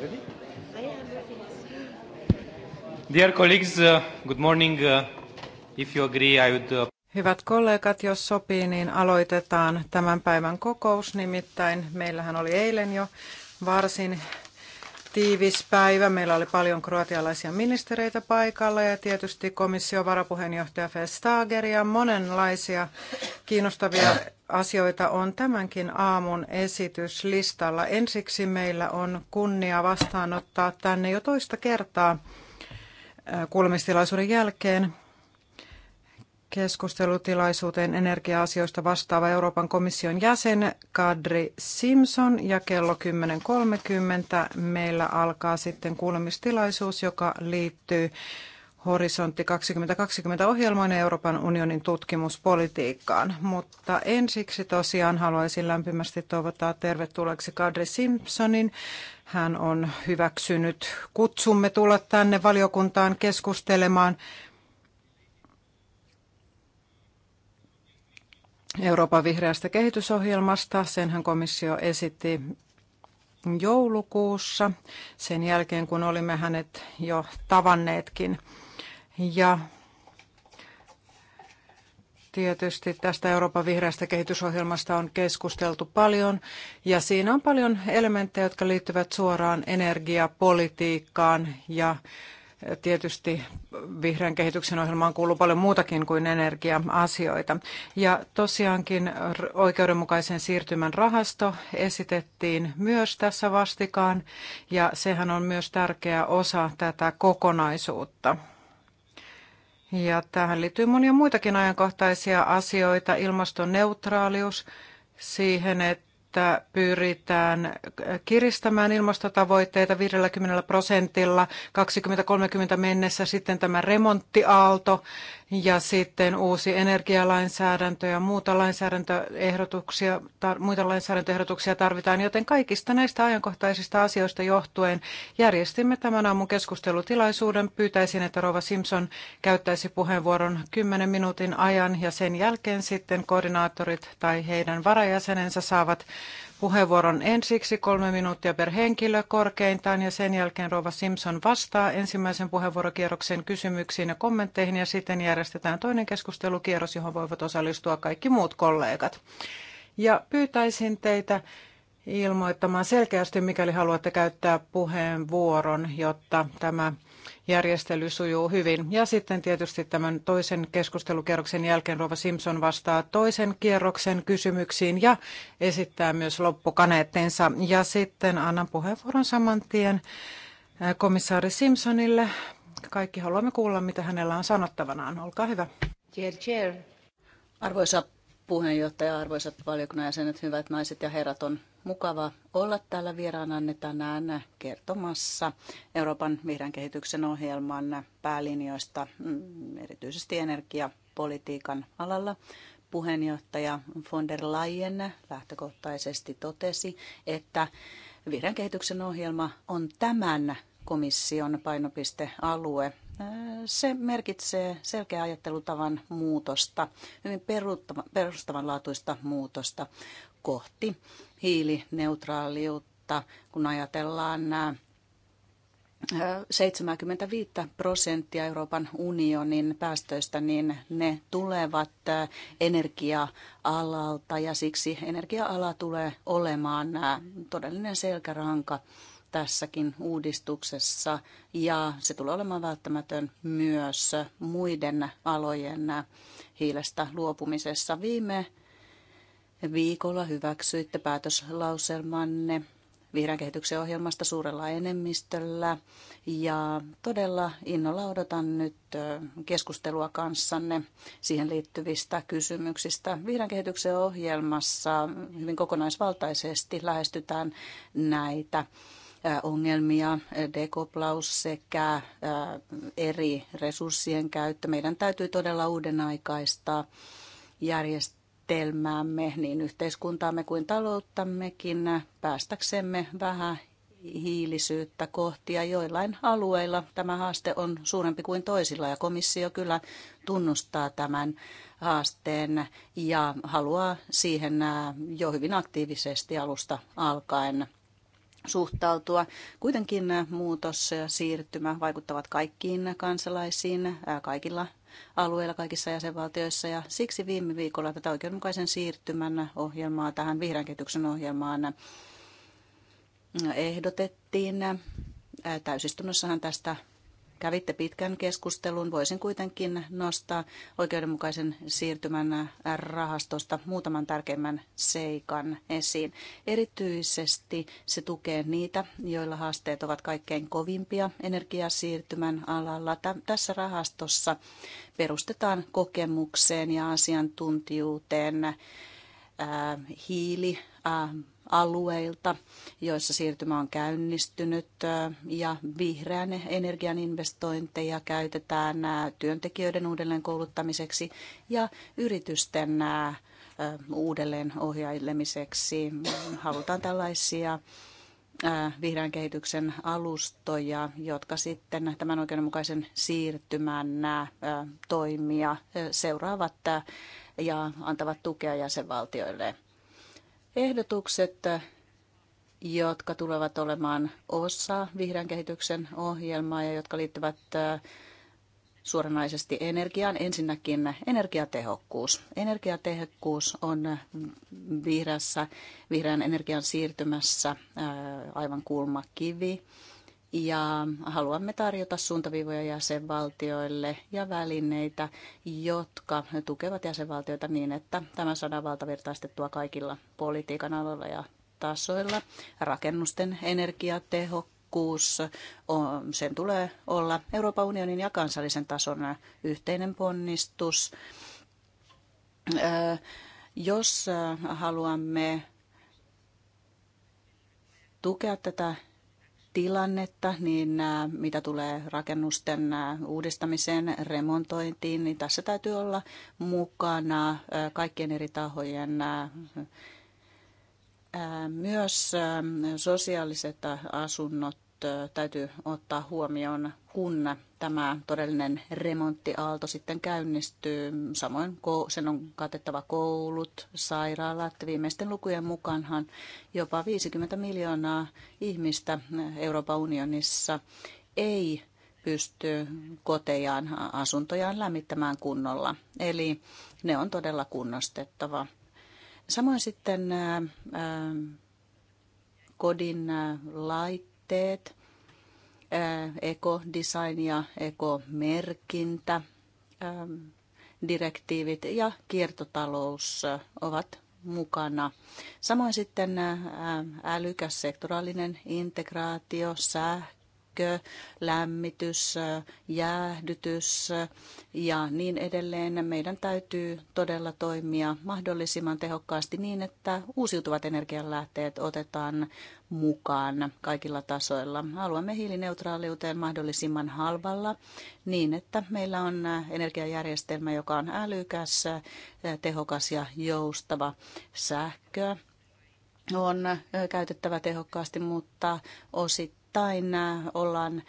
Ready? Dear colleagues, uh, good morning. Uh, if you agree, I would... Uh, Hyvät kollegat, jos sopii, niin aloitetaan tämän päivän kokous. Nimittäin meillähän oli eilen jo varsin tiivis päivä. Meillä oli paljon kroatialaisia ministereitä paikalla ja tietysti komission varapuheenjohtaja Vestager ja monenlaisia kiinnostavia asioita on tämänkin aamun esityslistalla. Ensiksi meillä on kunnia vastaanottaa tänne jo toista kertaa äh, kuulemistilaisuuden jälkeen keskustelutilaisuuteen energia-asioista vastaava Euroopan komission jäsen Kadri Simpson ja kello 10.30 meillä alkaa sitten kuulemistilaisuus, joka liittyy Horisontti 2020 ohjelmaan ja Euroopan unionin tutkimuspolitiikkaan. Mutta ensiksi tosiaan haluaisin lämpimästi toivottaa tervetulleeksi Kadri Simpsonin. Hän on hyväksynyt kutsumme tulla tänne valiokuntaan keskustelemaan Euroopan vihreästä kehitysohjelmasta. Senhän komissio esitti joulukuussa, sen jälkeen kun olimme hänet jo tavanneetkin. Ja tietysti tästä Euroopan vihreästä kehitysohjelmasta on keskusteltu paljon ja siinä on paljon elementtejä, jotka liittyvät suoraan energiapolitiikkaan ja Tietysti vihreän kehityksen ohjelmaan kuuluu paljon muutakin kuin energia-asioita. Ja tosiaankin oikeudenmukaisen siirtymän rahasto esitettiin myös tässä vastikaan, ja sehän on myös tärkeä osa tätä kokonaisuutta. Ja tähän liittyy monia muitakin ajankohtaisia asioita, ilmastoneutraalius, siihen, että että pyritään kiristämään ilmastotavoitteita 50 prosentilla 2030 mennessä. Sitten tämä remonttiaalto, ja sitten uusi energialainsäädäntö ja muuta lainsäädäntöehdotuksia, tar- muita lainsäädäntöehdotuksia tarvitaan, joten kaikista näistä ajankohtaisista asioista johtuen järjestimme tämän aamun keskustelutilaisuuden. Pyytäisin, että Rova Simpson käyttäisi puheenvuoron 10 minuutin ajan ja sen jälkeen sitten koordinaattorit tai heidän varajäsenensä saavat puheenvuoron ensiksi kolme minuuttia per henkilö korkeintaan ja sen jälkeen Rova Simpson vastaa ensimmäisen puheenvuorokierroksen kysymyksiin ja kommentteihin ja sitten järjestetään toinen keskustelukierros, johon voivat osallistua kaikki muut kollegat. Ja pyytäisin teitä ilmoittamaan selkeästi, mikäli haluatte käyttää puheenvuoron, jotta tämä järjestely sujuu hyvin. Ja sitten tietysti tämän toisen keskustelukierroksen jälkeen Rova Simpson vastaa toisen kierroksen kysymyksiin ja esittää myös loppukaneettinsa. Ja sitten annan puheenvuoron saman tien komissaari Simpsonille. Kaikki haluamme kuulla, mitä hänellä on sanottavanaan. Olkaa hyvä. Chair, chair. Arvoisa puheenjohtaja, arvoisat valiokunnan jäsenet, hyvät naiset ja herrat, on mukava olla täällä vieraananne tänään kertomassa Euroopan vihreän kehityksen ohjelman päälinjoista, mm, erityisesti energiapolitiikan alalla. Puheenjohtaja von der Leyen lähtökohtaisesti totesi, että vihreän kehityksen ohjelma on tämän komission painopistealue se merkitsee selkeä ajattelutavan muutosta, hyvin perustavanlaatuista muutosta kohti hiilineutraaliutta, kun ajatellaan nämä 75 prosenttia Euroopan unionin päästöistä, niin ne tulevat energia-alalta ja siksi energia-ala tulee olemaan todellinen selkäranka tässäkin uudistuksessa ja se tulee olemaan välttämätön myös muiden alojen hiilestä luopumisessa. Viime viikolla hyväksyitte päätöslauselmanne vihreän kehityksen ohjelmasta suurella enemmistöllä ja todella innolla odotan nyt keskustelua kanssanne siihen liittyvistä kysymyksistä. Vihreän kehityksen ohjelmassa hyvin kokonaisvaltaisesti lähestytään näitä ongelmia, dekoplaus sekä eri resurssien käyttö. Meidän täytyy todella uuden aikaista järjestelmäämme, niin yhteiskuntaamme kuin talouttammekin, päästäksemme vähän hiilisyyttä kohti ja joillain alueilla tämä haaste on suurempi kuin toisilla ja komissio kyllä tunnustaa tämän haasteen ja haluaa siihen jo hyvin aktiivisesti alusta alkaen suhtautua. Kuitenkin muutos ja siirtymä vaikuttavat kaikkiin kansalaisiin, kaikilla alueilla, kaikissa jäsenvaltioissa ja siksi viime viikolla tätä oikeudenmukaisen siirtymän ohjelmaa tähän vihreän kehityksen ohjelmaan ehdotettiin. Täysistunnossahan tästä Kävitte pitkän keskustelun. Voisin kuitenkin nostaa oikeudenmukaisen siirtymän rahastosta muutaman tärkeimmän seikan esiin. Erityisesti se tukee niitä, joilla haasteet ovat kaikkein kovimpia energiasiirtymän alalla. Tässä rahastossa perustetaan kokemukseen ja asiantuntijuuteen hiili alueilta, joissa siirtymä on käynnistynyt ja vihreän energian investointeja käytetään työntekijöiden uudelleenkouluttamiseksi ja yritysten uudelleen ohjailemiseksi. Halutaan tällaisia vihreän kehityksen alustoja, jotka sitten tämän oikeudenmukaisen siirtymän toimia seuraavat ja antavat tukea jäsenvaltioille. Ehdotukset, jotka tulevat olemaan osa vihreän kehityksen ohjelmaa ja jotka liittyvät suoranaisesti energiaan. Ensinnäkin energiatehokkuus. Energiatehokkuus on vihreässä, vihreän energian siirtymässä aivan kulmakivi ja haluamme tarjota suuntaviivoja jäsenvaltioille ja välineitä, jotka tukevat jäsenvaltioita niin, että tämä saadaan valtavirtaistettua kaikilla politiikan aloilla ja tasoilla. Rakennusten energiatehokkuus, sen tulee olla Euroopan unionin ja kansallisen tason yhteinen ponnistus. Jos haluamme tukea tätä tilannetta, niin äh, mitä tulee rakennusten äh, uudistamiseen, remontointiin, niin tässä täytyy olla mukana äh, kaikkien eri tahojen myös sosiaaliset asunnot täytyy ottaa huomioon, kun tämä todellinen remonttiaalto sitten käynnistyy. Samoin sen on katettava koulut, sairaalat. Viimeisten lukujen mukaanhan jopa 50 miljoonaa ihmistä Euroopan unionissa ei pysty kotejaan, asuntojaan lämmittämään kunnolla. Eli ne on todella kunnostettava. Samoin sitten kodin lait tuotteet, ekodesign ja ekomerkintä, direktiivit ja kiertotalous ovat mukana. Samoin sitten älykäs sektoraalinen integraatio, sähkö, sähkö, lämmitys, jäähdytys ja niin edelleen. Meidän täytyy todella toimia mahdollisimman tehokkaasti niin, että uusiutuvat energianlähteet otetaan mukaan kaikilla tasoilla. Haluamme hiilineutraaliuteen mahdollisimman halvalla niin, että meillä on energiajärjestelmä, joka on älykäs, tehokas ja joustava sähköä on käytettävä tehokkaasti, mutta osittain osittain äh, ollaan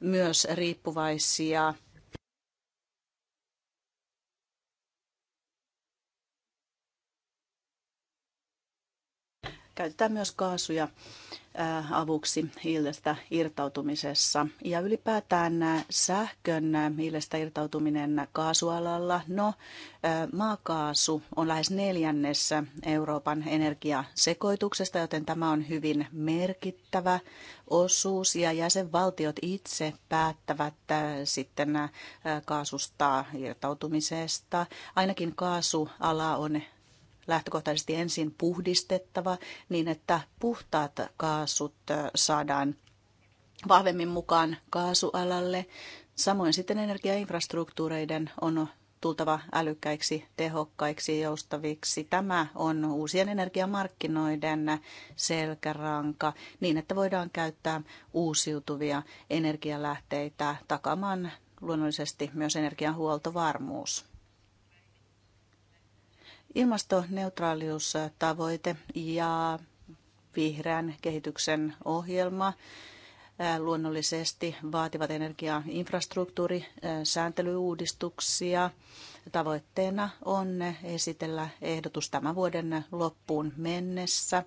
myös riippuvaisia Käytetään myös kaasuja Äh, avuksi hiilestä irtautumisessa. Ja ylipäätään äh, sähkön äh, hiilestä irtautuminen kaasualalla, no maakaasu on lähes neljännessä Euroopan energiasekoituksesta, joten tämä on hyvin merkittävä osuus ja jäsenvaltiot itse päättävät sitten kaasusta irtautumisesta. Ainakin kaasuala on lähtökohtaisesti ensin puhdistettava niin, että puhtaat kaasut saadaan vahvemmin mukaan kaasualalle. Samoin sitten energiainfrastruktuureiden on tultava älykkäiksi, tehokkaiksi, joustaviksi. Tämä on uusien energiamarkkinoiden selkäranka niin, että voidaan käyttää uusiutuvia energialähteitä takamaan luonnollisesti myös energian huoltovarmuus. Ilmastoneutraaliustavoite ja vihreän kehityksen ohjelma luonnollisesti vaativat energia- infrastruktuurisääntelyuudistuksia. Tavoitteena on esitellä ehdotus tämän vuoden loppuun mennessä.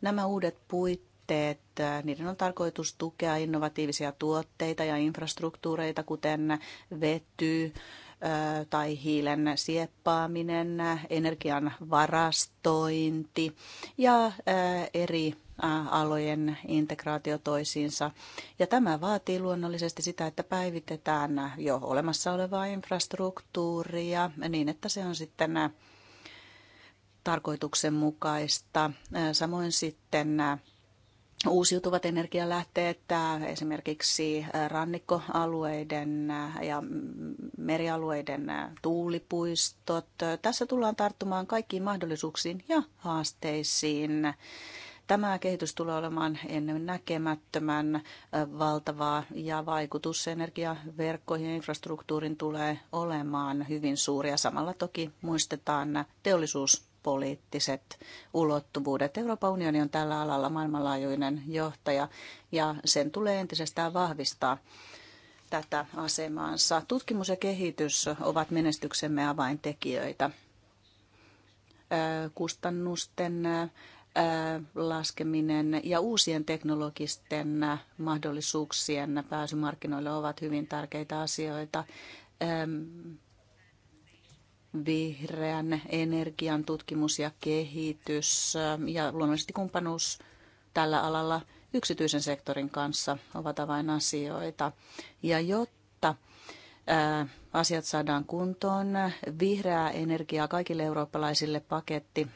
Nämä uudet puitteet, niiden on tarkoitus tukea innovatiivisia tuotteita ja infrastruktuureita, kuten vety, tai hiilen sieppaaminen, energian varastointi ja eri alojen integraatio toisiinsa. Ja tämä vaatii luonnollisesti sitä, että päivitetään jo olemassa olevaa infrastruktuuria niin, että se on sitten tarkoituksenmukaista. Samoin sitten uusiutuvat energialähteet, äh, esimerkiksi äh, rannikkoalueiden äh, ja merialueiden tuulipuistot. Tässä tullaan tarttumaan kaikkiin mahdollisuuksiin ja haasteisiin. Tämä kehitys tulee olemaan ennen näkemättömän valtavaa ja vaikutus energiaverkkoihin ja infrastruktuurin tulee olemaan hyvin suuri. Ja samalla toki muistetaan teollisuus poliittiset ulottuvuudet. Euroopan unioni on tällä alalla maailmanlaajuinen johtaja ja sen tulee entisestään vahvistaa tätä asemaansa. Tutkimus ja kehitys ovat menestyksemme avaintekijöitä. Kustannusten laskeminen ja uusien teknologisten mahdollisuuksien pääsymarkkinoille ovat hyvin tärkeitä asioita vihreän energian tutkimus ja kehitys ja luonnollisesti kumppanuus tällä alalla yksityisen sektorin kanssa ovat avainasioita. Ja jotta asiat saadaan kuntoon. Vihreää energiaa kaikille eurooppalaisille paketti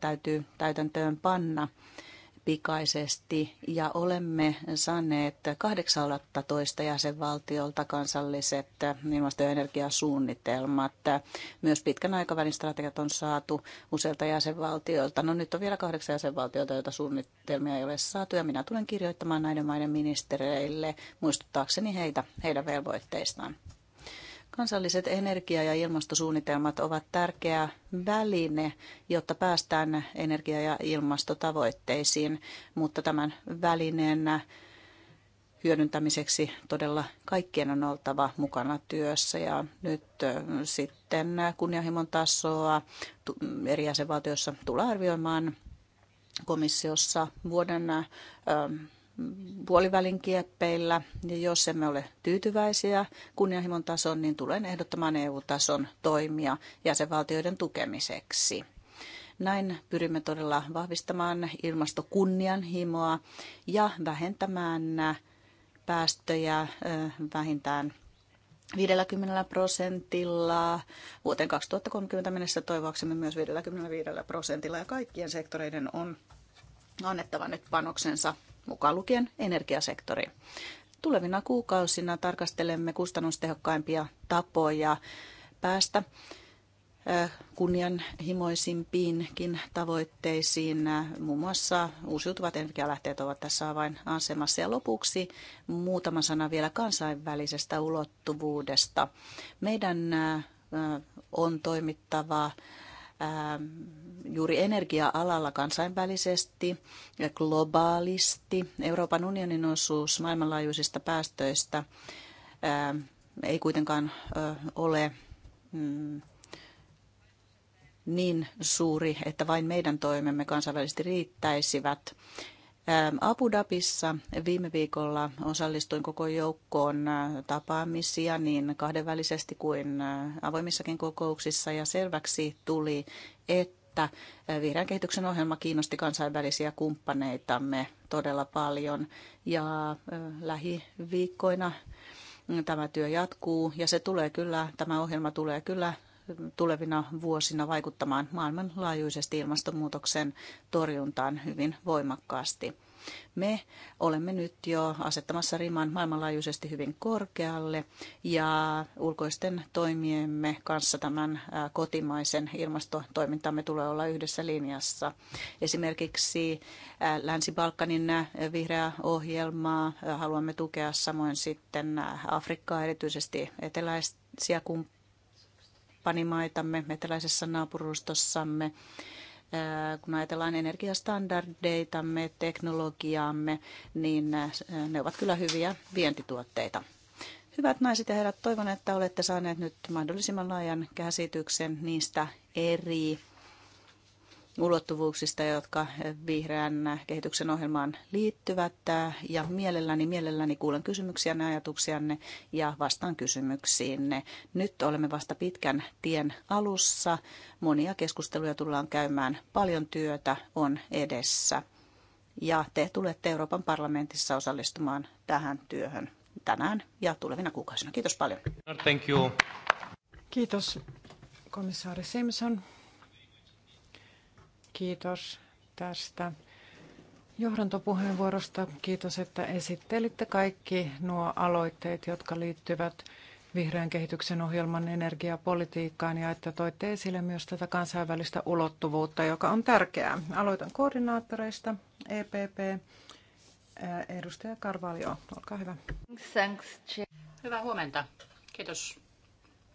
täytyy täytäntöön panna pikaisesti ja olemme saaneet 18 jäsenvaltiolta kansalliset ilmasto- ja energiasuunnitelmat. Myös pitkän aikavälin strategiat on saatu useilta jäsenvaltioilta. No nyt on vielä kahdeksan jäsenvaltiota, joita suunnitelmia ei ole saatu ja minä tulen kirjoittamaan näiden maiden ministereille muistuttaakseni heitä heidän velvoitteistaan. Kansalliset energia- ja ilmastosuunnitelmat ovat tärkeä väline, jotta päästään energia- ja ilmastotavoitteisiin, mutta tämän välineen hyödyntämiseksi todella kaikkien on oltava mukana työssä ja nyt sitten kunnianhimon tasoa eri jäsenvaltioissa tullaan arvioimaan komissiossa vuoden puolivälin kieppeillä, ja jos emme ole tyytyväisiä kunnianhimon tason, niin tulen ehdottamaan EU-tason toimia jäsenvaltioiden tukemiseksi. Näin pyrimme todella vahvistamaan ilmastokunnianhimoa ja vähentämään päästöjä vähintään 50 prosentilla, vuoteen 2030 mennessä toivoaksemme myös 55 prosentilla ja kaikkien sektoreiden on annettava nyt panoksensa mukaan lukien energiasektori. Tulevina kuukausina tarkastelemme kustannustehokkaimpia tapoja päästä kunnianhimoisimpiinkin tavoitteisiin. Muun muassa uusiutuvat energialähteet ovat tässä asemassa. Ja lopuksi muutama sana vielä kansainvälisestä ulottuvuudesta. Meidän on toimittava juuri energia-alalla kansainvälisesti ja globaalisti. Euroopan unionin osuus maailmanlaajuisista päästöistä ei kuitenkaan ole mm, niin suuri, että vain meidän toimemme kansainvälisesti riittäisivät. Abu Dhabissa viime viikolla osallistuin koko joukkoon tapaamisia niin kahdenvälisesti kuin avoimissakin kokouksissa ja selväksi tuli, että että eh, vihreän kehityksen ohjelma kiinnosti kansainvälisiä kumppaneitamme todella paljon ja eh, lähiviikkoina mm, tämä työ jatkuu ja se tulee kyllä, tämä ohjelma tulee kyllä mm, tulevina vuosina vaikuttamaan maailmanlaajuisesti ilmastonmuutoksen torjuntaan hyvin voimakkaasti. Me olemme nyt jo asettamassa riman maailmanlaajuisesti hyvin korkealle ja ulkoisten toimiemme kanssa tämän kotimaisen ilmastotoimintamme tulee olla yhdessä linjassa. Esimerkiksi Länsi-Balkanin vihreää ohjelmaa haluamme tukea samoin sitten Afrikkaa, erityisesti eteläisiä kumppanimaitamme, eteläisessä naapurustossamme kun ajatellaan energiastandardeitamme, teknologiaamme, niin ne ovat kyllä hyviä vientituotteita. Hyvät naiset ja herrat, toivon, että olette saaneet nyt mahdollisimman laajan käsityksen niistä eri ulottuvuuksista, jotka vihreän kehityksen ohjelmaan liittyvät. Ja mielelläni, mielelläni kuulen kysymyksiänne, ajatuksianne ja vastaan kysymyksiinne. Nyt olemme vasta pitkän tien alussa. Monia keskusteluja tullaan käymään. Paljon työtä on edessä. Ja te tulette Euroopan parlamentissa osallistumaan tähän työhön tänään ja tulevina kuukausina. Kiitos paljon. Thank you. Kiitos komissaari Simpson. Kiitos tästä johdantopuheenvuorosta. Kiitos, että esittelitte kaikki nuo aloitteet, jotka liittyvät vihreän kehityksen ohjelman energiapolitiikkaan ja että toitte esille myös tätä kansainvälistä ulottuvuutta, joka on tärkeää. Aloitan koordinaattoreista, EPP, edustaja Karvalio, olkaa hyvä. Thanks. Hyvää huomenta. Kiitos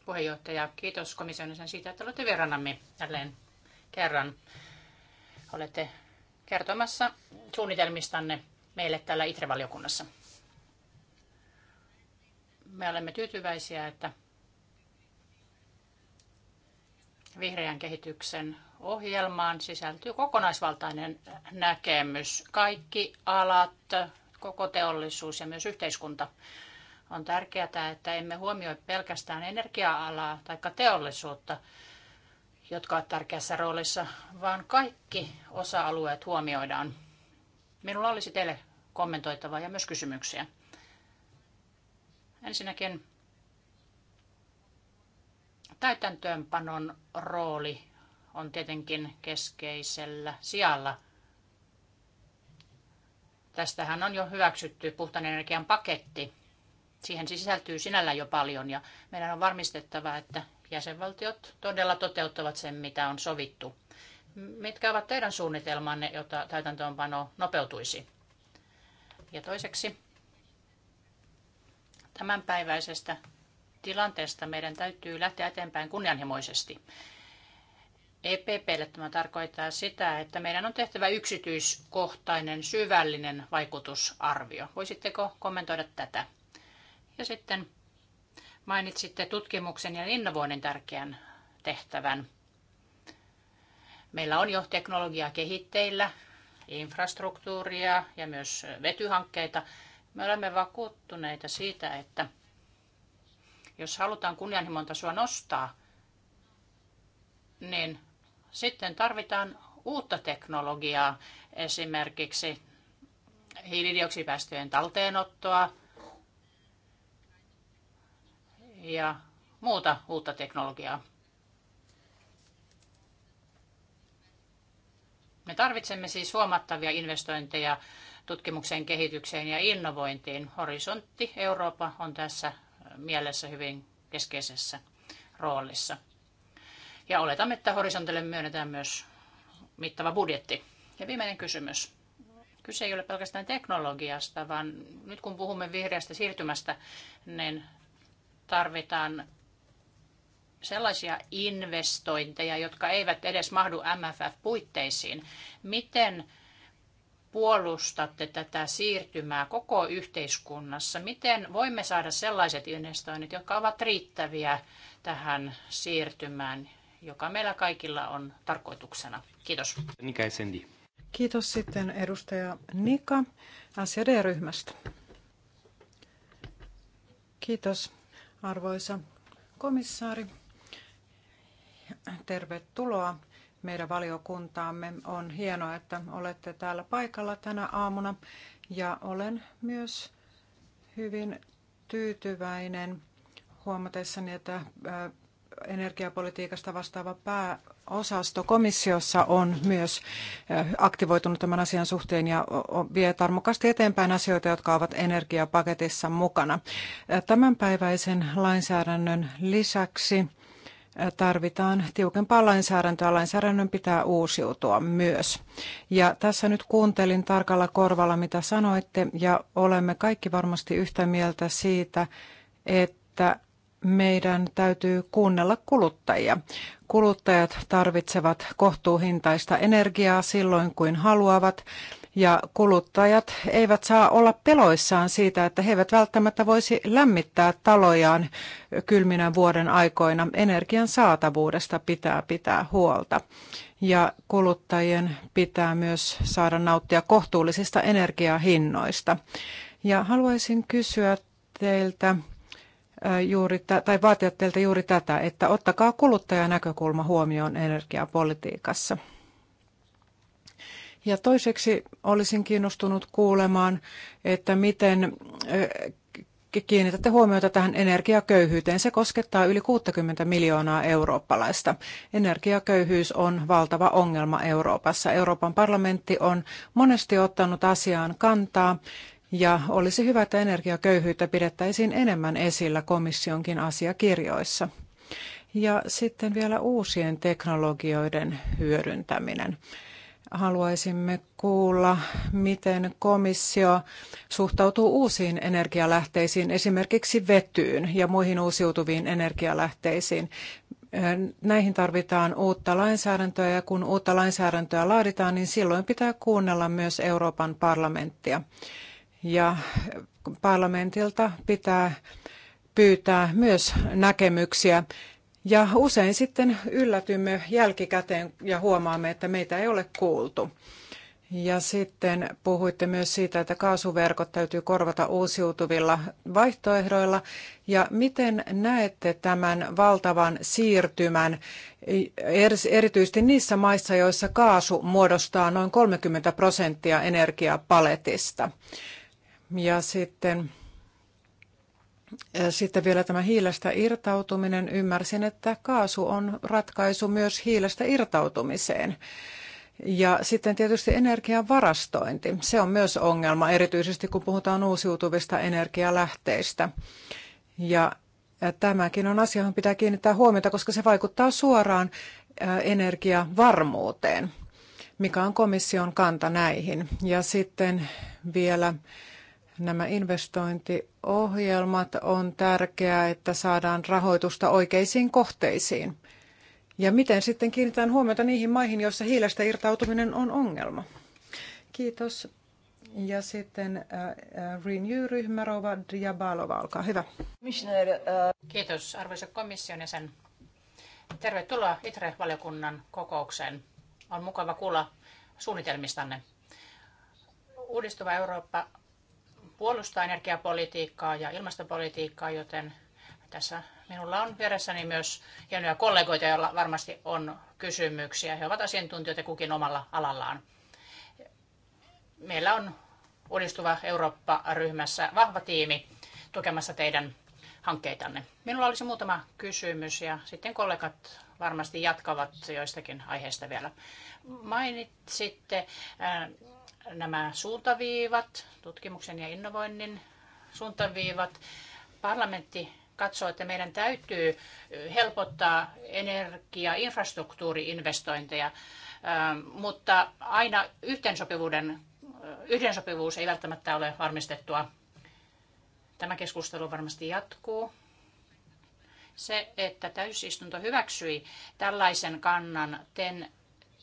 puheenjohtaja. Kiitos komissionisen siitä, että olette vierannamme jälleen kerran olette kertomassa suunnitelmistanne meille täällä ITRE-valiokunnassa. Me olemme tyytyväisiä, että vihreän kehityksen ohjelmaan sisältyy kokonaisvaltainen näkemys. Kaikki alat, koko teollisuus ja myös yhteiskunta. On tärkeää, että emme huomioi pelkästään energia-alaa tai teollisuutta, jotka ovat tärkeässä roolissa, vaan kaikki osa-alueet huomioidaan. Minulla olisi teille kommentoitavaa ja myös kysymyksiä. Ensinnäkin täytäntöönpanon rooli on tietenkin keskeisellä sijalla. Tästähän on jo hyväksytty puhtaan energian paketti. Siihen sisältyy sinällä jo paljon ja meidän on varmistettava, että jäsenvaltiot todella toteuttavat sen, mitä on sovittu. Mitkä ovat teidän suunnitelmanne, jotta täytäntöönpano nopeutuisi? Ja toiseksi tämänpäiväisestä tilanteesta meidän täytyy lähteä eteenpäin kunnianhimoisesti. EPPlle tämä tarkoittaa sitä, että meidän on tehtävä yksityiskohtainen, syvällinen vaikutusarvio. Voisitteko kommentoida tätä? Ja sitten Mainitsitte tutkimuksen ja innovoinnin tärkeän tehtävän. Meillä on jo teknologiaa kehitteillä, infrastruktuuria ja myös vetyhankkeita. Me olemme vakuuttuneita siitä, että jos halutaan kunnianhimon tasoa nostaa, niin sitten tarvitaan uutta teknologiaa, esimerkiksi hiilidioksidipäästöjen talteenottoa, ja muuta uutta teknologiaa. Me tarvitsemme siis huomattavia investointeja tutkimukseen, kehitykseen ja innovointiin. Horisontti Eurooppa on tässä mielessä hyvin keskeisessä roolissa. Ja oletamme, että horisontille myönnetään myös mittava budjetti. Ja viimeinen kysymys. Kyse ei ole pelkästään teknologiasta, vaan nyt kun puhumme vihreästä siirtymästä, niin tarvitaan sellaisia investointeja, jotka eivät edes mahdu MFF-puitteisiin. Miten puolustatte tätä siirtymää koko yhteiskunnassa? Miten voimme saada sellaiset investoinnit, jotka ovat riittäviä tähän siirtymään, joka meillä kaikilla on tarkoituksena? Kiitos. Nika Sendi. Kiitos sitten edustaja Nika SED-ryhmästä. Kiitos Arvoisa komissaari, tervetuloa meidän valiokuntaamme. On hienoa, että olette täällä paikalla tänä aamuna ja olen myös hyvin tyytyväinen huomatessani, että energiapolitiikasta vastaava pääosasto komissiossa on myös aktivoitunut tämän asian suhteen ja vie tarmokkaasti eteenpäin asioita, jotka ovat energiapaketissa mukana. Tämänpäiväisen lainsäädännön lisäksi tarvitaan tiukempaa lainsäädäntöä. Lainsäädännön pitää uusiutua myös. Ja tässä nyt kuuntelin tarkalla korvalla, mitä sanoitte, ja olemme kaikki varmasti yhtä mieltä siitä, että meidän täytyy kuunnella kuluttajia. Kuluttajat tarvitsevat kohtuuhintaista energiaa silloin, kuin haluavat. Ja kuluttajat eivät saa olla peloissaan siitä, että he eivät välttämättä voisi lämmittää talojaan kylminä vuoden aikoina. Energian saatavuudesta pitää pitää huolta. Ja kuluttajien pitää myös saada nauttia kohtuullisista energiahinnoista. Ja haluaisin kysyä teiltä, juuri, tai vaatia teiltä juuri tätä, että ottakaa kuluttajanäkökulma huomioon energiapolitiikassa. Ja toiseksi olisin kiinnostunut kuulemaan, että miten kiinnitätte huomiota tähän energiaköyhyyteen. Se koskettaa yli 60 miljoonaa eurooppalaista. Energiaköyhyys on valtava ongelma Euroopassa. Euroopan parlamentti on monesti ottanut asiaan kantaa ja olisi hyvä, että energiaköyhyyttä pidettäisiin enemmän esillä komissionkin asiakirjoissa. Ja sitten vielä uusien teknologioiden hyödyntäminen. Haluaisimme kuulla, miten komissio suhtautuu uusiin energialähteisiin, esimerkiksi vetyyn ja muihin uusiutuviin energialähteisiin. Näihin tarvitaan uutta lainsäädäntöä ja kun uutta lainsäädäntöä laaditaan, niin silloin pitää kuunnella myös Euroopan parlamenttia ja parlamentilta pitää pyytää myös näkemyksiä. Ja usein sitten yllätymme jälkikäteen ja huomaamme, että meitä ei ole kuultu. Ja sitten puhuitte myös siitä, että kaasuverkot täytyy korvata uusiutuvilla vaihtoehdoilla. Ja miten näette tämän valtavan siirtymän erityisesti niissä maissa, joissa kaasu muodostaa noin 30 prosenttia energiapaletista? Ja sitten, eh, sitten vielä tämä hiilestä irtautuminen. Ymmärsin, että kaasu on ratkaisu myös hiilestä irtautumiseen. Ja sitten tietysti energian varastointi. Se on myös ongelma, erityisesti kun puhutaan uusiutuvista energialähteistä. Ja eh, tämäkin on asia, johon pitää kiinnittää huomiota, koska se vaikuttaa suoraan eh, energiavarmuuteen. Mikä on komission kanta näihin? Ja sitten vielä nämä investointiohjelmat on tärkeää, että saadaan rahoitusta oikeisiin kohteisiin. Ja miten sitten kiinnitään huomiota niihin maihin, joissa hiilestä irtautuminen on ongelma? Kiitos. Ja sitten äh, äh, Renew-ryhmä Rova Diabalova, olkaa hyvä. Äh, Kiitos arvoisa komission jäsen. Tervetuloa ITRE-valiokunnan kokoukseen. On mukava kuulla suunnitelmistanne. Uudistuva Eurooppa puolustaa energiapolitiikkaa ja ilmastopolitiikkaa, joten tässä minulla on vieressäni myös hienoja kollegoita, joilla varmasti on kysymyksiä. He ovat asiantuntijoita kukin omalla alallaan. Meillä on Uudistuva Eurooppa-ryhmässä vahva tiimi tukemassa teidän hankkeitanne. Minulla olisi muutama kysymys ja sitten kollegat varmasti jatkavat joistakin aiheista vielä. Mainitsitte äh, nämä suuntaviivat, tutkimuksen ja innovoinnin suuntaviivat. Parlamentti katsoo, että meidän täytyy helpottaa energia-infrastruktuuriinvestointeja, ähm, mutta aina yhteensopivuuden, äh, yhteensopivuus ei välttämättä ole varmistettua. Tämä keskustelu varmasti jatkuu. Se, että täysistunto hyväksyi tällaisen kannan TEN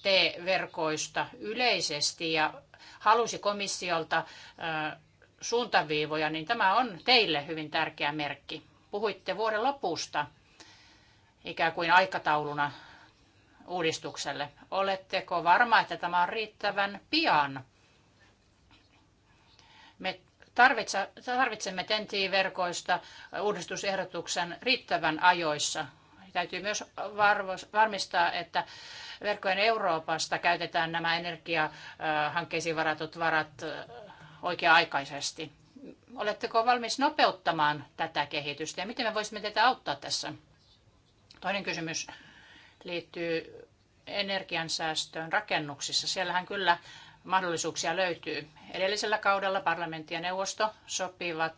T-verkoista yleisesti ja halusi komissiolta suuntaviivoja, niin tämä on teille hyvin tärkeä merkki. Puhuitte vuoden lopusta ikään kuin aikatauluna uudistukselle. Oletteko varma, että tämä on riittävän pian? Me tarvitsemme TENTI-verkoista uudistusehdotuksen riittävän ajoissa. Täytyy myös varmistaa, että verkkojen Euroopasta käytetään nämä energiahankkeisiin varatut varat oikea-aikaisesti. Oletteko valmis nopeuttamaan tätä kehitystä ja miten me voisimme teitä auttaa tässä? Toinen kysymys liittyy energiansäästöön rakennuksissa. Siellähän kyllä mahdollisuuksia löytyy. Edellisellä kaudella parlamentti ja neuvosto sopivat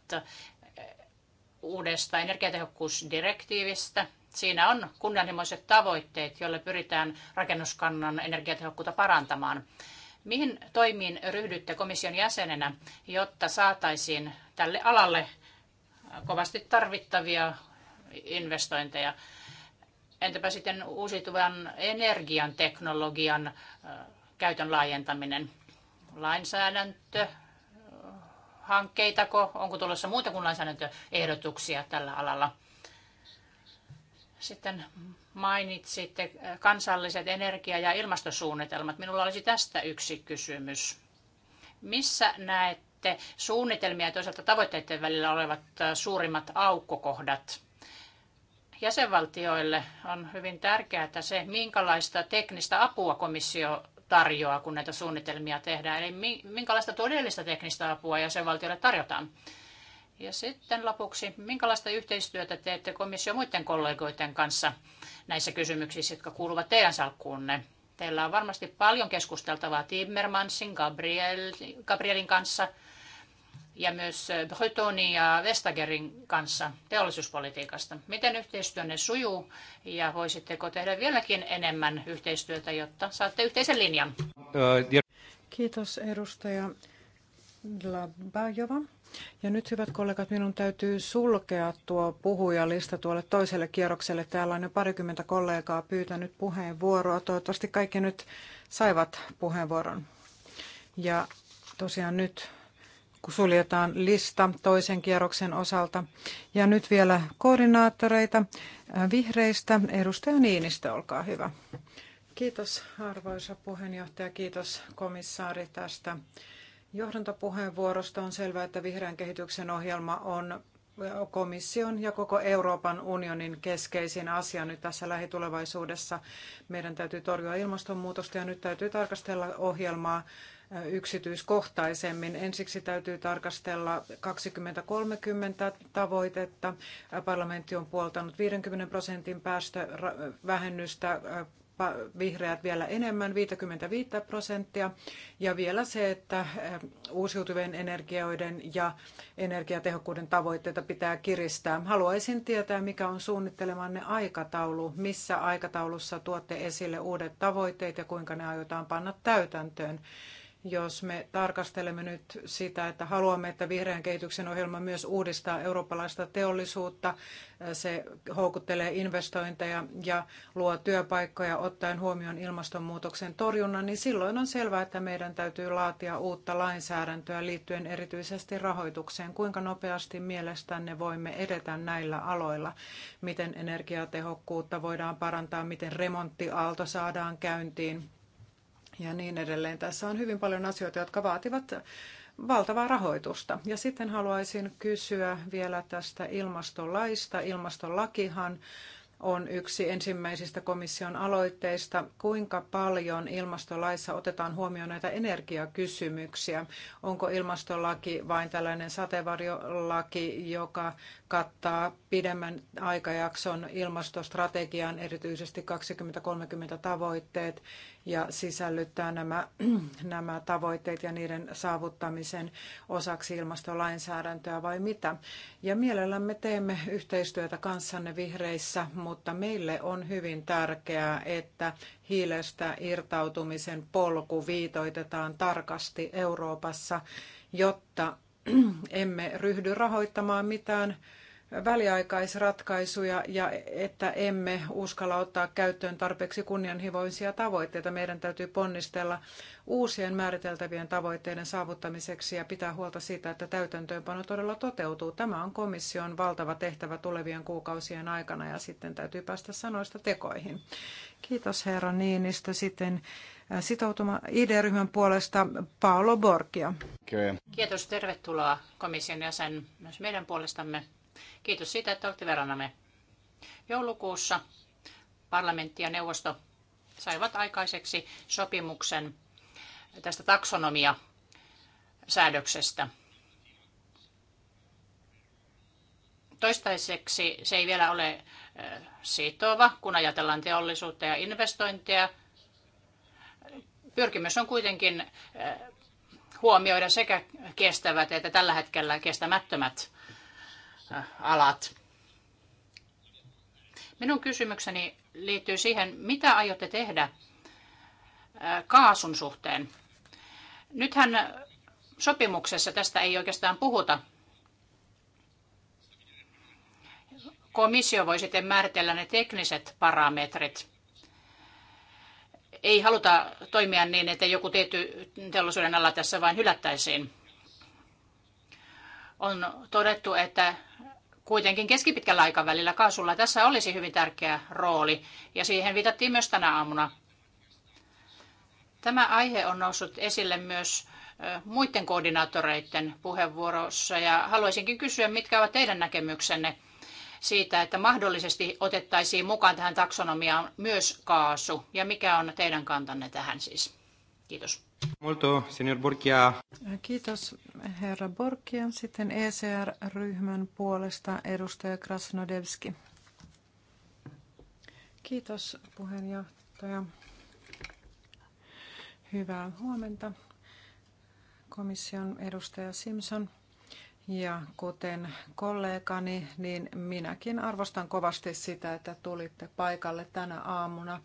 uudesta energiatehokkuusdirektiivistä Siinä on kunnianhimoiset tavoitteet, joille pyritään rakennuskannan energiatehokkuutta parantamaan. Mihin toimiin ryhdytte komission jäsenenä, jotta saataisiin tälle alalle kovasti tarvittavia investointeja? Entäpä sitten uusiutuvan energian teknologian käytön laajentaminen? Lainsäädäntö, hankkeitako, onko tulossa muuta kuin lainsäädäntöehdotuksia tällä alalla? Sitten mainitsitte kansalliset energia- ja ilmastosuunnitelmat. Minulla olisi tästä yksi kysymys. Missä näette suunnitelmia ja toisaalta tavoitteiden välillä olevat suurimmat aukkokohdat? Jäsenvaltioille on hyvin tärkeää että se, minkälaista teknistä apua komissio tarjoaa, kun näitä suunnitelmia tehdään. Eli minkälaista todellista teknistä apua jäsenvaltioille tarjotaan? Ja sitten lopuksi, minkälaista yhteistyötä teette komission muiden kollegoiden kanssa näissä kysymyksissä, jotka kuuluvat teidän salkkuunne? Teillä on varmasti paljon keskusteltavaa Timmermansin, Gabriel, Gabrielin kanssa ja myös Bretonin ja Vestagerin kanssa teollisuuspolitiikasta. Miten yhteistyönne sujuu ja voisitteko tehdä vieläkin enemmän yhteistyötä, jotta saatte yhteisen linjan? Kiitos edustaja Labajova. Ja nyt, hyvät kollegat, minun täytyy sulkea tuo puhujalista tuolle toiselle kierrokselle. Täällä on jo parikymmentä kollegaa pyytänyt puheenvuoroa. Toivottavasti kaikki nyt saivat puheenvuoron. Ja tosiaan nyt kun suljetaan lista toisen kierroksen osalta. Ja nyt vielä koordinaattoreita äh, vihreistä. Edustaja Niinistö, olkaa hyvä. Kiitos arvoisa puheenjohtaja, kiitos komissaari tästä johdantopuheenvuorosta on selvää, että vihreän kehityksen ohjelma on komission ja koko Euroopan unionin keskeisin asia nyt tässä lähitulevaisuudessa. Meidän täytyy torjua ilmastonmuutosta ja nyt täytyy tarkastella ohjelmaa yksityiskohtaisemmin. Ensiksi täytyy tarkastella 2030 tavoitetta. Parlamentti on puoltanut 50 prosentin päästövähennystä vihreät vielä enemmän, 55 prosenttia. Ja vielä se, että eh, uusiutuvien energioiden ja energiatehokkuuden tavoitteita pitää kiristää. Haluaisin tietää, mikä on suunnittelemanne aikataulu, missä aikataulussa tuotte esille uudet tavoitteet ja kuinka ne aiotaan panna täytäntöön jos me tarkastelemme nyt sitä, että haluamme, että vihreän kehityksen ohjelma myös uudistaa eurooppalaista teollisuutta, se houkuttelee investointeja ja luo työpaikkoja ottaen huomioon ilmastonmuutoksen torjunnan, niin silloin on selvää, että meidän täytyy laatia uutta lainsäädäntöä liittyen erityisesti rahoitukseen. Kuinka nopeasti mielestänne voimme edetä näillä aloilla? Miten energiatehokkuutta voidaan parantaa? Miten remonttiaalto saadaan käyntiin? ja niin edelleen. Tässä on hyvin paljon asioita, jotka vaativat valtavaa rahoitusta. Ja sitten haluaisin kysyä vielä tästä ilmastolaista. Ilmastolakihan on yksi ensimmäisistä komission aloitteista. Kuinka paljon ilmastolaissa otetaan huomioon näitä energiakysymyksiä? Onko ilmastolaki vain tällainen sateenvarjolaki, joka kattaa pidemmän aikajakson ilmastostrategian, erityisesti 2030 tavoitteet ja sisällyttää nämä, nämä tavoitteet ja niiden saavuttamisen osaksi ilmastolainsäädäntöä vai mitä. Ja mielellämme teemme yhteistyötä kanssanne vihreissä, mutta meille on hyvin tärkeää, että hiilestä irtautumisen polku viitoitetaan tarkasti Euroopassa, jotta emme ryhdy rahoittamaan mitään väliaikaisratkaisuja ja että emme uskalla ottaa käyttöön tarpeeksi kunnianhimoisia tavoitteita. Meidän täytyy ponnistella uusien määriteltävien tavoitteiden saavuttamiseksi ja pitää huolta siitä, että täytäntöönpano todella toteutuu. Tämä on komission valtava tehtävä tulevien kuukausien aikana ja sitten täytyy päästä sanoista tekoihin. Kiitos herra Niinistö. Sitten äh, sitoutuma ID-ryhmän puolesta Paolo Borgia. Kiitos, tervetuloa komission jäsen myös meidän puolestamme. Kiitos siitä, että olette verranamme. Joulukuussa parlamentti ja neuvosto saivat aikaiseksi sopimuksen tästä taksonomia-säädöksestä. Toistaiseksi se ei vielä ole eh, sitova, kun ajatellaan teollisuutta ja investointeja. Pyrkimys on kuitenkin eh, huomioida sekä kestävät että tällä hetkellä kestämättömät Äh, alat. Minun kysymykseni liittyy siihen, mitä aiotte tehdä äh, kaasun suhteen. Nythän sopimuksessa tästä ei oikeastaan puhuta. Komissio voi sitten määritellä ne tekniset parametrit. Ei haluta toimia niin, että joku tietty teollisuuden ala tässä vain hylättäisiin on todettu, että kuitenkin keskipitkällä aikavälillä kaasulla tässä olisi hyvin tärkeä rooli ja siihen viitattiin myös tänä aamuna. Tämä aihe on noussut esille myös muiden koordinaattoreiden puheenvuorossa ja haluaisinkin kysyä, mitkä ovat teidän näkemyksenne siitä, että mahdollisesti otettaisiin mukaan tähän taksonomiaan myös kaasu ja mikä on teidän kantanne tähän siis? Kiitos. Molto, Kiitos, herra Borkia. Sitten ECR-ryhmän puolesta edustaja Krasnodevski. Kiitos, puheenjohtaja. Hyvää huomenta, komission edustaja Simpson. Ja kuten kollegani, niin minäkin arvostan kovasti sitä, että tulitte paikalle tänä aamuna.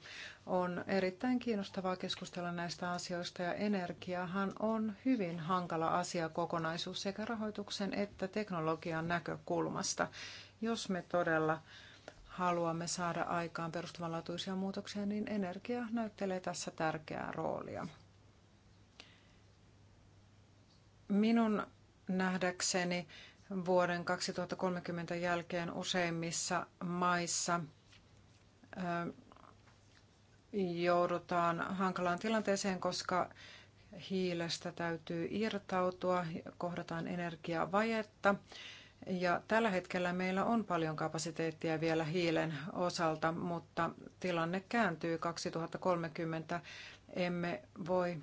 On erittäin kiinnostavaa keskustella näistä asioista ja energiahan on hyvin hankala asia kokonaisuus sekä rahoituksen että teknologian näkökulmasta. Jos me todella haluamme saada aikaan perustavanlaatuisia muutoksia, niin energia näyttelee tässä tärkeää roolia. Minun nähdäkseni vuoden 2030 jälkeen useimmissa maissa joudutaan hankalaan tilanteeseen, koska hiilestä täytyy irtautua, kohdataan energiavajetta. Ja tällä hetkellä meillä on paljon kapasiteettia vielä hiilen osalta, mutta tilanne kääntyy 2030. Emme voi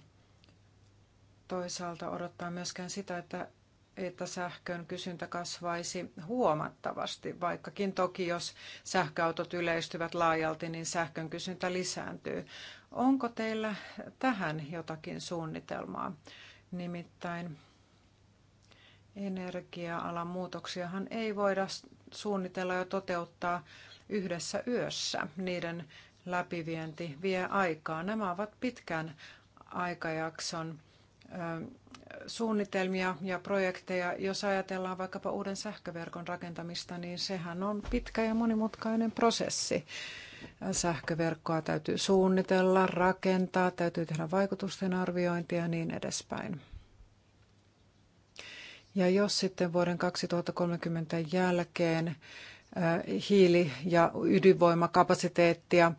toisaalta odottaa myöskään sitä, että että sähkön kysyntä kasvaisi huomattavasti, vaikkakin toki jos sähköautot yleistyvät laajalti, niin sähkön kysyntä lisääntyy. Onko teillä tähän jotakin suunnitelmaa? Nimittäin energia-alan muutoksiahan ei voida suunnitella ja toteuttaa yhdessä yössä. Niiden läpivienti vie aikaa. Nämä ovat pitkän aikajakson suunnitelmia ja projekteja. Jos ajatellaan vaikkapa uuden sähköverkon rakentamista, niin sehän on pitkä ja monimutkainen prosessi. Sähköverkkoa täytyy suunnitella, rakentaa, täytyy tehdä vaikutusten arviointia ja niin edespäin. Ja jos sitten vuoden 2030 jälkeen hiili- ja ydinvoimakapasiteettia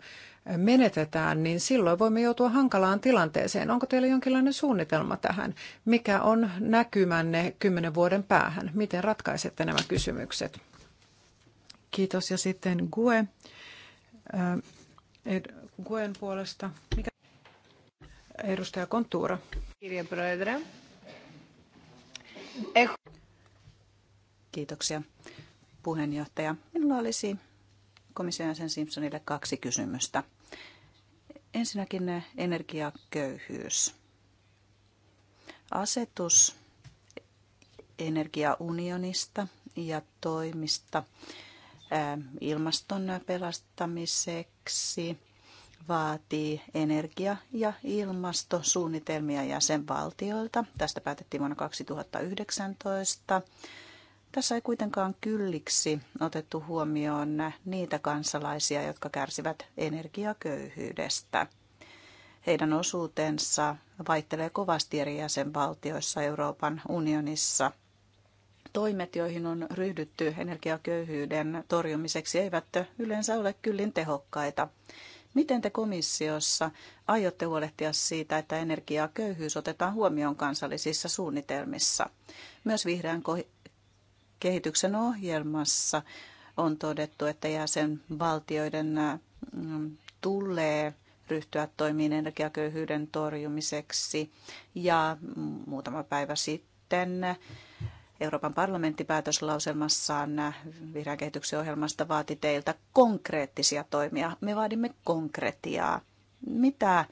menetetään, niin silloin voimme joutua hankalaan tilanteeseen. Onko teillä jonkinlainen suunnitelma tähän? Mikä on näkymänne kymmenen vuoden päähän? Miten ratkaisette nämä kysymykset? Kiitos. Ja sitten Gue. Ed, Guen puolesta. Mikä? Edustaja Kontuura. Kirja Kiitoksia puheenjohtaja. Minulla olisi komission Simpsonille kaksi kysymystä. Ensinnäkin energiaköyhyys. Asetus energiaunionista ja toimista ilmaston pelastamiseksi vaatii energia- ja ilmastosuunnitelmia jäsenvaltioilta. Tästä päätettiin vuonna 2019 tässä ei kuitenkaan kylliksi otettu huomioon niitä kansalaisia, jotka kärsivät energiaköyhyydestä. Heidän osuutensa vaihtelee kovasti eri jäsenvaltioissa Euroopan unionissa. Toimet, joihin on ryhdytty energiaköyhyyden torjumiseksi, eivät yleensä ole kyllin tehokkaita. Miten te komissiossa aiotte huolehtia siitä, että energiaköyhyys otetaan huomioon kansallisissa suunnitelmissa? Myös vihreän kehityksen ohjelmassa on todettu, että jäsenvaltioiden mm, tulee ryhtyä toimiin energiaköyhyyden torjumiseksi. Ja muutama päivä sitten Euroopan parlamentti päätöslauselmassaan vihreän kehityksen ohjelmasta vaati teiltä konkreettisia toimia. Me vaadimme konkretiaa. Mitä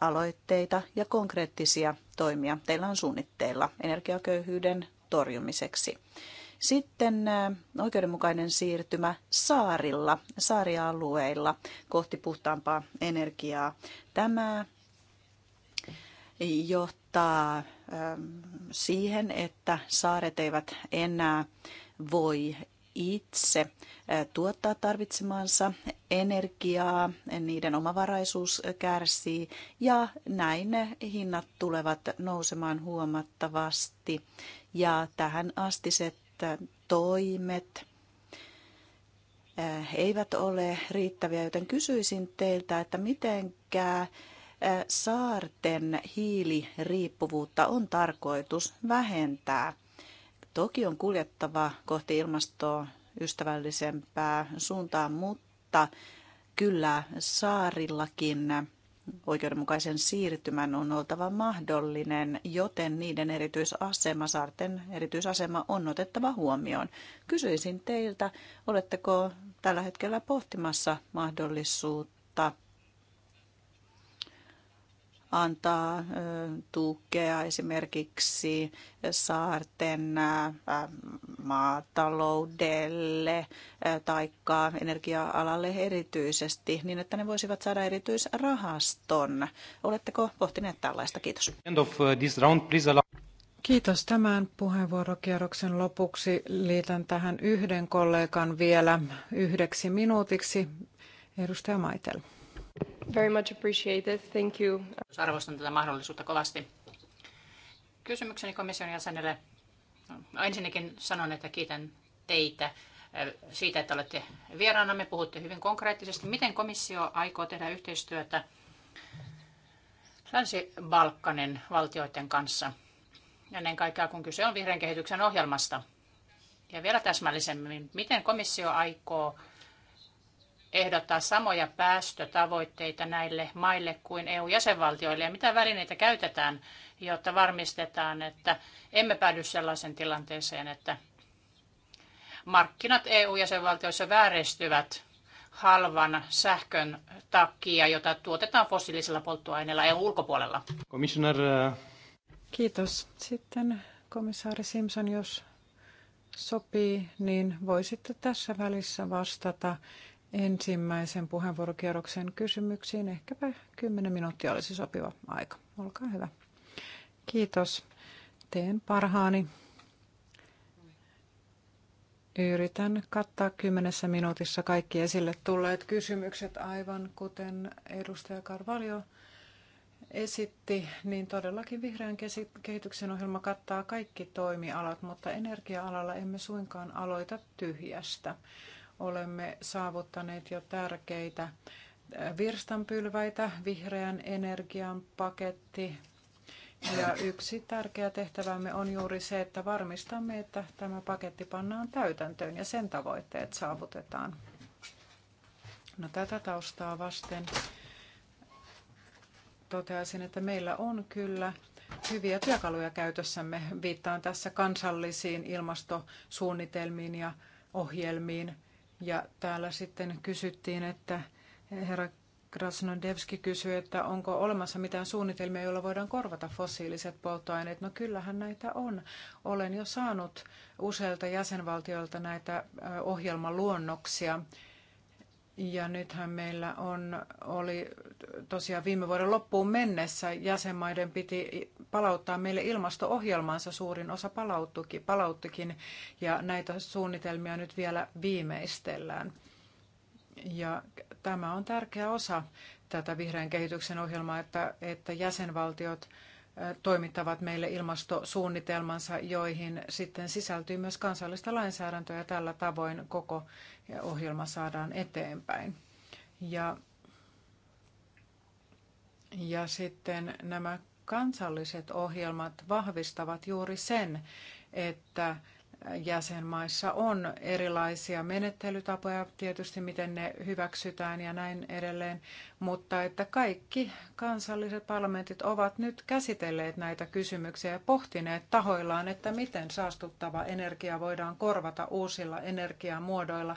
aloitteita ja konkreettisia toimia teillä on suunnitteilla energiaköyhyyden torjumiseksi? Sitten äh, oikeudenmukainen siirtymä saarilla, saarialueilla kohti puhtaampaa energiaa. Tämä johtaa ähm, siihen, että saaret eivät enää voi itse äh, tuottaa tarvitsemaansa energiaa, niiden omavaraisuus kärsii ja näin hinnat tulevat nousemaan huomattavasti. Ja tähän astiset toimet eh, eivät ole riittäviä, joten kysyisin teiltä, että mitenkä eh, saarten hiiliriippuvuutta on tarkoitus vähentää. Toki on kuljettava kohti ilmastoa ystävällisempää suuntaa, mutta kyllä saarillakin oikeudenmukaisen siirtymän on oltava mahdollinen, joten niiden erityisasema, saarten erityisasema on otettava huomioon. Kysyisin teiltä, oletteko tällä hetkellä pohtimassa mahdollisuutta antaa tukea esimerkiksi saarten maataloudelle tai energia-alalle erityisesti, niin että ne voisivat saada erityisrahaston. Oletteko pohtineet tällaista? Kiitos. Uh, Kiitos tämän puheenvuorokierroksen lopuksi. Liitän tähän yhden kollegan vielä yhdeksi minuutiksi. Edustaja Maitel. Very much appreciated. Thank you. Arvostan tätä mahdollisuutta kovasti. Kysymykseni komission jäsenelle. Ensinnäkin sanon, että kiitän teitä eh, siitä, että olette vieraanamme. Puhutte hyvin konkreettisesti. Miten komissio aikoo tehdä yhteistyötä Länsi-Balkanin valtioiden kanssa? Ennen kaikkea, kun kyse on vihreän kehityksen ohjelmasta. Ja vielä täsmällisemmin, miten komissio aikoo ehdottaa samoja päästötavoitteita näille maille kuin EU-jäsenvaltioille ja mitä välineitä käytetään, jotta varmistetaan, että emme päädy sellaisen tilanteeseen, että markkinat EU-jäsenvaltioissa vääristyvät halvan sähkön takia, jota tuotetaan fossiilisilla polttoaineilla EUn ulkopuolella. Commissioner... Eh. Kiitos. Sitten komissaari Simpson, jos sopii, niin voisitte tässä välissä vastata ensimmäisen puheenvuorokierroksen kysymyksiin. Ehkäpä 10 minuuttia olisi sopiva aika. Olkaa hyvä. Kiitos. Teen parhaani. Yritän kattaa kymmenessä minuutissa kaikki esille tulleet kysymykset, aivan kuten edustaja Karvalio esitti, niin todellakin vihreän kehityksen ohjelma kattaa kaikki toimialat, mutta energia-alalla emme suinkaan aloita tyhjästä olemme saavuttaneet jo tärkeitä äh, virstanpylväitä, vihreän energian paketti. Ja yksi tärkeä tehtävämme on juuri se, että varmistamme, että tämä paketti pannaan täytäntöön ja sen tavoitteet saavutetaan. No, tätä taustaa vasten toteaisin, että meillä on kyllä hyviä työkaluja käytössämme. Viittaan tässä kansallisiin ilmastosuunnitelmiin ja ohjelmiin – ja täällä sitten kysyttiin, että herra Krasnodevski kysyi, että onko olemassa mitään suunnitelmia, joilla voidaan korvata fossiiliset polttoaineet. No kyllähän näitä on. Olen jo saanut useilta jäsenvaltioilta näitä ohjelmaluonnoksia, ja nythän meillä on, oli tosiaan viime vuoden loppuun mennessä jäsenmaiden piti palauttaa meille ilmasto-ohjelmansa, suurin osa palauttukin, palauttukin ja näitä suunnitelmia nyt vielä viimeistellään. Ja tämä on tärkeä osa tätä vihreän kehityksen ohjelmaa, että, että jäsenvaltiot toimittavat meille ilmastosuunnitelmansa, joihin sitten sisältyy myös kansallista lainsäädäntöä ja tällä tavoin koko ja ohjelma saadaan eteenpäin. Ja, ja sitten nämä kansalliset ohjelmat vahvistavat juuri sen, että jäsenmaissa on erilaisia menettelytapoja, tietysti miten ne hyväksytään ja näin edelleen, mutta että kaikki kansalliset parlamentit ovat nyt käsitelleet näitä kysymyksiä ja pohtineet tahoillaan, että miten saastuttava energia voidaan korvata uusilla energiamuodoilla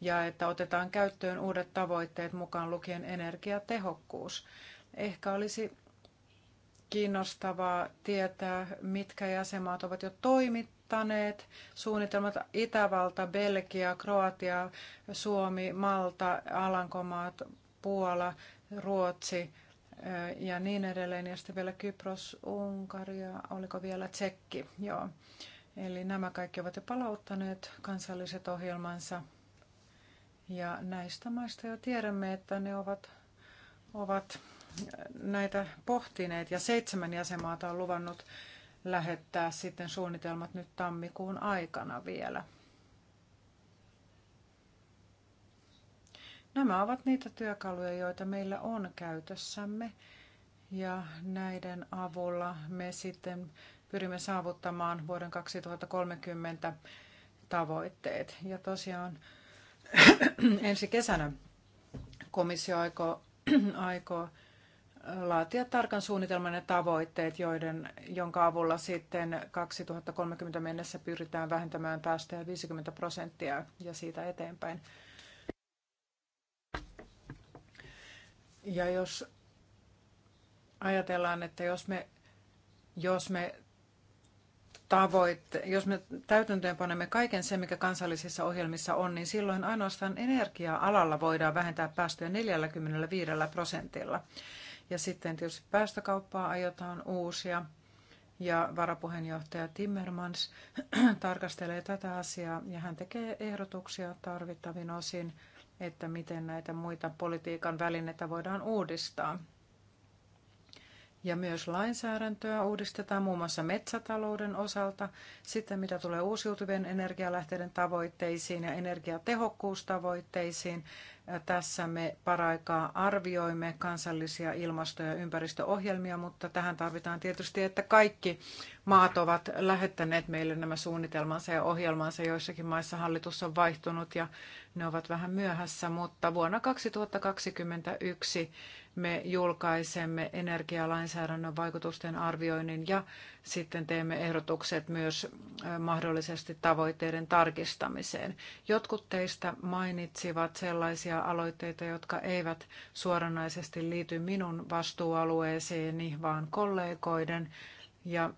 ja että otetaan käyttöön uudet tavoitteet mukaan lukien energiatehokkuus. Ehkä olisi kiinnostavaa tietää, mitkä jäsenmaat ovat jo toimittaneet aloittaneet suunnitelmat Itävalta, Belgia, Kroatia, Suomi, Malta, Alankomaat, Puola, Ruotsi eh, ja niin edelleen. Ja sitten vielä Kypros, Unkari ja oliko vielä Tsekki. Joo. Eli nämä kaikki ovat jo palauttaneet kansalliset ohjelmansa. Ja näistä maista jo tiedämme, että ne ovat, ovat näitä pohtineet ja seitsemän jäsenmaata on luvannut lähettää sitten suunnitelmat nyt tammikuun aikana vielä. Nämä ovat niitä työkaluja, joita meillä on käytössämme ja näiden avulla me sitten pyrimme saavuttamaan vuoden 2030 tavoitteet. Ja tosiaan ensi kesänä komissio aikoo, aikoo laatia tarkan suunnitelman ja tavoitteet, joiden, jonka avulla sitten 2030 mennessä pyritään vähentämään päästöjä 50 prosenttia ja siitä eteenpäin. Ja jos ajatellaan, että jos me, jos me tavoitte, jos me täytäntöön panemme kaiken sen, mikä kansallisissa ohjelmissa on, niin silloin ainoastaan energia-alalla voidaan vähentää päästöjä 45 prosentilla. Ja sitten tietysti päästökauppaa aiotaan uusia. Ja varapuheenjohtaja Timmermans tarkastelee tätä asiaa ja hän tekee ehdotuksia tarvittavin osin, että miten näitä muita politiikan välineitä voidaan uudistaa. Ja myös lainsäädäntöä uudistetaan muun muassa metsätalouden osalta. Sitten mitä tulee uusiutuvien energialähteiden tavoitteisiin ja energiatehokkuustavoitteisiin, tässä me paraikaa arvioimme kansallisia ilmasto- ja ympäristöohjelmia, mutta tähän tarvitaan tietysti, että kaikki maat ovat lähettäneet meille nämä suunnitelmansa ja ohjelmansa. Joissakin maissa hallitus on vaihtunut ja ne ovat vähän myöhässä, mutta vuonna 2021 me julkaisemme energialainsäädännön vaikutusten arvioinnin ja sitten teemme ehdotukset myös mahdollisesti tavoitteiden tarkistamiseen. Jotkut teistä mainitsivat sellaisia aloitteita, jotka eivät suoranaisesti liity minun vastuualueeseeni, vaan kollegoiden ja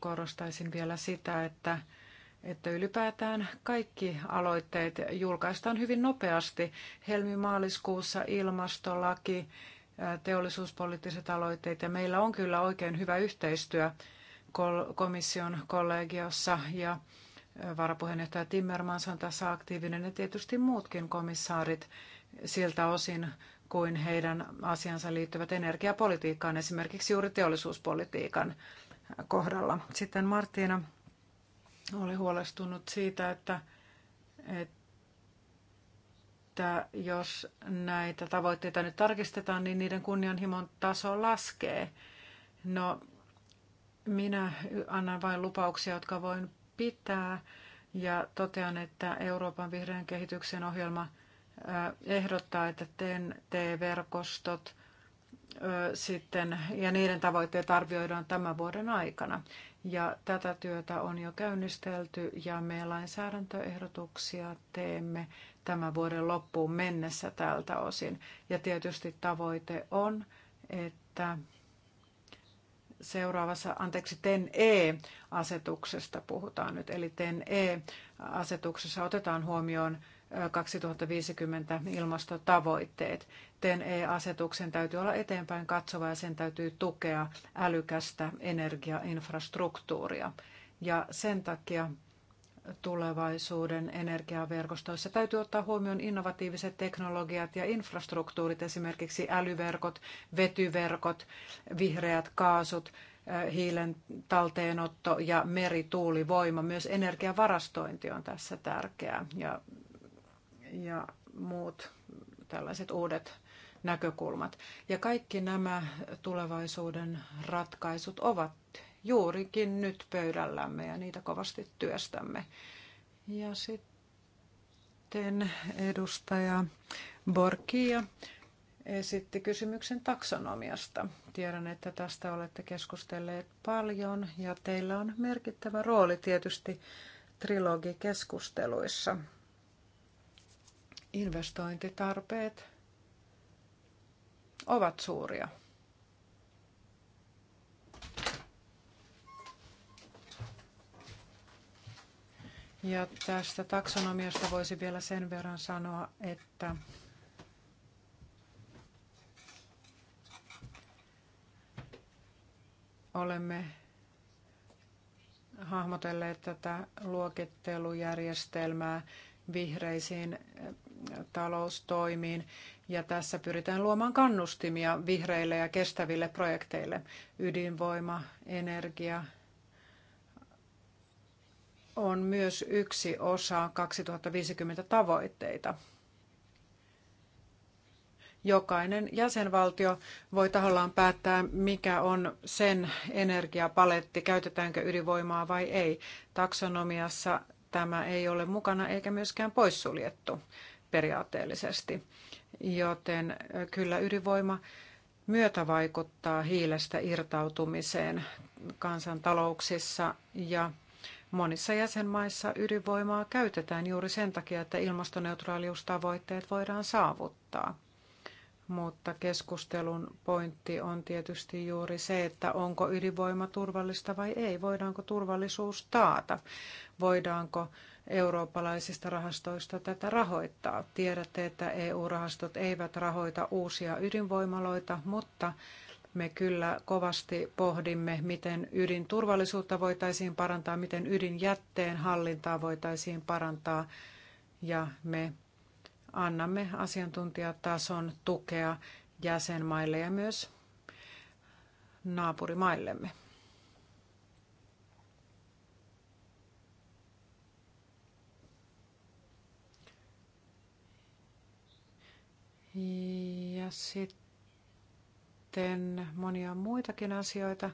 korostaisin vielä sitä, että että ylipäätään kaikki aloitteet julkaistaan hyvin nopeasti. Helmi-maaliskuussa ilmastolaki, teollisuuspoliittiset aloitteet ja meillä on kyllä oikein hyvä yhteistyö komission kollegiossa ja varapuheenjohtaja Timmermans on tässä aktiivinen ja tietysti muutkin komissaarit siltä osin kuin heidän asiansa liittyvät energiapolitiikkaan, esimerkiksi juuri teollisuuspolitiikan kohdalla. Sitten Martina oli huolestunut siitä, että, että jos näitä tavoitteita nyt tarkistetaan, niin niiden kunnianhimon taso laskee. No, minä annan vain lupauksia, jotka voin pitää ja totean, että Euroopan vihreän kehityksen ohjelma ehdottaa, että tnt verkostot sitten ja niiden tavoitteet arvioidaan tämän vuoden aikana. Ja tätä työtä on jo käynnistelty ja me lainsäädäntöehdotuksia teemme tämän vuoden loppuun mennessä tältä osin. Ja tietysti tavoite on, että seuraavassa, anteeksi, TEN-E-asetuksesta puhutaan nyt, eli TEN-E-asetuksessa otetaan huomioon 2050 ilmastotavoitteet sitten e-asetuksen täytyy olla eteenpäin katsova ja sen täytyy tukea älykästä energiainfrastruktuuria. Ja sen takia tulevaisuuden energiaverkostoissa täytyy ottaa huomioon innovatiiviset teknologiat ja infrastruktuurit, esimerkiksi älyverkot, vetyverkot, vihreät kaasut, hiilen talteenotto ja merituulivoima. Myös energiavarastointi on tässä tärkeää ja, ja muut tällaiset uudet näkökulmat. Ja kaikki nämä tulevaisuuden ratkaisut ovat juurikin nyt pöydällämme ja niitä kovasti työstämme. Ja sitten edustaja Borkia esitti kysymyksen taksonomiasta. Tiedän, että tästä olette keskustelleet paljon ja teillä on merkittävä rooli tietysti trilogikeskusteluissa. Investointitarpeet ovat suuria. Ja tästä taksonomiasta voisi vielä sen verran sanoa, että olemme hahmotelleet tätä luokittelujärjestelmää vihreisiin taloustoimiin ja tässä pyritään luomaan kannustimia vihreille ja kestäville projekteille. Ydinvoima, energia on myös yksi osa 2050 tavoitteita. Jokainen jäsenvaltio voi tahollaan päättää, mikä on sen energiapaletti, käytetäänkö ydinvoimaa vai ei. Taksonomiassa tämä ei ole mukana eikä myöskään poissuljettu periaatteellisesti. Joten kyllä ydinvoima myötä vaikuttaa hiilestä irtautumiseen kansantalouksissa ja monissa jäsenmaissa ydinvoimaa käytetään juuri sen takia, että ilmastoneutraaliustavoitteet voidaan saavuttaa mutta keskustelun pointti on tietysti juuri se, että onko ydinvoima turvallista vai ei. Voidaanko turvallisuus taata? Voidaanko eurooppalaisista rahastoista tätä rahoittaa? Tiedätte, että EU-rahastot eivät rahoita uusia ydinvoimaloita, mutta me kyllä kovasti pohdimme, miten ydinturvallisuutta voitaisiin parantaa, miten ydinjätteen hallintaa voitaisiin parantaa. Ja me annamme asiantuntijatason tukea jäsenmaille ja myös naapurimaillemme. Ja sitten monia muitakin asioita.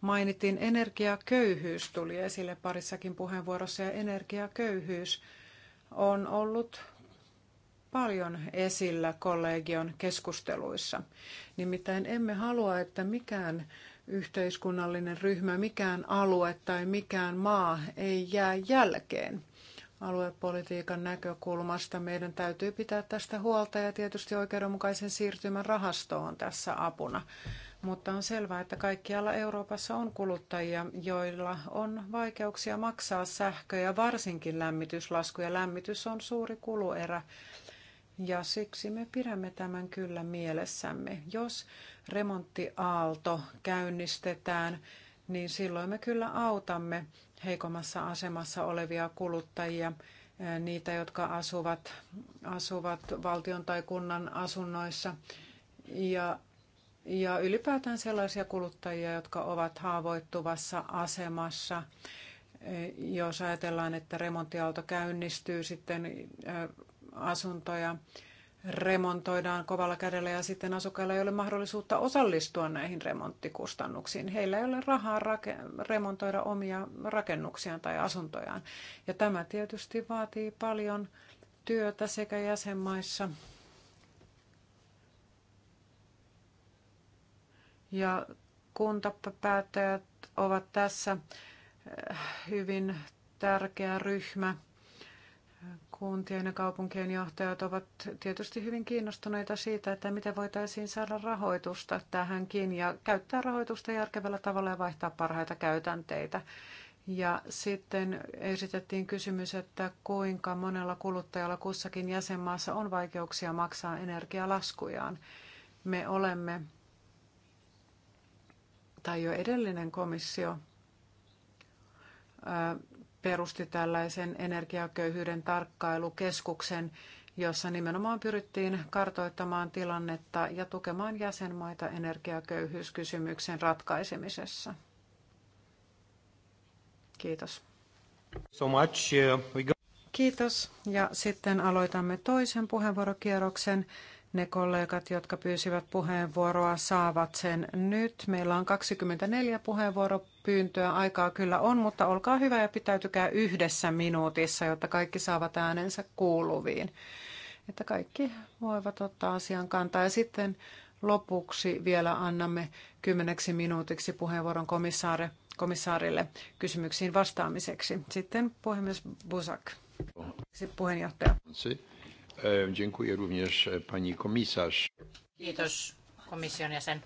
Mainittiin energiaköyhyys, tuli esille parissakin puheenvuorossa, ja energiaköyhyys on ollut paljon esillä kollegion keskusteluissa. Nimittäin emme halua, että mikään yhteiskunnallinen ryhmä, mikään alue tai mikään maa ei jää jälkeen. Aluepolitiikan näkökulmasta meidän täytyy pitää tästä huolta ja tietysti oikeudenmukaisen siirtymän rahasto on tässä apuna. Mutta on selvää, että kaikkialla Euroopassa on kuluttajia, joilla on vaikeuksia maksaa sähköä ja varsinkin lämmityslaskuja. Lämmitys on suuri kuluerä ja siksi me pidämme tämän kyllä mielessämme. Jos remonttiaalto käynnistetään, niin silloin me kyllä autamme heikommassa asemassa olevia kuluttajia, eh, niitä, jotka asuvat, asuvat valtion tai kunnan asunnoissa. Ja, ja ylipäätään sellaisia kuluttajia, jotka ovat haavoittuvassa asemassa eh, jos ajatellaan, että remonttiauto käynnistyy sitten eh, asuntoja remontoidaan kovalla kädellä ja sitten asukkailla ei ole mahdollisuutta osallistua näihin remonttikustannuksiin. Heillä ei ole rahaa remontoida omia rakennuksiaan tai asuntojaan. Ja tämä tietysti vaatii paljon työtä sekä jäsenmaissa ja kuntapäättäjät ovat tässä eh, hyvin tärkeä ryhmä – kuntien ja kaupunkien johtajat ovat tietysti hyvin kiinnostuneita siitä, että miten voitaisiin saada rahoitusta tähänkin ja käyttää rahoitusta järkevällä tavalla ja vaihtaa parhaita käytänteitä. Ja sitten esitettiin kysymys, että kuinka monella kuluttajalla kussakin jäsenmaassa on vaikeuksia maksaa energialaskujaan. Me olemme, tai jo edellinen komissio, perusti tällaisen energiaköyhyyden tarkkailukeskuksen, jossa nimenomaan pyrittiin kartoittamaan tilannetta ja tukemaan jäsenmaita energiaköyhyyskysymyksen ratkaisemisessa. Kiitos. So much. Uh, Kiitos. Ja sitten aloitamme toisen puheenvuorokierroksen. Ne kollegat, jotka pyysivät puheenvuoroa, saavat sen nyt. Meillä on 24 puheenvuoropyyntöä. Aikaa kyllä on, mutta olkaa hyvä ja pitäytykää yhdessä minuutissa, jotta kaikki saavat äänensä kuuluviin. Että kaikki voivat ottaa asian kantaa. Ja sitten lopuksi vielä annamme kymmeneksi minuutiksi puheenvuoron komissaari, komissaarille kysymyksiin vastaamiseksi. Sitten puhemies Busak, siis puheenjohtaja. Si. E, dziękuję również e, pani komisarz. Kiitos komission jäsen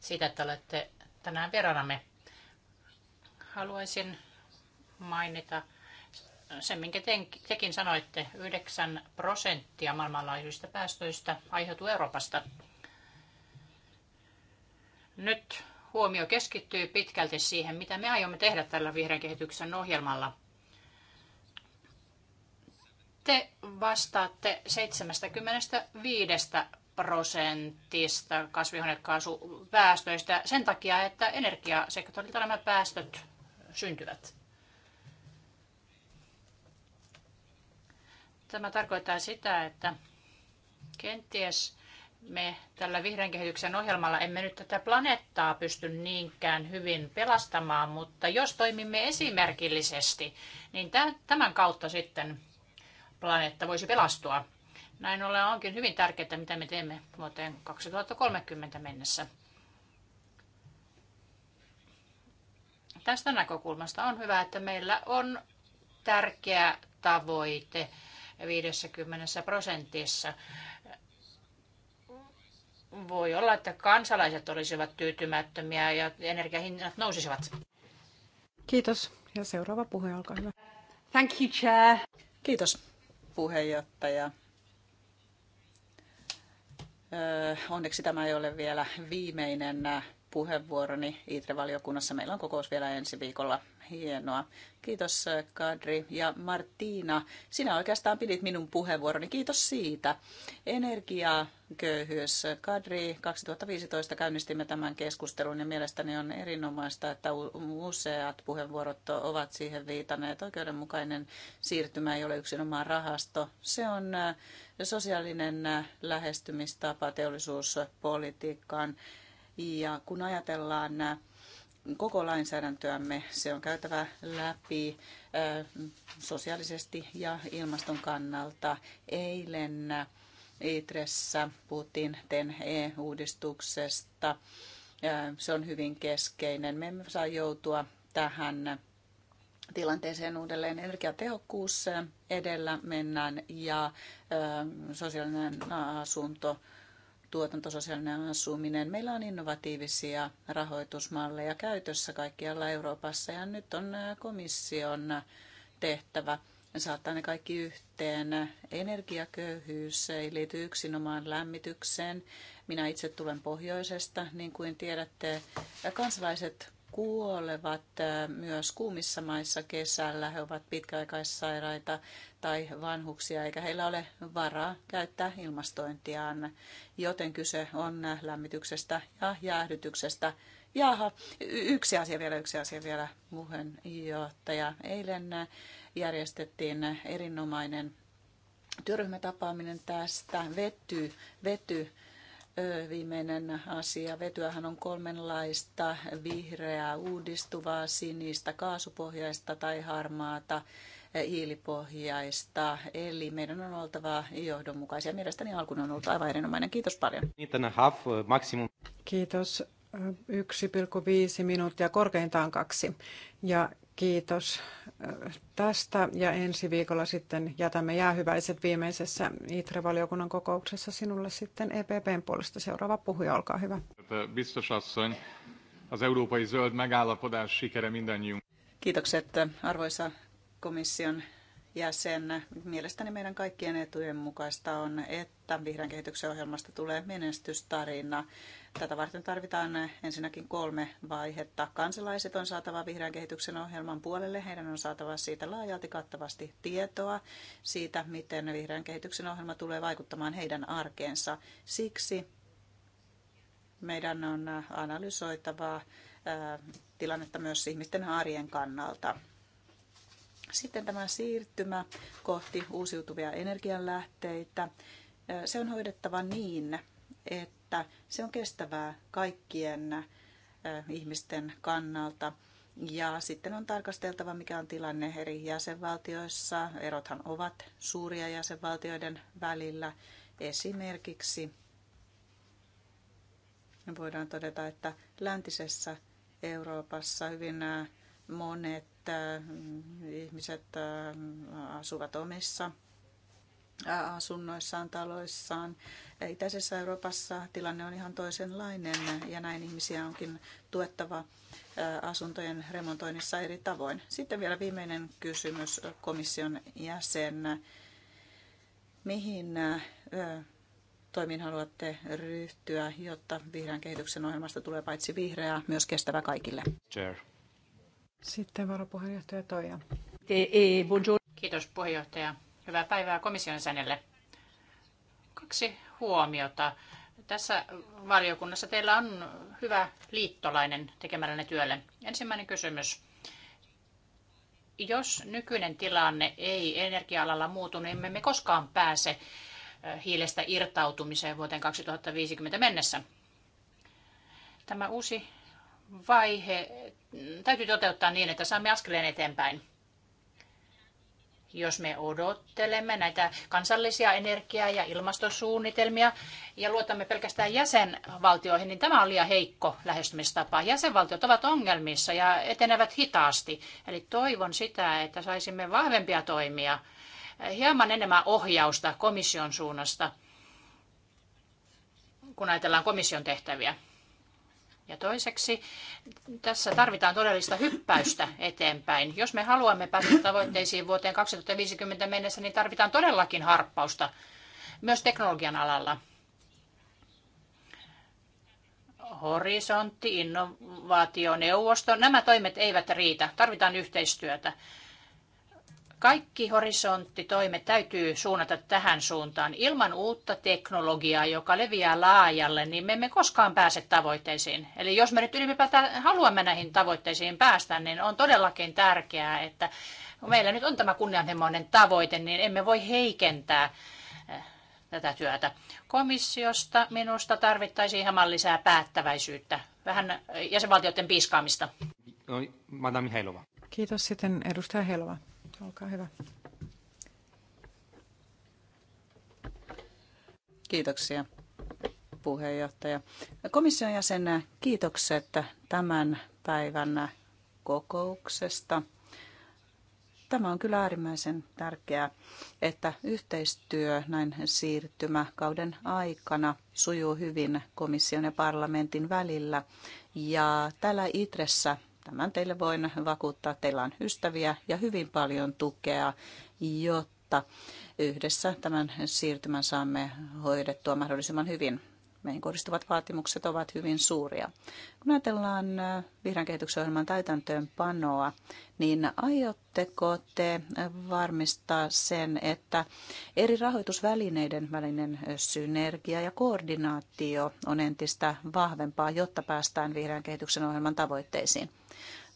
siitä, että olette tänään vieraanamme. Haluaisin mainita sen, minkä tekin sanoitte, 9 prosenttia maailmanlaajuisista päästöistä aiheutuu Euroopasta. Nyt huomio keskittyy pitkälti siihen, mitä me aiomme tehdä tällä vihreän kehityksen ohjelmalla – te vastaatte 75 prosentista kasvihuonekaasupäästöistä sen takia, että energiasektorilta nämä päästöt syntyvät. Tämä tarkoittaa sitä, että kenties me tällä vihreän kehityksen ohjelmalla emme nyt tätä planeettaa pysty niinkään hyvin pelastamaan, mutta jos toimimme esimerkillisesti, niin tämän kautta sitten planeetta voisi pelastua. Näin ollen onkin hyvin tärkeää, mitä me teemme vuoteen 2030 mennessä. Tästä näkökulmasta on hyvä, että meillä on tärkeä tavoite 50 prosentissa. Voi olla, että kansalaiset olisivat tyytymättömiä ja energiahinnat nousisivat. Kiitos. Ja seuraava puhe, olkaa hyvä. Thank you, Chair. Kiitos puheenjohtaja. Onneksi tämä ei ole vielä viimeinen puheenvuoroni ITRE-valiokunnassa. Meillä on kokous vielä ensi viikolla. Hienoa. Kiitos äh, Kadri ja Martina. Sinä oikeastaan pidit minun puheenvuoroni. Kiitos siitä. Energia, köyhyys. Kadri, 2015 käynnistimme tämän keskustelun ja mielestäni on erinomaista, että useat puheenvuorot ovat siihen viitanneet. Oikeudenmukainen siirtymä ei ole yksinomaan rahasto. Se on äh, sosiaalinen äh, lähestymistapa teollisuuspolitiikkaan ja kun ajatellaan äh, koko lainsäädäntöämme, se on käytävä läpi äh, sosiaalisesti ja ilmaston kannalta. Eilen äh, Itressä puhuttiin TEN-E-uudistuksesta. Se on hyvin keskeinen. Me emme saa joutua tähän tilanteeseen uudelleen. Energiatehokkuus edellä mennään ja sosiaalinen asunto tuotanto, sosiaalinen asuminen. Meillä on innovatiivisia rahoitusmalleja käytössä kaikkialla Euroopassa ja nyt on komission tehtävä saattaa ne kaikki yhteen. Energiaköyhyys ei liity yksinomaan lämmitykseen. Minä itse tulen pohjoisesta, niin kuin tiedätte. Kansalaiset kuolevat äh, myös kuumissa maissa kesällä. He ovat pitkäaikaissairaita tai vanhuksia, eikä heillä ole varaa käyttää ilmastointiaan, joten kyse on lämmityksestä ja jäähdytyksestä. Jaha, yksi asia vielä, yksi asia vielä, puheenjohtaja. Eilen äh, järjestettiin erinomainen työryhmätapaaminen tästä vety, vety viimeinen asia. Vetyähän on kolmenlaista, vihreää, uudistuvaa, sinistä, kaasupohjaista tai harmaata hiilipohjaista. Eli meidän on oltava johdonmukaisia. Mielestäni alkuun on ollut aivan erinomainen. Kiitos paljon. Niin, Kiitos. 1,5 minuuttia, korkeintaan kaksi. Ja Kiitos tästä ja ensi viikolla sitten jätämme jäähyväiset viimeisessä ITRE-valiokunnan kokouksessa sinulle sitten EPPn puolesta. Seuraava puhuja, olkaa hyvä. Kiitokset arvoisa komission ja sen Mielestäni meidän kaikkien etujen mukaista on, että vihreän kehityksen ohjelmasta tulee menestystarina. Tätä varten tarvitaan ensinnäkin kolme vaihetta. Kansalaiset on saatava vihreän kehityksen ohjelman puolelle. Heidän on saatava siitä laajalti kattavasti tietoa siitä, miten vihreän kehityksen ohjelma tulee vaikuttamaan heidän arkeensa. Siksi meidän on analysoitavaa tilannetta myös ihmisten arjen kannalta sitten tämä siirtymä kohti uusiutuvia energianlähteitä. Se on hoidettava niin, että se on kestävää kaikkien ihmisten kannalta. Ja sitten on tarkasteltava, mikä on tilanne eri jäsenvaltioissa. Erothan ovat suuria jäsenvaltioiden välillä. Esimerkiksi voidaan todeta, että läntisessä Euroopassa hyvin monet Mm, ihmiset äh, asuvat omissa asunnoissaan, taloissaan. Itäisessä Euroopassa tilanne on ihan toisenlainen ja näin ihmisiä onkin tuettava äh, asuntojen remontoinnissa eri tavoin. Sitten vielä viimeinen kysymys komission jäsen. Mihin äh, toimiin haluatte ryhtyä, jotta vihreän kehityksen ohjelmasta tulee paitsi vihreää, myös kestävä kaikille? Chair. Sitten varapuheenjohtaja Toija. E, e, Kiitos puheenjohtaja. Hyvää päivää komission sänelle. Kaksi huomiota. Tässä valiokunnassa teillä on hyvä liittolainen ne työlle. Ensimmäinen kysymys. Jos nykyinen tilanne ei energia-alalla muutu, niin emme me koskaan pääse hiilestä irtautumiseen vuoteen 2050 mennessä. Tämä uusi vaihe mm, täytyy toteuttaa niin, että saamme askeleen eteenpäin. Jos me odottelemme näitä kansallisia energia- ja ilmastosuunnitelmia ja luotamme pelkästään jäsenvaltioihin, niin tämä on liian heikko lähestymistapa. Jäsenvaltiot ovat ongelmissa ja etenevät hitaasti. Eli toivon sitä, että saisimme vahvempia toimia, hieman enemmän ohjausta komission suunnasta, kun ajatellaan komission tehtäviä ja toiseksi tässä tarvitaan todellista hyppäystä eteenpäin. Jos me haluamme päästä tavoitteisiin vuoteen 2050 mennessä, niin tarvitaan todellakin harppausta myös teknologian alalla. Horisontti, innovaationeuvosto, nämä toimet eivät riitä. Tarvitaan yhteistyötä. Kaikki horisonttitoimet täytyy suunnata tähän suuntaan. Ilman uutta teknologiaa, joka leviää laajalle, niin me emme koskaan pääse tavoitteisiin. Eli jos me nyt ylipäätään haluamme näihin tavoitteisiin päästä, niin on todellakin tärkeää, että meillä nyt on tämä kunnianhimoinen tavoite, niin emme voi heikentää eh, tätä työtä. Komissiosta minusta tarvittaisiin hieman lisää päättäväisyyttä, vähän eh, jäsenvaltioiden piiskaamista. Madame Helova. Kiitos sitten edustaja Helova. Olkaa hyvä. Kiitoksia puheenjohtaja. Komission jäsenä kiitokset tämän päivän kokouksesta. Tämä on kyllä äärimmäisen tärkeää, että yhteistyö näin siirtymäkauden aikana sujuu hyvin komission ja parlamentin välillä. Ja täällä ITRessä Tämän teille voin vakuuttaa. Teillä on ystäviä ja hyvin paljon tukea, jotta yhdessä tämän siirtymän saamme hoidettua mahdollisimman hyvin. Meihin kohdistuvat vaatimukset ovat hyvin suuria. Kun ajatellaan äh, vihreän kehityksen ohjelman täytäntöönpanoa, niin aiotteko te varmistaa sen, että eri rahoitusvälineiden välinen synergia ja koordinaatio on entistä vahvempaa, jotta päästään vihreän kehityksen ohjelman tavoitteisiin?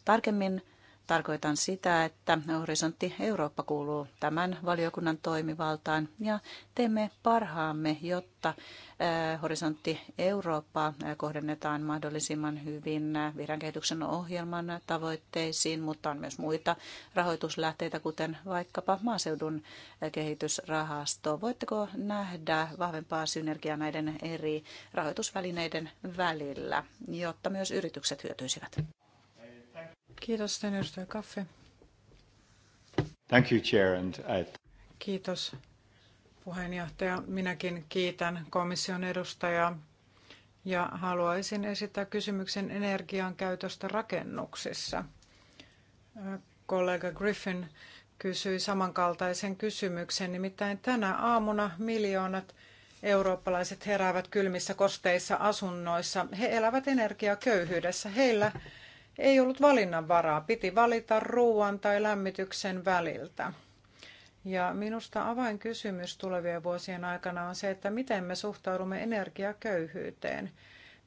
Tarkemmin tarkoitan sitä, että Horisontti Eurooppa kuuluu tämän valiokunnan toimivaltaan ja teemme parhaamme, jotta eh, Horisontti Eurooppa eh, kohdennetaan mahdollisimman hyvin eh, vihreän kehityksen ohjelman tavoitteisiin, mutta on myös muita rahoituslähteitä, kuten vaikkapa maaseudun kehitysrahasto. Voitteko nähdä vahvempaa synergiaa näiden eri rahoitusvälineiden välillä, jotta myös yritykset hyötyisivät? Kiitos, sitten edustaja Kaffe. Thank you, Chair, and I... Kiitos, puheenjohtaja. Minäkin kiitän komission edustajaa ja haluaisin esittää kysymyksen energian käytöstä rakennuksissa. Kollega Griffin kysyi samankaltaisen kysymyksen, nimittäin tänä aamuna miljoonat eurooppalaiset heräävät kylmissä kosteissa asunnoissa. He elävät energiaköyhyydessä. Heillä ei ollut valinnanvaraa. Piti valita ruoan tai lämmityksen väliltä. Ja minusta avainkysymys tulevien vuosien aikana on se, että miten me suhtaudumme energiaköyhyyteen.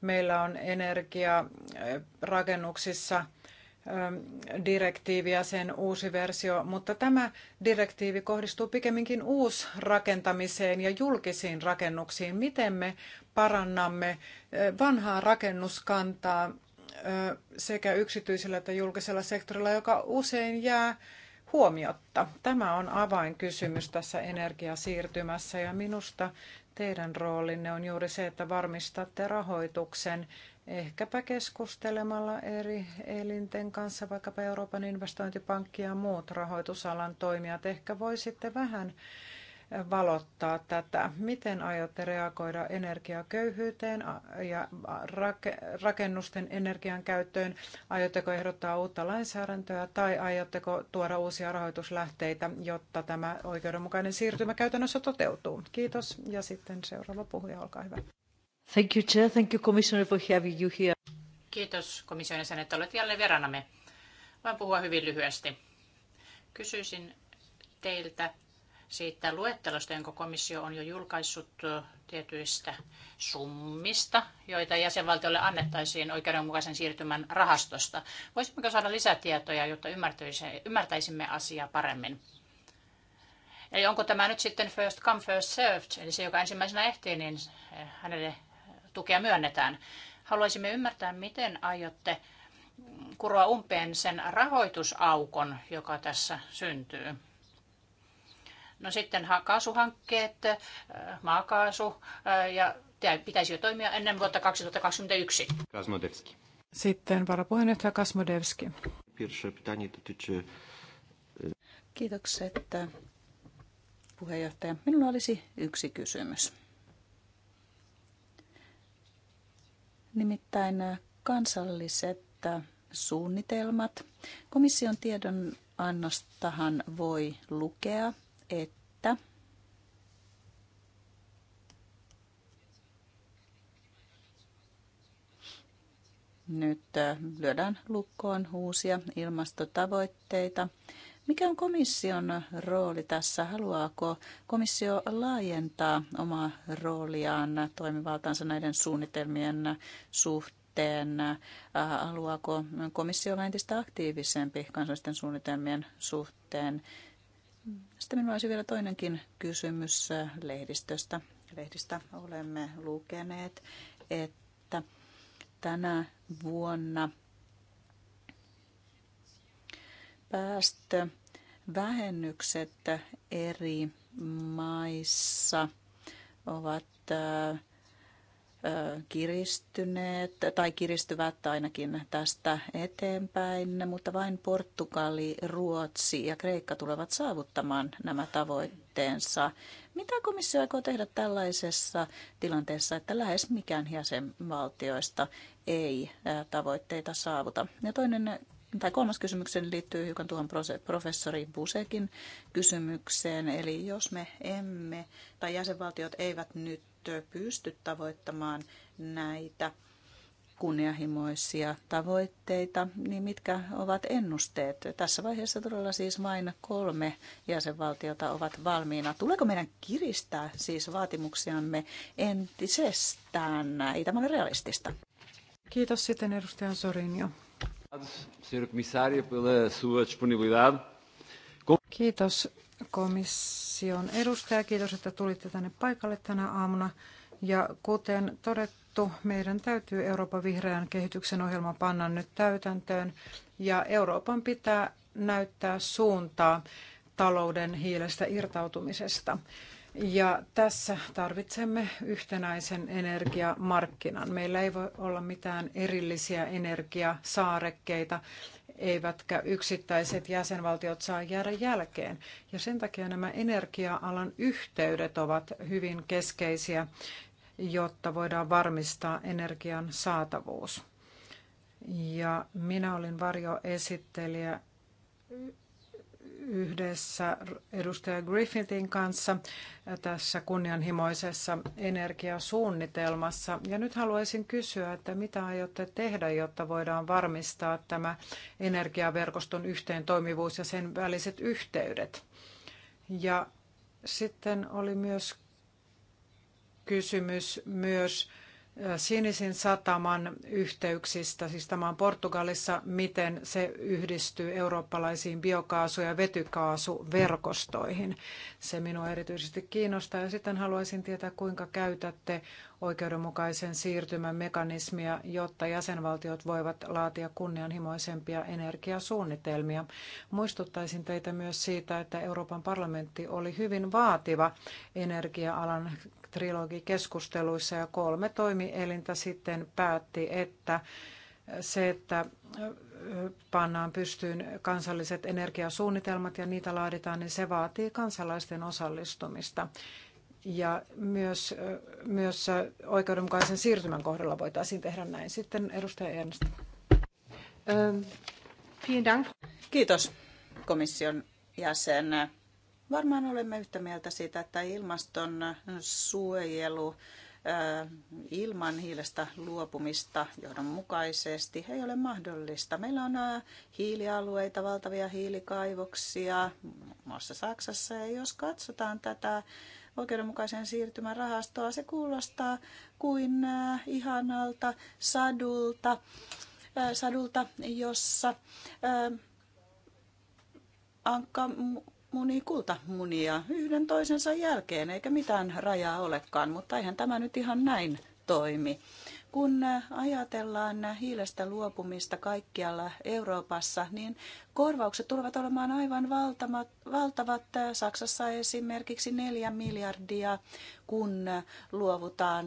Meillä on energiarakennuksissa rakennuksissa direktiiviä sen uusi versio, mutta tämä direktiivi kohdistuu pikemminkin uusrakentamiseen ja julkisiin rakennuksiin. Miten me parannamme vanhaa rakennuskantaa sekä yksityisellä että julkisella sektorilla, joka usein jää huomiotta. Tämä on avainkysymys tässä energiasiirtymässä ja minusta teidän roolinne on juuri se, että varmistatte rahoituksen ehkäpä keskustelemalla eri elinten kanssa, vaikkapa Euroopan investointipankki ja muut rahoitusalan toimijat. Ehkä voisitte vähän valottaa tätä. Miten aiotte reagoida energiaköyhyyteen ja rakennusten energian käyttöön? Aiotteko ehdottaa uutta lainsäädäntöä tai aiotteko tuoda uusia rahoituslähteitä, jotta tämä oikeudenmukainen siirtymä käytännössä toteutuu? Kiitos ja sitten seuraava puhuja, olkaa hyvä. Thank you, Chair. Thank you, Commissioner, for having you here. Kiitos komission jäsen, että olet jälleen vieraanamme. Voin puhua hyvin lyhyesti. Kysyisin teiltä siitä luettelosta, jonka komissio on jo julkaissut tietyistä summista, joita jäsenvaltiolle annettaisiin oikeudenmukaisen siirtymän rahastosta. Voisimmeko saada lisätietoja, jotta ymmärtäisimme asiaa paremmin? Eli onko tämä nyt sitten first come, first served, eli se, joka ensimmäisenä ehtii, niin hänelle tukea myönnetään. Haluaisimme ymmärtää, miten aiotte kuroa umpeen sen rahoitusaukon, joka tässä syntyy. No sitten kaasuhankkeet, maakaasu ja pitäisi jo toimia ennen vuotta 2021. Kasmodevski. Sitten varapuheenjohtaja Kasmodevski. Kiitokset puheenjohtaja. Minulla olisi yksi kysymys. Nimittäin kansalliset suunnitelmat. Komission tiedonannostahan voi lukea, että nyt lyödään lukkoon uusia ilmastotavoitteita. Mikä on komission rooli tässä? Haluaako komissio laajentaa omaa rooliaan toimivaltaansa näiden suunnitelmien suhteen? Haluaako komissio olla entistä aktiivisempi kansallisten suunnitelmien suhteen? Sitten minulla olisi vielä toinenkin kysymys äh, lehdistöstä. Lehdistä olemme lukeneet, että tänä vuonna päästövähennykset eri maissa ovat äh, kiristyneet tai kiristyvät ainakin tästä eteenpäin, mutta vain Portugali, Ruotsi ja Kreikka tulevat saavuttamaan nämä tavoitteensa. Mitä komissio aikoo tehdä tällaisessa tilanteessa, että lähes mikään jäsenvaltioista ei tavoitteita saavuta? Ja toinen tai kolmas kysymykseni liittyy hiukan tuohon professori Busekin kysymykseen. Eli jos me emme tai jäsenvaltiot eivät nyt pysty tavoittamaan näitä kunnianhimoisia tavoitteita, niin mitkä ovat ennusteet? Tässä vaiheessa todella siis vain kolme jäsenvaltiota ovat valmiina. Tuleeko meidän kiristää siis vaatimuksiamme entisestään? Ei tämä ole realistista. Kiitos sitten edustaja Sorinjo. Kiitos komission edustaja, kiitos, että tulitte tänne paikalle tänä aamuna. Ja kuten todettu, meidän täytyy Euroopan vihreän kehityksen ohjelma panna nyt täytäntöön. Ja Euroopan pitää näyttää suuntaa talouden hiilestä irtautumisesta. Ja tässä tarvitsemme yhtenäisen energiamarkkinan. Meillä ei voi olla mitään erillisiä energiasaarekkeita, eivätkä yksittäiset jäsenvaltiot saa jäädä jälkeen. Ja sen takia nämä energia-alan yhteydet ovat hyvin keskeisiä, jotta voidaan varmistaa energian saatavuus. Ja minä olin varjoesittelijä yhdessä edustaja Griffithin kanssa tässä kunnianhimoisessa energiasuunnitelmassa. Ja nyt haluaisin kysyä, että mitä aiotte tehdä, jotta voidaan varmistaa tämä energiaverkoston yhteen toimivuus ja sen väliset yhteydet. Ja sitten oli myös kysymys myös Sinisin sataman yhteyksistä, siis tämä on Portugalissa, miten se yhdistyy eurooppalaisiin biokaasu- ja vetykaasuverkostoihin. Se minua erityisesti kiinnostaa ja sitten haluaisin tietää, kuinka käytätte oikeudenmukaisen siirtymän mekanismia, jotta jäsenvaltiot voivat laatia kunnianhimoisempia energiasuunnitelmia. Muistuttaisin teitä myös siitä, että Euroopan parlamentti oli hyvin vaativa energia-alan trilogikeskusteluissa ja kolme toimielintä sitten päätti, että se, että pannaan pystyyn kansalliset energiasuunnitelmat ja niitä laaditaan, niin se vaatii kansalaisten osallistumista. Ja myös, myös oikeudenmukaisen siirtymän kohdalla voitaisiin tehdä näin. Sitten edustaja Ernst. Ähm, Kiitos komission jäsen. Varmaan olemme yhtä mieltä siitä, että ilmaston suojelu ilman hiilestä luopumista johdonmukaisesti ei ole mahdollista. Meillä on hiilialueita, valtavia hiilikaivoksia, muun muassa Saksassa, ja jos katsotaan tätä oikeudenmukaisen siirtymän rahastoa. Se kuulostaa kuin äh, ihanalta sadulta, äh, sadulta jossa äh, ankka munii munia yhden toisensa jälkeen, eikä mitään rajaa olekaan, mutta eihän tämä nyt ihan näin toimi. Kun ajatellaan hiilestä luopumista kaikkialla Euroopassa, niin korvaukset tulevat olemaan aivan valtavat, valtavat. Saksassa esimerkiksi 4 miljardia, kun luovutaan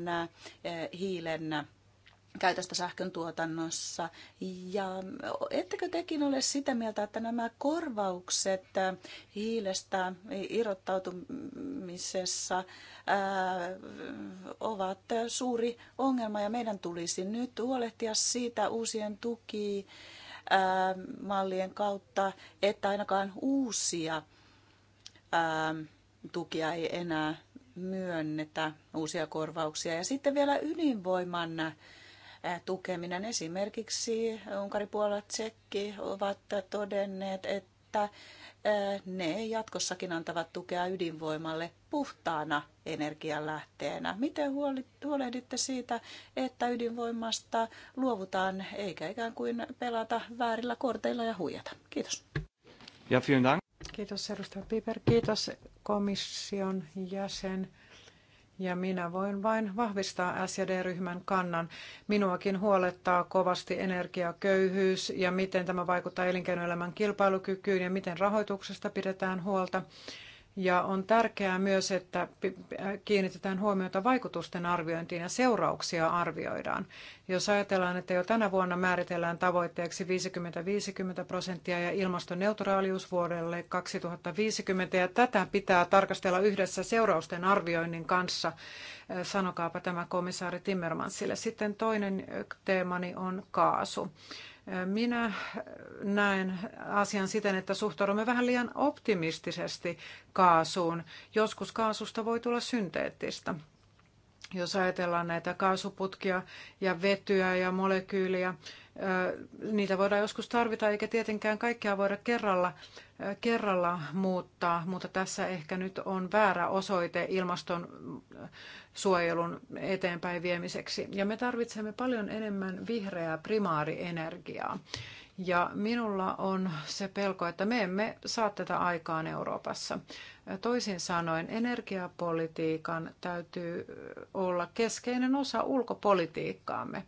hiilen käytöstä sähkön tuotannossa. Ja ettekö tekin ole sitä mieltä, että nämä korvaukset hiilestä irrottautumisessa äh, ovat suuri ongelma ja meidän tulisi nyt huolehtia siitä uusien tuki äh, mallien kautta, että ainakaan uusia äh, tukia ei enää myönnetä, uusia korvauksia. Ja sitten vielä ydinvoiman tukeminen. Esimerkiksi Unkari, Puola, Tsekki ovat todenneet, että ne jatkossakin antavat tukea ydinvoimalle puhtaana energialähteenä. Miten huolehditte siitä, että ydinvoimasta luovutaan eikä ikään kuin pelata väärillä korteilla ja huijata? Kiitos. Ja Kiitos edustaja Piper. Kiitos komission jäsen. Ja minä voin vain vahvistaa SJD-ryhmän kannan. Minuakin huolettaa kovasti energiaköyhyys ja miten tämä vaikuttaa elinkeinoelämän kilpailukykyyn ja miten rahoituksesta pidetään huolta. Ja on tärkeää myös, että äh, kiinnitetään huomiota vaikutusten arviointiin ja seurauksia arvioidaan. Jos ajatellaan, että jo tänä vuonna määritellään tavoitteeksi 50-50 prosenttia ja ilmastoneutraalius vuodelle 2050, ja tätä pitää tarkastella yhdessä seurausten arvioinnin kanssa, äh, sanokaapa tämä komissaari Timmermansille. Sitten toinen äh, teemani on kaasu. Minä näen asian siten, että suhtaudumme vähän liian optimistisesti kaasuun. Joskus kaasusta voi tulla synteettistä. Jos ajatellaan näitä kaasuputkia ja vetyä ja molekyyliä, niitä voidaan joskus tarvita, eikä tietenkään kaikkea voida kerralla, kerralla muuttaa, mutta tässä ehkä nyt on väärä osoite ilmaston suojelun eteenpäin viemiseksi. Ja me tarvitsemme paljon enemmän vihreää primaarienergiaa. Ja minulla on se pelko, että me emme saa tätä aikaan Euroopassa. Toisin sanoen energiapolitiikan täytyy olla keskeinen osa ulkopolitiikkaamme.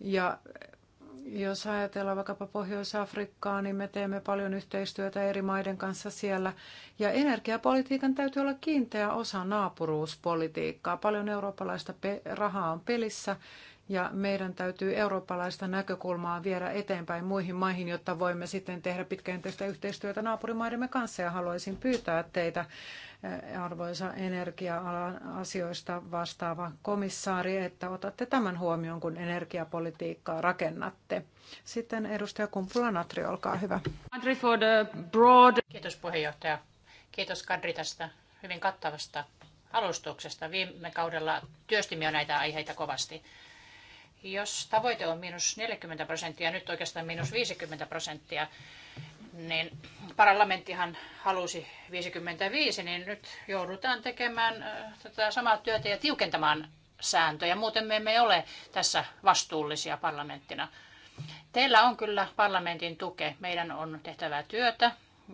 Ja jos ajatellaan vaikkapa Pohjois-Afrikkaa, niin me teemme paljon yhteistyötä eri maiden kanssa siellä. Ja energiapolitiikan täytyy olla kiinteä osa naapuruuspolitiikkaa. Paljon eurooppalaista rahaa on pelissä ja meidän täytyy eurooppalaista näkökulmaa viedä eteenpäin muihin maihin, jotta voimme sitten tehdä pitkäjänteistä yhteistyötä naapurimaidemme kanssa. Ja haluaisin pyytää teitä, eh, arvoisa energia-alan asioista vastaava komissaari, että otatte tämän huomioon, kun energiapolitiikkaa rakennatte. Sitten edustaja Kumpula-Natri, olkaa hyvä. Kiitos puheenjohtaja. Kiitos Kadri tästä hyvin kattavasta alustuksesta. Viime kaudella työstimme jo näitä aiheita kovasti. Jos tavoite on miinus 40 prosenttia, nyt oikeastaan miinus 50 prosenttia, niin parlamenttihan halusi 55, niin nyt joudutaan tekemään tätä samaa työtä ja tiukentamaan sääntöjä. Muuten me emme ole tässä vastuullisia parlamenttina. Teillä on kyllä parlamentin tuke. Meidän on tehtävää työtä.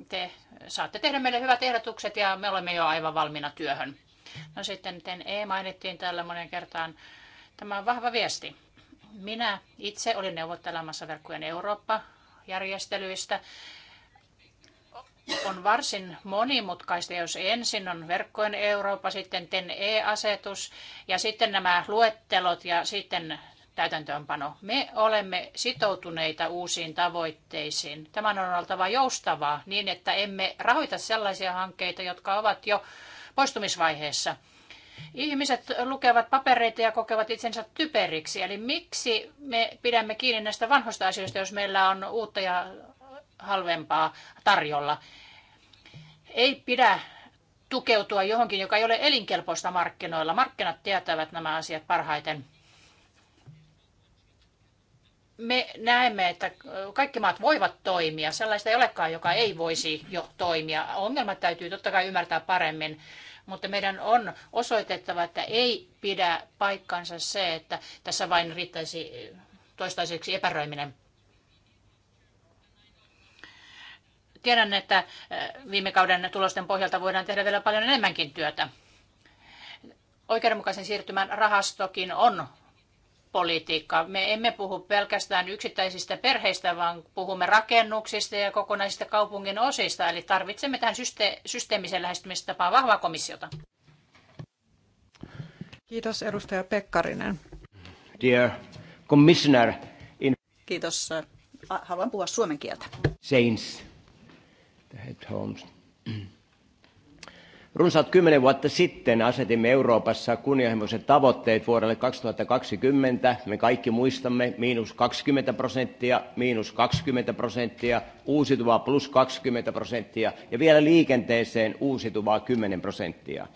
Te saatte tehdä meille hyvät ehdotukset ja me olemme jo aivan valmiina työhön. No sitten E mainittiin täällä monen kertaan. Tämä on vahva viesti. Minä itse olin neuvottelemassa verkkojen Eurooppa-järjestelyistä. On varsin monimutkaista, jos ensin on verkkojen Eurooppa, sitten TEN-E-asetus ja sitten nämä luettelot ja sitten täytäntöönpano. Me olemme sitoutuneita uusiin tavoitteisiin. Tämän on oltava joustavaa niin, että emme rahoita sellaisia hankkeita, jotka ovat jo poistumisvaiheessa – Ihmiset lukevat papereita ja kokevat itsensä typeriksi. Eli miksi me pidämme kiinni näistä vanhoista asioista, jos meillä on uutta ja halvempaa tarjolla? Ei pidä tukeutua johonkin, joka ei ole elinkelpoista markkinoilla. Markkinat tietävät nämä asiat parhaiten. Me näemme, että kaikki maat voivat toimia. Sellaista ei olekaan, joka ei voisi jo toimia. Ongelmat täytyy totta kai ymmärtää paremmin mutta meidän on osoitettava, että ei pidä paikkansa se, että tässä vain riittäisi toistaiseksi epäröiminen. Tiedän, että eh, viime kauden tulosten pohjalta voidaan tehdä vielä paljon enemmänkin työtä. Oikeudenmukaisen siirtymän rahastokin on politiikka. Me emme puhu pelkästään yksittäisistä perheistä, vaan puhumme rakennuksista ja kokonaisista kaupungin osista. Eli tarvitsemme tähän syste- systeemiseen lähestymistapaan vahvaa komissiota. Kiitos edustaja Pekkarinen. Dear Commissioner. In... Kiitos. Haluan puhua suomen kieltä. Saints. The head homes. Runsaat kymmenen vuotta sitten asetimme Euroopassa kunnianhimoiset tavoitteet vuodelle 2020. Me kaikki muistamme miinus 20%, prosenttia, miinus 20%, prosenttia, uusiutuvaa plus 20% prosenttia ja vielä liikenteeseen uusiutuvaa 10%. prosenttia.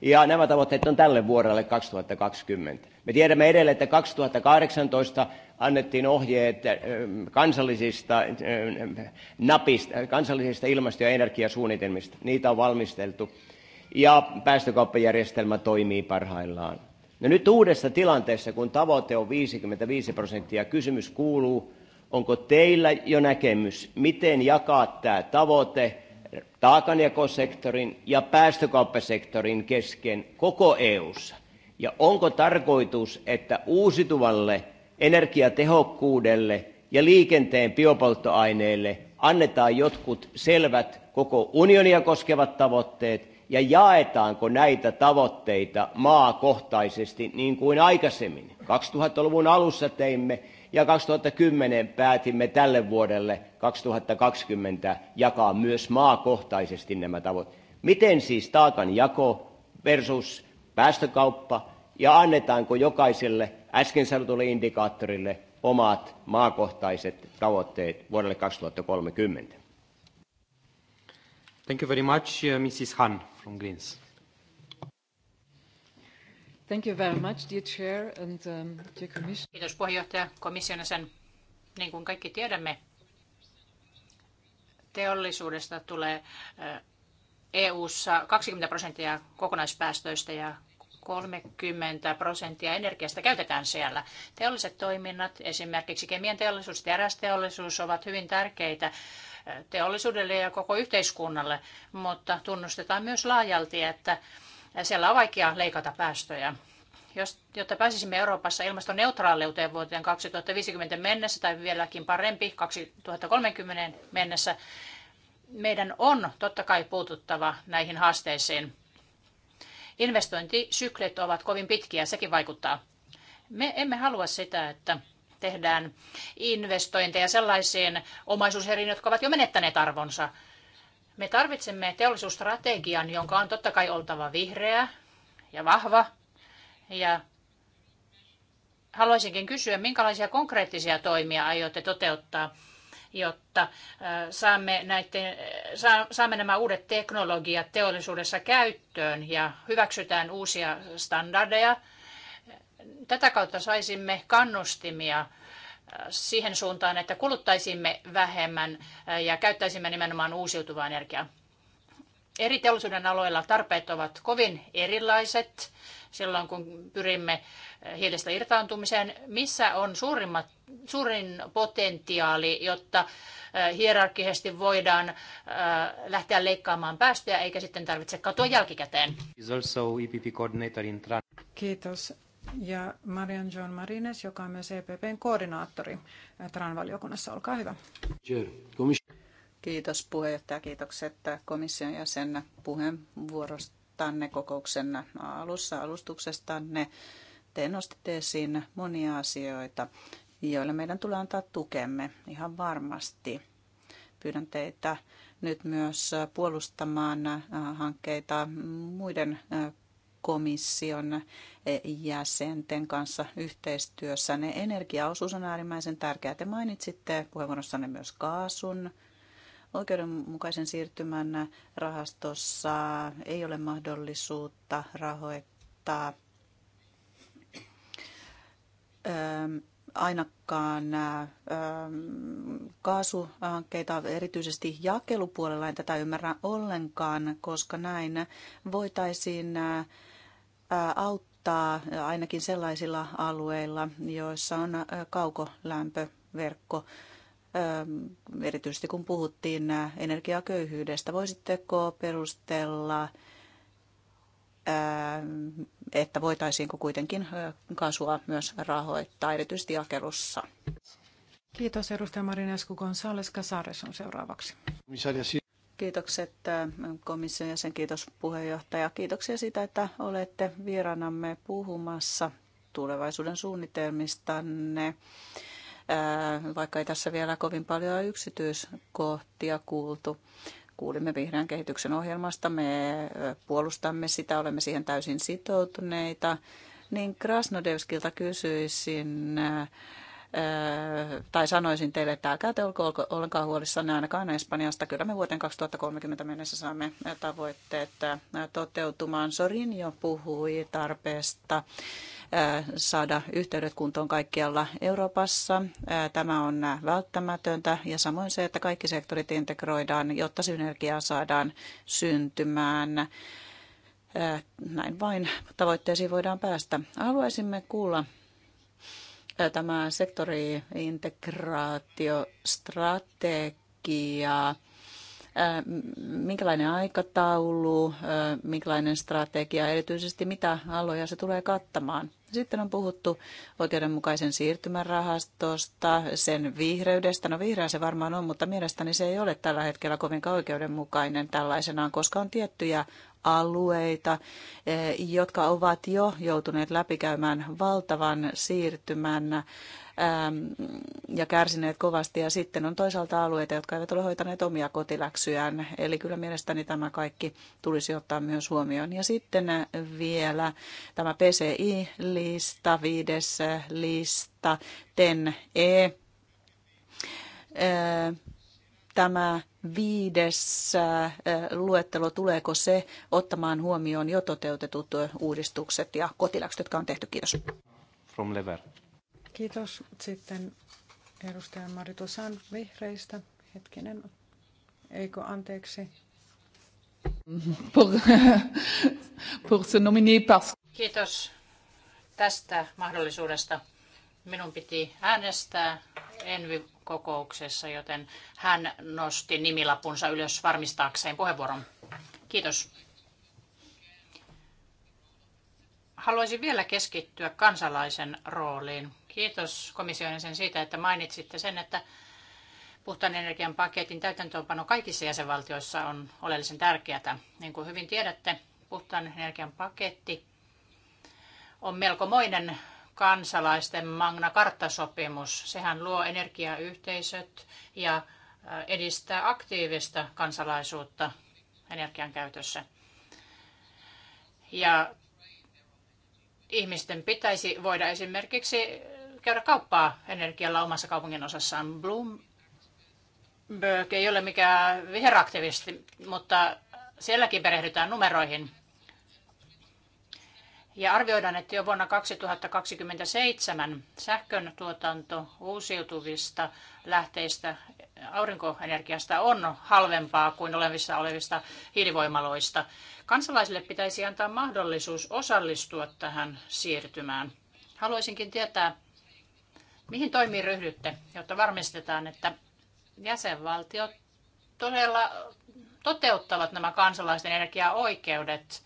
Ja nämä tavoitteet on tälle vuodelle 2020. Me tiedämme edelleen, että 2018 annettiin ohjeet kansallisista napista, kansallisista ilmasto- ja energiasuunnitelmista. Niitä on valmisteltu ja päästökauppajärjestelmä toimii parhaillaan. No nyt uudessa tilanteessa, kun tavoite on 55 prosenttia, kysymys kuuluu, onko teillä jo näkemys, miten jakaa tämä tavoite taakanjakosektorin ja päästökauppasektorin kesken koko EU:ssa? Ja onko tarkoitus, että uusituvalle energiatehokkuudelle ja liikenteen biopolttoaineille annetaan jotkut selvät koko unionia koskevat tavoitteet ja jaetaanko näitä tavoitteita maakohtaisesti niin kuin aikaisemmin 2000-luvun alussa teimme ja 2010 päätimme tälle vuodelle 2020 jakaa myös maakohtaisesti nämä tavoitteet. Miten siis jako versus päästökauppa ja annetaanko jokaiselle äsken sanotulle indikaattorille omat maakohtaiset tavoitteet vuodelle 2030? Thank you very much, uh, Mrs. Han from Greens. Thank you very much, dear chair and um, dear commission. Kiitos puheenjohtaja komission sen. Niin kuin kaikki tiedämme, teollisuudesta tulee EU-ssa 20 prosenttia kokonaispäästöistä ja 30 prosenttia energiasta käytetään siellä. Teolliset toiminnat, esimerkiksi kemian teollisuus ja terästeollisuus, ovat hyvin tärkeitä teollisuudelle ja koko yhteiskunnalle, mutta tunnustetaan myös laajalti, että siellä on vaikea leikata päästöjä. Jos, jotta pääsisimme Euroopassa ilmastoneutraaliuteen vuoteen 2050 mennessä tai vieläkin parempi 2030 mennessä, meidän on totta kai puututtava näihin haasteisiin. Investointisyklit ovat kovin pitkiä, sekin vaikuttaa. Me emme halua sitä, että tehdään investointeja sellaisiin omaisuuseriin, jotka ovat jo menettäneet arvonsa. Me tarvitsemme teollisuusstrategian, jonka on totta kai oltava vihreä ja vahva. Ja haluaisinkin kysyä, minkälaisia konkreettisia toimia aiotte toteuttaa, jotta saamme, näiden, saamme nämä uudet teknologiat teollisuudessa käyttöön ja hyväksytään uusia standardeja – tätä kautta saisimme kannustimia äh, siihen suuntaan, että kuluttaisimme vähemmän äh, ja käyttäisimme nimenomaan uusiutuvaa energiaa. Eri teollisuuden aloilla tarpeet ovat kovin erilaiset silloin, kun pyrimme äh, hiilestä irtaantumiseen. Missä on suurimmat, suurin potentiaali, jotta hierarkisesti voidaan lähteä leikkaamaan päästöjä, eikä sitten tarvitse katua jälkikäteen? E Kiitos ja Marian John Marines, joka on myös EPPn koordinaattori TRAN-valiokunnassa. Olkaa hyvä. Kiitos puheenjohtaja, kiitokset komission jäsen puheenvuorostanne kokouksen alussa alustuksestanne. Te nostitte esiin monia asioita, joille meidän tulee antaa tukemme ihan varmasti. Pyydän teitä nyt myös puolustamaan hankkeita muiden komission eh, jäsenten kanssa yhteistyössä. Ne energiaosuus on äärimmäisen tärkeää. Te mainitsitte puheenvuorossanne myös kaasun. Oikeudenmukaisen siirtymän rahastossa ei ole mahdollisuutta rahoittaa ähm, ainakaan ähm, kaasuhankkeita erityisesti jakelupuolella en tätä ymmärrä ollenkaan, koska näin voitaisiin äh, auttaa ainakin sellaisilla alueilla, joissa on kaukolämpöverkko, erityisesti kun puhuttiin energiaköyhyydestä. Voisitteko perustella, että voitaisiinko kuitenkin kasvua myös rahoittaa, erityisesti jakelussa? Kiitos edustaja Marinescu gonsales Casares on seuraavaksi. Kiitokset äh, komission jäsen, kiitos puheenjohtaja. Kiitoksia siitä, että olette vieraanamme puhumassa tulevaisuuden suunnitelmistanne. Äh, vaikka ei tässä vielä kovin paljon yksityiskohtia kuultu, kuulimme vihreän kehityksen ohjelmasta, me äh, puolustamme sitä, olemme siihen täysin sitoutuneita. Niin Krasnodevskilta kysyisin, tai sanoisin teille, että älkää te olko, olko, ollenkaan huolissanne ainakaan Espanjasta. Kyllä me vuoteen 2030 mennessä saamme tavoitteet toteutumaan. Sorin jo puhui tarpeesta saada yhteydet kuntoon kaikkialla Euroopassa. Tämä on välttämätöntä ja samoin se, että kaikki sektorit integroidaan, jotta synergiaa saadaan syntymään. Näin vain tavoitteisiin voidaan päästä. Haluaisimme kuulla tämä sektoriintegraatiostrategia, minkälainen aikataulu, minkälainen strategia, erityisesti mitä aloja se tulee kattamaan. Sitten on puhuttu oikeudenmukaisen siirtymän rahastosta, sen vihreydestä. No vihreä se varmaan on, mutta mielestäni se ei ole tällä hetkellä kovin oikeudenmukainen tällaisenaan, koska on tiettyjä alueita, eh, jotka ovat jo joutuneet läpikäymään valtavan siirtymän ja kärsineet kovasti. Ja sitten on toisaalta alueita, jotka eivät ole hoitaneet omia kotiläksyään. Eli kyllä mielestäni tämä kaikki tulisi ottaa myös huomioon. Ja sitten vielä tämä PCI-lista, viides lista, TEN-E. Tämä viides luettelo, tuleeko se ottamaan huomioon jo toteutetut uudistukset ja kotiläkset, jotka on tehty? Kiitos. From Lever. Kiitos. Sitten edustaja Marito San vihreistä. Hetkinen. Eikö anteeksi? Pour, pour se nominer parce... Kiitos tästä mahdollisuudesta. Minun piti äänestää Envi-kokouksessa, joten hän nosti nimilapunsa ylös varmistaakseen puheenvuoron. Kiitos. Haluaisin vielä keskittyä kansalaisen rooliin Kiitos komissioon sen siitä, että mainitsitte sen, että puhtaan energian paketin täytäntöönpano kaikissa jäsenvaltioissa on oleellisen tärkeää. Niin kuin hyvin tiedätte, puhtaan energian paketti on melkomoinen kansalaisten Magna Carta-sopimus. Sehän luo energiayhteisöt ja edistää aktiivista kansalaisuutta energian käytössä. Ja ihmisten pitäisi voida esimerkiksi käydä kauppaa energialla omassa kaupungin osassaan. Bloomberg ei ole mikään viheraktivisti, mutta sielläkin perehdytään numeroihin. Ja arvioidaan, että jo vuonna 2027 sähkön tuotanto uusiutuvista lähteistä aurinkoenergiasta on halvempaa kuin olevissa olevista hiilivoimaloista. Kansalaisille pitäisi antaa mahdollisuus osallistua tähän siirtymään. Haluaisinkin tietää, Mihin toimiin ryhdytte, jotta varmistetaan, että jäsenvaltiot todella toteuttavat nämä kansalaisten energiaoikeudet?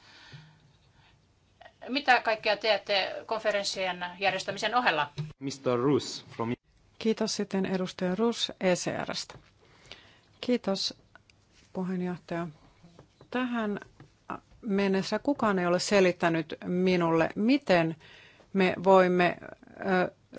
Mitä kaikkea teette konferenssien järjestämisen ohella? Mr. Rus from... Kiitos sitten edustaja Rus ECRstä. Kiitos puheenjohtaja. Tähän mennessä kukaan ei ole selittänyt minulle, miten me voimme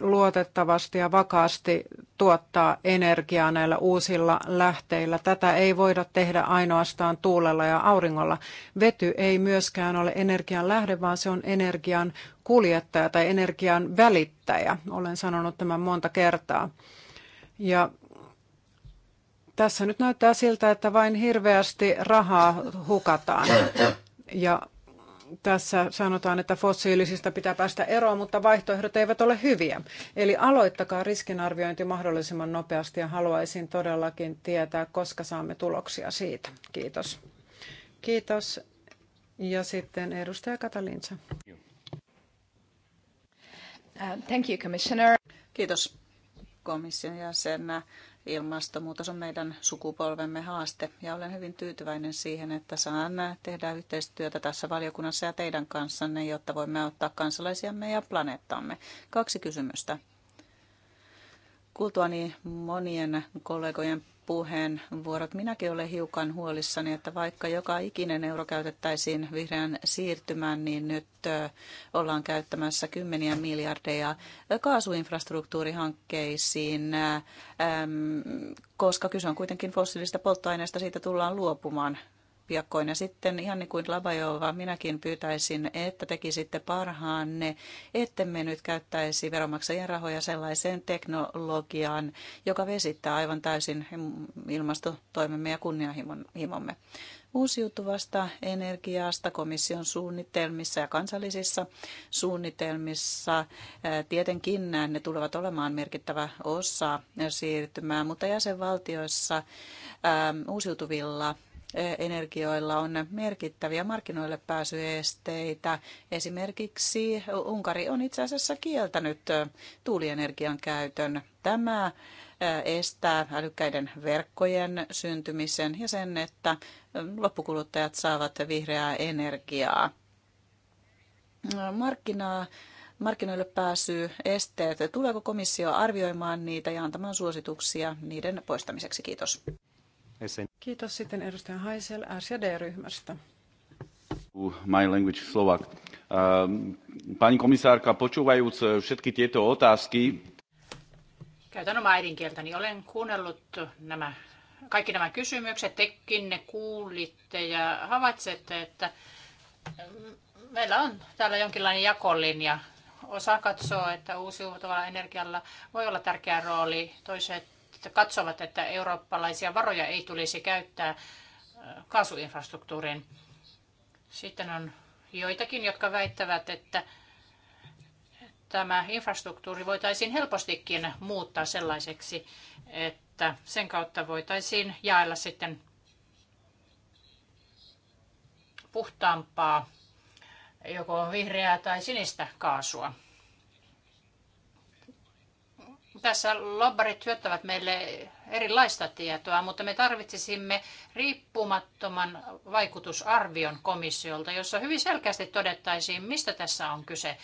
luotettavasti ja vakaasti tuottaa energiaa näillä uusilla lähteillä. Tätä ei voida tehdä ainoastaan tuulella ja auringolla. Vety ei myöskään ole energian lähde, vaan se on energian kuljettaja tai energian välittäjä. Olen sanonut tämän monta kertaa. Ja tässä nyt näyttää siltä, että vain hirveästi rahaa hukataan. Ja tässä sanotaan, että fossiilisista pitää päästä eroon, mutta vaihtoehdot eivät ole hyviä. Eli aloittakaa riskinarviointi mahdollisimman nopeasti ja haluaisin todellakin tietää, koska saamme tuloksia siitä. Kiitos. Kiitos. Ja sitten edustaja Katalinsa. Uh, thank you, Commissioner. Kiitos komission jäsenä. Ilmastonmuutos on meidän sukupolvemme haaste ja olen hyvin tyytyväinen siihen, että saan tehdä yhteistyötä tässä valiokunnassa ja teidän kanssanne, jotta voimme auttaa kansalaisiamme ja planeettaamme. Kaksi kysymystä. Kuultuani monien kollegojen puheenvuorot. Minäkin olen hiukan huolissani, että vaikka joka ikinen euro käytettäisiin vihreän siirtymään, niin nyt ollaan käyttämässä kymmeniä miljardeja kaasuinfrastruktuurihankkeisiin, koska kyse on kuitenkin fossiilista polttoaineesta, siitä tullaan luopumaan piakkoin. Ja sitten ihan niin kuin Labajova, minäkin pyytäisin, että tekisitte parhaanne, ettemme nyt käyttäisi veronmaksajien rahoja sellaiseen teknologiaan, joka vesittää aivan täysin ilmastotoimemme ja kunnianhimomme uusiutuvasta energiasta komission suunnitelmissa ja kansallisissa suunnitelmissa. Tietenkin ne tulevat olemaan merkittävä osa siirtymää, mutta jäsenvaltioissa uusiutuvilla energioilla on merkittäviä markkinoille pääsyesteitä. Esimerkiksi Unkari on itse asiassa kieltänyt tuulienergian käytön. Tämä estää älykkäiden verkkojen syntymisen ja sen, että loppukuluttajat saavat vihreää energiaa. Markkinaa markkinoille pääsy, esteet. Tuleeko komissio arvioimaan niitä ja antamaan suosituksia niiden poistamiseksi? Kiitos. Kiitos sitten edustaja Haisel rcd ryhmästä My language Slovak. Ehm, pani komisárka, počúvajúc e, všetky tieto otázky. Käytän omaa äidinkieltäni. Olen kuunnellut nämä, kaikki nämä kysymykset, tekin ne kuulitte ja havaitsette, että meillä on täällä jonkinlainen jakolinja. Osa katsoo, että uusiutuvalla energialla voi olla tärkeä rooli, toiset katsovat, että eurooppalaisia varoja ei tulisi käyttää kaasuinfrastruktuuriin. Sitten on joitakin, jotka väittävät, että tämä infrastruktuuri voitaisiin helpostikin muuttaa sellaiseksi, että sen kautta voitaisiin jaella sitten puhtaampaa joko vihreää tai sinistä kaasua. Tässä lobbarit syöttävät meille erilaista tietoa, mutta me tarvitsisimme riippumattoman vaikutusarvion komissiolta, jossa hyvin selkeästi todettaisiin, mistä tässä on kyse.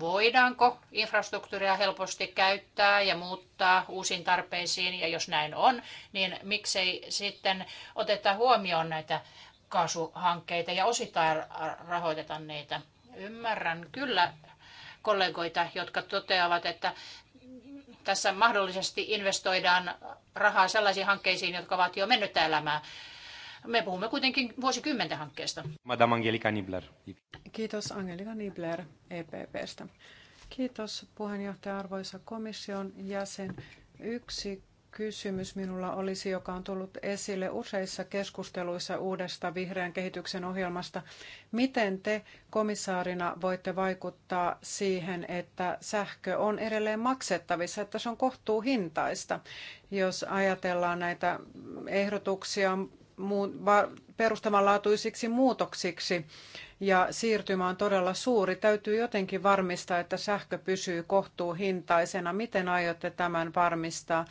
Voidaanko infrastruktuuria helposti käyttää ja muuttaa uusiin tarpeisiin, ja jos näin on, niin miksei sitten oteta huomioon näitä kaasuhankkeita ja osittain rahoiteta niitä. Ymmärrän kyllä kollegoita, jotka toteavat, että tässä mahdollisesti investoidaan rahaa sellaisiin hankkeisiin, jotka ovat jo mennyttä elämää. Me puhumme kuitenkin vuosikymmenten hankkeesta. Madame Angelika Nibler. Kiitos Angelika Nibler EPPstä. Kiitos puheenjohtaja arvoisa komission jäsen. Yksi kysymys minulla olisi, joka on tullut esille useissa keskusteluissa uudesta vihreän kehityksen ohjelmasta. Miten te komissaarina voitte vaikuttaa siihen, että sähkö on edelleen maksettavissa, että se on kohtuuhintaista? Jos ajatellaan näitä ehdotuksia perustavanlaatuisiksi muutoksiksi. Ja siirtymä on todella suuri. Täytyy jotenkin varmistaa, että sähkö pysyy kohtuuhintaisena. Miten aiotte tämän varmistaa?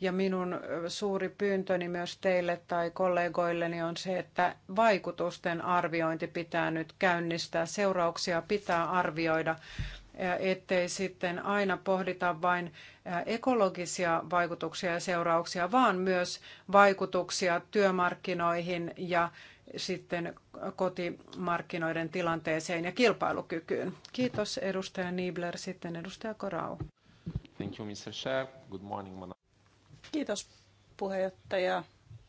Ja minun suuri pyyntöni myös teille tai kollegoilleni on se, että vaikutusten arviointi pitää nyt käynnistää. Seurauksia pitää arvioida ettei sitten aina pohdita vain ekologisia vaikutuksia ja seurauksia, vaan myös vaikutuksia työmarkkinoihin ja sitten kotimarkkinoiden tilanteeseen ja kilpailukykyyn. Kiitos edustaja Niebler, sitten edustaja Korau. Thank you, Mr. Chair. Good morning, Kiitos puheenjohtaja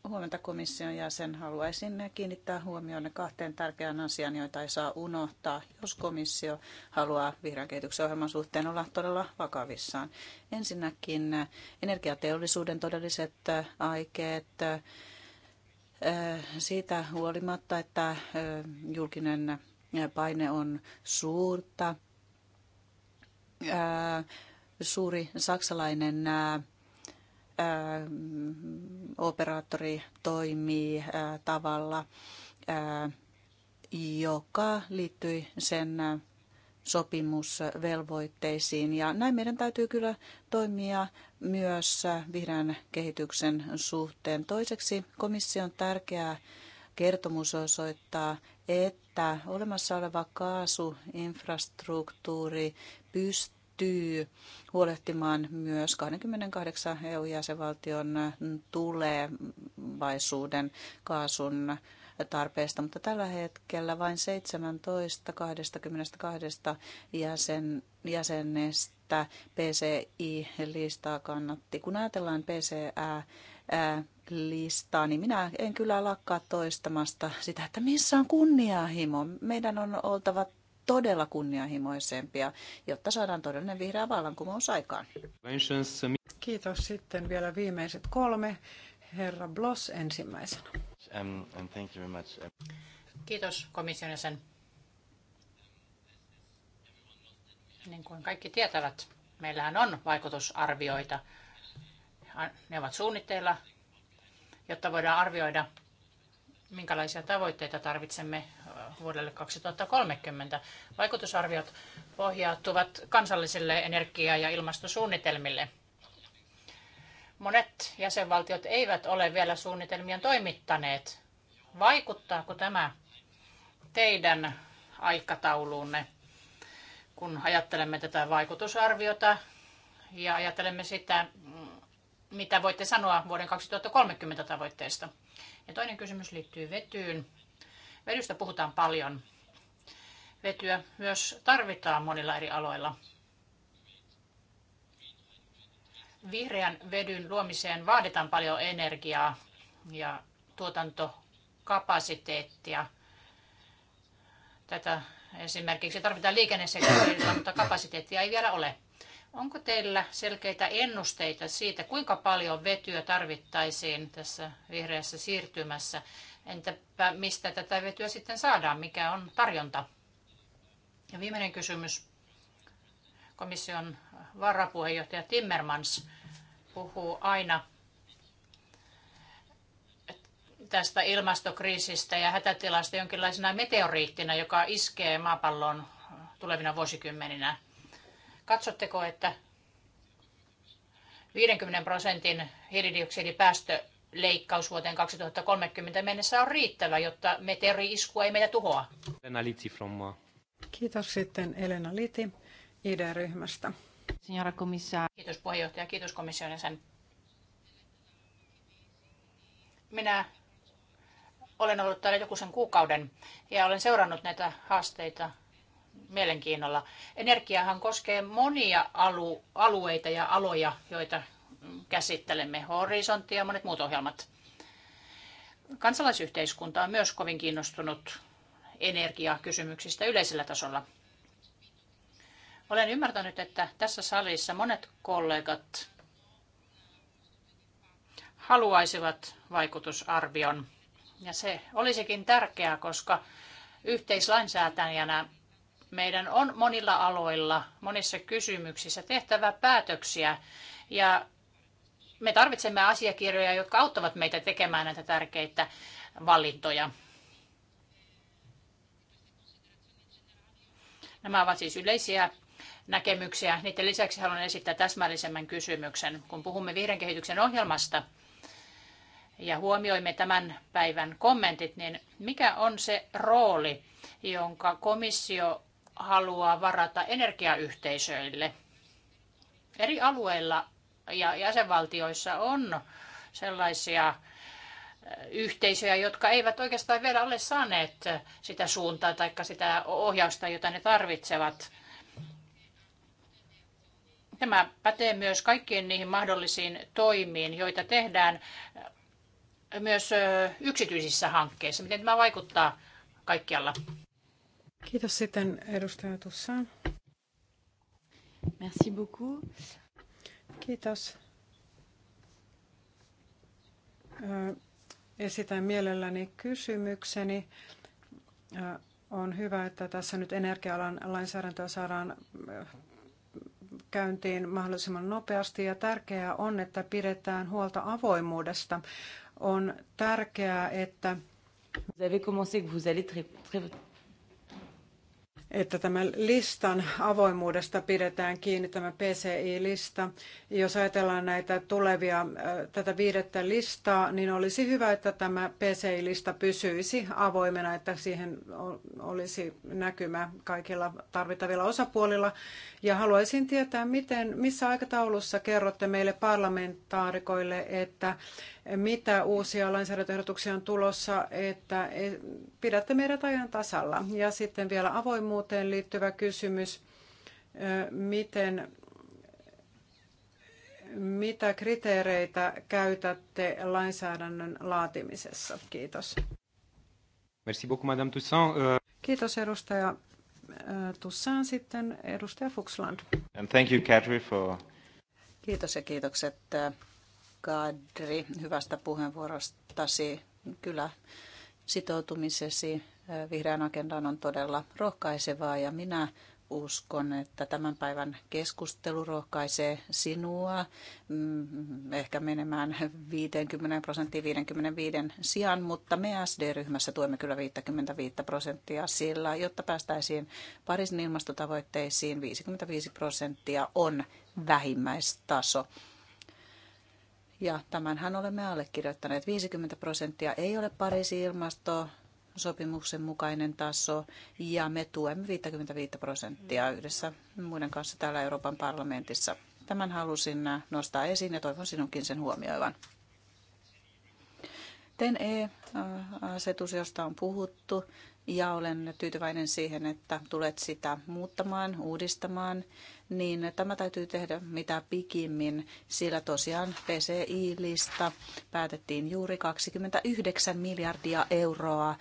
huomenta komission jäsen. Haluaisin kiinnittää huomioon kahteen tärkeään asiaan, joita ei saa unohtaa, jos komissio haluaa vihreän kehityksen ohjelman suhteen olla todella vakavissaan. Ensinnäkin energiateollisuuden todelliset aikeet siitä huolimatta, että julkinen paine on suurta. Suuri saksalainen operaattori toimii tavalla, joka liittyi sen sopimusvelvoitteisiin. Ja näin meidän täytyy kyllä toimia myös vihreän kehityksen suhteen. Toiseksi komission tärkeää kertomus osoittaa, että olemassa oleva kaasuinfrastruktuuri pystyy pystyy huolehtimaan myös 28 EU-jäsenvaltion tulevaisuuden kaasun tarpeesta, mutta tällä hetkellä vain 17 22 jäsen, jäsenestä PCI-listaa kannatti. Kun ajatellaan PCA, listaa, niin minä en kyllä lakkaa toistamasta sitä, että missä on kunnianhimo. Meidän on oltava todella kunnianhimoisempia, jotta saadaan todellinen vihreä vallankumous aikaan. Kiitos. Sitten vielä viimeiset kolme. Herra Bloss ensimmäisenä. Um, Kiitos komission sen. Niin kuin kaikki tietävät, meillähän on vaikutusarvioita. Ne ovat suunnitteilla, jotta voidaan arvioida minkälaisia tavoitteita tarvitsemme vuodelle 2030. Vaikutusarviot pohjautuvat kansallisille energia- ja ilmastosuunnitelmille. Monet jäsenvaltiot eivät ole vielä suunnitelmia toimittaneet. Vaikuttaako tämä teidän aikatauluunne, kun ajattelemme tätä vaikutusarviota ja ajattelemme sitä, mitä voitte sanoa vuoden 2030 tavoitteesta? Ja toinen kysymys liittyy vetyyn. Vedystä puhutaan paljon. Vetyä myös tarvitaan monilla eri aloilla. Vihreän vedyn luomiseen vaaditaan paljon energiaa ja tuotantokapasiteettia. Tätä esimerkiksi tarvitaan liikennesektorilla, mutta kapasiteettia ei vielä ole. Onko teillä selkeitä ennusteita siitä, kuinka paljon vetyä tarvittaisiin tässä vihreässä siirtymässä? Entäpä mistä tätä vetyä sitten saadaan? Mikä on tarjonta? Ja viimeinen kysymys. Komission varapuheenjohtaja Timmermans puhuu aina tästä ilmastokriisistä ja hätätilasta jonkinlaisena meteoriittina, joka iskee maapallon tulevina vuosikymmeninä. Katsotteko, että 50 prosentin hiilidioksidipäästöleikkaus vuoteen 2030 mennessä on riittävä, jotta meteori ei meitä tuhoa? Elena Litsi from... Kiitos sitten Elena Liti ID-ryhmästä. komissaari. Kiitos puheenjohtaja, kiitos komission jäsen. Minä olen ollut täällä joku sen kuukauden ja olen seurannut näitä haasteita mielenkiinnolla. Energiahan koskee monia alu, alueita ja aloja, joita käsittelemme. Horisontti ja monet muut ohjelmat. Kansalaisyhteiskunta on myös kovin kiinnostunut energiakysymyksistä yleisellä tasolla. Olen ymmärtänyt, että tässä salissa monet kollegat haluaisivat vaikutusarvion. Ja se olisikin tärkeää, koska yhteislainsäätäjänä meidän on monilla aloilla, monissa kysymyksissä tehtävä päätöksiä ja me tarvitsemme asiakirjoja, jotka auttavat meitä tekemään näitä tärkeitä valintoja. Nämä ovat siis yleisiä näkemyksiä. Niiden lisäksi haluan esittää täsmällisemmän kysymyksen. Kun puhumme vihreän kehityksen ohjelmasta ja huomioimme tämän päivän kommentit, niin mikä on se rooli, jonka komissio haluaa varata energiayhteisöille. Eri alueilla ja jäsenvaltioissa on sellaisia yhteisöjä, jotka eivät oikeastaan vielä ole saaneet sitä suuntaa tai sitä ohjausta, jota ne tarvitsevat. Tämä pätee myös kaikkiin niihin mahdollisiin toimiin, joita tehdään myös yksityisissä hankkeissa. Miten tämä vaikuttaa kaikkialla? Kiitos sitten edustaja Tussaan. Merci beaucoup. Kiitos. Esitän mielelläni kysymykseni. On hyvä, että tässä nyt energia-alan lainsäädäntöä saadaan käyntiin mahdollisimman nopeasti ja tärkeää on, että pidetään huolta avoimuudesta. On tärkeää, että Vous avez commencé que vous allez très, très, että tämän listan avoimuudesta pidetään kiinni, tämä PCI-lista. Jos ajatellaan näitä tulevia, tätä viidettä listaa, niin olisi hyvä, että tämä PCI-lista pysyisi avoimena, että siihen olisi näkymä kaikilla tarvittavilla osapuolilla. Ja haluaisin tietää, miten, missä aikataulussa kerrotte meille parlamentaarikoille, että mitä uusia lainsäädäntöehdotuksia on tulossa, että e, pidätte meidät ajan tasalla. Ja sitten vielä avoimuuteen liittyvä kysymys, miten mitä kriteereitä käytätte lainsäädännön laatimisessa? Kiitos. Merci beaucoup, Madame Toussaint. Kiitos edustaja Toussaint, sitten edustaja Fuxland. And thank you, Katri, for... Kiitos ja kiitokset Kadri hyvästä puheenvuorostasi. Kyllä sitoutumisesi vihreän agendaan on todella rohkaisevaa ja minä uskon, että tämän päivän keskustelu rohkaisee sinua mm, ehkä menemään 50 prosenttia 55 sijaan, mutta me SD-ryhmässä tuemme kyllä 55 prosenttia sillä, jotta päästäisiin Pariisin ilmastotavoitteisiin 55 prosenttia on vähimmäistaso. Ja tämänhän olemme allekirjoittaneet. 50 prosenttia ei ole Pariisin ilmasto sopimuksen mukainen taso ja me tuemme 55 prosenttia yhdessä muiden kanssa täällä Euroopan parlamentissa. Tämän halusin nostaa esiin ja toivon sinunkin sen huomioivan. TEN-E-asetus, josta on puhuttu, ja olen tyytyväinen siihen, että tulet sitä muuttamaan, uudistamaan, niin tämä täytyy tehdä mitä pikimmin, sillä tosiaan PCI-lista päätettiin juuri 29 miljardia euroa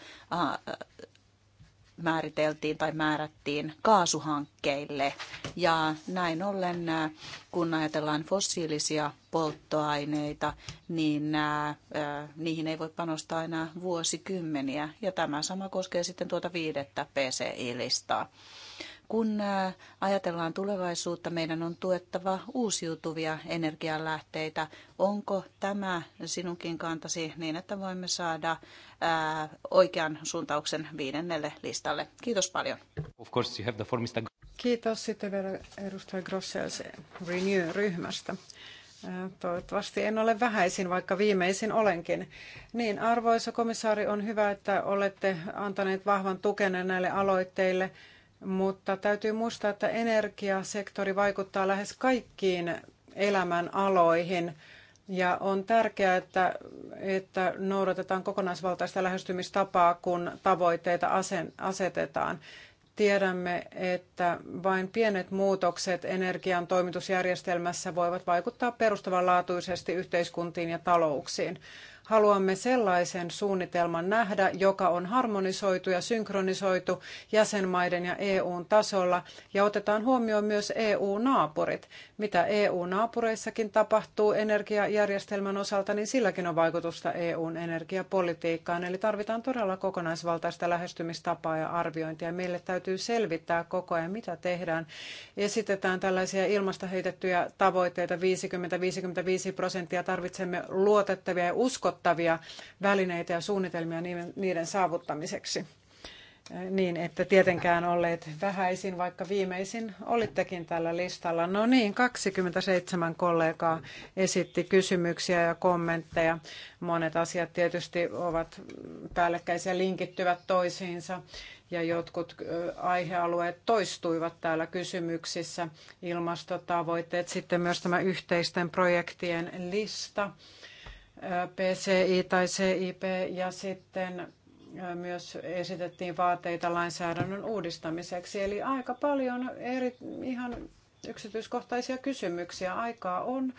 määriteltiin tai määrättiin kaasuhankkeille. Ja näin ollen, äh, kun ajatellaan fossiilisia polttoaineita, niin äh, äh, niihin ei voi panostaa enää vuosikymmeniä. Ja tämä sama koskee sitten tuota viidettä PCI-listaa kun äh, ajatellaan tulevaisuutta, meidän on tuettava uusiutuvia energialähteitä. Onko tämä sinunkin kantasi niin, että voimme saada äh, oikean suuntauksen viidennelle listalle? Kiitos paljon. Of course you have the form, Mr. Kiitos sitten vielä edustaja Grossels Renew-ryhmästä. Äh, toivottavasti en ole vähäisin, vaikka viimeisin olenkin. Niin, arvoisa komissaari, on hyvä, että olette antaneet vahvan tukenne näille aloitteille mutta täytyy muistaa, että energiasektori vaikuttaa lähes kaikkiin elämän aloihin. Ja on tärkeää, että, että noudatetaan kokonaisvaltaista lähestymistapaa, kun tavoitteita asen, asetetaan. Tiedämme, että vain pienet muutokset energian toimitusjärjestelmässä voivat vaikuttaa perustavanlaatuisesti yhteiskuntiin ja talouksiin. Haluamme sellaisen suunnitelman nähdä, joka on harmonisoitu ja synkronisoitu jäsenmaiden ja EUn tasolla ja otetaan huomioon myös EU-naapurit. Mitä EU-naapureissakin tapahtuu energiajärjestelmän osalta, niin silläkin on vaikutusta EUn energiapolitiikkaan. Eli tarvitaan todella kokonaisvaltaista lähestymistapaa ja arviointia. Meille täytyy selvittää koko ajan, mitä tehdään. Esitetään tällaisia ilmasta heitettyjä tavoitteita 50-55 prosenttia. Tarvitsemme luotettavia ja uskottavia vaikuttavia välineitä ja suunnitelmia niiden saavuttamiseksi. Niin, että tietenkään olleet vähäisin, vaikka viimeisin olittekin tällä listalla. No niin, 27 kollegaa esitti kysymyksiä ja kommentteja. Monet asiat tietysti ovat päällekkäisiä, linkittyvät toisiinsa ja jotkut aihealueet toistuivat täällä kysymyksissä. Ilmastotavoitteet, sitten myös tämä yhteisten projektien lista PCI tai CIP ja sitten myös esitettiin vaateita lainsäädännön uudistamiseksi. Eli aika paljon eri, ihan yksityiskohtaisia kysymyksiä. Aikaa on.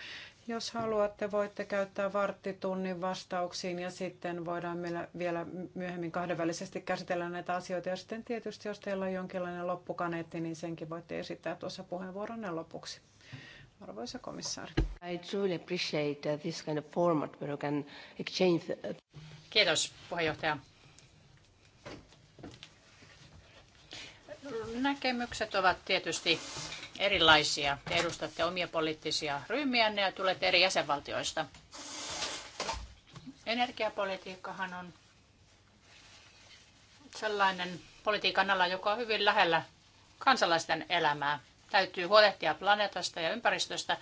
Jos haluatte, voitte käyttää varttitunnin vastauksiin ja sitten voidaan meillä vielä myöhemmin kahdenvälisesti käsitellä näitä asioita. Ja sitten tietysti, jos teillä on jonkinlainen loppukaneetti, niin senkin voitte esittää tuossa puheenvuoronne lopuksi. Arvoisa komissaari. I truly appreciate uh, this kind of format where we can exchange. Kiitos puheenjohtaja. Näkemykset ovat tietysti erilaisia. Te edustatte omia poliittisia ryhmiänne ja tulette eri jäsenvaltioista. Energiapolitiikkahan on sellainen politiikan ala, joka on hyvin lähellä kansalaisten elämää. Täytyy huolehtia planeetasta ja ympäristöstä.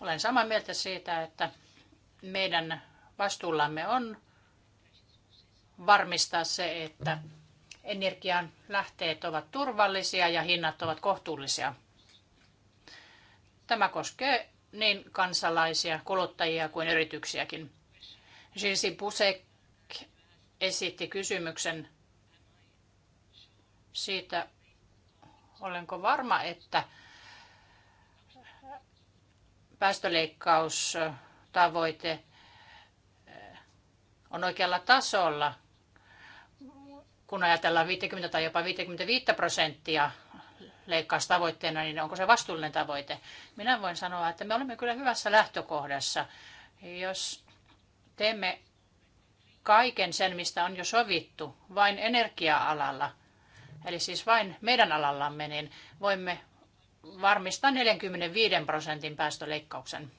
Olen samaa mieltä siitä, että meidän vastuullamme on varmistaa se, että energian lähteet ovat turvallisia ja hinnat ovat kohtuullisia. Tämä koskee niin kansalaisia, kuluttajia kuin yrityksiäkin. Jirsi Busek esitti kysymyksen siitä, Olenko varma, että päästöleikkaustavoite eh, on oikealla tasolla, kun ajatellaan 50 tai jopa 55 prosenttia leikkaustavoitteena, niin onko se vastuullinen tavoite? Minä voin sanoa, että me olemme kyllä hyvässä lähtökohdassa. Jos teemme kaiken sen, mistä on jo sovittu, vain energia-alalla, eli siis vain meidän alallamme, niin voimme varmistaa 45 prosentin päästöleikkauksen.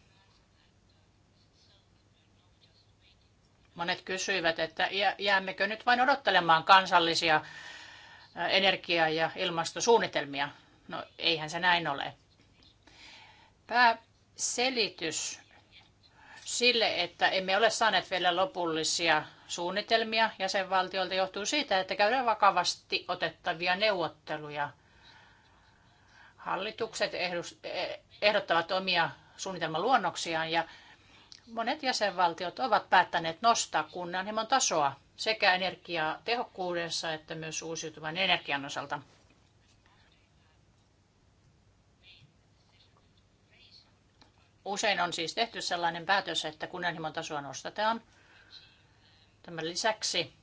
Monet kysyivät, että jäämmekö nyt vain odottelemaan kansallisia energia- ja ilmastosuunnitelmia. No eihän se näin ole. Pääselitys sille, että emme ole saaneet vielä lopullisia suunnitelmia jäsenvaltioilta johtuu siitä, että käydään vakavasti otettavia neuvotteluja. Hallitukset eh, ehdottavat omia suunnitelmaluonnoksiaan ja monet jäsenvaltiot ovat päättäneet nostaa kunnianhimon tasoa sekä energiatehokkuudessa että myös uusiutuvan energian osalta. Usein on siis tehty sellainen päätös, että kunnianhimon tasoa nostetaan – Tämän lisäksi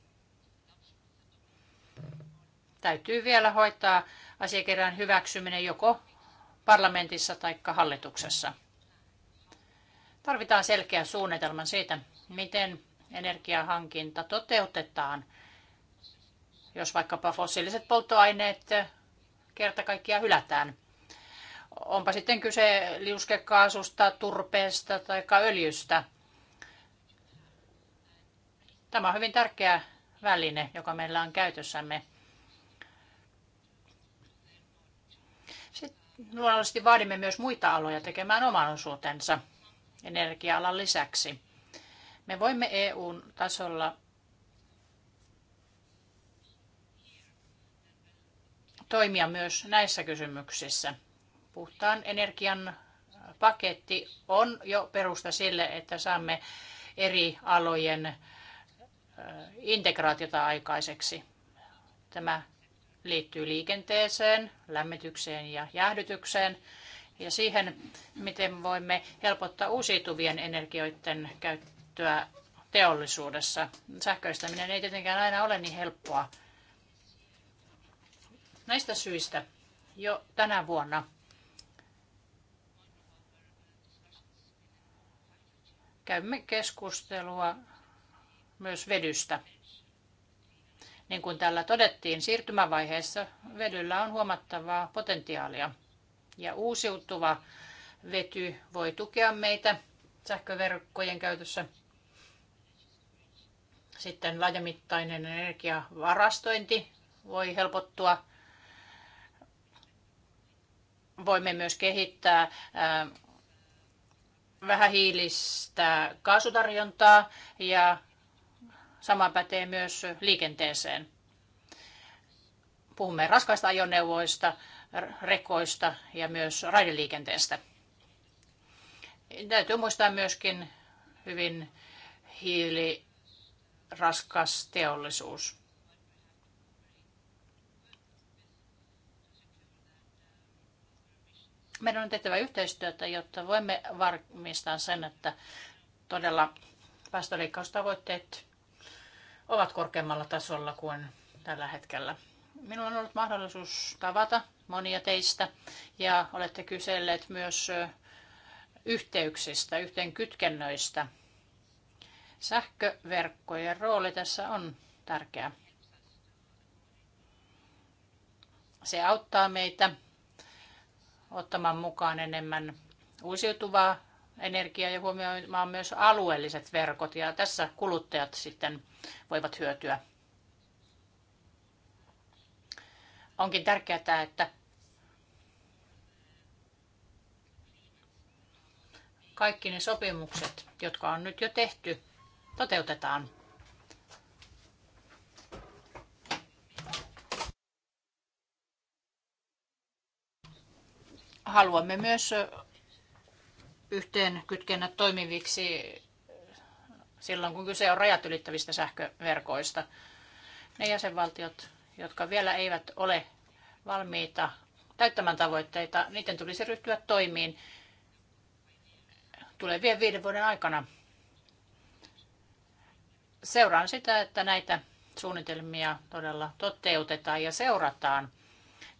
täytyy vielä hoitaa asiakirjan hyväksyminen joko parlamentissa tai hallituksessa. Tarvitaan selkeä suunnitelma siitä, miten energiahankinta toteutetaan, jos vaikkapa fossiiliset polttoaineet kerta kaikkiaan hylätään. Onpa sitten kyse liuskekaasusta, turpeesta tai öljystä – Tämä on hyvin tärkeä väline, joka meillä on käytössämme. Sitten luonnollisesti vaadimme myös muita aloja tekemään oman osuutensa energia-alan lisäksi. Me voimme EUn tasolla toimia myös näissä kysymyksissä. Puhtaan energian paketti on jo perusta sille, että saamme eri alojen integraatiota aikaiseksi. Tämä liittyy liikenteeseen, lämmitykseen ja jäähdytykseen ja siihen, miten voimme helpottaa uusiutuvien energioiden käyttöä teollisuudessa. Sähköistäminen ei tietenkään aina ole niin helppoa. Näistä syistä jo tänä vuonna käymme keskustelua myös vedystä. Niin kuin täällä todettiin, siirtymävaiheessa vedyllä on huomattavaa potentiaalia. Ja uusiutuva vety voi tukea meitä sähköverkkojen käytössä. Sitten laajamittainen energiavarastointi voi helpottua. Voimme myös kehittää vähähiilistä kaasutarjontaa ja Sama pätee myös liikenteeseen. Puhumme raskaista ajoneuvoista, rekoista ja myös raideliikenteestä. Täytyy muistaa myöskin hyvin hiiliraskas teollisuus. meidän on tehtävä yhteistyötä, jotta voimme varmistaa sen, että todella päästöleikkaustavoitteet ovat korkeammalla tasolla kuin tällä hetkellä. Minulla on ollut mahdollisuus tavata monia teistä ja olette kyselleet myös yhteyksistä, yhteenkytkennöistä. Sähköverkkojen rooli tässä on tärkeä. Se auttaa meitä ottamaan mukaan enemmän uusiutuvaa energiaa ja huomioimaan myös alueelliset verkot ja tässä kuluttajat sitten voivat hyötyä. Onkin tärkeää, että kaikki ne sopimukset, jotka on nyt jo tehty, toteutetaan. Haluamme myös yhteen kytkennät toimiviksi silloin, kun kyse on rajat ylittävistä sähköverkoista. Ne jäsenvaltiot, jotka vielä eivät ole valmiita täyttämään tavoitteita, niiden tulisi ryhtyä toimiin tulevien viiden vuoden aikana. Seuraan sitä, että näitä suunnitelmia todella toteutetaan ja seurataan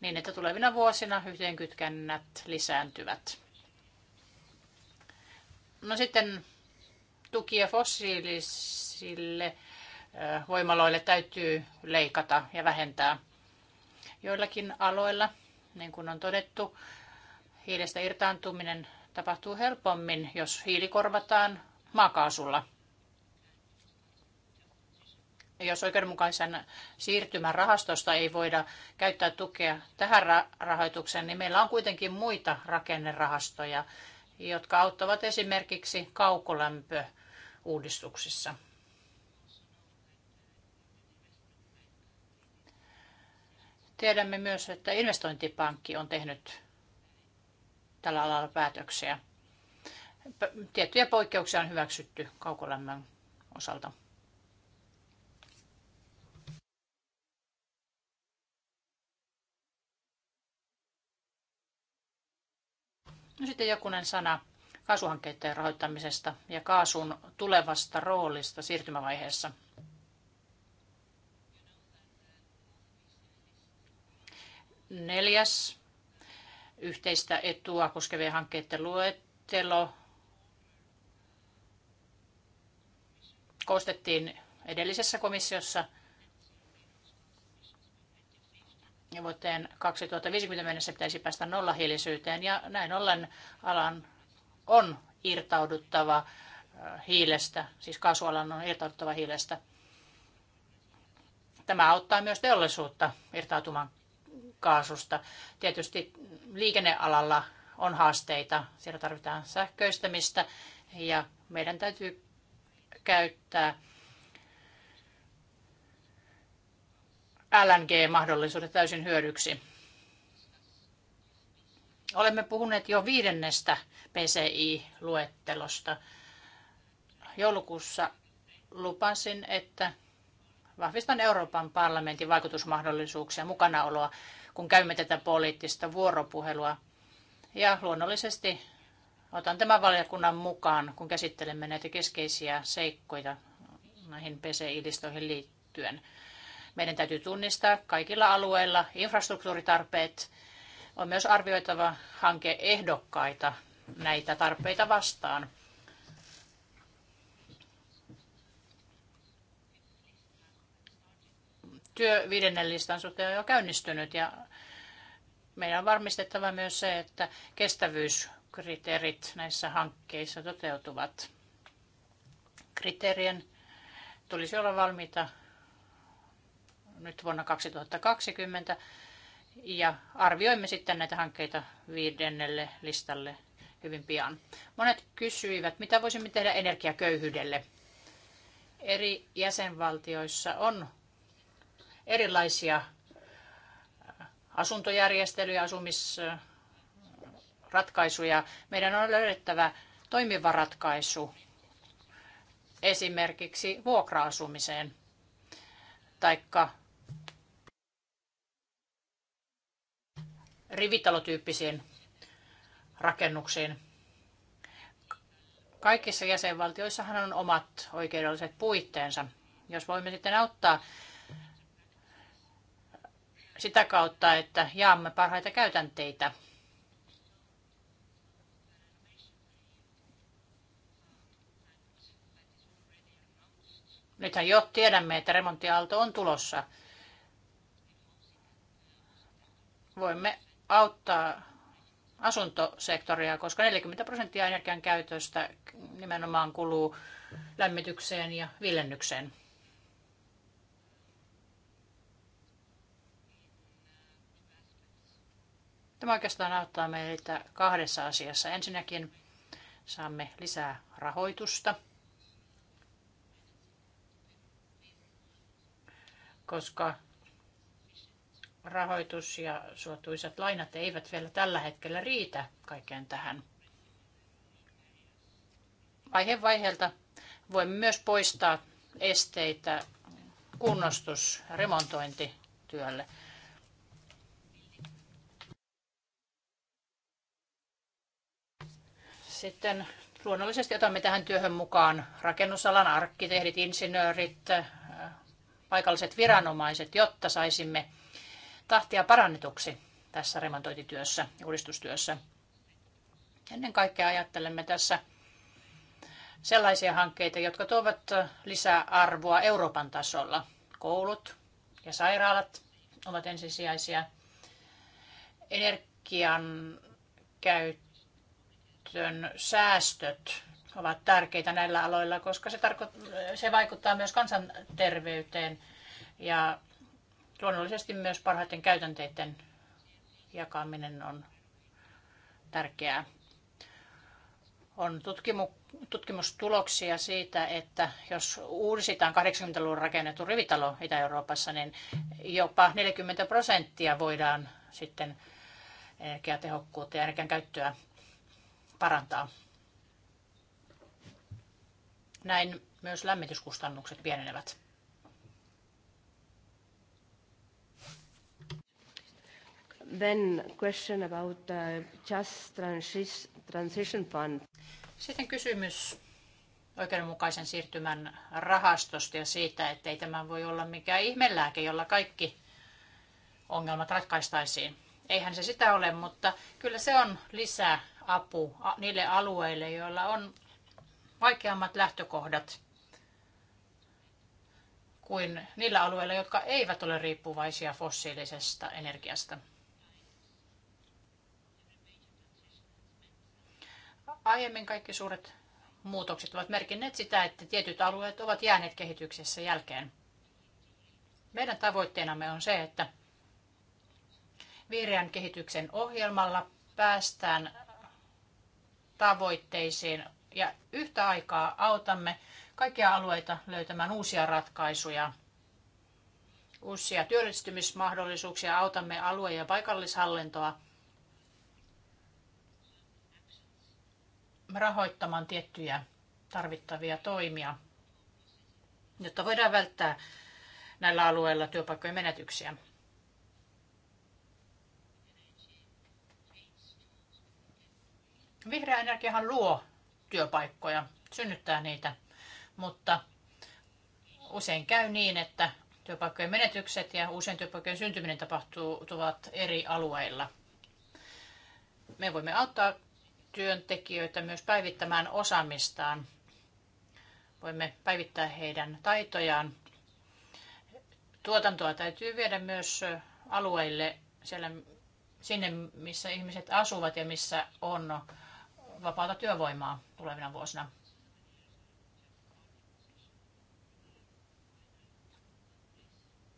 niin, että tulevina vuosina yhteenkytkennät lisääntyvät. No sitten tukia fossiilisille äh, voimaloille täytyy leikata ja vähentää. Joillakin aloilla, niin kuin on todettu, hiilestä irtaantuminen tapahtuu helpommin, jos hiili korvataan maakaasulla. Jos oikeudenmukaisen siirtymän rahastosta ei voida käyttää tukea tähän rahoitukseen, niin meillä on kuitenkin muita rakennerahastoja, jotka auttavat esimerkiksi kaukolämpöuudistuksissa. Tiedämme myös, että investointipankki on tehnyt tällä alalla päätöksiä. Tiettyjä poikkeuksia on hyväksytty kaukolämmön osalta. No sitten jokunen sana kaasuhankkeiden rahoittamisesta ja kaasun tulevasta roolista siirtymävaiheessa. Neljäs yhteistä etua koskevien hankkeiden luettelo koostettiin edellisessä komissiossa – ja vuoteen 2050 mennessä pitäisi päästä nollahiilisyyteen ja näin ollen alan on irtauduttava äh, hiilestä, siis kasvualan on irtauduttava hiilestä. Tämä auttaa myös teollisuutta irtautumaan kaasusta. Tietysti liikennealalla on haasteita, siellä tarvitaan sähköistämistä ja meidän täytyy käyttää LNG-mahdollisuudet täysin hyödyksi. Olemme puhuneet jo viidennestä PCI-luettelosta. Joulukuussa lupasin, että vahvistan Euroopan parlamentin vaikutusmahdollisuuksia mukanaoloa, kun käymme tätä poliittista vuoropuhelua. Ja luonnollisesti otan tämän valiokunnan mukaan, kun käsittelemme näitä keskeisiä seikkoja näihin PCI-listoihin liittyen. Meidän täytyy tunnistaa kaikilla alueilla infrastruktuuritarpeet. On myös arvioitava hankeehdokkaita näitä tarpeita vastaan. Työ viidennen listan suhteen on jo käynnistynyt ja meidän on varmistettava myös se, että kestävyyskriteerit näissä hankkeissa toteutuvat. Kriteerien tulisi olla valmiita nyt vuonna 2020 ja arvioimme sitten näitä hankkeita viidennelle listalle hyvin pian. Monet kysyivät, mitä voisimme tehdä energiaköyhyydelle. Eri jäsenvaltioissa on erilaisia äh, asuntojärjestelyjä, asumisratkaisuja. Meidän on löydettävä toimiva ratkaisu esimerkiksi vuokra-asumiseen taikka rivitalotyyppisiin rakennuksiin. Kaikissa jäsenvaltioissahan on omat oikeudelliset puitteensa. Jos voimme sitten auttaa sitä kautta, että jaamme parhaita käytänteitä. Nythän jo tiedämme, että remonttiaalto on tulossa. Voimme auttaa asuntosektoria, koska 40 prosenttia energian käytöstä nimenomaan kuluu lämmitykseen ja viljennykseen. Tämä oikeastaan auttaa meitä kahdessa asiassa. Ensinnäkin saamme lisää rahoitusta, koska rahoitus ja suotuisat lainat eivät vielä tällä hetkellä riitä kaikkeen tähän. Vaihe vaiheelta voimme myös poistaa esteitä kunnostus- ja remontointityölle. Sitten luonnollisesti otamme tähän työhön mukaan rakennusalan arkkitehdit, insinöörit, paikalliset viranomaiset, jotta saisimme tahtia parannetuksi tässä remontointityössä, uudistustyössä. Ennen kaikkea ajattelemme tässä sellaisia hankkeita, jotka tuovat lisää arvoa Euroopan tasolla. Koulut ja sairaalat ovat ensisijaisia. Energian käytön säästöt ovat tärkeitä näillä aloilla, koska se, tarko- se vaikuttaa myös kansanterveyteen ja Luonnollisesti myös parhaiten käytänteiden jakaminen on tärkeää. On tutkimu- tutkimustuloksia siitä, että jos uudistetaan 80-luvun rakennettu rivitalo Itä-Euroopassa, niin jopa 40 prosenttia voidaan sitten energiatehokkuutta ja energian käyttöä parantaa. Näin myös lämmityskustannukset pienenevät. Then question about uh, just transition fund. Sitten kysymys oikeudenmukaisen siirtymän rahastosta ja siitä, ettei tämä voi olla mikään ihmelääke, jolla kaikki ongelmat ratkaistaisiin. Eihän se sitä ole, mutta kyllä se on lisäapu niille alueille, joilla on vaikeammat lähtökohdat kuin niillä alueilla, jotka eivät ole riippuvaisia fossiilisesta energiasta. Aiemmin kaikki suuret muutokset ovat merkinneet sitä, että tietyt alueet ovat jääneet kehityksessä jälkeen. Meidän tavoitteenamme on se, että vihreän kehityksen ohjelmalla päästään tavoitteisiin ja yhtä aikaa autamme kaikkia alueita löytämään uusia ratkaisuja, uusia työllistymismahdollisuuksia, autamme alue- ja paikallishallintoa – rahoittamaan tiettyjä tarvittavia toimia, jotta voidaan välttää näillä alueilla työpaikkojen menetyksiä. Vihreä energiahan luo työpaikkoja, synnyttää niitä, mutta usein käy niin, että työpaikkojen menetykset ja usein työpaikkojen syntyminen tapahtuvat eri alueilla. Me voimme auttaa työntekijöitä myös päivittämään osaamistaan. Voimme päivittää heidän taitojaan. Tuotantoa täytyy viedä myös alueille siellä, sinne, missä ihmiset asuvat ja missä on vapaata työvoimaa tulevina vuosina.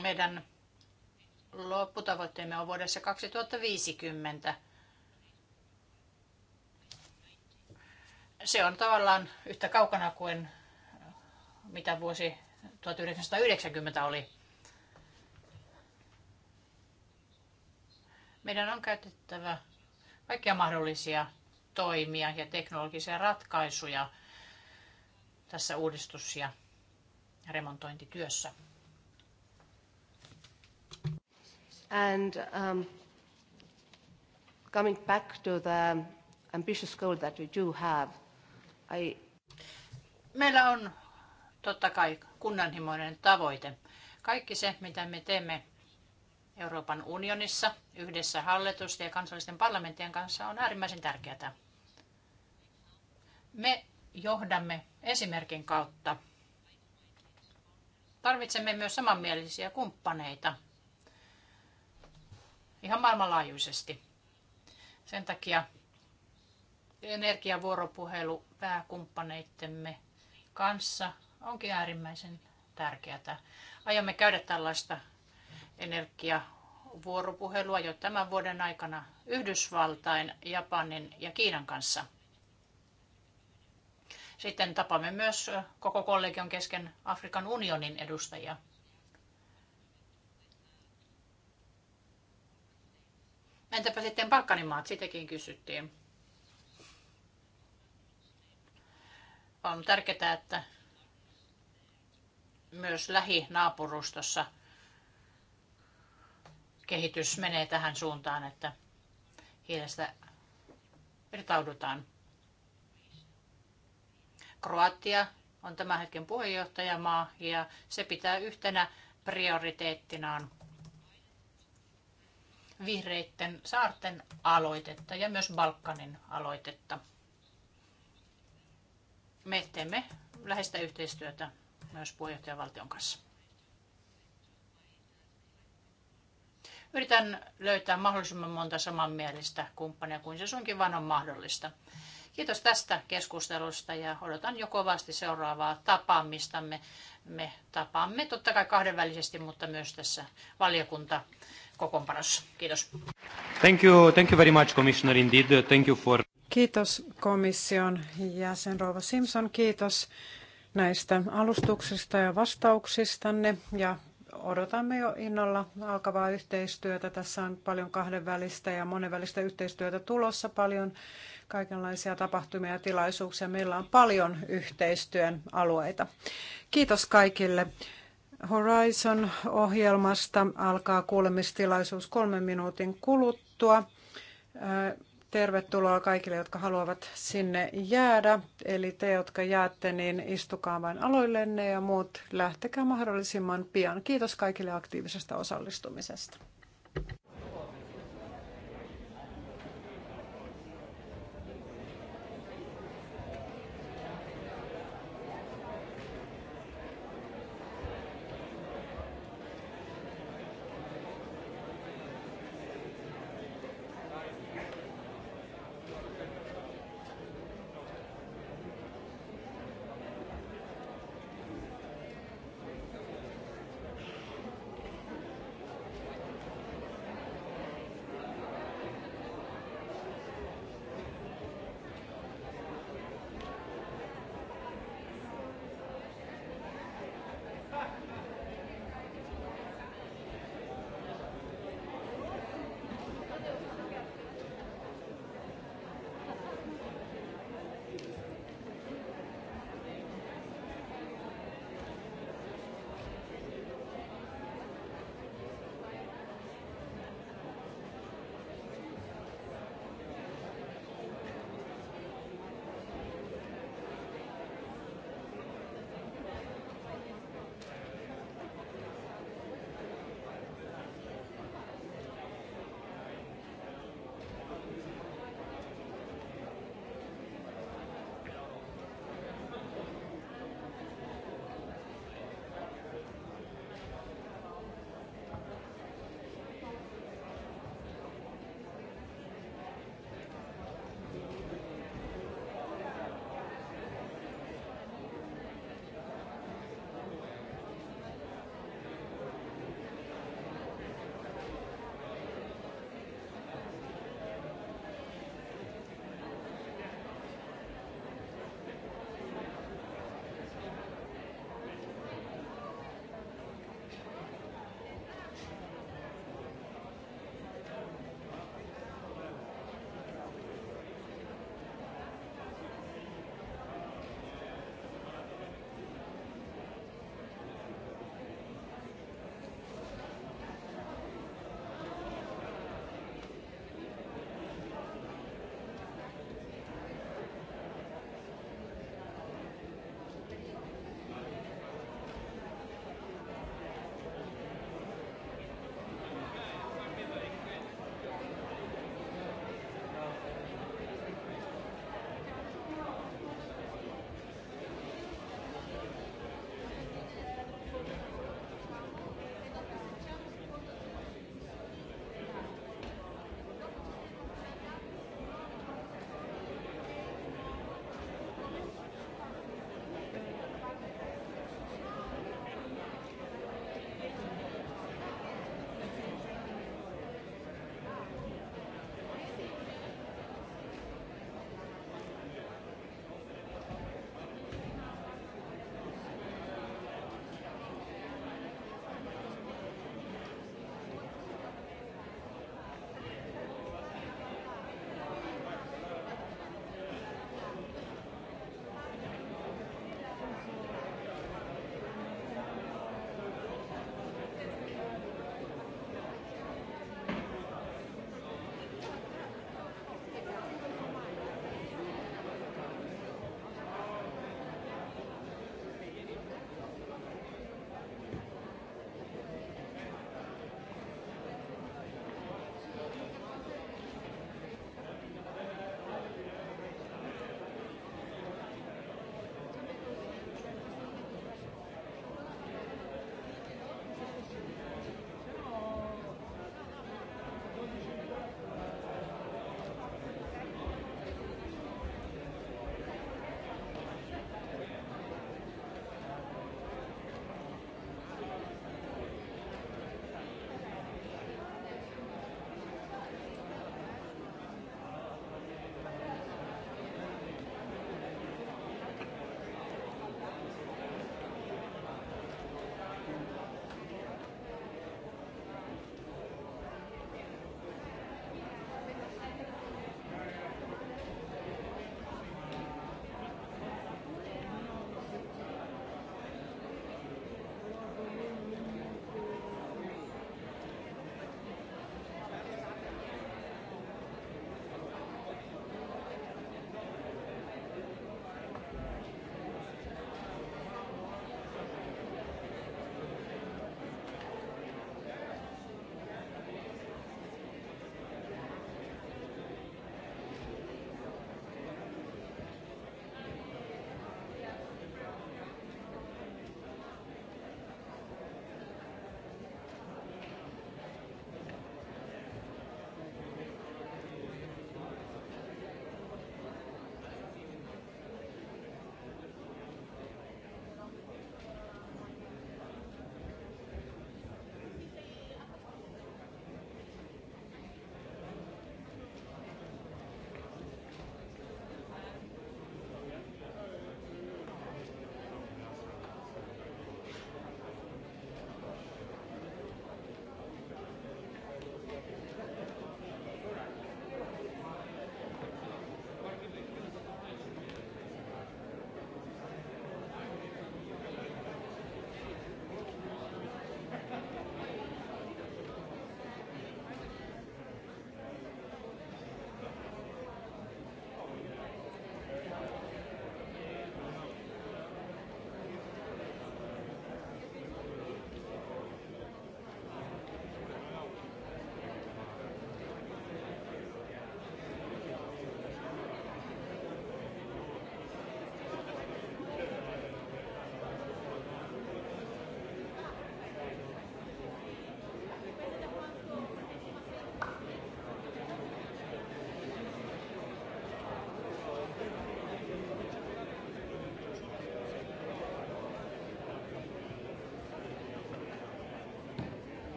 Meidän lopputavoitteemme on vuodessa 2050 se on tavallaan yhtä kaukana kuin mitä vuosi 1990 oli. Meidän on käytettävä kaikkia mahdollisia toimia ja teknologisia ratkaisuja tässä uudistus- ja remontointityössä. And um, coming back to the ambitious goal that we do have Ai. Meillä on totta kai kunnanhimoinen tavoite. Kaikki se, mitä me teemme Euroopan unionissa yhdessä hallitusten ja kansallisten parlamenttien kanssa on äärimmäisen tärkeää. Me johdamme esimerkin kautta. Tarvitsemme myös samanmielisiä kumppaneita ihan maailmanlaajuisesti. Sen takia energiavuoropuhelu pääkumppaneittemme kanssa onkin äärimmäisen tärkeää. Aiomme käydä tällaista energiavuoropuhelua jo tämän vuoden aikana Yhdysvaltain, Japanin ja Kiinan kanssa. Sitten tapamme myös koko kollegion kesken Afrikan unionin edustajia. Entäpä sitten Balkanimaat, sitäkin kysyttiin. On tärkeää, että myös lähinaapurustossa kehitys menee tähän suuntaan, että hiilestä irtaudutaan. Kroatia on tämän hetken puheenjohtajamaa ja se pitää yhtenä prioriteettinaan vihreitten saarten aloitetta ja myös Balkanin aloitetta. Me teemme läheistä yhteistyötä myös puheenjohtajavaltion kanssa. Yritän löytää mahdollisimman monta samanmielistä kumppania kuin se suinkin vaan on mahdollista. Kiitos tästä keskustelusta ja odotan jo kovasti seuraavaa tapaamistamme. Me tapaamme totta kai kahdenvälisesti, mutta myös tässä valiokunta kokoonpanossa. Kiitos. Thank you, thank you very much, Commissioner. Indeed, thank you for Kiitos komission jäsen Rova Simpson. Kiitos näistä alustuksista ja vastauksistanne ja odotamme jo innolla alkavaa yhteistyötä. Tässä on paljon kahdenvälistä ja monenvälistä yhteistyötä tulossa, paljon kaikenlaisia tapahtumia ja tilaisuuksia. Meillä on paljon yhteistyön alueita. Kiitos kaikille. Horizon-ohjelmasta alkaa kuulemistilaisuus kolmen minuutin kuluttua. Tervetuloa kaikille, jotka haluavat sinne jäädä. Eli te, jotka jäätte, niin istukaa vain aloillenne ja muut lähtekää mahdollisimman pian. Kiitos kaikille aktiivisesta osallistumisesta.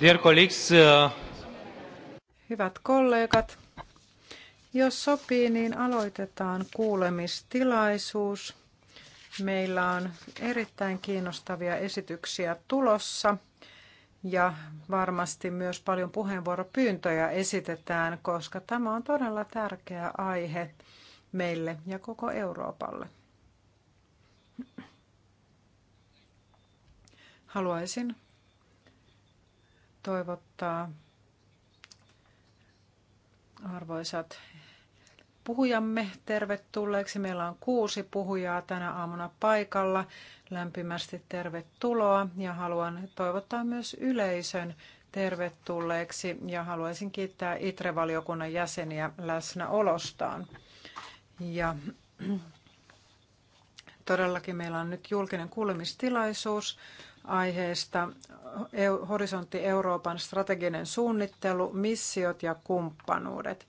Dear colleagues, uh, Hyvät kollegat, jos sopii, niin aloitetaan kuulemistilaisuus. Meillä on erittäin kiinnostavia esityksiä tulossa ja varmasti myös paljon puheenvuoropyyntöjä esitetään, koska tämä on todella tärkeä aihe meille ja koko Euroopalle. Haluaisin toivottaa arvoisat puhujamme tervetulleeksi. Meillä on kuusi puhujaa tänä aamuna paikalla. Lämpimästi tervetuloa ja haluan toivottaa myös yleisön tervetulleeksi ja haluaisin kiittää ITRE-valiokunnan jäseniä läsnäolostaan. Ja todellakin meillä on nyt julkinen kuulemistilaisuus aiheesta Horisontti Euroopan strateginen suunnittelu, missiot ja kumppanuudet.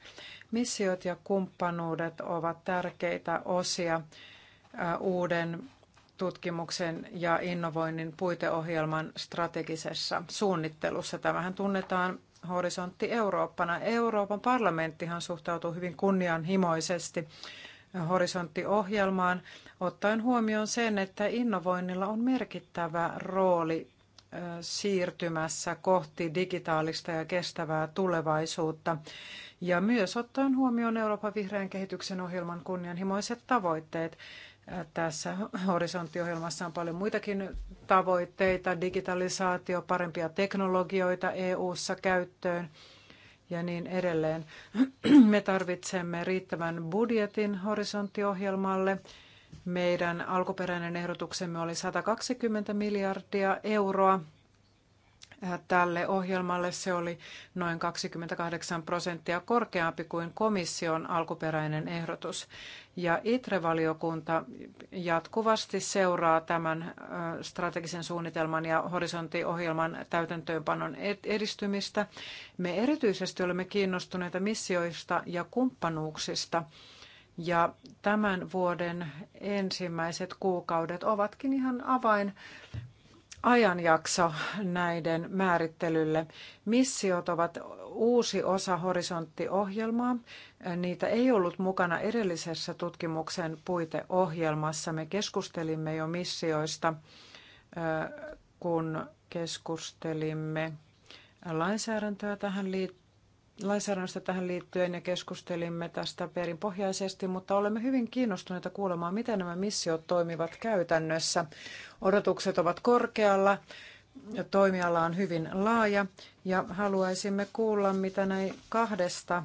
Missiot ja kumppanuudet ovat tärkeitä osia äh, uuden tutkimuksen ja innovoinnin puiteohjelman strategisessa suunnittelussa. Tämähän tunnetaan Horisontti Eurooppana. Euroopan parlamenttihan suhtautuu hyvin kunnianhimoisesti horisonttiohjelmaan, ottaen huomioon sen, että innovoinnilla on merkittävä rooli siirtymässä kohti digitaalista ja kestävää tulevaisuutta. Ja myös ottaen huomioon Euroopan vihreän kehityksen ohjelman kunnianhimoiset tavoitteet. Tässä horisonttiohjelmassa on paljon muitakin tavoitteita, digitalisaatio, parempia teknologioita EU-ssa käyttöön – ja niin edelleen. Me tarvitsemme riittävän budjetin horisonttiohjelmalle. Meidän alkuperäinen ehdotuksemme oli 120 miljardia euroa Äh, tälle ohjelmalle. Se oli noin 28 prosenttia korkeampi kuin komission alkuperäinen ehdotus. Ja ITRE-valiokunta jatkuvasti seuraa tämän äh, strategisen suunnitelman ja horisonttiohjelman täytäntöönpanon edistymistä. Me erityisesti olemme kiinnostuneita missioista ja kumppanuuksista. Ja tämän vuoden ensimmäiset kuukaudet ovatkin ihan avain ajanjakso näiden määrittelylle. Missiot ovat uusi osa horisonttiohjelmaa. Niitä ei ollut mukana edellisessä tutkimuksen puiteohjelmassa. Me keskustelimme jo missioista, kun keskustelimme lainsäädäntöä tähän liittyen lainsäädännöstä tähän liittyen ja keskustelimme tästä perinpohjaisesti, mutta olemme hyvin kiinnostuneita kuulemaan, miten nämä missiot toimivat käytännössä. Odotukset ovat korkealla, toimiala on hyvin laaja ja haluaisimme kuulla, mitä näin kahdesta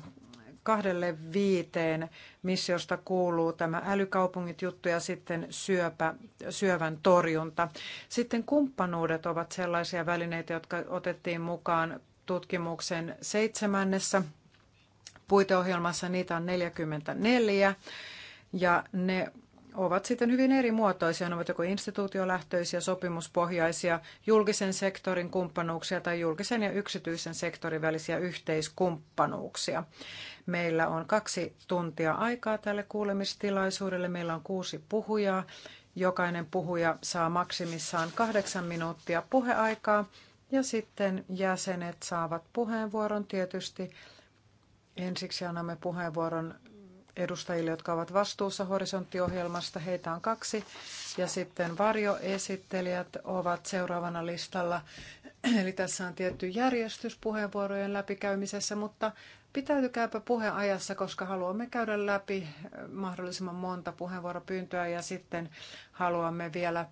kahdelle viiteen missiosta kuuluu tämä älykaupungit juttu ja sitten syöpä, syövän torjunta. Sitten kumppanuudet ovat sellaisia välineitä, jotka otettiin mukaan tutkimuksen seitsemännessä puiteohjelmassa, niitä on 44 ja ne ovat sitten hyvin eri muotoisia, ne ovat joko instituutiolähtöisiä, sopimuspohjaisia, julkisen sektorin kumppanuuksia tai julkisen ja yksityisen sektorin välisiä yhteiskumppanuuksia. Meillä on kaksi tuntia aikaa tälle kuulemistilaisuudelle. Meillä on kuusi puhujaa. Jokainen puhuja saa maksimissaan kahdeksan minuuttia puheaikaa. Ja sitten jäsenet saavat puheenvuoron tietysti. Ensiksi annamme puheenvuoron edustajille, jotka ovat vastuussa horisonttiohjelmasta. Heitä on kaksi. Ja sitten varjoesittelijät ovat seuraavana listalla. Eli tässä on tietty järjestys puheenvuorojen läpikäymisessä, mutta pitäytykääpä puheajassa, koska haluamme käydä läpi mahdollisimman monta puheenvuoropyyntöä ja sitten haluamme vielä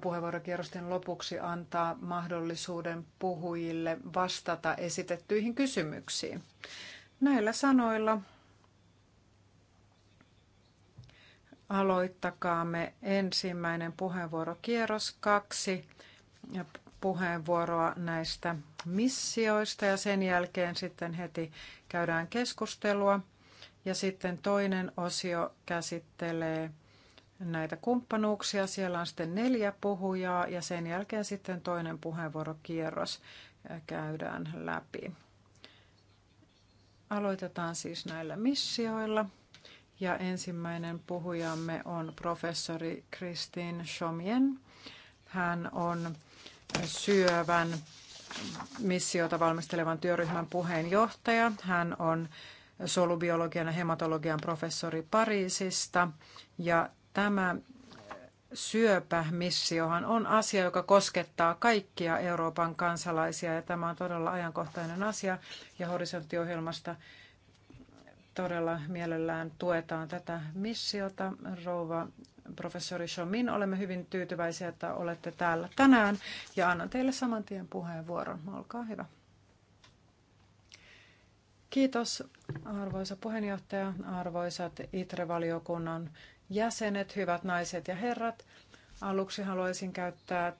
puheenvuorokierrosten lopuksi antaa mahdollisuuden puhujille vastata esitettyihin kysymyksiin. Näillä sanoilla aloittakaamme ensimmäinen puheenvuorokierros, kaksi puheenvuoroa näistä missioista ja sen jälkeen sitten heti käydään keskustelua. Ja sitten toinen osio käsittelee näitä kumppanuuksia. Siellä on sitten neljä puhujaa ja sen jälkeen sitten toinen puheenvuorokierros käydään läpi. Aloitetaan siis näillä missioilla. Ja ensimmäinen puhujamme on professori Christine Chomien. Hän on syövän missiota valmistelevan työryhmän puheenjohtaja. Hän on solubiologian ja hematologian professori Pariisista ja Tämä syöpämissiohan on asia, joka koskettaa kaikkia Euroopan kansalaisia ja tämä on todella ajankohtainen asia ja horisonttiohjelmasta todella mielellään tuetaan tätä missiota. Rouva professori Shomin, olemme hyvin tyytyväisiä, että olette täällä tänään ja annan teille saman tien puheenvuoron. Olkaa hyvä. Kiitos arvoisa puheenjohtaja, arvoisat ITRE-valiokunnan jäsenet, hyvät naiset ja herrat. Aluksi haluaisin käyttää...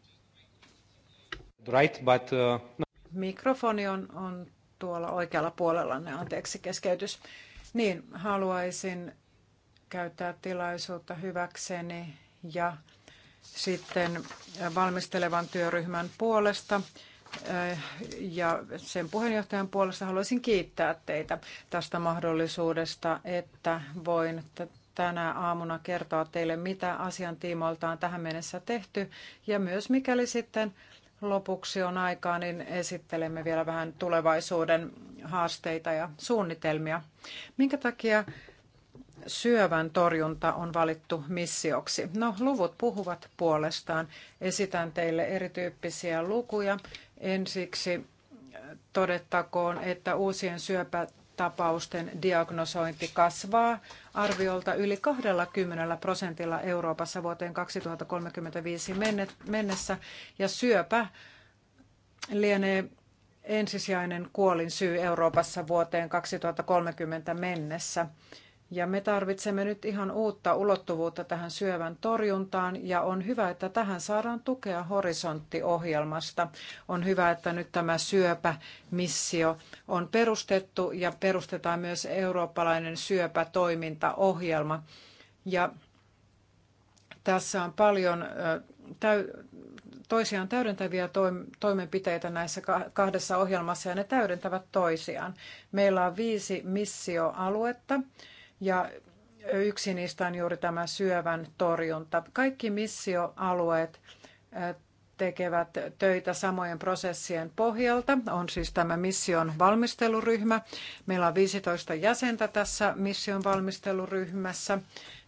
Right, but, uh, no. Mikrofoni on, on tuolla oikealla puolella, ne anteeksi keskeytys. Niin, haluaisin käyttää tilaisuutta hyväkseni ja sitten valmistelevan työryhmän puolesta eh, ja sen puheenjohtajan puolesta haluaisin kiittää teitä tästä mahdollisuudesta, että voin tänä aamuna kertoa teille, mitä asian tiimoilta on tähän mennessä tehty. Ja myös mikäli sitten lopuksi on aikaa, niin esittelemme vielä vähän tulevaisuuden haasteita ja suunnitelmia. Minkä takia syövän torjunta on valittu missioksi? No, luvut puhuvat puolestaan. Esitän teille erityyppisiä lukuja. Ensiksi todettakoon, että uusien syöpä tapausten diagnosointi kasvaa arviolta yli 20 prosentilla Euroopassa vuoteen 2035 mennessä ja syöpä lienee ensisijainen kuolin syy Euroopassa vuoteen 2030 mennessä. Ja me tarvitsemme nyt ihan uutta ulottuvuutta tähän syövän torjuntaan ja on hyvä, että tähän saadaan tukea horisonttiohjelmasta. On hyvä, että nyt tämä syöpämissio on perustettu ja perustetaan myös eurooppalainen syöpätoimintaohjelma. Ja tässä on paljon toisiaan täydentäviä toimenpiteitä näissä kahdessa ohjelmassa ja ne täydentävät toisiaan. Meillä on viisi missioaluetta. aluetta ja yksi niistä on juuri tämä syövän torjunta. Kaikki missioalueet tekevät töitä samojen prosessien pohjalta. On siis tämä mission valmisteluryhmä. Meillä on 15 jäsentä tässä mission valmisteluryhmässä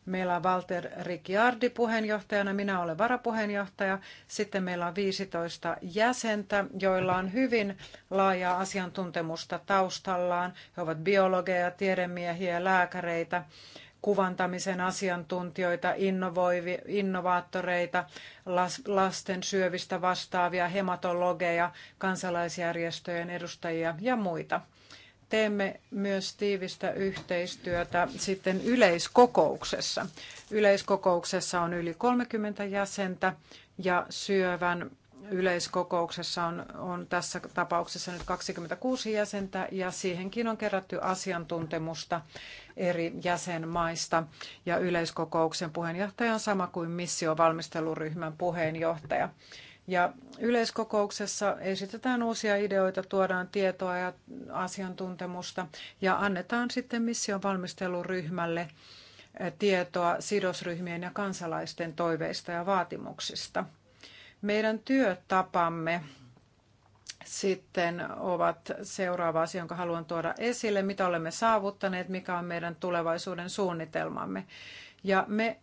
Meillä on Walter Ricciardi puheenjohtajana, minä olen varapuheenjohtaja. Sitten meillä on 15 jäsentä, joilla on hyvin laajaa asiantuntemusta taustallaan. He ovat biologeja, tiedemiehiä, lääkäreitä, kuvantamisen asiantuntijoita, innovoivi, innovaattoreita, las, lasten syövistä vastaavia, hematologeja, kansalaisjärjestöjen edustajia ja muita teemme myös tiivistä yhteistyötä sitten yleiskokouksessa. Yleiskokouksessa on yli 30 jäsentä ja syövän yleiskokouksessa on, on tässä tapauksessa nyt 26 jäsentä ja siihenkin on kerätty asiantuntemusta eri jäsenmaista ja yleiskokouksen puheenjohtaja on sama kuin missiovalmisteluryhmän puheenjohtaja. Ja yleiskokouksessa esitetään uusia ideoita, tuodaan tietoa ja asiantuntemusta ja annetaan sitten mission valmisteluryhmälle eh, tietoa sidosryhmien ja kansalaisten toiveista ja vaatimuksista. Meidän työtapamme sitten ovat seuraava asia, jonka haluan tuoda esille, mitä olemme saavuttaneet, mikä on meidän tulevaisuuden suunnitelmamme. Ja me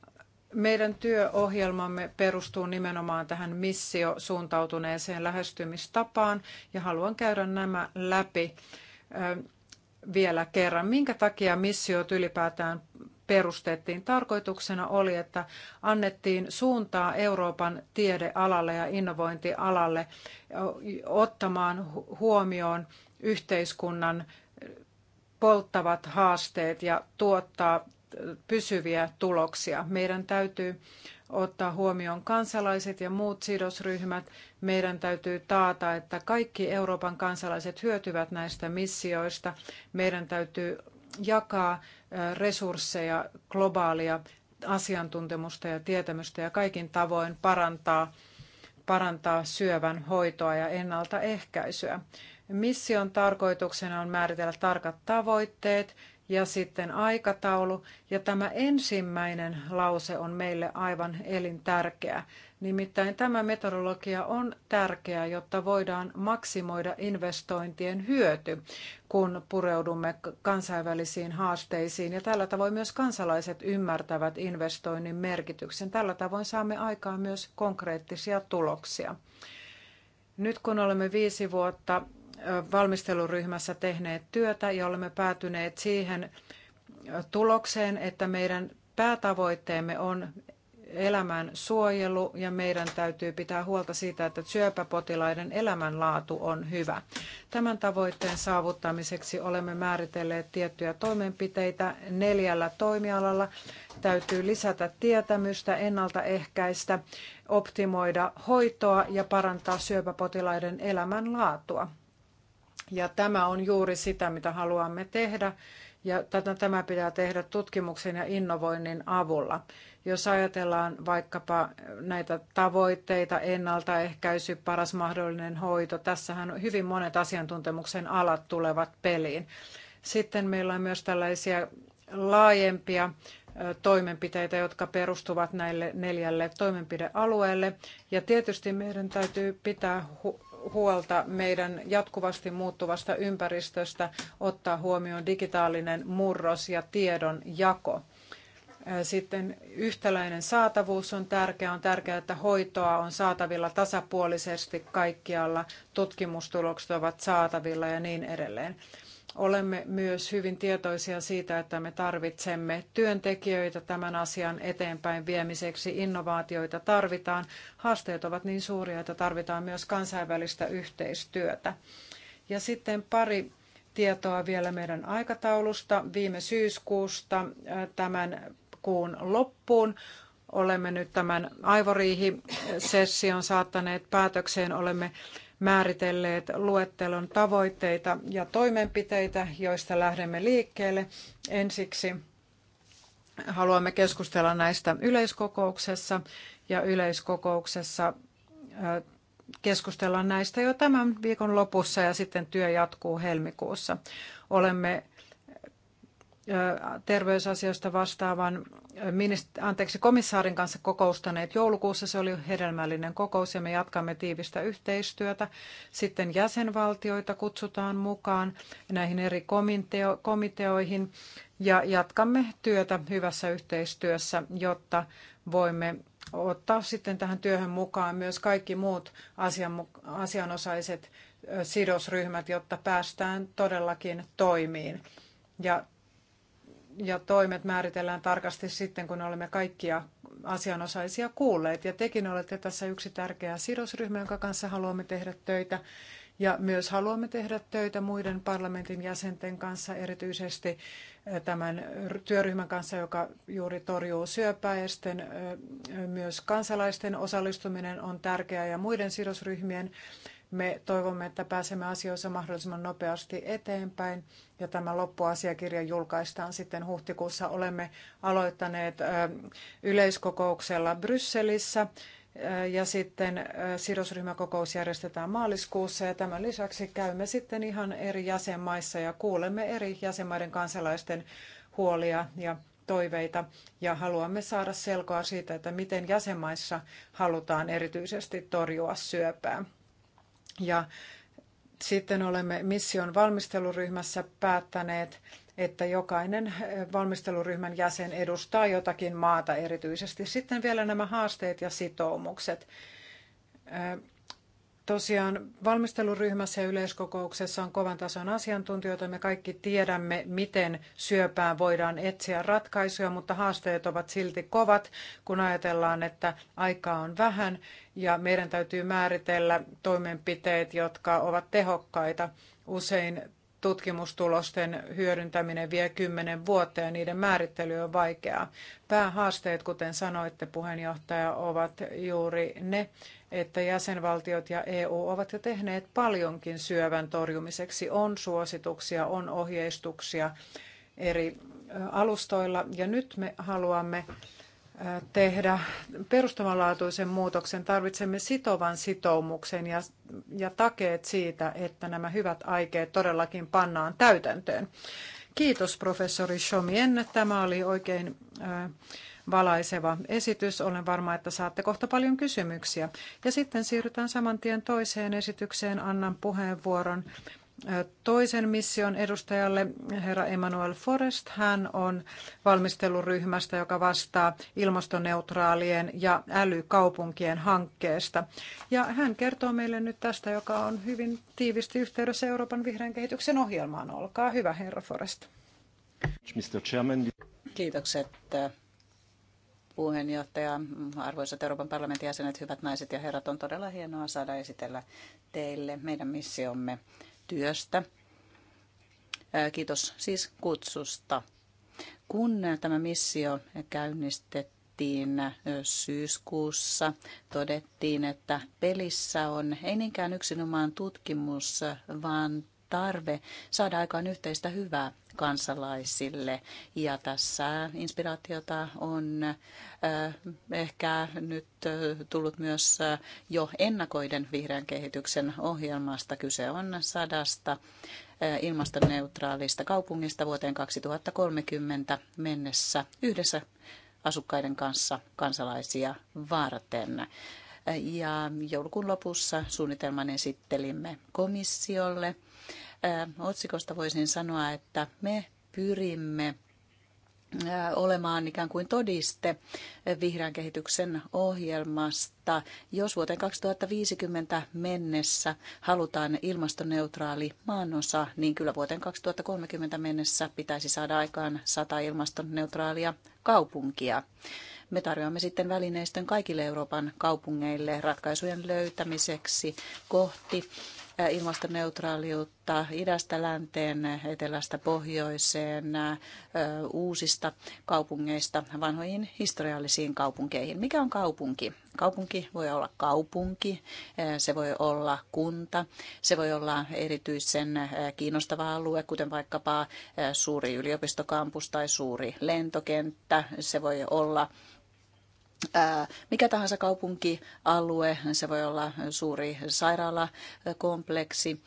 meidän työohjelmamme perustuu nimenomaan tähän missio-suuntautuneeseen lähestymistapaan ja haluan käydä nämä läpi vielä kerran. Minkä takia missiot ylipäätään perustettiin? Tarkoituksena oli, että annettiin suuntaa Euroopan tiedealalle ja innovointialalle ottamaan huomioon yhteiskunnan polttavat haasteet ja tuottaa pysyviä tuloksia. Meidän täytyy ottaa huomioon kansalaiset ja muut sidosryhmät. Meidän täytyy taata, että kaikki Euroopan kansalaiset hyötyvät näistä missioista. Meidän täytyy jakaa resursseja, globaalia asiantuntemusta ja tietämystä ja kaikin tavoin parantaa, parantaa syövän hoitoa ja ennaltaehkäisyä. Mission tarkoituksena on määritellä tarkat tavoitteet ja sitten aikataulu. Ja tämä ensimmäinen lause on meille aivan elintärkeä. Nimittäin tämä metodologia on tärkeä, jotta voidaan maksimoida investointien hyöty, kun pureudumme kansainvälisiin haasteisiin. Ja tällä tavoin myös kansalaiset ymmärtävät investoinnin merkityksen. Tällä tavoin saamme aikaan myös konkreettisia tuloksia. Nyt kun olemme viisi vuotta valmisteluryhmässä tehneet työtä ja olemme päätyneet siihen tulokseen, että meidän päätavoitteemme on elämän suojelu ja meidän täytyy pitää huolta siitä, että syöpäpotilaiden elämänlaatu on hyvä. Tämän tavoitteen saavuttamiseksi olemme määritelleet tiettyjä toimenpiteitä neljällä toimialalla. Täytyy lisätä tietämystä, ennaltaehkäistä, optimoida hoitoa ja parantaa syöpäpotilaiden elämänlaatua. Ja tämä on juuri sitä, mitä haluamme tehdä. Ja tätä, tämä pitää tehdä tutkimuksen ja innovoinnin avulla. Jos ajatellaan vaikkapa näitä tavoitteita, ennaltaehkäisy, paras mahdollinen hoito, tässähän hyvin monet asiantuntemuksen alat tulevat peliin. Sitten meillä on myös tällaisia laajempia toimenpiteitä, jotka perustuvat näille neljälle toimenpidealueelle. Ja tietysti meidän täytyy pitää huolta meidän jatkuvasti muuttuvasta ympäristöstä, ottaa huomioon digitaalinen murros ja tiedon jako. Sitten yhtäläinen saatavuus on tärkeää. On tärkeää, että hoitoa on saatavilla tasapuolisesti kaikkialla, tutkimustulokset ovat saatavilla ja niin edelleen. Olemme myös hyvin tietoisia siitä, että me tarvitsemme työntekijöitä tämän asian eteenpäin viemiseksi. Innovaatioita tarvitaan. Haasteet ovat niin suuria, että tarvitaan myös kansainvälistä yhteistyötä. Ja sitten pari tietoa vielä meidän aikataulusta. Viime syyskuusta tämän kuun loppuun olemme nyt tämän aivoriihisession saattaneet päätökseen. Olemme määritelleet luettelon tavoitteita ja toimenpiteitä, joista lähdemme liikkeelle. Ensiksi haluamme keskustella näistä yleiskokouksessa ja yleiskokouksessa keskustellaan näistä jo tämän viikon lopussa ja sitten työ jatkuu helmikuussa. Olemme terveysasioista vastaavan minist- anteeksi, komissaarin kanssa kokoustaneet joulukuussa. Se oli hedelmällinen kokous ja me jatkamme tiivistä yhteistyötä. Sitten jäsenvaltioita kutsutaan mukaan näihin eri komiteoihin ja jatkamme työtä hyvässä yhteistyössä, jotta voimme ottaa sitten tähän työhön mukaan myös kaikki muut asian, asianosaiset sidosryhmät, jotta päästään todellakin toimiin. Ja ja toimet määritellään tarkasti sitten, kun olemme kaikkia asianosaisia kuulleet. Ja tekin olette tässä yksi tärkeä sidosryhmä, jonka kanssa haluamme tehdä töitä. Ja myös haluamme tehdä töitä muiden parlamentin jäsenten kanssa, erityisesti eh, tämän työryhmän kanssa, joka juuri torjuu syöpää. Ja sitten eh, myös kansalaisten osallistuminen on tärkeää ja muiden sidosryhmien. Me toivomme, että pääsemme asioissa mahdollisimman nopeasti eteenpäin ja tämä loppuasiakirja julkaistaan sitten huhtikuussa. Olemme aloittaneet yleiskokouksella Brysselissä ja sitten sidosryhmäkokous järjestetään maaliskuussa ja tämän lisäksi käymme sitten ihan eri jäsenmaissa ja kuulemme eri jäsenmaiden kansalaisten huolia ja toiveita ja haluamme saada selkoa siitä, että miten jäsenmaissa halutaan erityisesti torjua syöpää. Ja sitten olemme mission valmisteluryhmässä päättäneet, että jokainen valmisteluryhmän jäsen edustaa jotakin maata erityisesti. Sitten vielä nämä haasteet ja sitoumukset. Tosiaan valmisteluryhmässä ja yleiskokouksessa on kovan tason asiantuntijoita. Me kaikki tiedämme, miten syöpään voidaan etsiä ratkaisuja, mutta haasteet ovat silti kovat, kun ajatellaan, että aikaa on vähän ja meidän täytyy määritellä toimenpiteet, jotka ovat tehokkaita. Usein tutkimustulosten hyödyntäminen vie kymmenen vuotta ja niiden määrittely on vaikeaa. Päähaasteet, kuten sanoitte puheenjohtaja, ovat juuri ne, että jäsenvaltiot ja EU ovat jo tehneet paljonkin syövän torjumiseksi. On suosituksia, on ohjeistuksia eri alustoilla ja nyt me haluamme tehdä perustavanlaatuisen muutoksen. Tarvitsemme sitovan sitoumuksen ja, ja takeet siitä, että nämä hyvät aikeet todellakin pannaan täytäntöön. Kiitos professori Shomien. Tämä oli oikein äh, valaiseva esitys. Olen varma, että saatte kohta paljon kysymyksiä. Ja sitten siirrytään saman tien toiseen esitykseen. Annan puheenvuoron toisen mission edustajalle, herra Emmanuel Forest. Hän on valmisteluryhmästä, joka vastaa ilmastoneutraalien ja älykaupunkien hankkeesta. Ja hän kertoo meille nyt tästä, joka on hyvin tiivisti yhteydessä Euroopan vihreän kehityksen ohjelmaan. Olkaa hyvä, herra Forest. Mr. Chairman. Kiitokset puheenjohtaja, arvoisat Euroopan parlamentin jäsenet, hyvät naiset ja herrat, on todella hienoa saada esitellä teille meidän missiomme työstä. Kiitos siis kutsusta. Kun tämä missio käynnistettiin syyskuussa, todettiin, että pelissä on ei niinkään yksinomaan tutkimus, vaan tarve saada aikaan yhteistä hyvää kansalaisille. Ja tässä inspiraatiota on äh, ehkä nyt äh, tullut myös äh, jo ennakoiden vihreän kehityksen ohjelmasta. Kyse on sadasta ilmastoneutraalista kaupungista vuoteen 2030 mennessä yhdessä asukkaiden kanssa kansalaisia varten ja joulukuun lopussa suunnitelman esittelimme komissiolle. Otsikosta voisin sanoa, että me pyrimme olemaan ikään kuin todiste vihreän kehityksen ohjelmasta, jos vuoteen 2050 mennessä halutaan ilmastoneutraali maanosa, niin kyllä vuoteen 2030 mennessä pitäisi saada aikaan 100 ilmastoneutraalia kaupunkia. Me tarjoamme sitten välineistön kaikille Euroopan kaupungeille ratkaisujen löytämiseksi kohti äh, ilmastoneutraaliutta idästä länteen, etelästä pohjoiseen, äh, uusista kaupungeista vanhoihin historiallisiin kaupunkeihin. Mikä on kaupunki? Kaupunki voi olla kaupunki, äh, se voi olla kunta, se voi olla erityisen kiinnostava alue, kuten vaikkapa suuri yliopistokampus tai suuri lentokenttä, se voi olla mikä tahansa kaupunkialue, se voi olla suuri sairaalakompleksi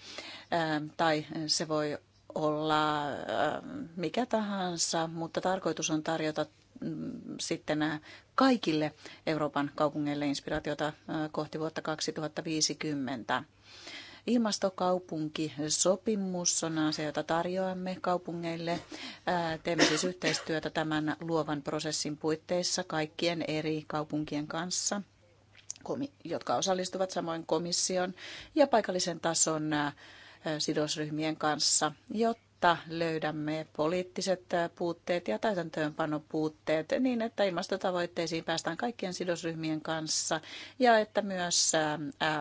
tai se voi olla mikä tahansa, mutta tarkoitus on tarjota mm, sitten kaikille Euroopan kaupungeille inspiraatiota kohti vuotta 2050. Ilmastokaupunkisopimus on asia, jota tarjoamme kaupungeille. Teemme siis yhteistyötä tämän luovan prosessin puitteissa kaikkien eri kaupunkien kanssa jotka osallistuvat samoin komission ja paikallisen tason sidosryhmien kanssa, jotta josta löydämme poliittiset puutteet ja täytäntöönpanopuutteet niin, että ilmastotavoitteisiin päästään kaikkien sidosryhmien kanssa ja että myös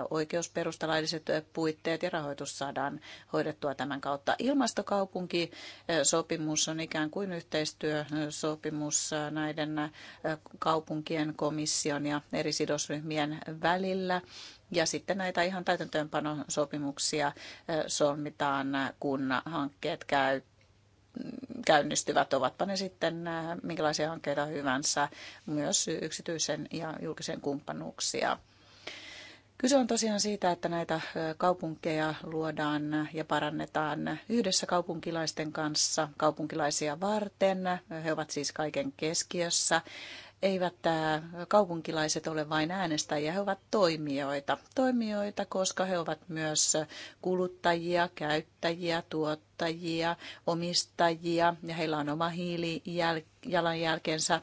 oikeusperustalaiset puitteet ja rahoitus saadaan hoidettua tämän kautta. Ilmastokaupunkisopimus on ikään kuin yhteistyösopimus näiden kaupunkien, komission ja eri sidosryhmien välillä ja sitten näitä ihan täytäntöönpanon sopimuksia solmitaan, kun hankkeet käy, käynnistyvät, ovatpa ne sitten minkälaisia hankkeita hyvänsä, myös yksityisen ja julkisen kumppanuuksia. Kyse on tosiaan siitä, että näitä kaupunkeja luodaan ja parannetaan yhdessä kaupunkilaisten kanssa, kaupunkilaisia varten. He ovat siis kaiken keskiössä eivät kaupunkilaiset ole vain äänestäjiä, he ovat toimijoita. Toimijoita, koska he ovat myös kuluttajia, käyttäjiä, tuottajia, omistajia ja heillä on oma hiilijalanjälkensä.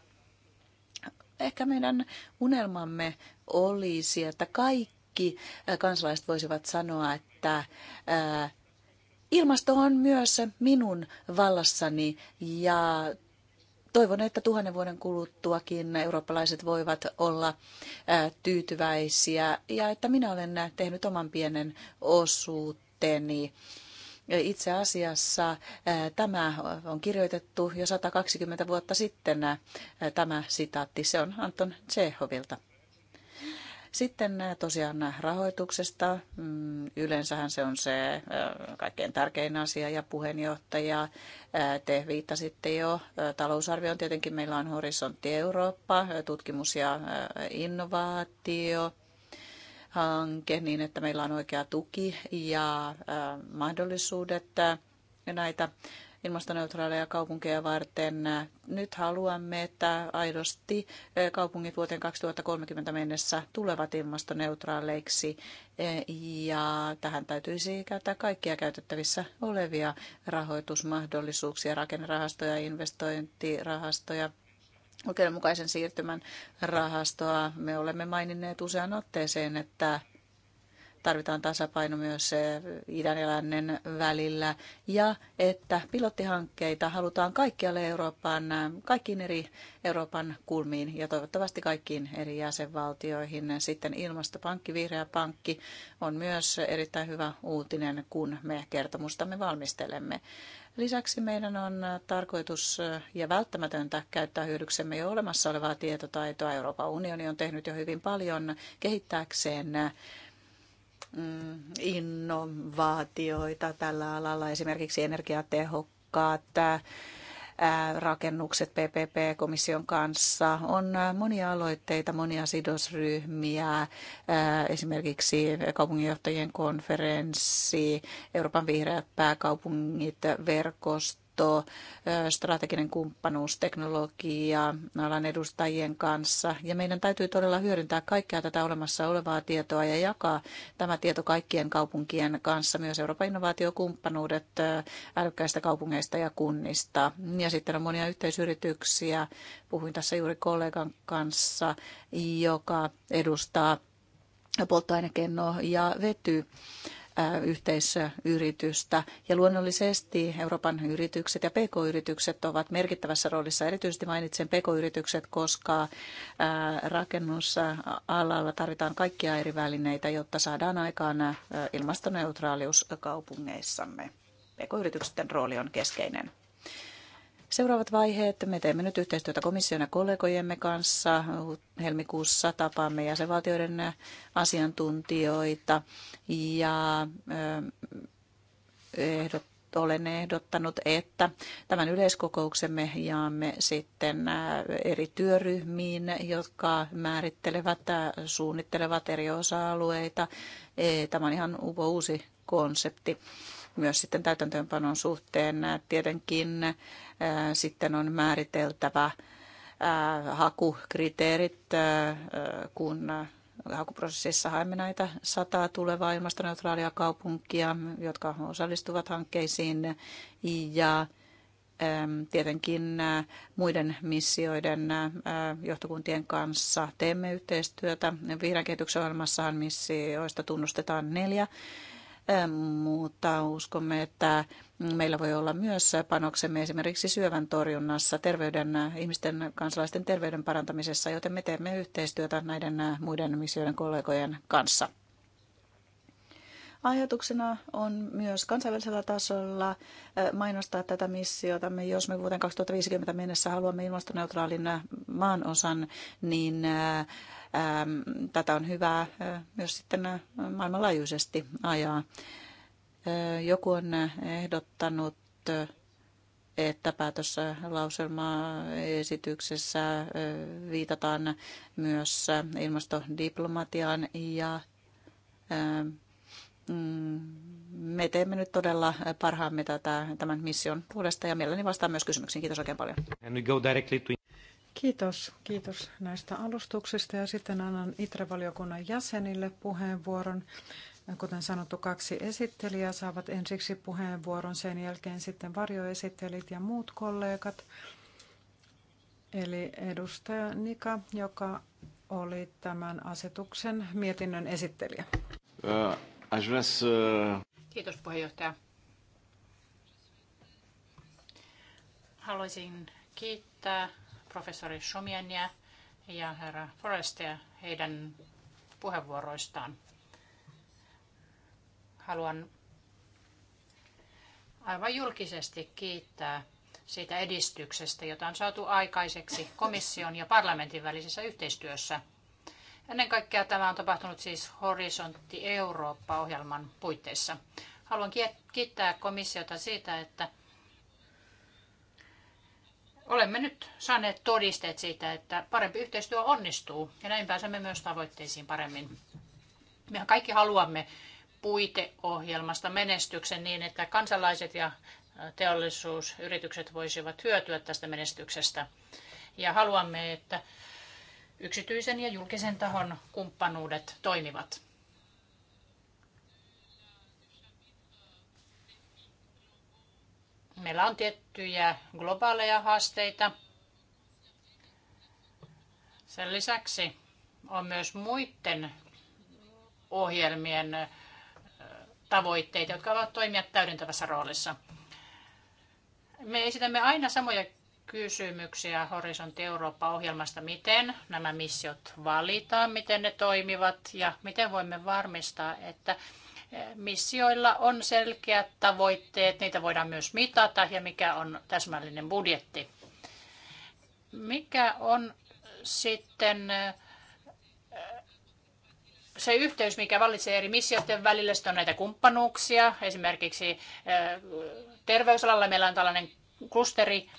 Ehkä meidän unelmamme olisi, että kaikki kansalaiset voisivat sanoa, että ilmasto on myös minun vallassani ja Toivon, että tuhannen vuoden kuluttuakin eurooppalaiset voivat olla tyytyväisiä ja että minä olen tehnyt oman pienen osuuteni. Itse asiassa tämä on kirjoitettu jo 120 vuotta sitten, tämä sitaatti. Se on Anton Tsehovilta. Sitten äh, tosiaan äh, rahoituksesta. Mm, yleensähän se on se äh, kaikkein tärkein asia ja puheenjohtaja. Te viittasitte jo talousarvioon. Tietenkin meillä on Horisontti Eurooppa, tutkimus ja innovaatio hanke niin, että meillä on oikea tuki ja mahdollisuudet näitä ilmastoneutraaleja kaupunkeja varten. Nyt haluamme, että aidosti eh, kaupungit vuoteen 2030 mennessä tulevat ilmastoneutraaleiksi eh, ja tähän täytyisi käyttää kaikkia käytettävissä olevia rahoitusmahdollisuuksia, rakennerahastoja, investointirahastoja, oikeudenmukaisen siirtymän rahastoa. Me olemme maininneet usean otteeseen, että tarvitaan tasapaino myös eh, idän ja lännen välillä ja että pilottihankkeita halutaan kaikkialle Euroopan, eh, kaikkiin eri Euroopan kulmiin ja toivottavasti kaikkiin eri jäsenvaltioihin. Sitten ilmastopankki, vihreä pankki on myös erittäin hyvä uutinen, kun me kertomustamme valmistelemme. Lisäksi meidän on eh, tarkoitus ja välttämätöntä käyttää hyödyksemme jo olemassa olevaa tietotaitoa. Euroopan unioni on tehnyt jo hyvin paljon kehittääkseen Mm, innovaatioita tällä alalla, esimerkiksi energiatehokkaat rakennukset PPP-komission kanssa. On monia aloitteita, monia sidosryhmiä, esimerkiksi kaupunginjohtajien konferenssi, Euroopan vihreät pääkaupungit, verkosto, liitto, strateginen kumppanuus teknologia alan edustajien kanssa. Ja meidän täytyy todella hyödyntää kaikkea tätä olemassa olevaa tietoa ja jakaa tämä tieto kaikkien kaupunkien kanssa, myös Euroopan innovaatiokumppanuudet älykkäistä kaupungeista ja kunnista. Ja sitten on monia yhteisyrityksiä. Puhuin tässä juuri kollegan kanssa, joka edustaa polttoainekennoa ja vety yhteisyritystä. Ja luonnollisesti Euroopan yritykset ja pk-yritykset ovat merkittävässä roolissa. Erityisesti mainitsen pk-yritykset, koska rakennusalalla tarvitaan kaikkia eri välineitä, jotta saadaan aikaan ilmastoneutraalius kaupungeissamme. Pk-yritysten rooli on keskeinen. Seuraavat vaiheet. Me teemme nyt yhteistyötä komission ja kollegojemme kanssa. Helmikuussa tapaamme jäsenvaltioiden asiantuntijoita ja ehdot, olen ehdottanut, että tämän yleiskokouksemme jaamme sitten eri työryhmiin, jotka määrittelevät, suunnittelevat eri osa-alueita. E, tämä on ihan uusi konsepti myös sitten täytäntöönpanon suhteen. Äh, tietenkin äh, sitten on määriteltävä äh, hakukriteerit, kun hakuprosessissa haemme näitä sataa tulevaa ilmastoneutraalia kaupunkia, jotka osallistuvat hankkeisiin ja ähm, tietenkin muiden missioiden johtokuntien kanssa teemme yhteistyötä. Vihreän kehityksen ohjelmassahan missioista tunnustetaan neljä mutta uskomme, että meillä voi olla myös panoksemme esimerkiksi syövän torjunnassa, terveyden, ihmisten kansalaisten terveyden parantamisessa, joten me teemme yhteistyötä näiden muiden missioiden kollegojen kanssa. Ajatuksena on myös kansainvälisellä tasolla mainostaa tätä me Jos me vuoteen 2050 mennessä haluamme ilmastoneutraalin maanosan, niin tätä on hyvä myös sitten maailmanlaajuisesti ajaa. Joku on ehdottanut, että päätöslauselmaesityksessä viitataan myös ilmastodiplomatiaan ja mm, me teemme nyt todella parhaamme tätä, tämän mission puolesta ja mielelläni vastaan myös kysymyksiin. Kiitos oikein paljon. Kiitos, kiitos näistä alustuksista ja sitten annan ITRE-valiokunnan jäsenille puheenvuoron. Kuten sanottu, kaksi esittelijää saavat ensiksi puheenvuoron, sen jälkeen sitten varjoesittelijät ja muut kollegat. Eli edustaja Nika, joka oli tämän asetuksen mietinnön esittelijä. Uh, uh, kiitos puheenjohtaja. Haluaisin kiittää professori Shomiania ja herra Forestia heidän puheenvuoroistaan. Haluan aivan julkisesti kiittää siitä edistyksestä, jota on saatu aikaiseksi komission ja parlamentin välisessä yhteistyössä. Ennen kaikkea tämä on tapahtunut siis Horisontti Eurooppa-ohjelman puitteissa. Haluan kiittää komissiota siitä, että Olemme nyt saaneet todisteet siitä, että parempi yhteistyö onnistuu ja näin pääsemme myös tavoitteisiin paremmin. Mehän kaikki haluamme puiteohjelmasta menestyksen niin, että kansalaiset ja teollisuusyritykset voisivat hyötyä tästä menestyksestä. Ja haluamme, että yksityisen ja julkisen tahon kumppanuudet toimivat. Meillä on tiettyjä globaaleja haasteita. Sen lisäksi on myös muiden ohjelmien tavoitteita, jotka ovat toimia täydentävässä roolissa. Me esitämme aina samoja kysymyksiä Horisontti Eurooppa-ohjelmasta, miten nämä missiot valitaan, miten ne toimivat ja miten voimme varmistaa, että missioilla on selkeät tavoitteet, niitä voidaan myös mitata ja mikä on täsmällinen budjetti. Mikä on sitten äh, se yhteys, mikä vallitsee eri missioiden välillä, sitten on näitä kumppanuuksia. Esimerkiksi äh, terveysalalla meillä on tällainen klusteri,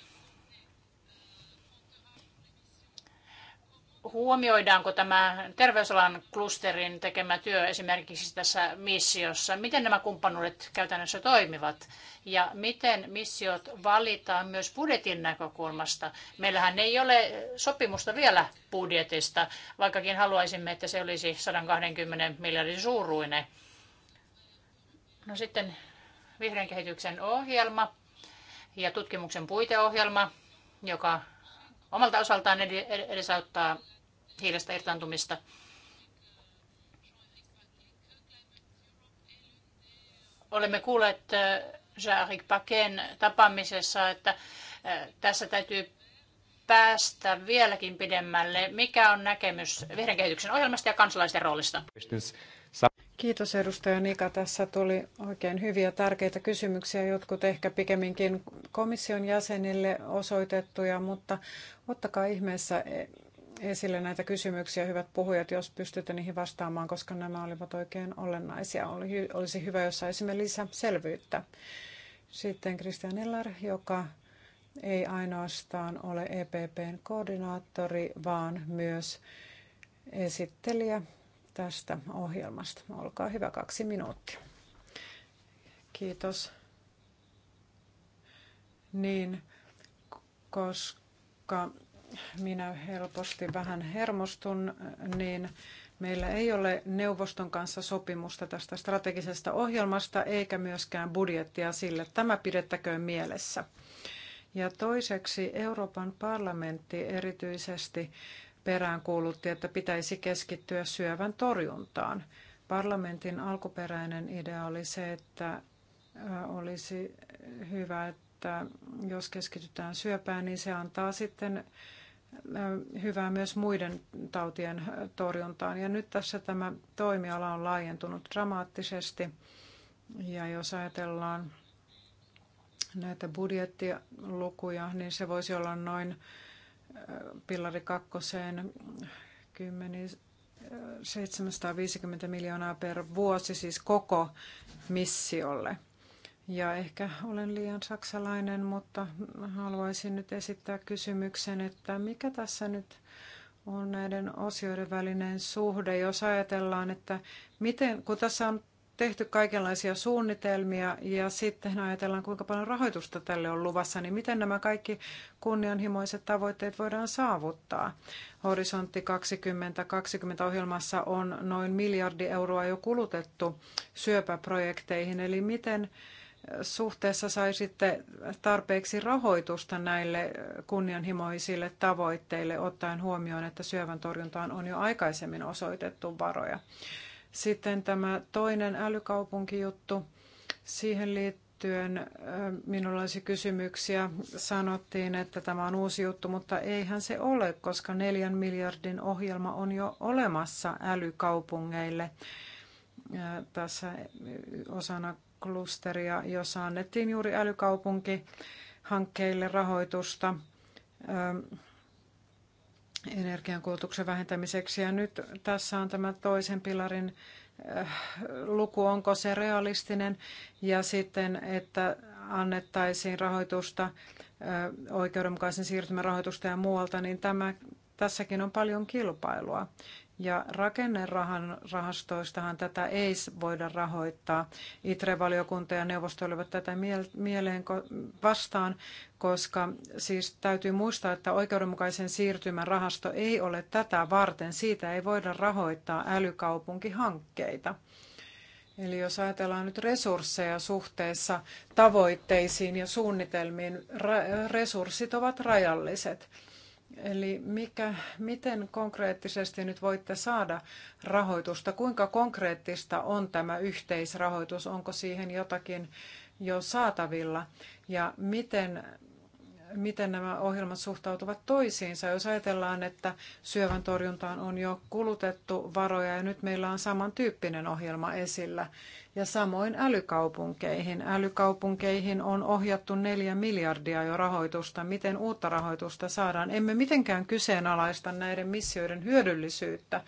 huomioidaanko tämä terveysalan klusterin tekemä työ esimerkiksi tässä missiossa? Miten nämä kumppanuudet käytännössä toimivat? Ja miten missiot valitaan myös budjetin näkökulmasta? Meillähän ei ole sopimusta vielä budjetista, vaikkakin haluaisimme, että se olisi 120 miljardin suuruinen. No sitten vihreän kehityksen ohjelma ja tutkimuksen puiteohjelma, joka omalta osaltaan edesauttaa hiilestä irtaantumista. Olemme kuulleet äh, jean Paken tapaamisessa, että äh, tässä täytyy päästä vieläkin pidemmälle. Mikä on näkemys vihreän kehityksen ohjelmasta ja kansalaisten roolista? Kiitos edustaja Nika. Tässä tuli oikein hyviä tärkeitä kysymyksiä, jotkut ehkä pikemminkin komission jäsenille osoitettuja, mutta ottakaa ihmeessä esille näitä kysymyksiä, hyvät puhujat, jos pystytte niihin vastaamaan, koska nämä olivat oikein olennaisia. Olisi hyvä, jos saisimme lisää selvyyttä. Sitten Christian Eller, joka ei ainoastaan ole EPPn koordinaattori, vaan myös esittelijä tästä ohjelmasta. Olkaa hyvä, kaksi minuuttia. Kiitos. Niin, koska minä helposti vähän hermostun, niin meillä ei ole neuvoston kanssa sopimusta tästä strategisesta ohjelmasta eikä myöskään budjettia sille. Tämä pidettäköön mielessä. Ja toiseksi Euroopan parlamentti erityisesti peräänkuulutti, että pitäisi keskittyä syövän torjuntaan. Parlamentin alkuperäinen idea oli se, että äh, olisi hyvä, että jos keskitytään syöpään, niin se antaa sitten hyvää myös muiden tautien torjuntaan. Ja nyt tässä tämä toimiala on laajentunut dramaattisesti. Ja jos ajatellaan näitä budjettilukuja, niin se voisi olla noin pillari kakkoseen 10, 750 miljoonaa per vuosi, siis koko missiolle. Ja ehkä olen liian saksalainen, mutta haluaisin nyt esittää kysymyksen, että mikä tässä nyt on näiden osioiden välinen suhde, jos ajatellaan, että miten, kun tässä on tehty kaikenlaisia suunnitelmia ja sitten ajatellaan, kuinka paljon rahoitusta tälle on luvassa, niin miten nämä kaikki kunnianhimoiset tavoitteet voidaan saavuttaa? Horisontti 2020 ohjelmassa on noin miljardi euroa jo kulutettu syöpäprojekteihin, eli miten suhteessa sitten tarpeeksi rahoitusta näille kunnianhimoisille tavoitteille, ottaen huomioon, että syövän torjuntaan on jo aikaisemmin osoitettu varoja. Sitten tämä toinen älykaupunkijuttu. Siihen liittyen minulla olisi kysymyksiä. Sanottiin, että tämä on uusi juttu, mutta eihän se ole, koska neljän miljardin ohjelma on jo olemassa älykaupungeille tässä osana klusteria, jossa annettiin juuri älykaupunki hankkeille rahoitusta ähm, energiankulutuksen vähentämiseksi. Ja nyt tässä on tämä toisen pilarin äh, luku, onko se realistinen, ja sitten, että annettaisiin rahoitusta, äh, oikeudenmukaisen siirtymän rahoitusta ja muualta, niin tämä, tässäkin on paljon kilpailua. Ja rakennerahastoistahan tätä ei voida rahoittaa. ITRE-valiokunta ja neuvosto olivat tätä mieleen vastaan, koska siis täytyy muistaa, että oikeudenmukaisen siirtymän rahasto ei ole tätä varten. Siitä ei voida rahoittaa älykaupunkihankkeita. Eli jos ajatellaan nyt resursseja suhteessa tavoitteisiin ja suunnitelmiin, resurssit ovat rajalliset. Eli mikä, miten konkreettisesti nyt voitte saada rahoitusta? Kuinka konkreettista on tämä yhteisrahoitus? Onko siihen jotakin jo saatavilla? Ja miten miten nämä ohjelmat suhtautuvat toisiinsa. Jos ajatellaan, että syövän torjuntaan on jo kulutettu varoja ja nyt meillä on samantyyppinen ohjelma esillä. Ja samoin älykaupunkeihin. Älykaupunkeihin on ohjattu neljä miljardia jo rahoitusta. Miten uutta rahoitusta saadaan? Emme mitenkään kyseenalaista näiden missioiden hyödyllisyyttä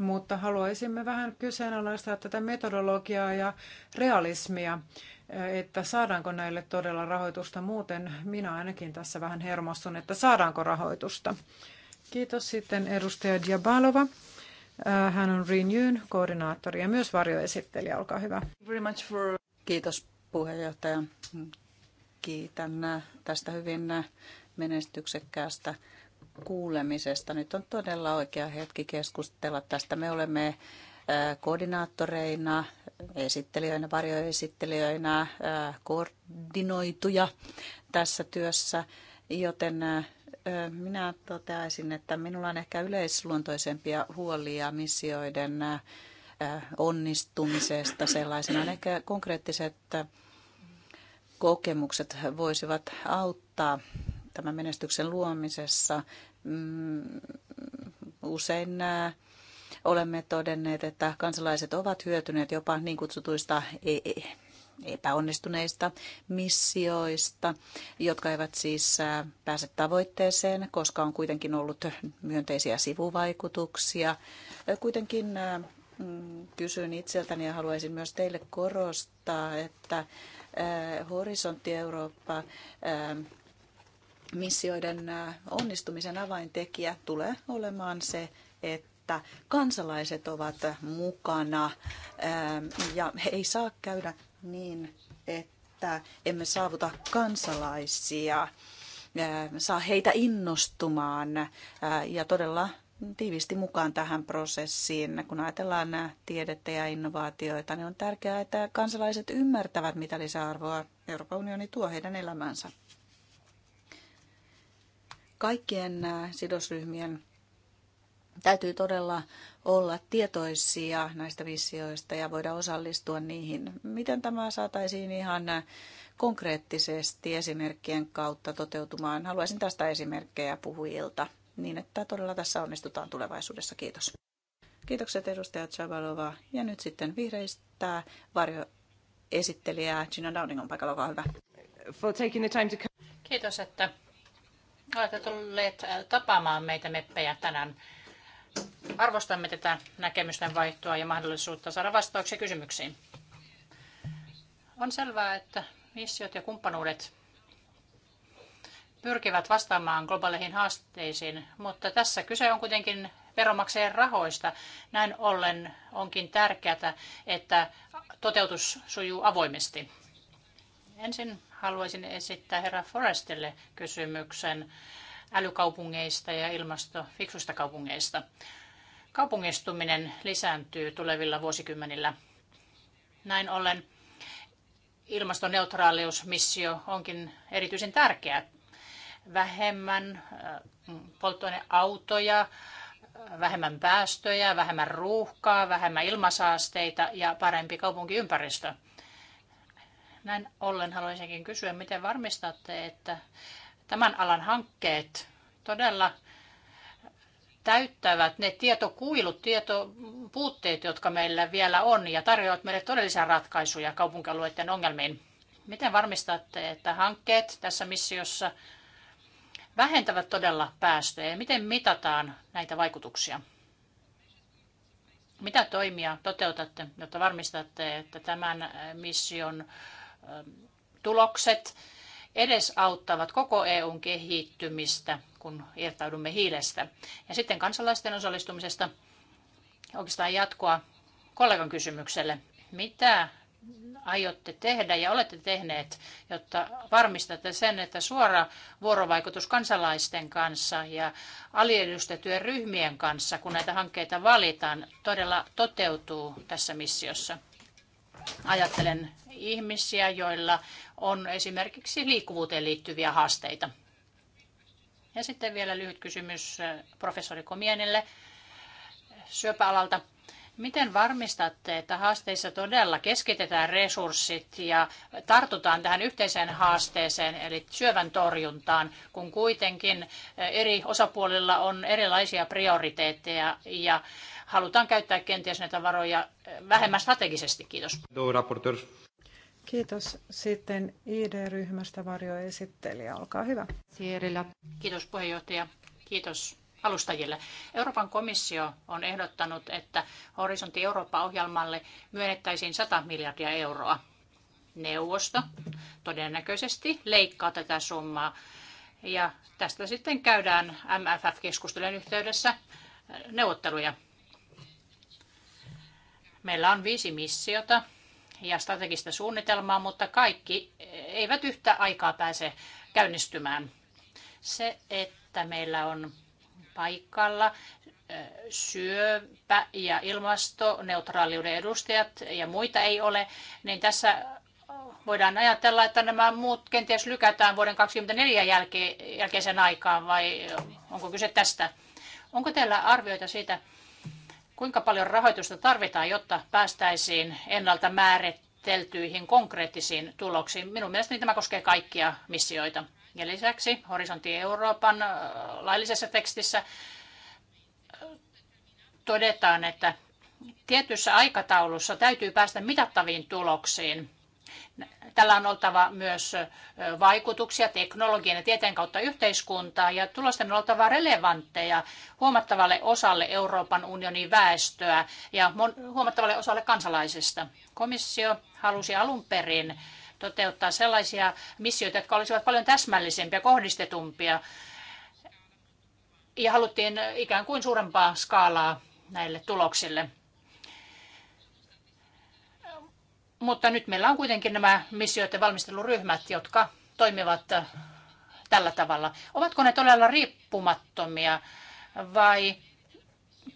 mutta haluaisimme vähän kyseenalaistaa tätä metodologiaa ja realismia että saadaanko näille todella rahoitusta. Muuten minä ainakin tässä vähän hermostun, että saadaanko rahoitusta. Kiitos sitten edustaja Diabalova. Äh, hän on Renewn koordinaattori ja myös varjoesittelijä. Olkaa hyvä. Kiitos puheenjohtaja. Kiitän äh, tästä hyvin äh, menestyksekkäästä kuulemisesta. Nyt on todella oikea hetki keskustella tästä. Me olemme koordinaattoreina, esittelijöinä, varjoesittelijöinä, koordinoituja tässä työssä, joten minä toteaisin, että minulla on ehkä yleisluontoisempia huolia missioiden onnistumisesta sellaisena. Ehkä konkreettiset kokemukset voisivat auttaa tämän menestyksen luomisessa. Mm, usein nämä Olemme todenneet, että kansalaiset ovat hyötyneet jopa niin kutsutuista e- e- epäonnistuneista missioista, jotka eivät siis pääse tavoitteeseen, koska on kuitenkin ollut myönteisiä sivuvaikutuksia. Kuitenkin mm, kysyn itseltäni ja haluaisin myös teille korostaa, että Horisontti Eurooppa missioiden onnistumisen avaintekijä tulee olemaan se, että että kansalaiset ovat mukana ähm, ja ei saa käydä niin, että emme saavuta kansalaisia, ähm, saa heitä innostumaan äh, ja todella tiivisti mukaan tähän prosessiin. Kun ajatellaan tiedettä ja innovaatioita, niin on tärkeää, että kansalaiset ymmärtävät, mitä lisäarvoa Euroopan unioni tuo heidän elämänsä. Kaikkien äh, sidosryhmien täytyy todella olla tietoisia näistä visioista ja voida osallistua niihin. Miten tämä saataisiin ihan konkreettisesti esimerkkien kautta toteutumaan? Haluaisin tästä esimerkkejä puhujilta niin, että todella tässä onnistutaan tulevaisuudessa. Kiitos. Kiitokset edustaja Chabalova. Ja nyt sitten vihreistä varjoesittelijä Gina Downing on paikalla. Olkaa hyvä. For taking the time to... Kiitos, että olette tulleet äh, tapaamaan meitä meppejä tänään. Arvostamme tätä näkemysten vaihtoa ja mahdollisuutta saada vastauksia kysymyksiin. On selvää, että missiot ja kumppanuudet pyrkivät vastaamaan globaaleihin haasteisiin, mutta tässä kyse on kuitenkin veronmaksajien rahoista. Näin ollen onkin tärkeää, että toteutus sujuu avoimesti. Ensin haluaisin esittää herra Forestille kysymyksen älykaupungeista ja ilmastofiksuista kaupungeista. Kaupungistuminen lisääntyy tulevilla vuosikymmenillä. Näin ollen ilmastoneutraaliusmissio onkin erityisen tärkeä. Vähemmän äh, polttoaineautoja, äh, vähemmän päästöjä, vähemmän ruuhkaa, vähemmän ilmasaasteita ja parempi kaupunkiympäristö. Näin ollen haluaisinkin kysyä, miten varmistatte, että tämän alan hankkeet todella täyttävät ne tietokuilut, tietopuutteet, jotka meillä vielä on ja tarjoavat meille todellisia ratkaisuja kaupunkialueiden ongelmiin. Miten varmistatte, että hankkeet tässä missiossa vähentävät todella päästöjä ja miten mitataan näitä vaikutuksia? Mitä toimia toteutatte, jotta varmistatte, että tämän mission tulokset edesauttavat koko EUn kehittymistä, kun irtaudumme hiilestä. Ja sitten kansalaisten osallistumisesta oikeastaan jatkoa kollegan kysymykselle. Mitä aiotte tehdä ja olette tehneet, jotta varmistatte sen, että suora vuorovaikutus kansalaisten kanssa ja aliedustettujen ryhmien kanssa, kun näitä hankkeita valitaan, todella toteutuu tässä missiossa? Ajattelen ihmisiä, joilla on esimerkiksi liikkuvuuteen liittyviä haasteita. Ja sitten vielä lyhyt kysymys äh, professori Komienille syöpäalalta. Miten varmistatte, että haasteissa todella keskitetään resurssit ja tartutaan tähän yhteiseen haasteeseen, eli syövän torjuntaan, kun kuitenkin äh, eri osapuolilla on erilaisia prioriteetteja ja halutaan käyttää kenties näitä varoja äh, vähemmän strategisesti? Kiitos. Kiitos. Sitten ID-ryhmästä varjoesittelijä, olkaa hyvä. Sierilä. Kiitos puheenjohtaja. Kiitos alustajille. Euroopan komissio on ehdottanut, että Horisontti Eurooppa-ohjelmalle myönnettäisiin 100 miljardia euroa. Neuvosto todennäköisesti leikkaa tätä summaa. Ja tästä sitten käydään mff keskustelun yhteydessä neuvotteluja. Meillä on viisi missiota ja strategista suunnitelmaa, mutta kaikki eivät yhtä aikaa pääse käynnistymään. Se, että meillä on paikalla syöpä- ja ilmastoneutraaliuden edustajat ja muita ei ole, niin tässä voidaan ajatella, että nämä muut kenties lykätään vuoden 2024 jälkeisen aikaan vai onko kyse tästä? Onko teillä arvioita siitä, kuinka paljon rahoitusta tarvitaan, jotta päästäisiin ennalta määriteltyihin konkreettisiin tuloksiin. Minun mielestäni tämä koskee kaikkia missioita. Ja lisäksi Horisontti Euroopan äh, laillisessa tekstissä äh, todetaan, että tietyssä aikataulussa täytyy päästä mitattaviin tuloksiin – Tällä on oltava myös vaikutuksia teknologian ja tieteen kautta yhteiskuntaan ja tulosten on oltava relevantteja huomattavalle osalle Euroopan unionin väestöä ja huomattavalle osalle kansalaisista. Komissio halusi alun perin toteuttaa sellaisia missioita, jotka olisivat paljon täsmällisempiä, kohdistetumpia ja haluttiin ikään kuin suurempaa skaalaa näille tuloksille. Mutta nyt meillä on kuitenkin nämä missioiden valmisteluryhmät, jotka toimivat äh, tällä tavalla. Ovatko ne todella riippumattomia vai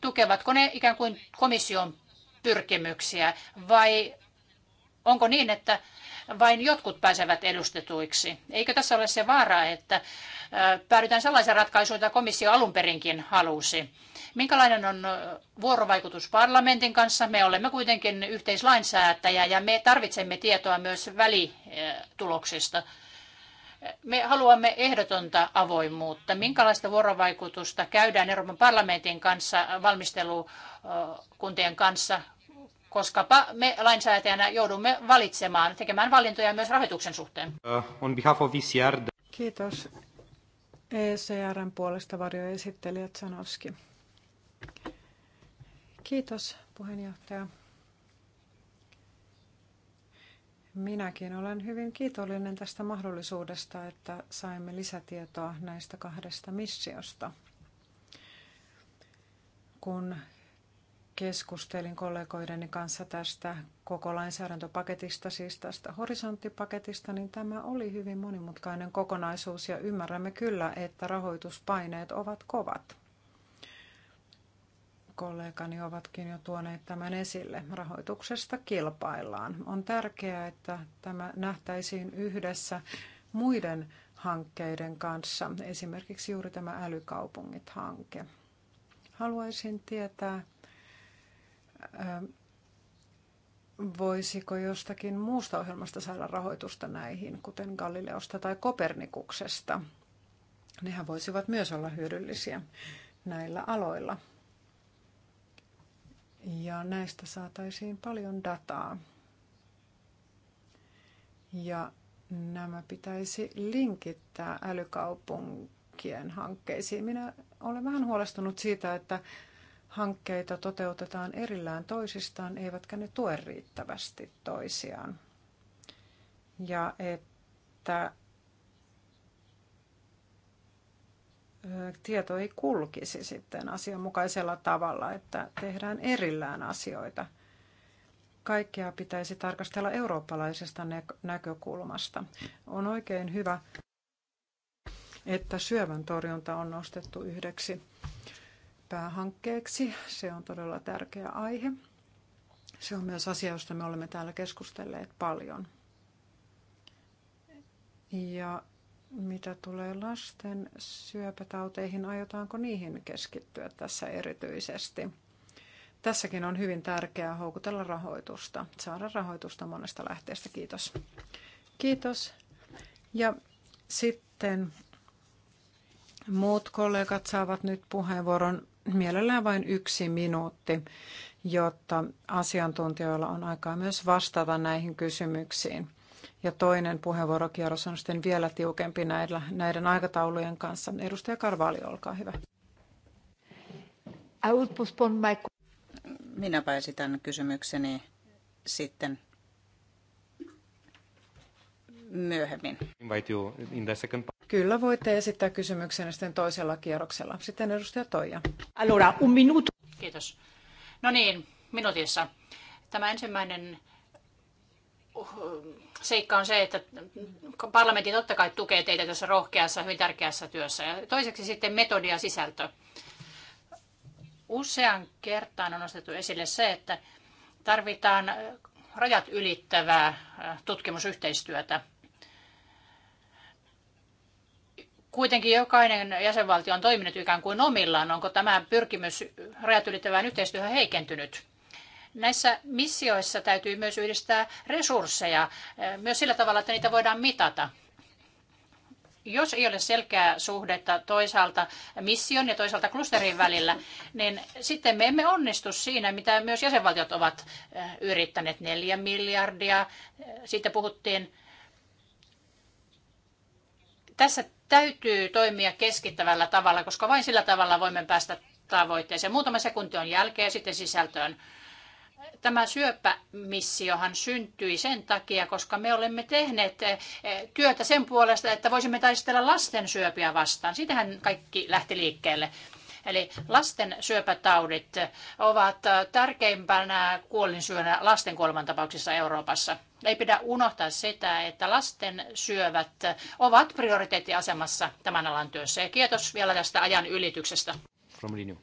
tukevatko ne ikään kuin komission pyrkimyksiä vai onko niin, että vain jotkut pääsevät edustetuiksi. Eikö tässä ole se vaara, että päädytään sellaisen ratkaisuun, jota komissio alun perinkin halusi? Minkälainen on vuorovaikutus parlamentin kanssa? Me olemme kuitenkin yhteislainsäätäjä ja me tarvitsemme tietoa myös välituloksista. Me haluamme ehdotonta avoimuutta. Minkälaista vuorovaikutusta käydään Euroopan parlamentin kanssa, valmistelukuntien kanssa, koskapa me lainsäätäjänä joudumme valitsemaan, tekemään valintoja myös rahoituksen suhteen. Uh, on behalf of ECR. Kiitos. ECRn puolesta varjoesittelijä Sanovski. Kiitos puheenjohtaja. Minäkin olen hyvin kiitollinen tästä mahdollisuudesta, että saimme lisätietoa näistä kahdesta missiosta. Kun keskustelin kollegoideni kanssa tästä koko lainsäädäntöpaketista, siis tästä horisonttipaketista, niin tämä oli hyvin monimutkainen kokonaisuus ja ymmärrämme kyllä, että rahoituspaineet ovat kovat. Kollegani ovatkin jo tuoneet tämän esille. Rahoituksesta kilpaillaan. On tärkeää, että tämä nähtäisiin yhdessä muiden hankkeiden kanssa, esimerkiksi juuri tämä älykaupungit-hanke. Haluaisin tietää, voisiko jostakin muusta ohjelmasta saada rahoitusta näihin, kuten Galileosta tai Kopernikuksesta. Nehän voisivat myös olla hyödyllisiä näillä aloilla. Ja näistä saataisiin paljon dataa. Ja nämä pitäisi linkittää älykaupunkien hankkeisiin. Minä olen vähän huolestunut siitä, että hankkeita toteutetaan erillään toisistaan, eivätkä ne tue riittävästi toisiaan. Ja että tieto ei kulkisi sitten asianmukaisella tavalla, että tehdään erillään asioita. Kaikkea pitäisi tarkastella eurooppalaisesta näkökulmasta. On oikein hyvä, että syövän torjunta on nostettu yhdeksi päähankkeeksi. Se on todella tärkeä aihe. Se on myös asia, josta me olemme täällä keskustelleet paljon. Ja mitä tulee lasten syöpätauteihin, aiotaanko niihin keskittyä tässä erityisesti? Tässäkin on hyvin tärkeää houkutella rahoitusta, saada rahoitusta monesta lähteestä. Kiitos. Kiitos. Ja sitten muut kollegat saavat nyt puheenvuoron mielellään vain yksi minuutti, jotta asiantuntijoilla on aikaa myös vastata näihin kysymyksiin. Ja toinen puheenvuorokierros on sitten vielä tiukempi näillä, näiden aikataulujen kanssa. Edustaja Karvaali, olkaa hyvä. Minäpä esitän kysymykseni sitten myöhemmin. Kyllä voitte esittää kysymyksen sitten toisella kierroksella. Sitten edustaja Toija. Allora, un minuto. Kiitos. No niin, minuutissa. Tämä ensimmäinen uh, seikka on se, että parlamentti totta kai tukee teitä tässä rohkeassa, hyvin tärkeässä työssä. Ja toiseksi sitten metodia ja sisältö. Usean kertaan on nostettu esille se, että tarvitaan rajat ylittävää uh, tutkimusyhteistyötä. kuitenkin jokainen jäsenvaltio on toiminut ikään kuin omillaan. Onko tämä pyrkimys rajat ylittävään yhteistyöhön heikentynyt? Näissä missioissa täytyy myös yhdistää resursseja, eh, myös sillä tavalla, että niitä voidaan mitata. Jos ei ole selkeää suhdetta toisaalta mission ja toisaalta klusterin välillä, niin sitten me emme onnistu siinä, mitä myös jäsenvaltiot ovat eh, yrittäneet. Neljä miljardia, eh, siitä puhuttiin. Tässä täytyy toimia keskittävällä tavalla, koska vain sillä tavalla voimme päästä tavoitteeseen. Muutama sekunti on jälkeen sitten sisältöön. Tämä syöpämissiohan syntyi sen takia, koska me olemme tehneet eh, työtä sen puolesta, että voisimme taistella lasten syöpiä vastaan. Sitähän kaikki lähti liikkeelle. Eli lasten syöpätaudit ovat tärkeimpänä kuolinsyönä lasten kuolemantapauksissa Euroopassa. Ei pidä unohtaa sitä, että lasten syövät ovat prioriteettiasemassa tämän alan työssä. Ja kiitos vielä tästä ajan ylityksestä. From Renew.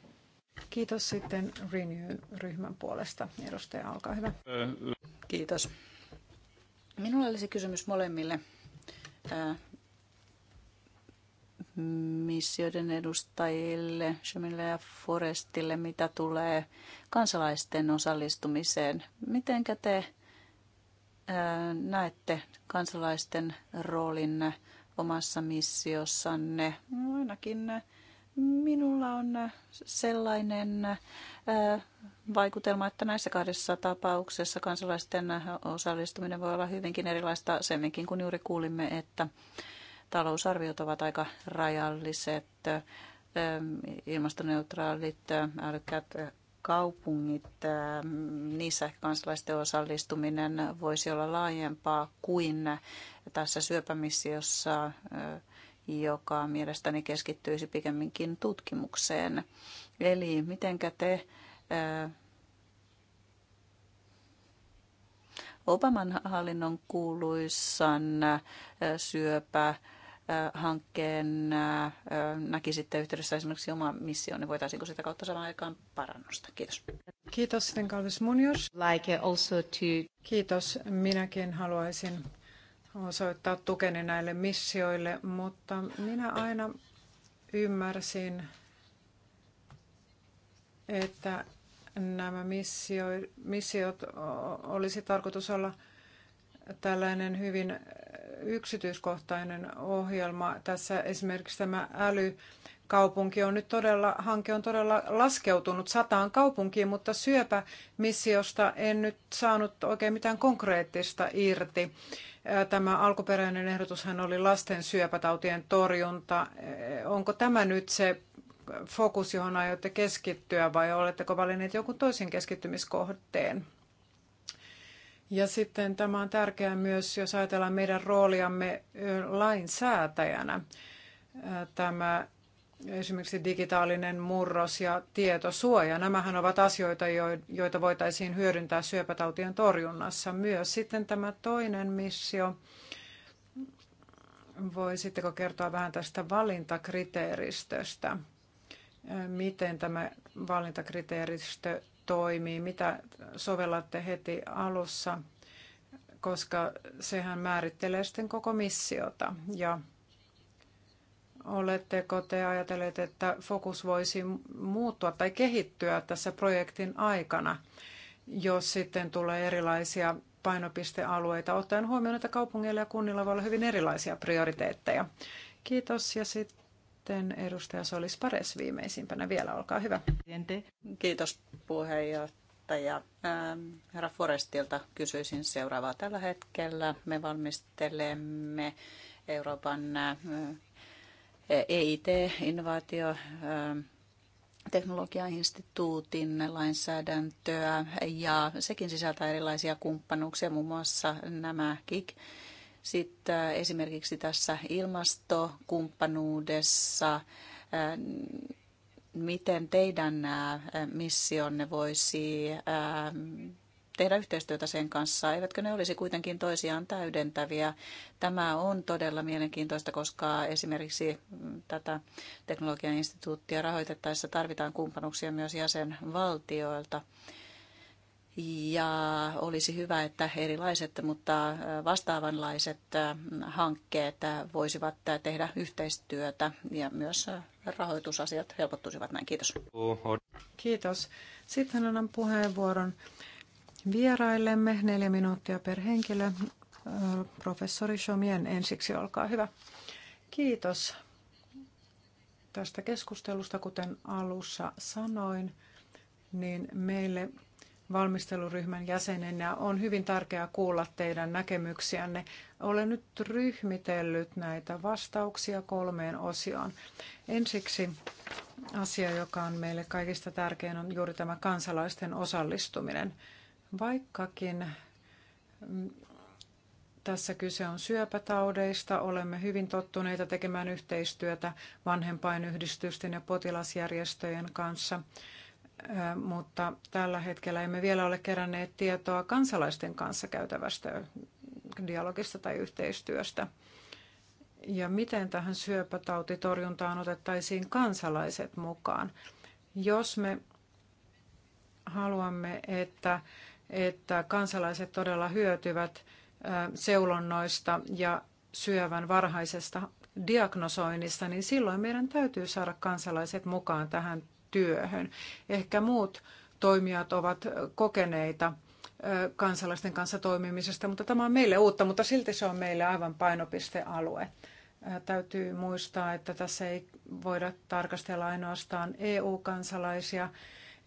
Kiitos sitten Renew-ryhmän puolesta. Edustaja, olkaa hyvä. Kiitos. Minulla olisi kysymys molemmille missioiden edustajille, Schumille ja Forestille, mitä tulee kansalaisten osallistumiseen. Mitenkä te näette kansalaisten roolin omassa missiossanne? No ainakin minulla on sellainen vaikutelma, että näissä kahdessa tapauksessa kansalaisten osallistuminen voi olla hyvinkin erilaista semminkin, kun juuri kuulimme, että talousarviot ovat aika rajalliset, ilmastoneutraalit, älykkäät kaupungit, niissä kansalaisten osallistuminen voisi olla laajempaa kuin tässä syöpämissiossa, joka mielestäni keskittyisi pikemminkin tutkimukseen. Eli mitenkä te Obaman hallinnon kuuluissan syöpä hankkeen näkisitte yhteydessä esimerkiksi oma missioon, niin voitaisiinko sitä kautta saada aikaan parannusta? Kiitos. Kiitos sitten Kalvis Like also to... Kiitos. Minäkin haluaisin osoittaa tukeni näille missioille, mutta minä aina ymmärsin, että nämä missio, missiot olisi tarkoitus olla – tällainen hyvin äh, yksityiskohtainen ohjelma. Tässä esimerkiksi tämä äly kaupunki on nyt todella, hanke on todella laskeutunut sataan kaupunkiin, mutta syöpämissiosta en nyt saanut oikein mitään konkreettista irti. Äh, tämä alkuperäinen ehdotushan oli lasten syöpätautien torjunta. Äh, onko tämä nyt se fokus, johon aiotte keskittyä vai oletteko valinneet jonkun toisen keskittymiskohteen? Ja sitten tämä on tärkeää myös, jos ajatellaan meidän rooliamme lainsäätäjänä. Tämä esimerkiksi digitaalinen murros ja tietosuoja. Nämähän ovat asioita, joita voitaisiin hyödyntää syöpätautien torjunnassa myös. Sitten tämä toinen missio. Voisitteko kertoa vähän tästä valintakriteeristöstä? Miten tämä valintakriteeristö toimii, mitä sovellatte heti alussa, koska sehän määrittelee sitten koko missiota. Ja oletteko te ajatelleet, että fokus voisi muuttua tai kehittyä tässä projektin aikana, jos sitten tulee erilaisia painopistealueita, ottaen huomioon, että kaupungeilla ja kunnilla voi olla hyvin erilaisia prioriteetteja. Kiitos ja sitten sitten edustaja Solis Pares viimeisimpänä vielä, olkaa hyvä. Kiitos puheenjohtaja. Ähm, herra Forestilta kysyisin seuraavaa. Tällä hetkellä me valmistelemme Euroopan äh, EIT-innovaatio ähm, teknologiainstituutin lainsäädäntöä ja sekin sisältää erilaisia kumppanuuksia, muun muassa nämä kik sitten esimerkiksi tässä ilmastokumppanuudessa, miten teidän missionne voisi tehdä yhteistyötä sen kanssa, eivätkö ne olisi kuitenkin toisiaan täydentäviä. Tämä on todella mielenkiintoista, koska esimerkiksi tätä teknologian instituuttia rahoitettaessa tarvitaan kumppanuuksia myös jäsenvaltioilta ja olisi hyvä, että erilaiset, mutta vastaavanlaiset hankkeet voisivat tehdä yhteistyötä ja myös rahoitusasiat helpottuisivat näin. Kiitos. Kiitos. Sitten annan puheenvuoron vieraillemme. Neljä minuuttia per henkilö. Professori Shomien ensiksi, olkaa hyvä. Kiitos tästä keskustelusta, kuten alussa sanoin, niin meille valmisteluryhmän jäsenenä. On hyvin tärkeää kuulla teidän näkemyksiänne. Olen nyt ryhmitellyt näitä vastauksia kolmeen osioon. Ensiksi asia, joka on meille kaikista tärkein, on juuri tämä kansalaisten osallistuminen. Vaikkakin mm, tässä kyse on syöpätaudeista. Olemme hyvin tottuneita tekemään yhteistyötä vanhempainyhdistysten ja potilasjärjestöjen kanssa mutta tällä hetkellä emme vielä ole keränneet tietoa kansalaisten kanssa käytävästä dialogista tai yhteistyöstä. Ja miten tähän syöpätautitorjuntaan otettaisiin kansalaiset mukaan? Jos me haluamme, että, että kansalaiset todella hyötyvät seulonnoista ja syövän varhaisesta diagnosoinnista, niin silloin meidän täytyy saada kansalaiset mukaan tähän työhön. Ehkä muut toimijat ovat kokeneita kansalaisten kanssa toimimisesta, mutta tämä on meille uutta, mutta silti se on meille aivan painopistealue. Täytyy muistaa, että tässä ei voida tarkastella ainoastaan EU-kansalaisia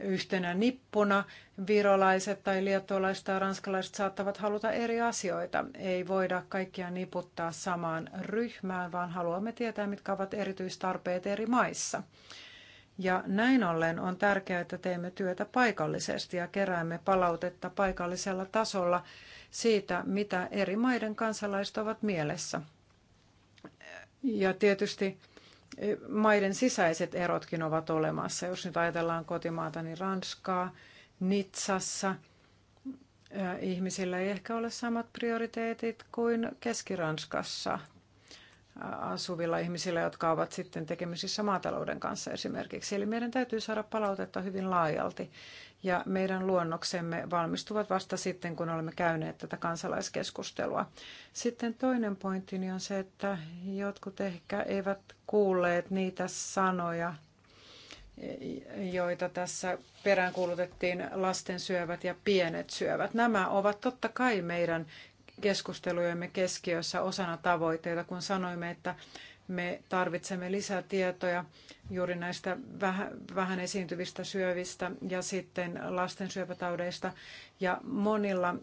yhtenä nippuna. Virolaiset tai liettualaiset tai ranskalaiset saattavat haluta eri asioita. Ei voida kaikkia niputtaa samaan ryhmään, vaan haluamme tietää, mitkä ovat erityistarpeet eri maissa. Ja näin ollen on tärkeää, että teemme työtä paikallisesti ja keräämme palautetta paikallisella tasolla siitä, mitä eri maiden kansalaiset ovat mielessä. Ja tietysti eh, maiden sisäiset erotkin ovat olemassa. Jos nyt ajatellaan kotimaata, niin Ranskaa, Nitsassa eh, ihmisillä ei ehkä ole samat prioriteetit kuin Keski-Ranskassa asuvilla ihmisillä, jotka ovat sitten tekemisissä maatalouden kanssa esimerkiksi. Eli meidän täytyy saada palautetta hyvin laajalti ja meidän luonnoksemme valmistuvat vasta sitten, kun olemme käyneet tätä kansalaiskeskustelua. Sitten toinen pointti on se, että jotkut ehkä eivät kuulleet niitä sanoja, joita tässä peräänkuulutettiin lasten syövät ja pienet syövät. Nämä ovat totta kai meidän keskustelujemme keskiössä osana tavoitteita, kun sanoimme, että me tarvitsemme lisätietoja juuri näistä vähän esiintyvistä syövistä ja sitten lasten syöpätaudeista. Ja monilla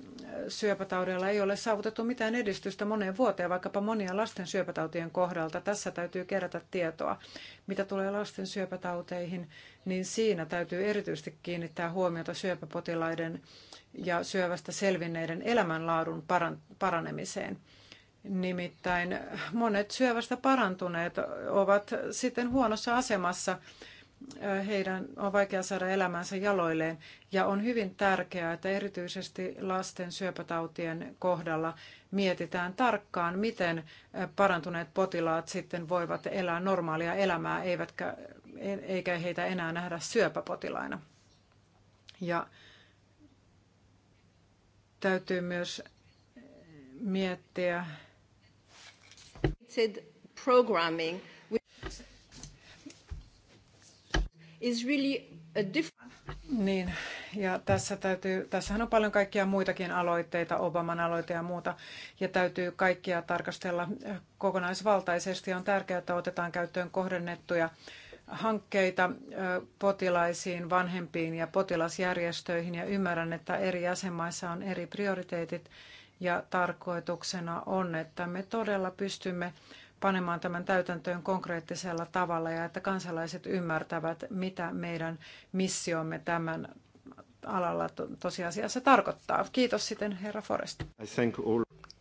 syöpätaudeilla ei ole saavutettu mitään edistystä moneen vuoteen, vaikkapa monia lasten syöpätautien kohdalta. Tässä täytyy kerätä tietoa. Mitä tulee lasten syöpätauteihin, niin siinä täytyy erityisesti kiinnittää huomiota syöpäpotilaiden ja syövästä selvinneiden elämänlaadun paranemiseen. Nimittäin monet syövästä parantuneet ovat sitten huonossa asemassa. Heidän on vaikea saada elämänsä jaloilleen ja on hyvin tärkeää, että erityisesti lasten syöpätautien kohdalla mietitään tarkkaan, miten parantuneet potilaat sitten voivat elää normaalia elämää, eivätkä, eikä heitä enää nähdä syöpäpotilaina. Ja täytyy myös miettiä integrated programming is really a different... Niin, ja tässä täytyy, tässähän on paljon kaikkia muitakin aloitteita, Obaman aloite ja muuta, ja täytyy kaikkia tarkastella kokonaisvaltaisesti. On tärkeää, että otetaan käyttöön kohdennettuja hankkeita potilaisiin, vanhempiin ja potilasjärjestöihin ja ymmärrän, että eri jäsenmaissa on eri prioriteetit ja tarkoituksena on, että me todella pystymme panemaan tämän täytäntöön konkreettisella tavalla ja että kansalaiset ymmärtävät, mitä meidän missiomme tämän alalla tosiasiassa tarkoittaa. Kiitos sitten herra Forest.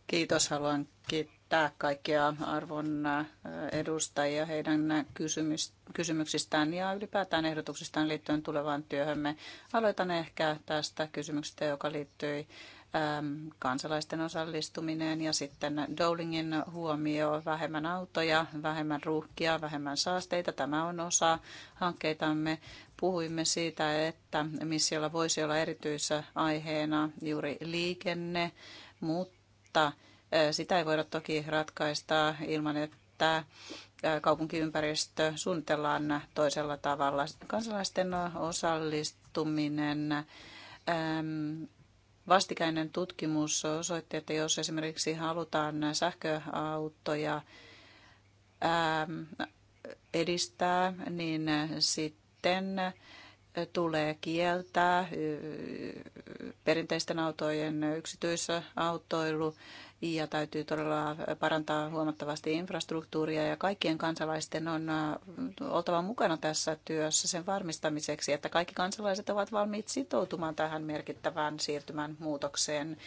Kiitos, haluan kiittää kaikkia arvon äh, edustajia heidän äh, kysymyksistään ja ylipäätään ehdotuksistaan liittyen tulevaan työhömme. Aloitan ehkä tästä kysymyksestä, joka liittyy Ähm, kansalaisten osallistuminen ja sitten Dowlingin huomio, vähemmän autoja, vähemmän ruuhkia, vähemmän saasteita. Tämä on osa hankkeitamme. Puhuimme siitä, että missiolla voisi olla aiheena juuri liikenne, mutta äh, sitä ei voida toki ratkaista ilman, että äh, kaupunkiympäristö suunnitellaan toisella tavalla. Kansalaisten osallistuminen ähm, Vastikäinen tutkimus osoitti, että jos esimerkiksi halutaan sähköautoja ähm, edistää, niin sitten tulee kieltää perinteisten autojen yksityisautoilu ja täytyy todella parantaa huomattavasti infrastruktuuria ja kaikkien kansalaisten on äh, oltava mukana tässä työssä sen varmistamiseksi, että kaikki kansalaiset ovat valmiit sitoutumaan tähän merkittävään siirtymän muutokseen.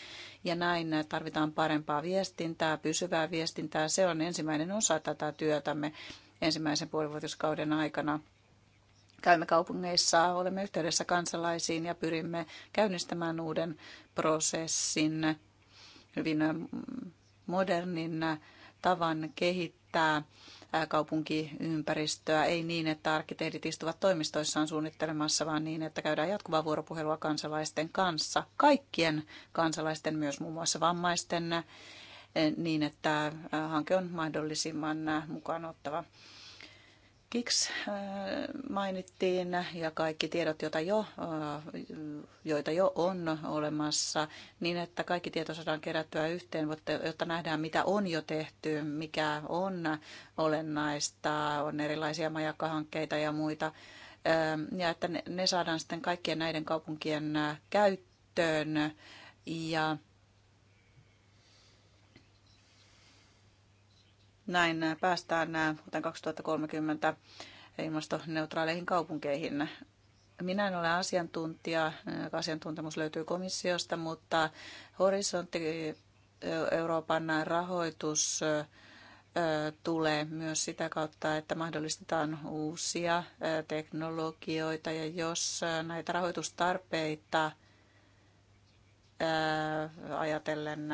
Ja näin tarvitaan parempaa viestintää, pysyvää viestintää. Se on ensimmäinen osa tätä työtämme ensimmäisen puolivuotiskauden aikana käymme kaupungeissa, olemme yhteydessä kansalaisiin ja pyrimme käynnistämään uuden prosessin hyvin modernin tavan kehittää kaupunkiympäristöä, ei niin, että arkkitehdit istuvat toimistoissaan suunnittelemassa, vaan niin, että käydään jatkuvaa vuoropuhelua kansalaisten kanssa, kaikkien kansalaisten, myös muun muassa vammaisten, niin että hanke on mahdollisimman mukaan ottava. Kiks äh, mainittiin ja kaikki tiedot, joita jo, äh, joita jo on olemassa, niin että kaikki tieto saadaan kerättyä yhteen, jotta nähdään, mitä on jo tehty, mikä on olennaista, on erilaisia majakkahankkeita ja muita, ähm, ja että ne saadaan sitten kaikkien näiden kaupunkien äh, käyttöön ja Näin äh, päästään äh, vuoteen 2030 ilmastoneutraaleihin kaupunkeihin. Minä en ole asiantuntija, äh, asiantuntemus löytyy komissiosta, mutta horisontti Euroopan rahoitus tulee myös sitä kautta, että mahdollistetaan uusia teknologioita ja jos näitä rahoitustarpeita ajatellen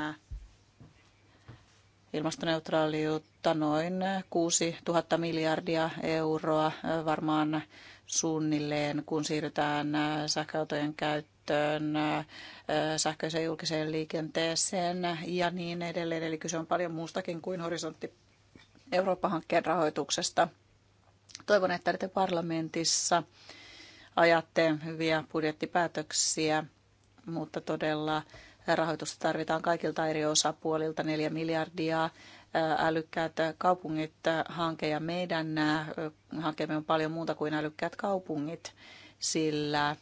ilmastoneutraaliutta noin 6 000 miljardia euroa varmaan suunnilleen, kun siirrytään sähköautojen käyttöön, sähköiseen julkiseen liikenteeseen ja niin edelleen. Eli kyse on paljon muustakin kuin horisontti Eurooppa-hankkeen rahoituksesta. Toivon, että te parlamentissa ajatte hyviä budjettipäätöksiä, mutta todella rahoitusta tarvitaan kaikilta eri osapuolilta, 4 miljardia älykkäät kaupungit hanke ja meidän hankemme on paljon muuta kuin älykkäät kaupungit, sillä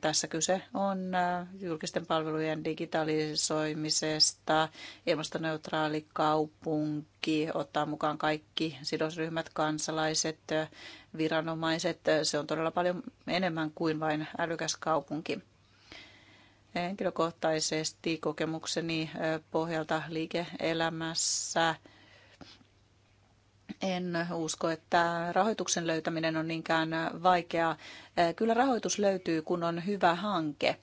tässä kyse on julkisten palvelujen digitalisoimisesta, ilmastoneutraali kaupunki, ottaa mukaan kaikki sidosryhmät, kansalaiset, viranomaiset. Se on todella paljon enemmän kuin vain älykäs kaupunki henkilökohtaisesti kokemukseni pohjalta liike-elämässä en usko, että rahoituksen löytäminen on niinkään vaikeaa. Kyllä rahoitus löytyy, kun on hyvä hanke.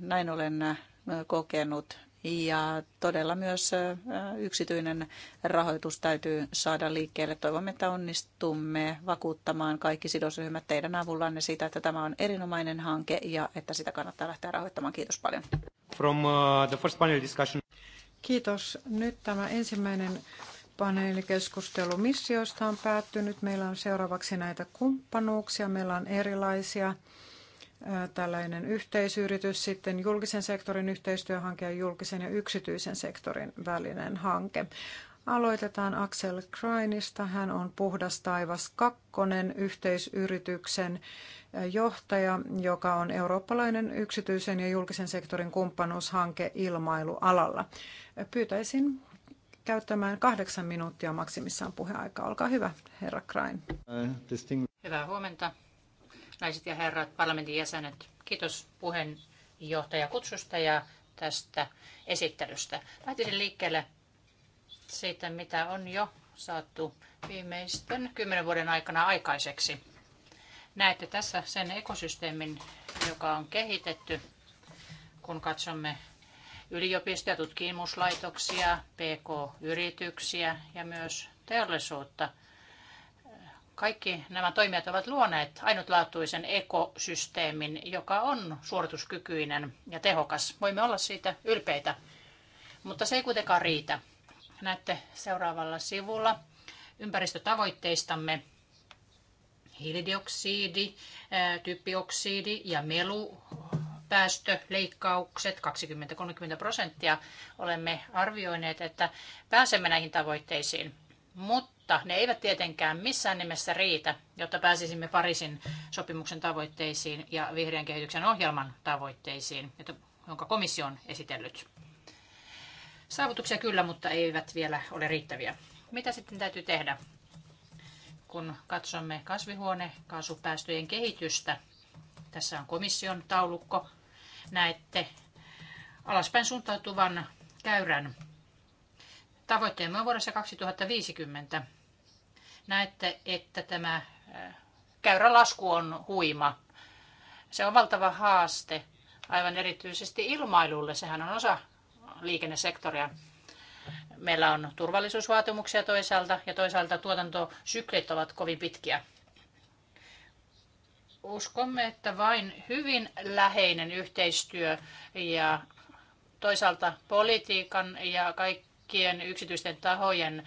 Näin olen kokenut ja todella myös yksityinen rahoitus täytyy saada liikkeelle. Toivomme, että onnistumme vakuuttamaan kaikki sidosryhmät teidän avullanne siitä, että tämä on erinomainen hanke ja että sitä kannattaa lähteä rahoittamaan. Kiitos paljon. From, uh, the first panel discussion. Kiitos. Nyt tämä ensimmäinen paneelikeskustelu missioista on päättynyt. Meillä on seuraavaksi näitä kumppanuuksia. Meillä on erilaisia tällainen yhteisyritys, sitten julkisen sektorin yhteistyöhanke ja julkisen ja yksityisen sektorin välinen hanke. Aloitetaan Axel Kreinista. Hän on Puhdas taivas kakkonen yhteisyrityksen johtaja, joka on eurooppalainen yksityisen ja julkisen sektorin kumppanuushanke ilmailualalla. Pyytäisin käyttämään kahdeksan minuuttia maksimissaan puheaikaa. Olkaa hyvä, herra Krain. Äh, Hyvää huomenta, naiset ja herrat, parlamentin jäsenet. Kiitos kutsusta ja tästä esittelystä. Lähtisin liikkeelle siitä, mitä on jo saatu viimeisten kymmenen vuoden aikana aikaiseksi. Näette tässä sen ekosysteemin, joka on kehitetty, kun katsomme yliopistoja, tutkimuslaitoksia, pk-yrityksiä ja myös teollisuutta – kaikki nämä toimijat ovat luoneet ainutlaatuisen ekosysteemin, joka on suorituskykyinen ja tehokas. Voimme olla siitä ylpeitä, mutta se ei kuitenkaan riitä. Näette seuraavalla sivulla ympäristötavoitteistamme hiilidioksidi, typpioksidi ja melu päästöleikkaukset 20-30 prosenttia. Olemme arvioineet, että pääsemme näihin tavoitteisiin, mutta mutta ne eivät tietenkään missään nimessä riitä, jotta pääsisimme Pariisin sopimuksen tavoitteisiin ja vihreän kehityksen ohjelman tavoitteisiin, jonka komissio on esitellyt. Saavutuksia kyllä, mutta eivät vielä ole riittäviä. Mitä sitten täytyy tehdä? Kun katsomme kasvihuonekaasupäästöjen kehitystä, tässä on komission taulukko, näette alaspäin suuntautuvan käyrän. Tavoitteemme on vuodessa 2050 näette, että tämä käyrä lasku on huima. Se on valtava haaste, aivan erityisesti ilmailulle. Sehän on osa liikennesektoria. Meillä on turvallisuusvaatimuksia toisaalta ja toisaalta tuotantosyklit ovat kovin pitkiä. Uskomme, että vain hyvin läheinen yhteistyö ja toisaalta politiikan ja kaikkien yksityisten tahojen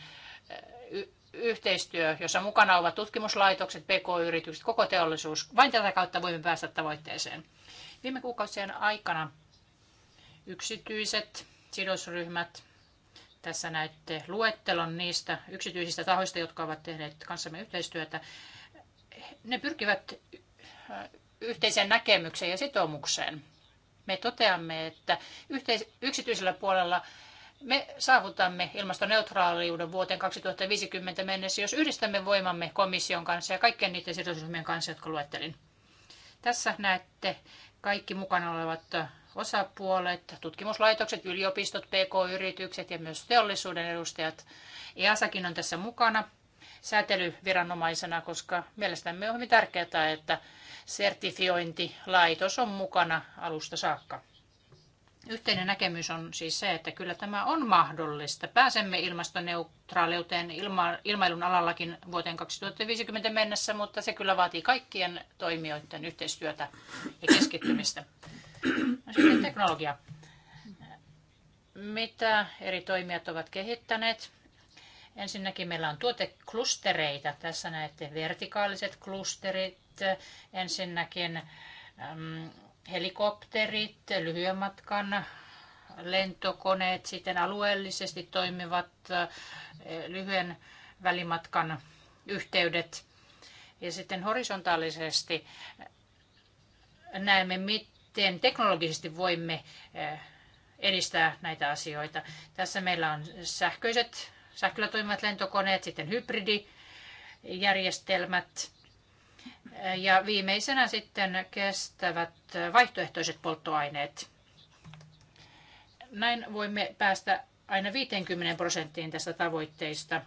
yhteistyö, jossa mukana ovat tutkimuslaitokset, pk-yritykset, koko teollisuus. Vain tätä kautta voimme päästä tavoitteeseen. Viime kuukausien aikana yksityiset sidosryhmät, tässä näette luettelon niistä yksityisistä tahoista, jotka ovat tehneet kanssamme yhteistyötä, ne pyrkivät yhteiseen näkemykseen ja sitoumukseen. Me toteamme, että yhteis- yksityisellä puolella me saavutamme ilmastoneutraaliuden vuoteen 2050 mennessä, jos yhdistämme voimamme komission kanssa ja kaikkien niiden sidosryhmien kanssa, jotka luettelin. Tässä näette kaikki mukana olevat osapuolet, tutkimuslaitokset, yliopistot, pk-yritykset ja myös teollisuuden edustajat. EASakin on tässä mukana säätelyviranomaisena, koska mielestämme on hyvin tärkeää, että sertifiointilaitos on mukana alusta saakka. Yhteinen näkemys on siis se, että kyllä tämä on mahdollista. Pääsemme ilmastoneutraaliuteen ilma, ilmailun alallakin vuoteen 2050 mennessä, mutta se kyllä vaatii kaikkien toimijoiden yhteistyötä ja keskittymistä. No sitten teknologia. Mitä eri toimijat ovat kehittäneet? Ensinnäkin meillä on tuoteklustereita. Tässä näette vertikaaliset klusterit. Ensinnäkin helikopterit, lyhyen matkan lentokoneet, sitten alueellisesti toimivat eh, lyhyen välimatkan yhteydet. Ja sitten horisontaalisesti eh, näemme, miten teknologisesti voimme eh, edistää näitä asioita. Tässä meillä on sähköiset, sähköllä toimivat lentokoneet, sitten hybridijärjestelmät, ja viimeisenä sitten kestävät vaihtoehtoiset polttoaineet. Näin voimme päästä aina 50 prosenttiin tästä tavoitteista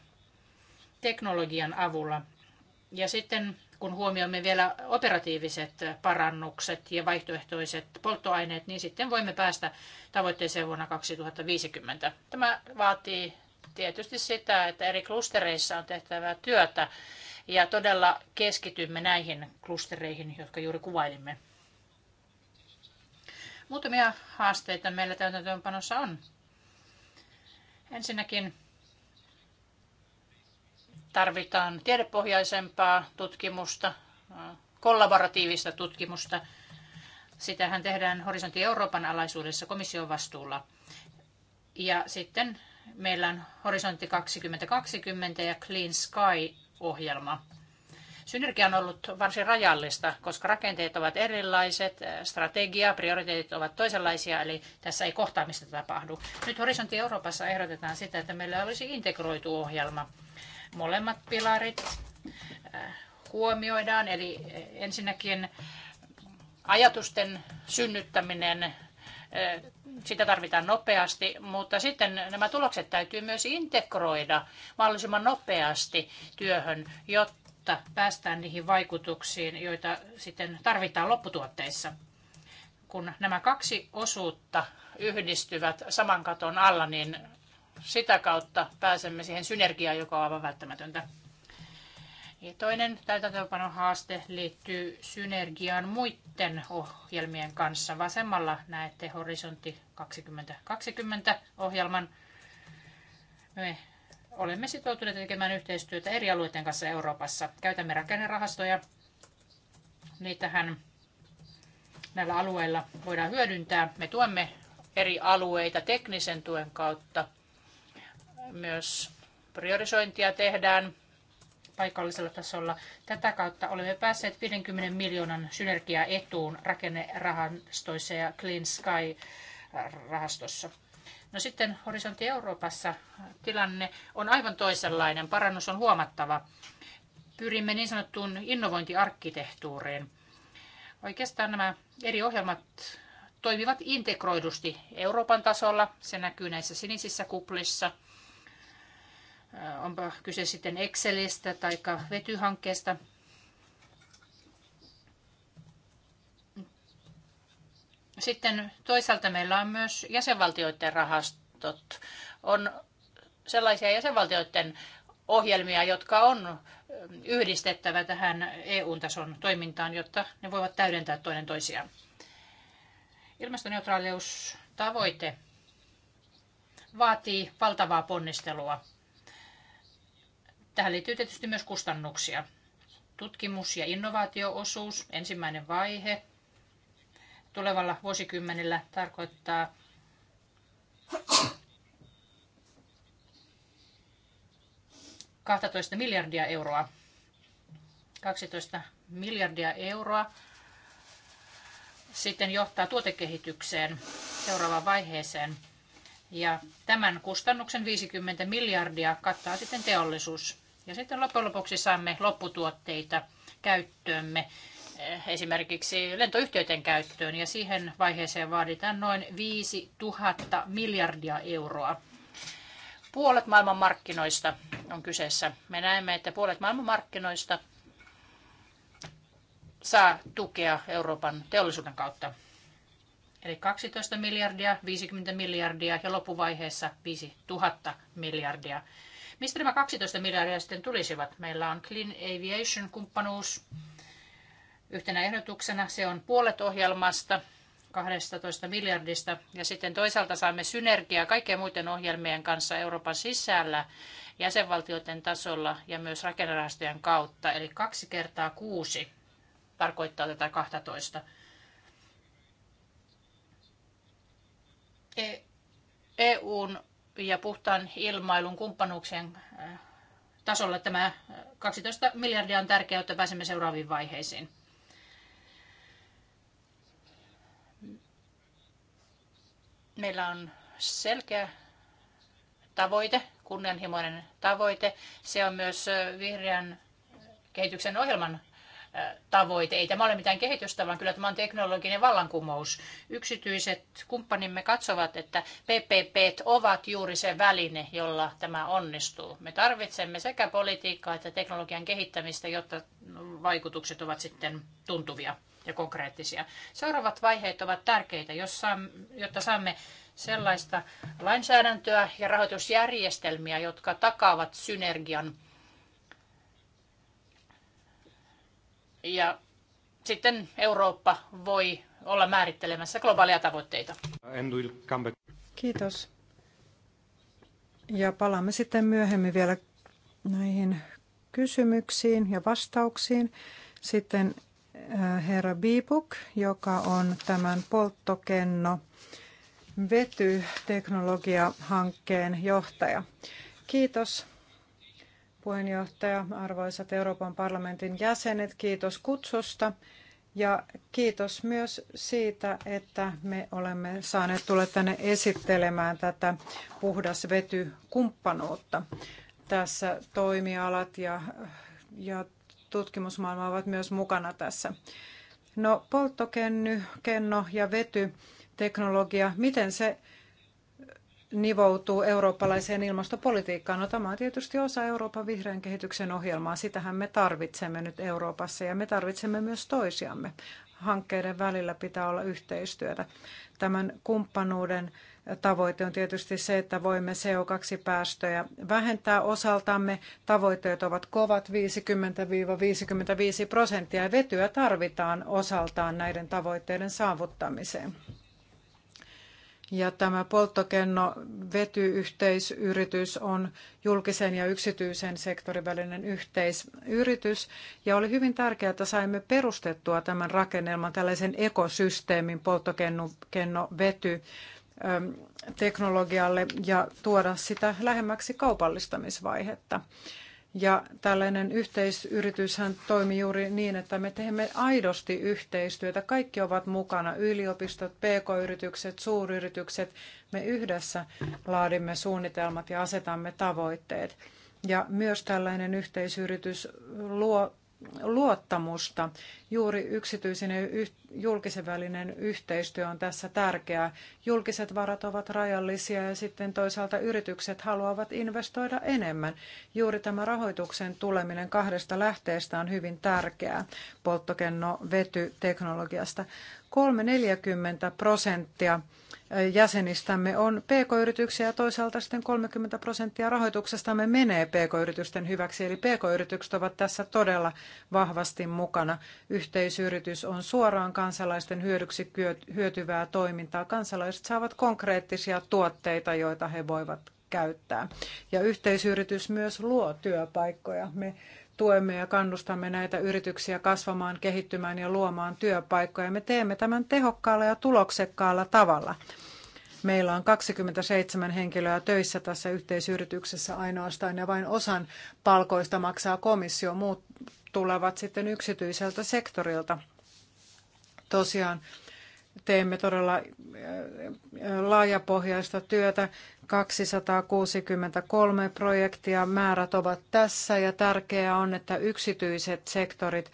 teknologian avulla. Ja sitten kun huomioimme vielä operatiiviset parannukset ja vaihtoehtoiset polttoaineet, niin sitten voimme päästä tavoitteeseen vuonna 2050. Tämä vaatii tietysti sitä, että eri klustereissa on tehtävää työtä ja todella keskitymme näihin klustereihin, jotka juuri kuvailimme. Muutamia haasteita meillä täytäntöönpanossa on. Ensinnäkin tarvitaan tiedepohjaisempaa tutkimusta, kollaboratiivista tutkimusta. Sitähän tehdään Horisontti Euroopan alaisuudessa komission vastuulla. Ja sitten meillä on Horisontti 2020 ja Clean Sky ohjelma. Synergia on ollut varsin rajallista, koska rakenteet ovat erilaiset, strategia, prioriteetit ovat toisenlaisia, eli tässä ei kohtaamista tapahdu. Nyt Horisontti Euroopassa ehdotetaan sitä, että meillä olisi integroitu ohjelma. Molemmat pilarit äh, huomioidaan, eli ensinnäkin ajatusten synnyttäminen sitä tarvitaan nopeasti, mutta sitten nämä tulokset täytyy myös integroida mahdollisimman nopeasti työhön, jotta päästään niihin vaikutuksiin, joita sitten tarvitaan lopputuotteissa. Kun nämä kaksi osuutta yhdistyvät saman katon alla, niin sitä kautta pääsemme siihen synergiaan, joka on aivan välttämätöntä. Ja toinen täytäntöönpanon haaste liittyy synergiaan muiden ohjelmien kanssa. Vasemmalla näette Horisontti 2020 ohjelman. Me olemme sitoutuneet tekemään yhteistyötä eri alueiden kanssa Euroopassa. Käytämme rakennerahastoja. Niitähän näillä alueilla voidaan hyödyntää. Me tuemme eri alueita teknisen tuen kautta. Myös priorisointia tehdään paikallisella tasolla. Tätä kautta olemme päässeet 50 miljoonan synergiaetuun rakennerahastoissa ja Clean Sky-rahastossa. No sitten Horisontti Euroopassa tilanne on aivan toisenlainen. Parannus on huomattava. Pyrimme niin sanottuun innovointiarkkitehtuuriin. Oikeastaan nämä eri ohjelmat toimivat integroidusti Euroopan tasolla. Se näkyy näissä sinisissä kuplissa – Äh, onpa kyse sitten Excelistä tai vetyhankkeesta. Sitten toisaalta meillä on myös jäsenvaltioiden rahastot. On sellaisia jäsenvaltioiden ohjelmia, jotka on yhdistettävä tähän EU-tason toimintaan, jotta ne voivat täydentää toinen toisiaan. Ilmastoneutraaliustavoite vaatii valtavaa ponnistelua. Tähän liittyy tietysti myös kustannuksia. Tutkimus- ja innovaatioosuus, ensimmäinen vaihe, tulevalla vuosikymmenellä tarkoittaa ...12 miljardia euroa. 12 miljardia euroa sitten johtaa tuotekehitykseen seuraavaan vaiheeseen. Ja tämän kustannuksen 50 miljardia kattaa sitten teollisuus. Ja sitten loppujen lopuksi saamme lopputuotteita käyttöömme eh, esimerkiksi lentoyhtiöiden käyttöön ja siihen vaiheeseen vaaditaan noin 5000 miljardia euroa. Puolet maailman markkinoista on kyseessä. Me näemme, että puolet maailman markkinoista saa tukea Euroopan teollisuuden kautta. Eli 12 miljardia, 50 miljardia ja loppuvaiheessa 5000 miljardia. Mistä nämä 12 miljardia sitten tulisivat? Meillä on Clean Aviation-kumppanuus yhtenä ehdotuksena. Se on puolet ohjelmasta, 12 miljardista. Ja sitten toisaalta saamme synergiaa kaikkien muiden ohjelmien kanssa Euroopan sisällä, jäsenvaltioiden tasolla ja myös rakennerahastojen kautta. Eli kaksi kertaa kuusi tarkoittaa tätä 12. EUn e ja puhtaan ilmailun kumppanuuksien äh, tasolla tämä 12 äh, miljardia on tärkeää, että pääsemme seuraaviin vaiheisiin. Meillä on selkeä tavoite, kunnianhimoinen tavoite. Se on myös äh, vihreän kehityksen ohjelman tavoite. Ei tämä ole mitään kehitystä, vaan kyllä tämä on teknologinen vallankumous. Yksityiset kumppanimme katsovat, että PPP ovat juuri se väline, jolla tämä onnistuu. Me tarvitsemme sekä politiikkaa että teknologian kehittämistä, jotta vaikutukset ovat sitten tuntuvia ja konkreettisia. Seuraavat vaiheet ovat tärkeitä, jotta saamme sellaista lainsäädäntöä ja rahoitusjärjestelmiä, jotka takaavat synergian Ja sitten Eurooppa voi olla määrittelemässä globaaleja tavoitteita. Kiitos. Ja palaamme sitten myöhemmin vielä näihin kysymyksiin ja vastauksiin. Sitten äh, herra Bibuk, joka on tämän polttokenno vetyteknologiahankkeen johtaja. Kiitos puheenjohtaja, arvoisat Euroopan parlamentin jäsenet, kiitos kutsusta ja kiitos myös siitä, että me olemme saaneet tulla tänne esittelemään tätä puhdas vety-kumppanuutta. Tässä toimialat ja, ja tutkimusmaailma ovat myös mukana tässä. No polttokenny, ja vetyteknologia, miten se nivoutuu eurooppalaiseen ilmastopolitiikkaan. No, tämä on tietysti osa Euroopan vihreän kehityksen ohjelmaa. Sitähän me tarvitsemme nyt Euroopassa ja me tarvitsemme myös toisiamme. Hankkeiden välillä pitää olla yhteistyötä. Tämän kumppanuuden tavoite on tietysti se, että voimme CO2-päästöjä vähentää osaltamme. Tavoitteet ovat kovat 50-55 prosenttia ja vetyä tarvitaan osaltaan näiden tavoitteiden saavuttamiseen. Ja tämä polttokenno vetyyhteisyritys on julkisen ja yksityisen sektorin välinen yhteisyritys. Ja oli hyvin tärkeää, että saimme perustettua tämän rakennelman, tällaisen ekosysteemin polttokenno vety teknologialle ja tuoda sitä lähemmäksi kaupallistamisvaihetta. Ja tällainen yhteisyrityshän toimii juuri niin, että me teemme aidosti yhteistyötä. Kaikki ovat mukana, yliopistot, pk-yritykset, suuryritykset. Me yhdessä laadimme suunnitelmat ja asetamme tavoitteet. Ja myös tällainen yhteisyritys luo luottamusta. Juuri yksityisen ja julkisen välinen yhteistyö on tässä tärkeää. Julkiset varat ovat rajallisia ja sitten toisaalta yritykset haluavat investoida enemmän. Juuri tämä rahoituksen tuleminen kahdesta lähteestä on hyvin tärkeää polttokenno vetyteknologiasta. 3-40 prosenttia jäsenistämme on pk-yrityksiä ja toisaalta sitten 30 prosenttia rahoituksestamme menee pk-yritysten hyväksi. Eli pk-yritykset ovat tässä todella vahvasti mukana. Yhteisyritys on suoraan kansalaisten hyödyksi hyötyvää toimintaa. Kansalaiset saavat konkreettisia tuotteita, joita he voivat käyttää. Ja yhteisyritys myös luo työpaikkoja. Me tuemme ja kannustamme näitä yrityksiä kasvamaan, kehittymään ja luomaan työpaikkoja. Me teemme tämän tehokkaalla ja tuloksekkaalla tavalla. Meillä on 27 henkilöä töissä tässä yhteisyrityksessä ainoastaan ja vain osan palkoista maksaa komissio. Muut tulevat sitten yksityiseltä sektorilta. Tosiaan teemme todella laajapohjaista työtä 263 projektia. Määrät ovat tässä ja tärkeää on, että yksityiset sektorit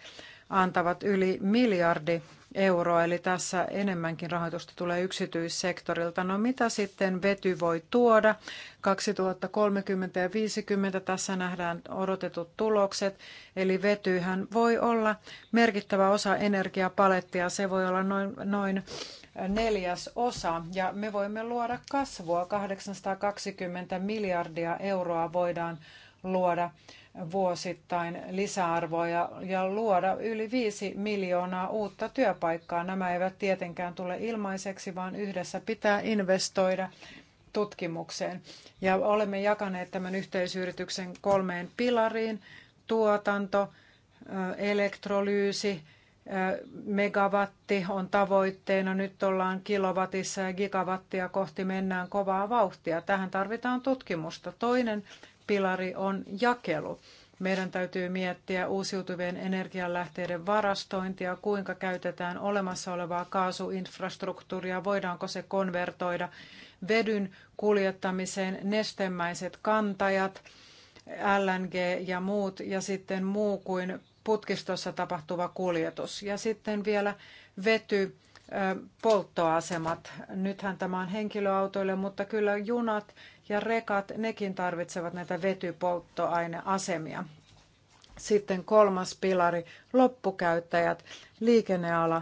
antavat yli miljardi euroa, eli tässä enemmänkin rahoitusta tulee yksityissektorilta. No mitä sitten vety voi tuoda? 2030 ja 50 tässä nähdään odotetut tulokset, eli vetyhän voi olla merkittävä osa energiapalettia. Se voi olla noin, noin neljäs osa ja me voimme luoda kasvua. 820 miljardia euroa voidaan luoda vuosittain lisäarvoa ja, ja luoda yli 5 miljoonaa uutta työpaikkaa. Nämä eivät tietenkään tule ilmaiseksi, vaan yhdessä pitää investoida tutkimukseen. Ja olemme jakaneet tämän yhteisyrityksen kolmeen pilariin, tuotanto, elektrolyysi megawatti on tavoitteena, nyt ollaan kilowatissa ja gigawattia kohti mennään kovaa vauhtia. Tähän tarvitaan tutkimusta. Toinen pilari on jakelu. Meidän täytyy miettiä uusiutuvien energianlähteiden varastointia, kuinka käytetään olemassa olevaa kaasuinfrastruktuuria, voidaanko se konvertoida vedyn kuljettamiseen, nestemäiset kantajat, LNG ja muut, ja sitten muu kuin putkistossa tapahtuva kuljetus. Ja sitten vielä vety polttoasemat. Nythän tämä on henkilöautoille, mutta kyllä junat ja rekat, nekin tarvitsevat näitä vetypolttoaineasemia. Sitten kolmas pilari, loppukäyttäjät, liikenneala,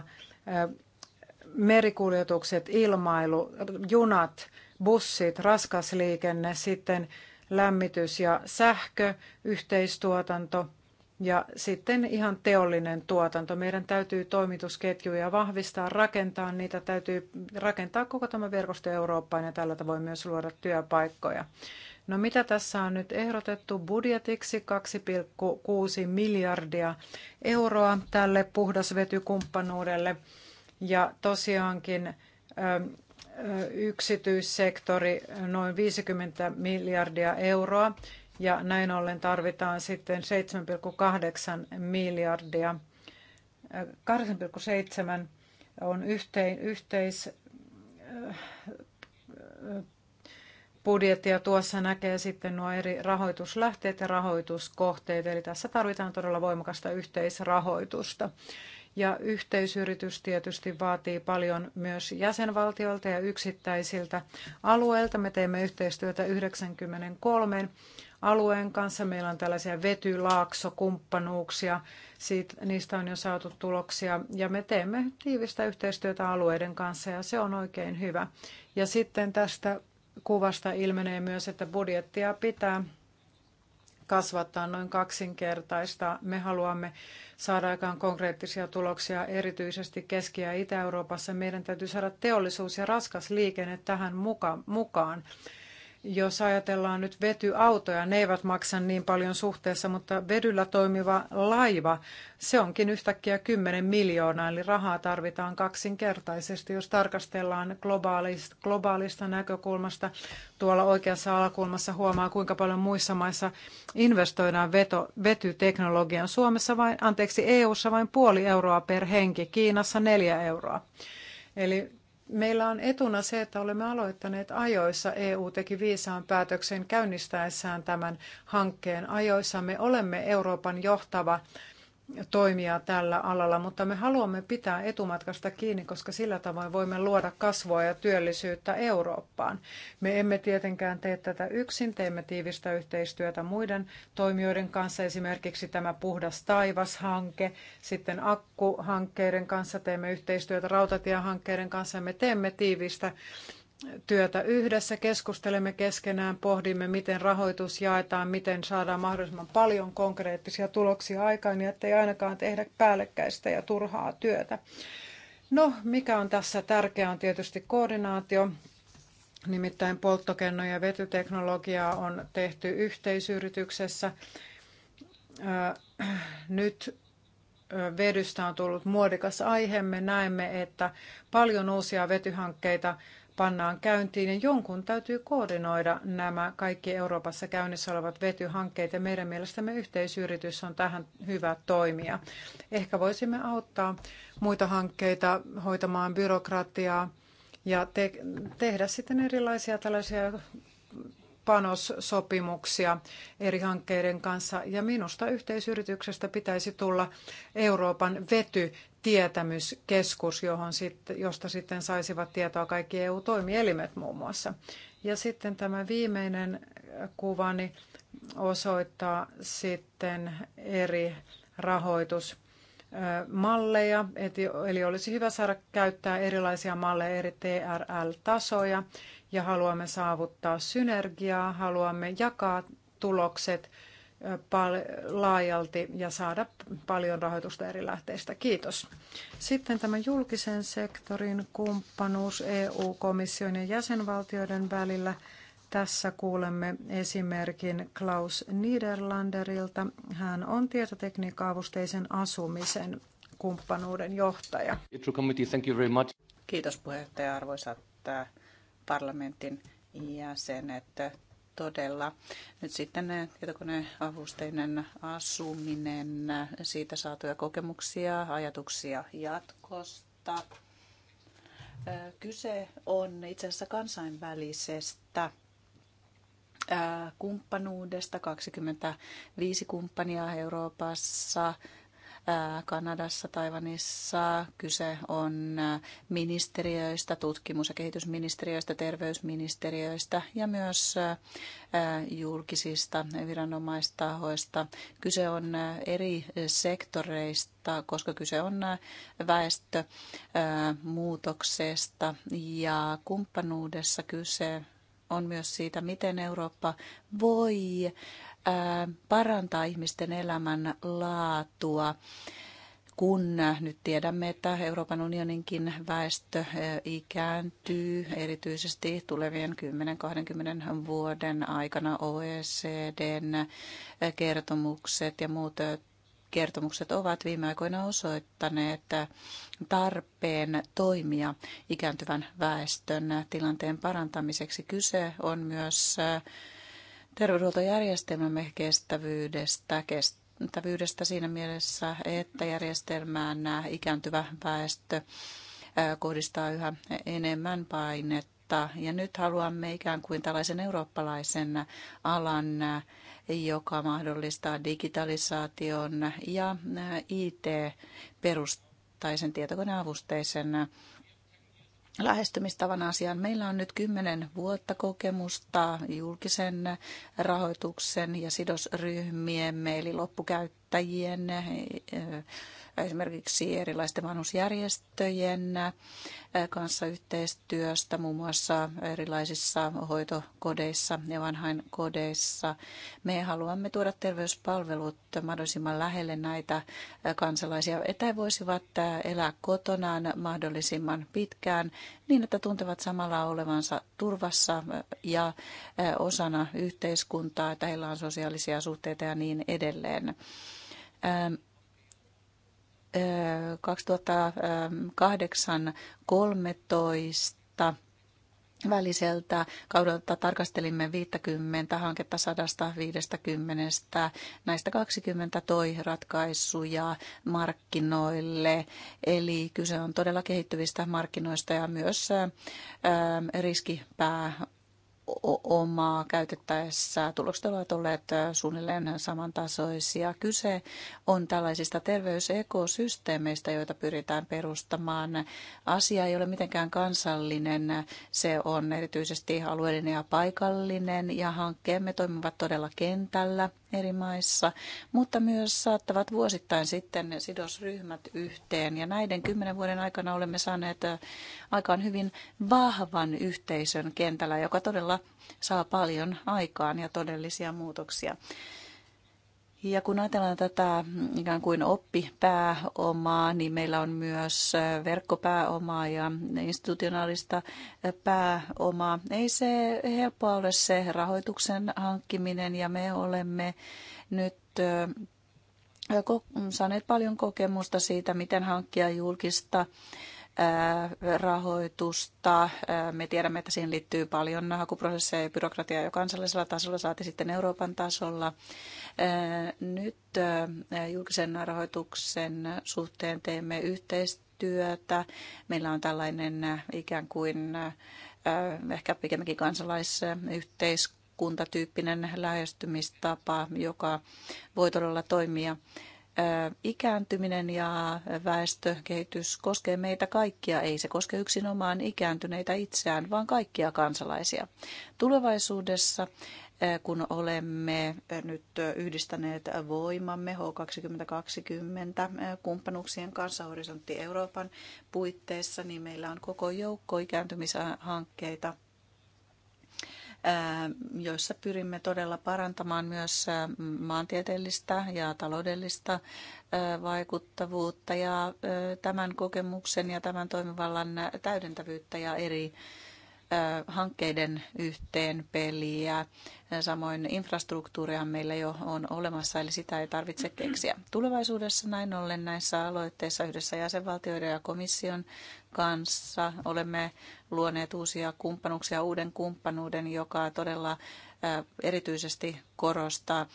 merikuljetukset, ilmailu, junat, bussit, raskas liikenne, sitten lämmitys ja sähkö, yhteistuotanto – ja sitten ihan teollinen tuotanto. Meidän täytyy toimitusketjuja vahvistaa, rakentaa niitä, täytyy rakentaa koko tämä verkosto Eurooppaan ja tällä tavoin myös luoda työpaikkoja. No mitä tässä on nyt ehdotettu budjetiksi? 2,6 miljardia euroa tälle puhdasvetykumppanuudelle. Ja tosiaankin ähm, äh, yksityissektori noin 50 miljardia euroa ja näin ollen tarvitaan sitten 7,8 miljardia. 8,7 on yhtein, yhteis budjetti ja tuossa näkee sitten nuo eri rahoituslähteet ja rahoituskohteet. Eli tässä tarvitaan todella voimakasta yhteisrahoitusta. Ja yhteisyritys tietysti vaatii paljon myös jäsenvaltioilta ja yksittäisiltä alueilta. Me teemme yhteistyötä 93 alueen kanssa. Meillä on tällaisia vetylaaksokumppanuuksia, Siit, niistä on jo saatu tuloksia ja me teemme tiivistä yhteistyötä alueiden kanssa ja se on oikein hyvä. Ja sitten tästä kuvasta ilmenee myös, että budjettia pitää kasvattaa noin kaksinkertaista. Me haluamme saada aikaan konkreettisia tuloksia erityisesti Keski- ja Itä-Euroopassa. Meidän täytyy saada teollisuus ja raskas liikenne tähän mukaan. Jos ajatellaan nyt vetyautoja, ne eivät maksa niin paljon suhteessa, mutta vedyllä toimiva laiva, se onkin yhtäkkiä 10 miljoonaa, eli rahaa tarvitaan kaksinkertaisesti. Jos tarkastellaan globaalista, globaalista näkökulmasta, tuolla oikeassa alakulmassa huomaa, kuinka paljon muissa maissa investoidaan veto, vetyteknologian. Suomessa vain, anteeksi, EU:ssa vain puoli euroa per henki, Kiinassa neljä euroa. Eli Meillä on etuna se, että olemme aloittaneet ajoissa. EU teki viisaan päätöksen käynnistäessään tämän hankkeen ajoissa. Me olemme Euroopan johtava toimia tällä alalla, mutta me haluamme pitää etumatkasta kiinni, koska sillä tavoin voimme luoda kasvua ja työllisyyttä Eurooppaan. Me emme tietenkään tee tätä yksin, teemme tiivistä yhteistyötä muiden toimijoiden kanssa, esimerkiksi tämä Puhdas taivas-hanke, sitten akkuhankkeiden kanssa teemme yhteistyötä rautatiehankkeiden kanssa, me teemme tiivistä työtä yhdessä, keskustelemme keskenään, pohdimme, miten rahoitus jaetaan, miten saadaan mahdollisimman paljon konkreettisia tuloksia aikaan, niin ettei ainakaan tehdä päällekkäistä ja turhaa työtä. No, mikä on tässä tärkeää on tietysti koordinaatio. Nimittäin polttokenno- ja vetyteknologiaa on tehty yhteisyrityksessä. Nyt vedystä on tullut muodikas aihe. Me näemme, että paljon uusia vetyhankkeita pannaan käyntiin ja jonkun täytyy koordinoida nämä kaikki Euroopassa käynnissä olevat vetyhankkeet ja meidän mielestämme yhteisyritys on tähän hyvä toimija. Ehkä voisimme auttaa muita hankkeita hoitamaan byrokratiaa ja te- tehdä sitten erilaisia tällaisia panossopimuksia eri hankkeiden kanssa. Ja minusta yhteisyrityksestä pitäisi tulla Euroopan vety- tietämyskeskus, johon sit, josta sitten saisivat tietoa kaikki EU-toimielimet muun muassa. Ja sitten tämä viimeinen kuvani osoittaa sitten eri rahoitusmalleja, malleja, eli olisi hyvä saada käyttää erilaisia malleja eri TRL-tasoja ja haluamme saavuttaa synergiaa, haluamme jakaa tulokset laajalti ja saada paljon rahoitusta eri lähteistä. Kiitos. Sitten tämä julkisen sektorin kumppanuus EU-komission ja jäsenvaltioiden välillä. Tässä kuulemme esimerkin Klaus Niederlanderilta. Hän on tietotekniikka-avusteisen asumisen kumppanuuden johtaja. Kiitos puheenjohtaja arvoisat parlamentin jäsenet todella. Nyt sitten tietokoneavusteinen asuminen, siitä saatuja kokemuksia, ajatuksia jatkosta. Kyse on itse asiassa kansainvälisestä kumppanuudesta, 25 kumppania Euroopassa – Kanadassa, Taivanissa. Kyse on äh, ministeriöistä, tutkimus- ja kehitysministeriöistä, terveysministeriöistä ja myös äh, julkisista viranomaistahoista. Kyse on äh, eri sektoreista, koska kyse on väestömuutoksesta ja kumppanuudessa kyse on myös siitä, miten Eurooppa voi parantaa ihmisten elämän laatua kun nyt tiedämme, että Euroopan unioninkin väestö ikääntyy erityisesti tulevien 10-20 vuoden aikana OECDn kertomukset ja muut kertomukset ovat viime aikoina osoittaneet tarpeen toimia ikääntyvän väestön tilanteen parantamiseksi. Kyse on myös terveydenhuoltojärjestelmämme kestävyydestä, kestävyydestä siinä mielessä, että järjestelmään ikääntyvä väestö kohdistaa yhä enemmän painetta. Ja nyt haluamme ikään kuin tällaisen eurooppalaisen alan, joka mahdollistaa digitalisaation ja IT-perustaisen tietokoneavusteisen lähestymistavan asiaan. Meillä on nyt kymmenen vuotta kokemusta julkisen rahoituksen ja sidosryhmiemme eli loppukäyttöön kuluttajien, eh, esimerkiksi erilaisten vanhusjärjestöjen eh, kanssa yhteistyöstä, muun muassa erilaisissa hoitokodeissa ja vanhainkodeissa. Me haluamme tuoda terveyspalvelut mahdollisimman lähelle näitä eh, kansalaisia, että he voisivat elää kotonaan mahdollisimman pitkään niin, että tuntevat samalla olevansa turvassa ja osana yhteiskuntaa, että heillä on sosiaalisia suhteita ja niin edelleen. 2008 ähm, 13 äh, väliseltä kaudelta tarkastelimme 50 hanketta 150. Näistä 20 toi ratkaisuja markkinoille. Eli kyse on todella kehittyvistä markkinoista ja myös ähm, riskipää omaa käytettäessä tulokset ovat olleet suunnilleen samantasoisia. Kyse on tällaisista terveysekosysteemeistä, joita pyritään perustamaan. Asia ei ole mitenkään kansallinen, se on erityisesti alueellinen ja paikallinen ja hankkeemme toimivat todella kentällä eri maissa, mutta myös saattavat vuosittain sitten sidosryhmät yhteen. Ja näiden kymmenen vuoden aikana olemme saaneet aikaan hyvin vahvan yhteisön kentällä, joka todella saa paljon aikaan ja todellisia muutoksia. Ja kun ajatellaan tätä ikään kuin oppipääomaa, niin meillä on myös verkkopääomaa ja institutionaalista pääomaa. Ei se helppoa ole se rahoituksen hankkiminen ja me olemme nyt saaneet paljon kokemusta siitä, miten hankkia julkista rahoitusta. Me tiedämme, että siihen liittyy paljon hakuprosesseja ja byrokratiaa jo kansallisella tasolla, saati sitten Euroopan tasolla. Nyt julkisen rahoituksen suhteen teemme yhteistyötä. Meillä on tällainen ikään kuin ehkä pikemminkin kansalaisyhteiskuntatyyppinen lähestymistapa, joka voi todella toimia ikääntyminen ja väestökehitys koskee meitä kaikkia. Ei se koske yksinomaan ikääntyneitä itseään, vaan kaikkia kansalaisia. Tulevaisuudessa kun olemme nyt yhdistäneet voimamme H2020 kumppanuuksien kanssa Horisontti Euroopan puitteissa, niin meillä on koko joukko ikääntymishankkeita – joissa pyrimme todella parantamaan myös maantieteellistä ja taloudellista vaikuttavuutta ja tämän kokemuksen ja tämän toimivallan täydentävyyttä ja eri hankkeiden yhteen peliä. Samoin infrastruktuuria meillä jo on olemassa, eli sitä ei tarvitse keksiä. Tulevaisuudessa näin ollen näissä aloitteissa yhdessä jäsenvaltioiden ja komission kanssa. Olemme luoneet uusia kumppanuuksia, uuden kumppanuuden, joka todella erityisesti korostaa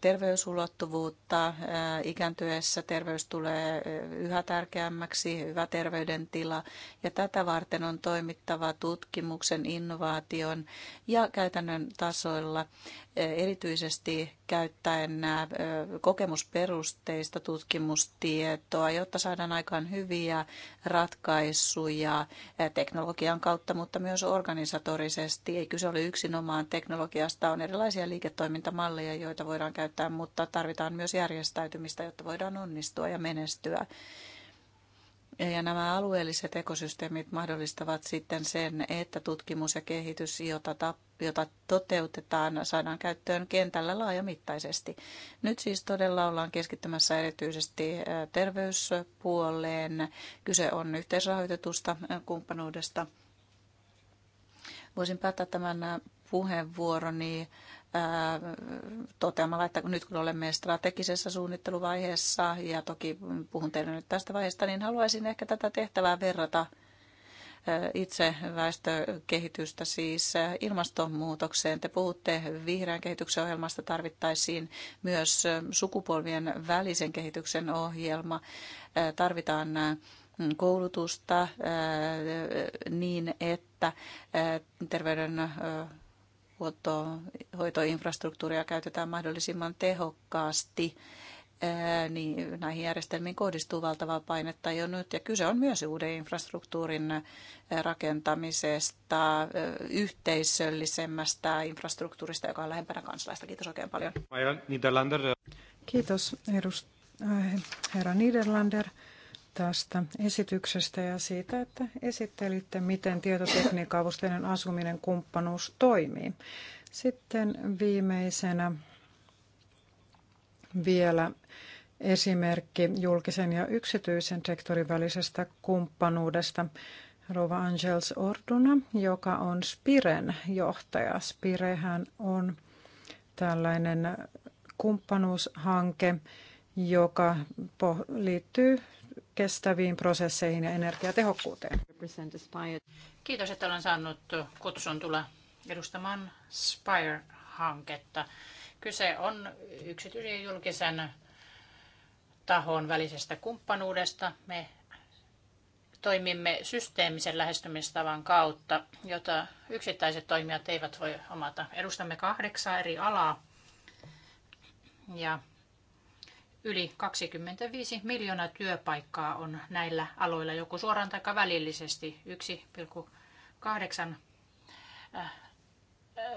terveysulottuvuutta. Ikääntyessä terveys tulee yhä tärkeämmäksi, hyvä terveydentila. Ja tätä varten on toimittava tutkimuksen, innovaation ja käytännön tasoilla erityisesti käyttäen kokemusperusteista tutkimustietoa, jotta saadaan aikaan hyviä ratkaisuja teknologian kautta, mutta myös organisatorisesti. Ei kyse ole yksinomaan teknologiasta, on erilaisia liiketoimintamalleja, joita voidaan voidaan käyttää, mutta tarvitaan myös järjestäytymistä, jotta voidaan onnistua ja menestyä. Ja nämä alueelliset ekosysteemit mahdollistavat sitten sen, että tutkimus ja kehitys, jota, jota toteutetaan, saadaan käyttöön kentällä laajamittaisesti. Nyt siis todella ollaan keskittymässä erityisesti terveyspuoleen. Kyse on yhteisrahoitetusta kumppanuudesta. Voisin päättää tämän puheenvuoroni toteamalla, että nyt kun olemme strategisessa suunnitteluvaiheessa, ja toki puhun teille nyt tästä vaiheesta, niin haluaisin ehkä tätä tehtävää verrata itse väestökehitystä, siis ilmastonmuutokseen. Te puhutte vihreän kehityksen ohjelmasta, tarvittaisiin myös sukupolvien välisen kehityksen ohjelma. Tarvitaan koulutusta niin, että terveyden hoitoinfrastruktuuria käytetään mahdollisimman tehokkaasti, niin näihin järjestelmiin kohdistuu valtavaa painetta jo nyt. Ja kyse on myös uuden infrastruktuurin rakentamisesta, yhteisöllisemmästä infrastruktuurista, joka on lähempänä kansalaista. Kiitos oikein paljon. Kiitos, edust- äh, herra Niederlander tästä esityksestä ja siitä, että esittelitte, miten tietotekniikka-avusteinen asuminen kumppanuus toimii. Sitten viimeisenä vielä esimerkki julkisen ja yksityisen sektorin välisestä kumppanuudesta. Rova Angels Orduna, joka on Spiren johtaja. Spirehän on tällainen kumppanuushanke, joka liittyy kestäviin prosesseihin ja energiatehokkuuteen. Kiitos, että olen saanut kutsun tulla edustamaan Spire-hanketta. Kyse on yksityisen ja julkisen tahon välisestä kumppanuudesta. Me toimimme systeemisen lähestymistavan kautta, jota yksittäiset toimijat eivät voi omata. Edustamme kahdeksaa eri alaa ja Yli 25 miljoonaa työpaikkaa on näillä aloilla, joko suoraan tai välillisesti 1,8 äh,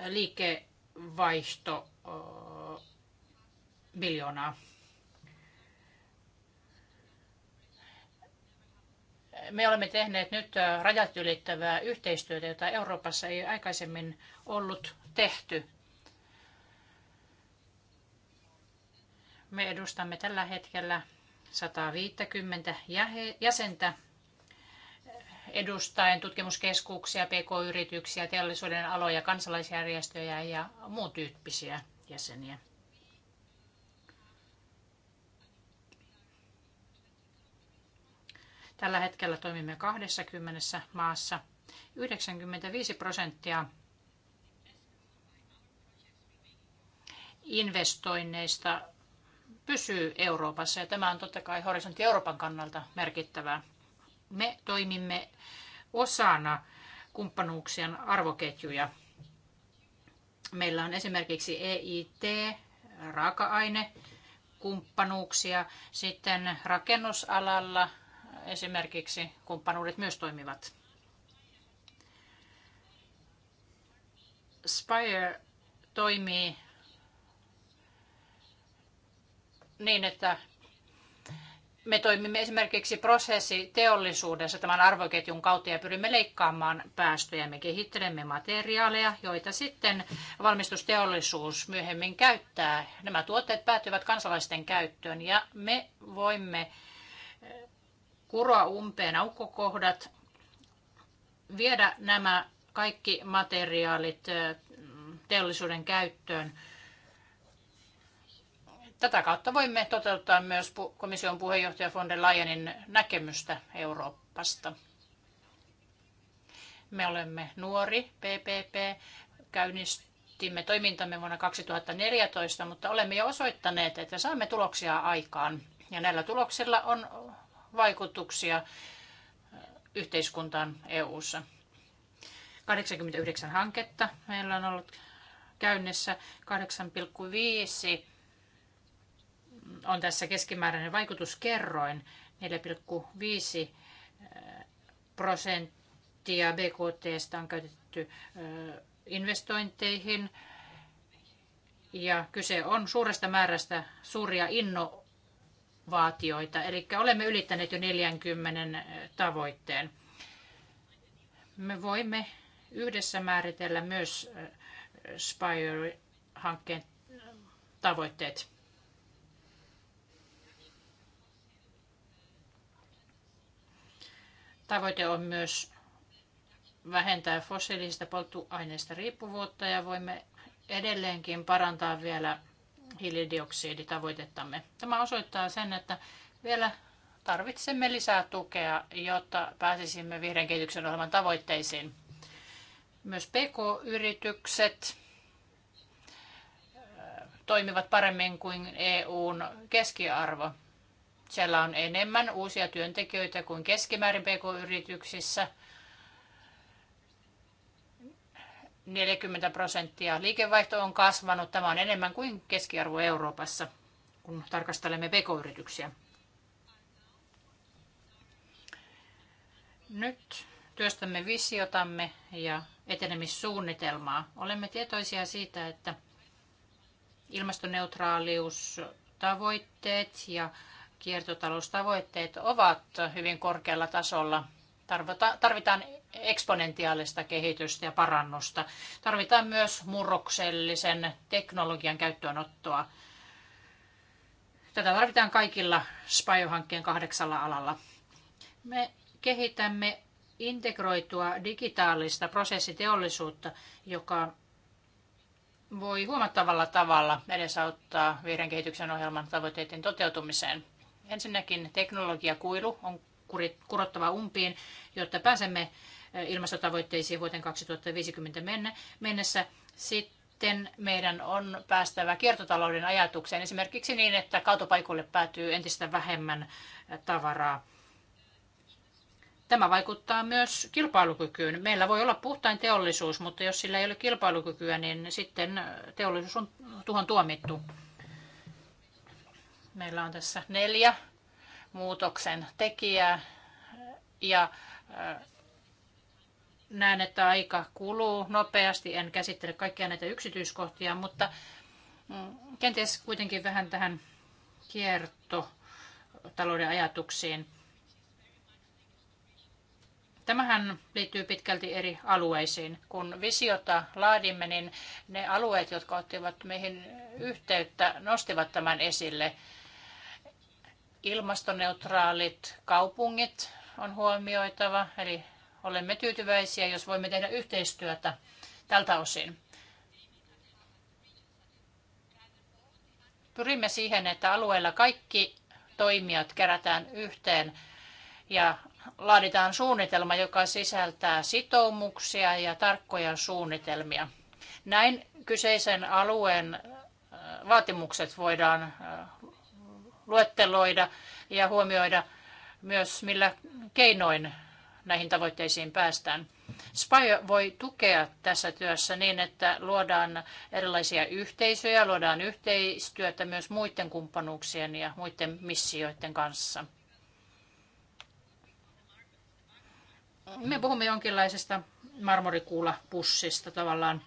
liikevaihto äh, miljoonaa. me olemme tehneet nyt äh, rajat ylittävää yhteistyötä, jota Euroopassa ei aikaisemmin ollut tehty. Me edustamme tällä hetkellä 150 jäsentä edustaen tutkimuskeskuksia, pk-yrityksiä, teollisuuden aloja, kansalaisjärjestöjä ja muun tyyppisiä jäseniä. Tällä hetkellä toimimme 20 maassa. 95 prosenttia investoinneista pysyy Euroopassa ja tämä on totta kai horisontti Euroopan kannalta merkittävää. Me toimimme osana kumppanuuksien arvoketjuja. Meillä on esimerkiksi EIT, raaka-aine, kumppanuuksia. Sitten rakennusalalla esimerkiksi kumppanuudet myös toimivat. Spire toimii niin, että me toimimme esimerkiksi prosessiteollisuudessa tämän arvoketjun kautta ja pyrimme leikkaamaan päästöjä. Me kehittelemme materiaaleja, joita sitten valmistusteollisuus myöhemmin käyttää. Nämä tuotteet päätyvät kansalaisten käyttöön ja me voimme eh, kuroa umpeen aukkokohdat, viedä nämä kaikki materiaalit eh, teollisuuden käyttöön Tätä kautta voimme toteuttaa myös komission puheenjohtaja von der Leyenin näkemystä Euroopasta. Me olemme nuori PPP, käynnistimme toimintamme vuonna 2014, mutta olemme jo osoittaneet, että saamme tuloksia aikaan. Ja näillä tuloksilla on vaikutuksia äh, yhteiskuntaan EU:ssa. 89 hanketta meillä on ollut käynnissä 8,5 on tässä keskimääräinen vaikutuskerroin 4,5 eh, prosenttia BKTstä on käytetty eh, investointeihin ja kyse on suuresta määrästä suuria innovaatioita, eli olemme ylittäneet jo 40 eh, tavoitteen. Me voimme yhdessä määritellä myös Spire-hankkeen tavoitteet. Tavoite on myös vähentää fossiilisista polttoaineista riippuvuutta ja voimme edelleenkin parantaa vielä hiilidioksiditavoitettamme. Tämä osoittaa sen, että vielä tarvitsemme lisää tukea, jotta pääsisimme vihreän kehityksen ohjelman tavoitteisiin. Myös PK-yritykset toimivat paremmin kuin EUn keskiarvo. Siellä on enemmän uusia työntekijöitä kuin keskimäärin pk-yrityksissä. 40 prosenttia liikevaihto on kasvanut. Tämä on enemmän kuin keskiarvo Euroopassa, kun tarkastelemme pk-yrityksiä. Nyt työstämme visiotamme ja etenemissuunnitelmaa. Olemme tietoisia siitä, että ilmastoneutraaliustavoitteet ja kiertotaloustavoitteet ovat hyvin korkealla tasolla. Tarvitaan eksponentiaalista kehitystä ja parannusta. Tarvitaan myös murroksellisen teknologian käyttöönottoa. Tätä tarvitaan kaikilla SPAIO-hankkeen kahdeksalla alalla. Me kehitämme integroitua digitaalista prosessiteollisuutta, joka voi huomattavalla tavalla edesauttaa vihreän kehityksen ohjelman tavoitteiden toteutumiseen. Ensinnäkin teknologiakuilu on kurottava umpiin, jotta pääsemme eh, ilmastotavoitteisiin vuoteen 2050 mennessä. Sitten meidän on päästävä kiertotalouden ajatukseen esimerkiksi niin, että kaatopaikoille päätyy entistä vähemmän eh, tavaraa. Tämä vaikuttaa myös kilpailukykyyn. Meillä voi olla puhtain teollisuus, mutta jos sillä ei ole kilpailukykyä, niin sitten eh, teollisuus on tuhon tuomittu. Meillä on tässä neljä muutoksen tekijää ja äh, näen, että aika kuluu nopeasti. En käsittele kaikkia näitä yksityiskohtia, mutta mm, kenties kuitenkin vähän tähän kiertotalouden ajatuksiin. Tämähän liittyy pitkälti eri alueisiin. Kun visiota laadimme, niin ne alueet, jotka ottivat meihin yhteyttä, nostivat tämän esille – Ilmastoneutraalit kaupungit on huomioitava, eli olemme tyytyväisiä, jos voimme tehdä yhteistyötä tältä osin. Pyrimme siihen, että alueella kaikki toimijat kerätään yhteen ja laaditaan suunnitelma, joka sisältää sitoumuksia ja tarkkoja suunnitelmia. Näin kyseisen alueen äh, vaatimukset voidaan äh, luetteloida ja huomioida myös millä keinoin näihin tavoitteisiin päästään. SPY voi tukea tässä työssä niin, että luodaan erilaisia yhteisöjä, luodaan yhteistyötä myös muiden kumppanuuksien ja muiden missioiden kanssa. Me puhumme jonkinlaisesta marmorikuulapussista tavallaan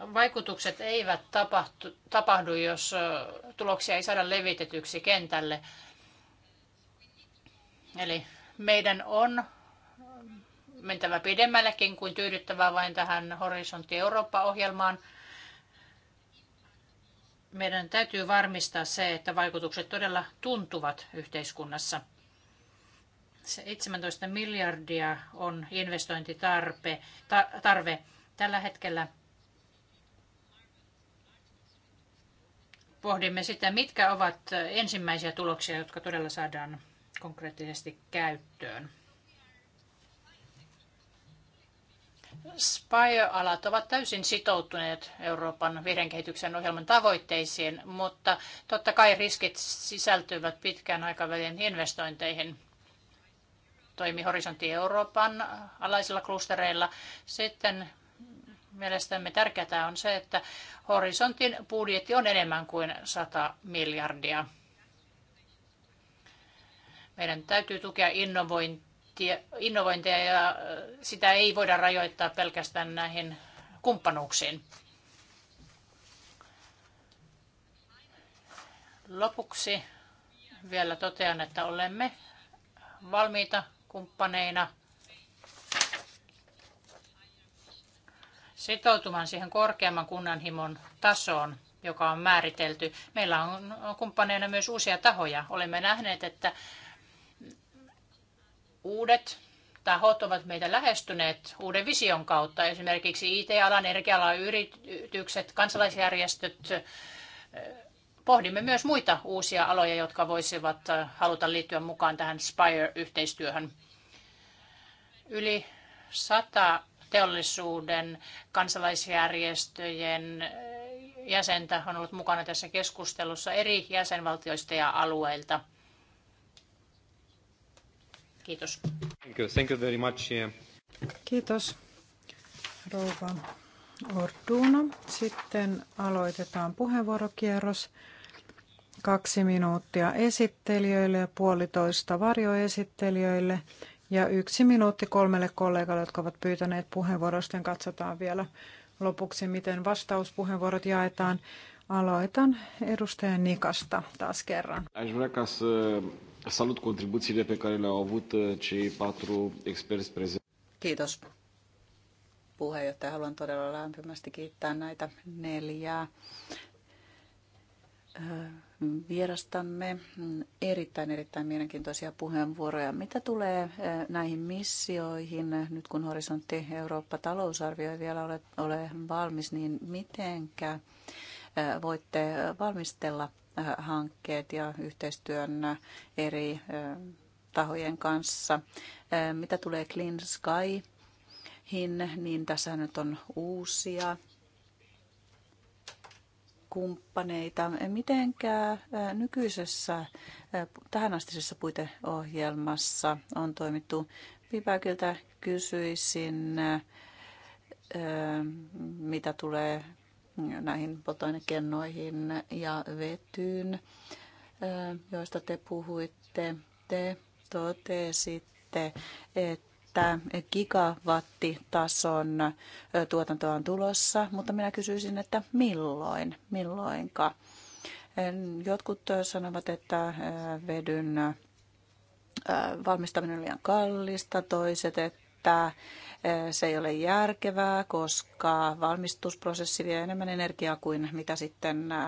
vaikutukset eivät tapahtu, tapahdu, jos tuloksia ei saada levitetyksi kentälle. Eli meidän on mentävä pidemmällekin kuin tyydyttävää vain tähän Horisontti Eurooppa-ohjelmaan. Meidän täytyy varmistaa se, että vaikutukset todella tuntuvat yhteiskunnassa. Se 17 miljardia on investointitarve. Ta- tarve. Tällä hetkellä pohdimme sitä, mitkä ovat ensimmäisiä tuloksia, jotka todella saadaan konkreettisesti käyttöön. Spire-alat ovat täysin sitoutuneet Euroopan vihreän kehityksen ohjelman tavoitteisiin, mutta totta kai riskit sisältyvät pitkän aikavälin investointeihin. Toimi Horisontti Euroopan alaisilla klustereilla. Sitten Mielestämme tärkeää on se, että horisontin budjetti on enemmän kuin 100 miljardia. Meidän täytyy tukea innovointia, innovointia ja sitä ei voida rajoittaa pelkästään näihin kumppanuuksiin. Lopuksi vielä totean, että olemme valmiita kumppaneina – sitoutumaan siihen korkeamman kunnanhimon tasoon, joka on määritelty. Meillä on kumppaneina myös uusia tahoja. Olemme nähneet, että uudet tahot ovat meitä lähestyneet uuden vision kautta. Esimerkiksi IT-alan, energia yritykset, kansalaisjärjestöt. Pohdimme myös muita uusia aloja, jotka voisivat haluta liittyä mukaan tähän Spire-yhteistyöhön. Yli sata teollisuuden, kansalaisjärjestöjen jäsentä on ollut mukana tässä keskustelussa eri jäsenvaltioista ja alueilta. Kiitos. Thank you, Thank you very much. Kiitos, rouva Orduno. Sitten aloitetaan puheenvuorokierros. Kaksi minuuttia esittelijöille ja puolitoista varjoesittelijöille. Ja yksi minuutti kolmelle kollegalle, jotka ovat pyytäneet Sitten Katsotaan vielä lopuksi, miten vastauspuheenvuorot jaetaan. Aloitan edustaja Nikasta taas kerran. Aș vrea ca să salut contribuțiile pe care le-au avut eh, cei patru experți prezenți. Kiitos. Puheenjohtaja, haluan todella lämpimästi kiittää näitä neljää vierastamme. Erittäin, erittäin mielenkiintoisia puheenvuoroja. Mitä tulee eh, näihin missioihin, nyt kun Horisontti Eurooppa-talousarvio ei vielä ole, ole valmis, niin mitenkä eh, voitte valmistella eh, hankkeet ja yhteistyön eri tahojen kanssa? Mitä tulee Clean Sky? niin tässä nyt on uusia kumppaneita. Mitenkä nykyisessä tähänastisessa puiteohjelmassa on toimittu? Pipäkiltä kysyisin, mitä tulee näihin polttoainekennoihin ja vetyyn, joista te puhuitte. Te totesitte, että että gigawattitason tuotantoa on tulossa, mutta minä kysyisin, että milloin, milloinka? Jotkut sanovat, että vedyn valmistaminen on liian kallista, toiset, että että eh, se ei ole järkevää, koska valmistusprosessi vie enemmän energiaa kuin mitä sitten eh,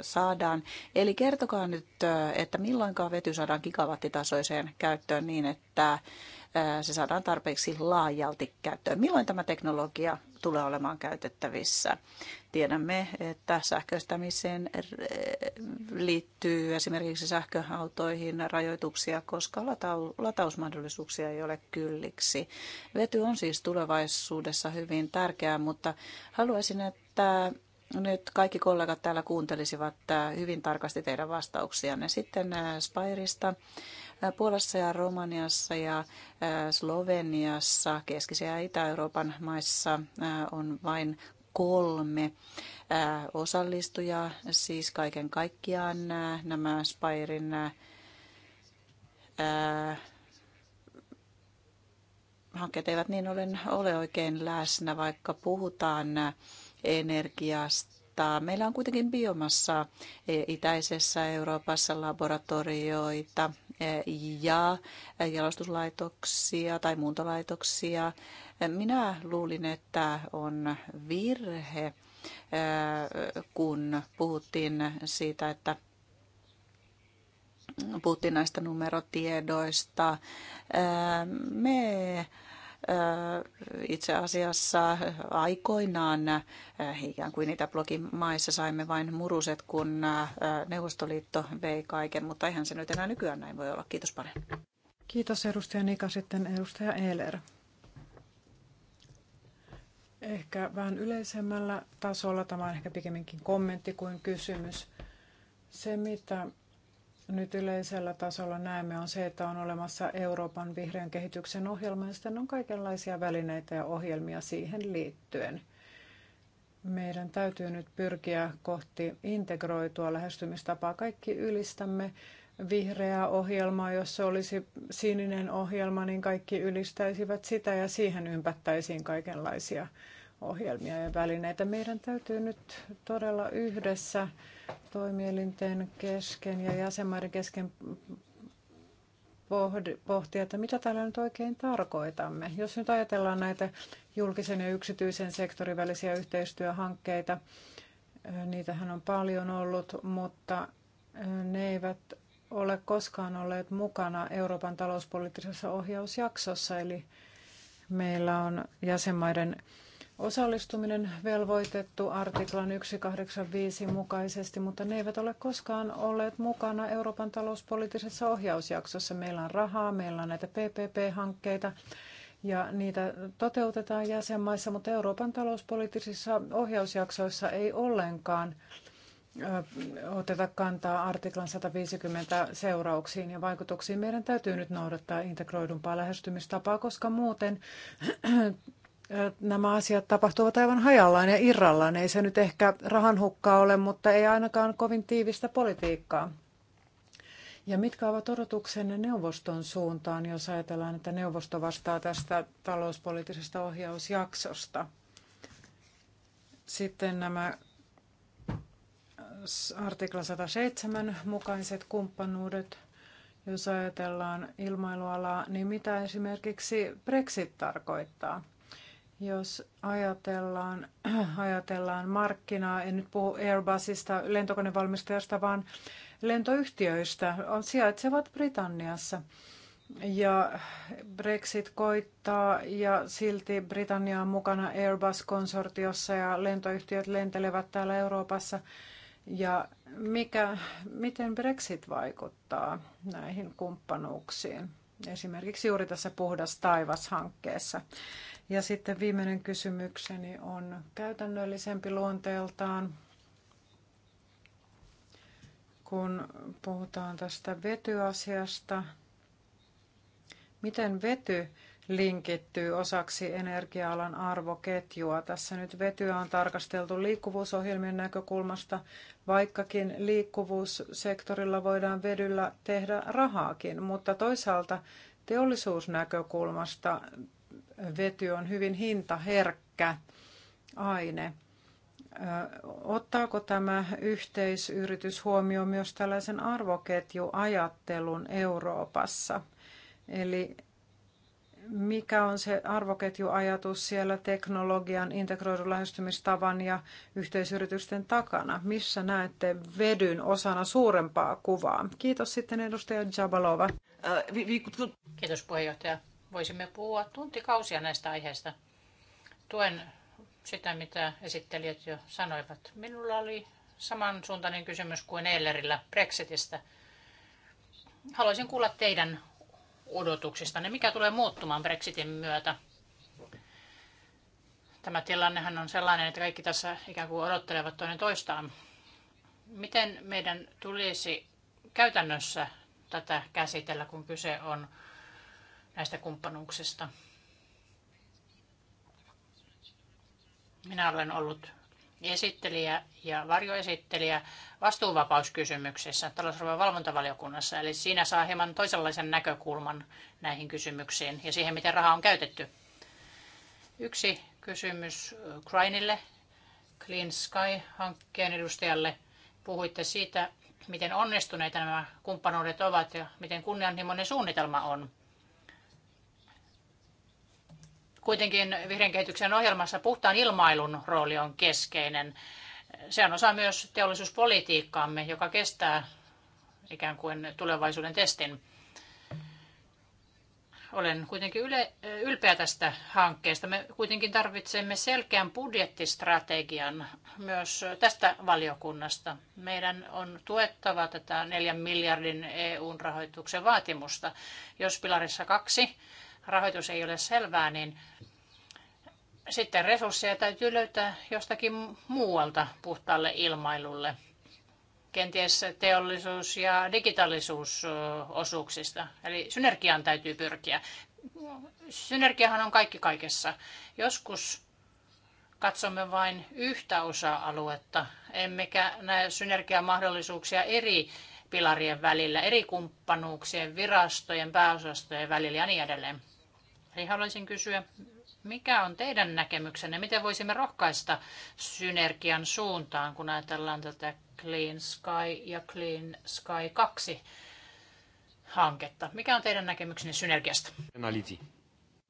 saadaan. Eli kertokaa nyt, eh, että milloinkaan vety saadaan gigawattitasoiseen käyttöön niin, että se saadaan tarpeeksi laajalti käyttöön. Milloin tämä teknologia tulee olemaan käytettävissä. Tiedämme, että sähköistämiseen eh, liittyy esimerkiksi sähköautoihin rajoituksia, koska latausmahdollisuuksia ei ole kylliksi. Vety on siis tulevaisuudessa hyvin tärkeää, mutta haluaisin, että nyt kaikki kollegat täällä kuuntelisivat eh, hyvin tarkasti teidän vastauksianne. Sitten eh, Spairista Puolassa ja Romaniassa ja Sloveniassa, Keskisen ja Itä-Euroopan maissa on vain kolme osallistujaa, siis kaiken kaikkiaan nämä Spairin hankkeet eivät niin ole, ole oikein läsnä, vaikka puhutaan energiasta. Meillä on kuitenkin biomassa itäisessä Euroopassa laboratorioita, ja jalostuslaitoksia tai muuntolaitoksia. Minä luulin, että on virhe, kun puhuttiin siitä, että puhuttiin näistä numerotiedoista. Me itse asiassa aikoinaan ikään kuin Itäblokin maissa saimme vain muruset, kun Neuvostoliitto vei kaiken, mutta eihän se nyt enää nykyään näin voi olla. Kiitos paljon. Kiitos edustaja Nika, sitten edustaja Eeler. Ehkä vähän yleisemmällä tasolla, tämä on ehkä pikemminkin kommentti kuin kysymys. Se, mitä nyt yleisellä tasolla näemme, on se, että on olemassa Euroopan vihreän kehityksen ohjelma ja sitten on kaikenlaisia välineitä ja ohjelmia siihen liittyen. Meidän täytyy nyt pyrkiä kohti integroitua lähestymistapaa. Kaikki ylistämme vihreää ohjelmaa. Jos se olisi sininen ohjelma, niin kaikki ylistäisivät sitä ja siihen ympättäisiin kaikenlaisia ohjelmia ja välineitä. Meidän täytyy nyt todella yhdessä toimielinten kesken ja jäsenmaiden kesken pohtia, että mitä täällä nyt oikein tarkoitamme. Jos nyt ajatellaan näitä julkisen ja yksityisen sektorin välisiä yhteistyöhankkeita, niitähän on paljon ollut, mutta ne eivät ole koskaan olleet mukana Euroopan talouspoliittisessa ohjausjaksossa, eli meillä on jäsenmaiden osallistuminen velvoitettu artiklan 185 mukaisesti, mutta ne eivät ole koskaan olleet mukana Euroopan talouspoliittisessa ohjausjaksossa. Meillä on rahaa, meillä on näitä PPP-hankkeita ja niitä toteutetaan jäsenmaissa, mutta Euroopan talouspoliittisissa ohjausjaksoissa ei ollenkaan oteta kantaa artiklan 150 seurauksiin ja vaikutuksiin. Meidän täytyy nyt noudattaa integroidumpaa lähestymistapaa, koska muuten nämä asiat tapahtuvat aivan hajallaan ja irrallaan. Ei se nyt ehkä rahan hukkaa ole, mutta ei ainakaan kovin tiivistä politiikkaa. Ja mitkä ovat odotuksenne neuvoston suuntaan, jos ajatellaan, että neuvosto vastaa tästä talouspoliittisesta ohjausjaksosta? Sitten nämä artikla 107 mukaiset kumppanuudet, jos ajatellaan ilmailualaa, niin mitä esimerkiksi Brexit tarkoittaa? Jos ajatellaan, ajatellaan markkinaa, en nyt puhu Airbusista, lentokonevalmistajasta, vaan lentoyhtiöistä, on sijaitsevat Britanniassa. Ja Brexit koittaa ja silti Britannia on mukana Airbus-konsortiossa ja lentoyhtiöt lentelevät täällä Euroopassa. Ja mikä, miten Brexit vaikuttaa näihin kumppanuuksiin? Esimerkiksi juuri tässä Puhdas taivas-hankkeessa. Ja sitten viimeinen kysymykseni on käytännöllisempi luonteeltaan. Kun puhutaan tästä vetyasiasta, miten vety linkittyy osaksi energia-alan arvoketjua. Tässä nyt vetyä on tarkasteltu liikkuvuusohjelmien näkökulmasta, vaikkakin liikkuvuussektorilla voidaan vedyllä tehdä rahaakin, mutta toisaalta teollisuusnäkökulmasta vety on hyvin hintaherkkä aine. Ottaako tämä yhteisyritys huomioon myös tällaisen arvoketjuajattelun Euroopassa? Eli mikä on se arvoketjuajatus siellä teknologian integroidun lähestymistavan ja yhteisyritysten takana? Missä näette vedyn osana suurempaa kuvaa? Kiitos sitten edustaja Jabalova. Kiitos puheenjohtaja. Voisimme puhua tuntikausia näistä aiheista. Tuen sitä, mitä esittelijät jo sanoivat. Minulla oli samansuuntainen kysymys kuin Eilerillä Brexitistä. Haluaisin kuulla teidän odotuksistanne. Mikä tulee muuttumaan Brexitin myötä? Tämä tilannehan on sellainen, että kaikki tässä ikään kuin odottelevat toinen toistaan. Miten meidän tulisi käytännössä tätä käsitellä, kun kyse on näistä kumppanuuksista. Minä olen ollut esittelijä ja varjoesittelijä vastuuvapauskysymyksessä talousarvon valvontavaliokunnassa. Eli siinä saa hieman toisenlaisen näkökulman näihin kysymyksiin ja siihen, miten rahaa on käytetty. Yksi kysymys Crinille, Clean Sky-hankkeen edustajalle. Puhuitte siitä, miten onnistuneita nämä kumppanuudet ovat ja miten kunnianhimoinen suunnitelma on. Kuitenkin vihreän kehityksen ohjelmassa puhtaan ilmailun rooli on keskeinen. Se on osa myös teollisuuspolitiikkaamme, joka kestää ikään kuin tulevaisuuden testin. Olen kuitenkin yle, ylpeä tästä hankkeesta. Me kuitenkin tarvitsemme selkeän budjettistrategian myös tästä valiokunnasta. Meidän on tuettava tätä 4 miljardin eu rahoituksen vaatimusta. Jos pilarissa kaksi rahoitus ei ole selvää, niin sitten resursseja täytyy löytää jostakin muualta puhtaalle ilmailulle. Kenties teollisuus- ja digitaalisuusosuuksista. Eli synergiaan täytyy pyrkiä. Synergiahan on kaikki kaikessa. Joskus katsomme vain yhtä osa-aluetta, emmekä näe synergiamahdollisuuksia eri pilarien välillä, eri kumppanuuksien, virastojen, pääosastojen välillä ja niin edelleen. Eli niin haluaisin kysyä, mikä on teidän näkemyksenne? Miten voisimme rohkaista synergian suuntaan, kun ajatellaan tätä Clean Sky ja Clean Sky 2 hanketta? Mikä on teidän näkemyksenne synergiasta?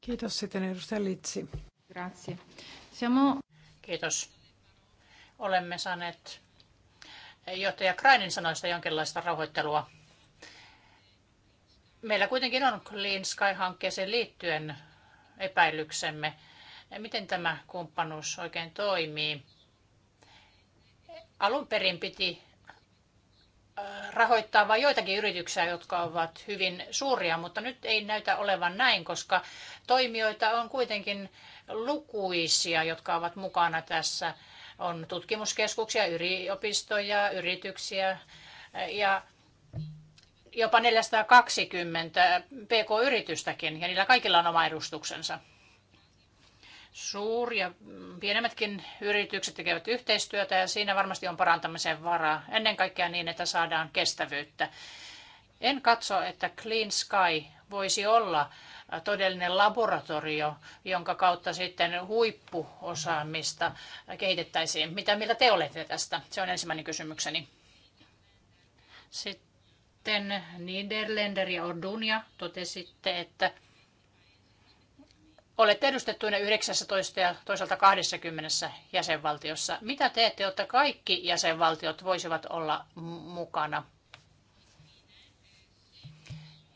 Kiitos sitten edustaja Litsi. Grazie. Siamo... Kiitos. Olemme saaneet johtaja Krainin sanoista jonkinlaista rauhoittelua Meillä kuitenkin on Clean Sky-hankkeeseen liittyen epäilyksemme. Miten tämä kumppanuus oikein toimii? Alun perin piti rahoittaa vain joitakin yrityksiä, jotka ovat hyvin suuria, mutta nyt ei näytä olevan näin, koska toimijoita on kuitenkin lukuisia, jotka ovat mukana tässä. On tutkimuskeskuksia, yliopistoja, yrityksiä ja jopa 420 pk-yritystäkin, ja niillä kaikilla on oma edustuksensa. Suur ja pienemmätkin yritykset tekevät yhteistyötä ja siinä varmasti on parantamisen varaa, ennen kaikkea niin, että saadaan kestävyyttä. En katso, että Clean Sky voisi olla todellinen laboratorio, jonka kautta sitten huippuosaamista kehitettäisiin. Mitä mieltä te olette tästä? Se on ensimmäinen kysymykseni. Sitten sitten Niederländer ja Ordunia totesitte, että olette edustettuina 19 ja toisaalta 20 jäsenvaltiossa. Mitä teette, jotta kaikki jäsenvaltiot voisivat olla mukana?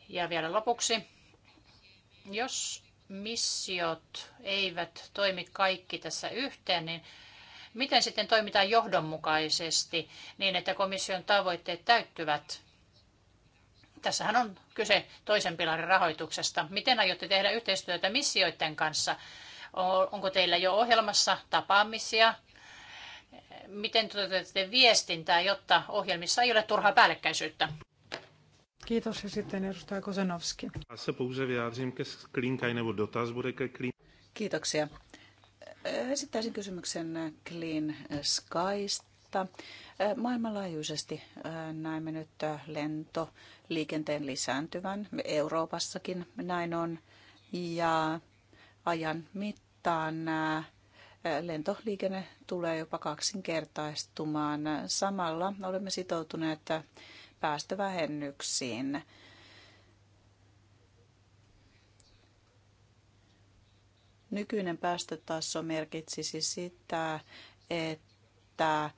Ja vielä lopuksi, jos missiot eivät toimi kaikki tässä yhteen, niin miten sitten toimitaan johdonmukaisesti niin, että komission tavoitteet täyttyvät? Tässähän on kyse toisen pilarin rahoituksesta. Miten aiotte tehdä yhteistyötä missioiden kanssa? Onko teillä jo ohjelmassa tapaamisia? Miten toteutatte viestintää, jotta ohjelmissa ei ole turhaa päällekkäisyyttä? Kiitos ja sitten edustaja Kosenovski. Kiitoksia. Esittäisin kysymyksen Clean Skysta mutta maailmanlaajuisesti näemme nyt lentoliikenteen lisääntyvän. Euroopassakin näin on. Ja ajan mittaan lentoliikenne tulee jopa kaksinkertaistumaan. Samalla olemme sitoutuneet päästövähennyksiin. Nykyinen päästötaso merkitsisi sitä, että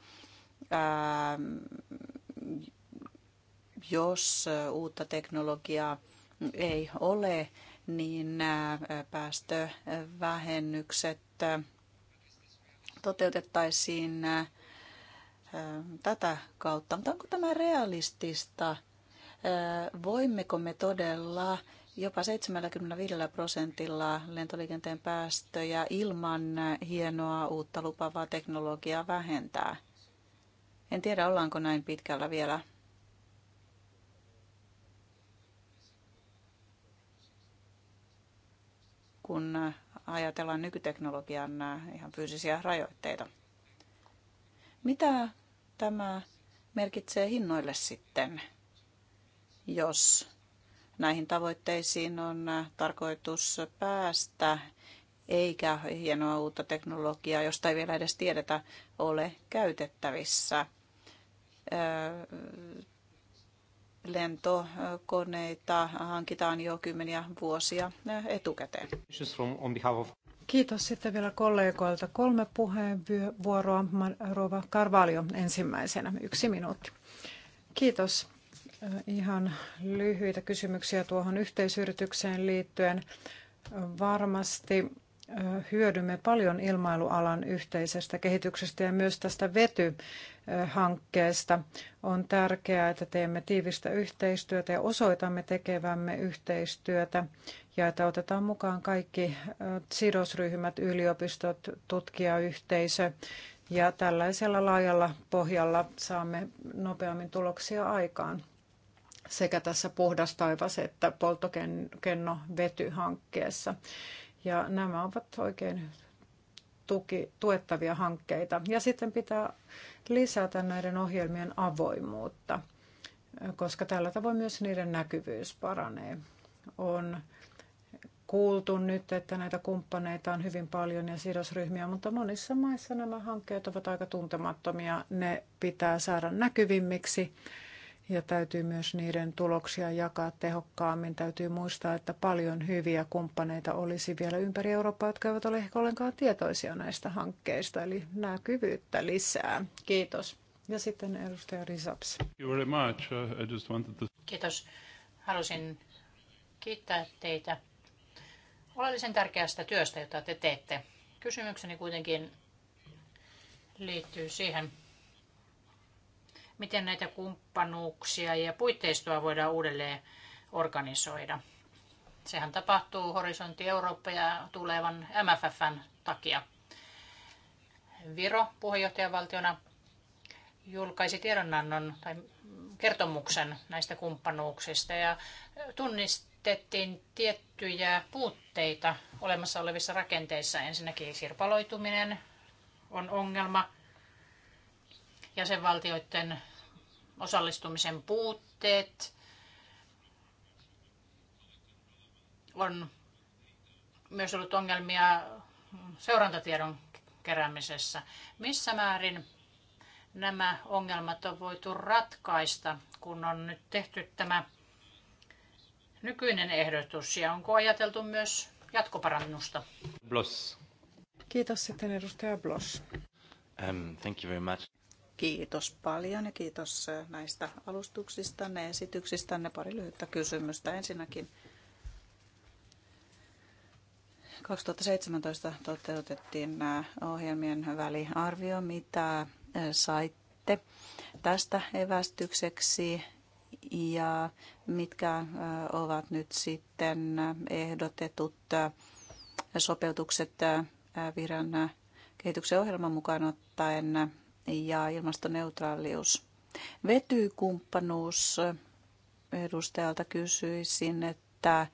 jos uutta teknologiaa ei ole, niin päästövähennykset toteutettaisiin tätä kautta. Mutta onko tämä realistista? Voimmeko me todella jopa 75 prosentilla lentoliikenteen päästöjä ilman hienoa uutta lupavaa teknologiaa vähentää? En tiedä, ollaanko näin pitkällä vielä. kun ajatellaan nykyteknologian ihan fyysisiä rajoitteita. Mitä tämä merkitsee hinnoille sitten, jos näihin tavoitteisiin on tarkoitus päästä, eikä hienoa uutta teknologiaa, josta ei vielä edes tiedetä, ole käytettävissä lentokoneita hankitaan jo kymmeniä vuosia etukäteen. Kiitos sitten vielä kollegoilta. Kolme puheenvuoroa. Rova Carvalho ensimmäisenä. Yksi minuutti. Kiitos. Ihan lyhyitä kysymyksiä tuohon yhteisyritykseen liittyen. Varmasti hyödymme paljon ilmailualan yhteisestä kehityksestä ja myös tästä vetyhankkeesta. On tärkeää, että teemme tiivistä yhteistyötä ja osoitamme tekevämme yhteistyötä ja että otetaan mukaan kaikki sidosryhmät, yliopistot, tutkijayhteisö ja tällaisella laajalla pohjalla saamme nopeammin tuloksia aikaan sekä tässä puhdas taivas että polttokenno vetyhankkeessa. hankkeessa. Ja nämä ovat oikein tuki, tuettavia hankkeita. Ja sitten pitää lisätä näiden ohjelmien avoimuutta, koska tällä tavoin myös niiden näkyvyys paranee. On kuultu nyt, että näitä kumppaneita on hyvin paljon ja sidosryhmiä, mutta monissa maissa nämä hankkeet ovat aika tuntemattomia. Ne pitää saada näkyvimmiksi ja täytyy myös niiden tuloksia jakaa tehokkaammin. Täytyy muistaa, että paljon hyviä kumppaneita olisi vielä ympäri Eurooppaa, jotka eivät ole ehkä ollenkaan tietoisia näistä hankkeista, eli näkyvyyttä lisää. Kiitos. Ja sitten edustaja Risaps. Uh, Kiitos. Halusin kiittää teitä oleellisen tärkeästä työstä, jota te teette. Kysymykseni kuitenkin liittyy siihen, miten näitä kumppanuuksia ja puitteistoa voidaan uudelleen organisoida. Sehän tapahtuu Horisontti Eurooppa ja tulevan MFFn takia. Viro puheenjohtajavaltiona julkaisi tiedonannon tai kertomuksen näistä kumppanuuksista ja tunnistettiin tiettyjä puutteita olemassa olevissa rakenteissa. Ensinnäkin sirpaloituminen on ongelma jäsenvaltioiden osallistumisen puutteet. On myös ollut ongelmia seurantatiedon keräämisessä. Missä määrin nämä ongelmat on voitu ratkaista, kun on nyt tehty tämä nykyinen ehdotus ja onko ajateltu myös jatkoparannusta? Bloss. Kiitos sitten edustaja Bloss. Um, thank you very much. Kiitos paljon ja kiitos näistä ne esityksistä, ne Pari lyhyttä kysymystä. Ensinnäkin 2017 toteutettiin nämä ohjelmien väliarvio, mitä saitte tästä evästykseksi ja mitkä ovat nyt sitten ehdotetut sopeutukset vihreän kehityksen ohjelman mukaan ottaen ja ilmastoneutraalius. Vetykumppanuus edustajalta kysyisin, että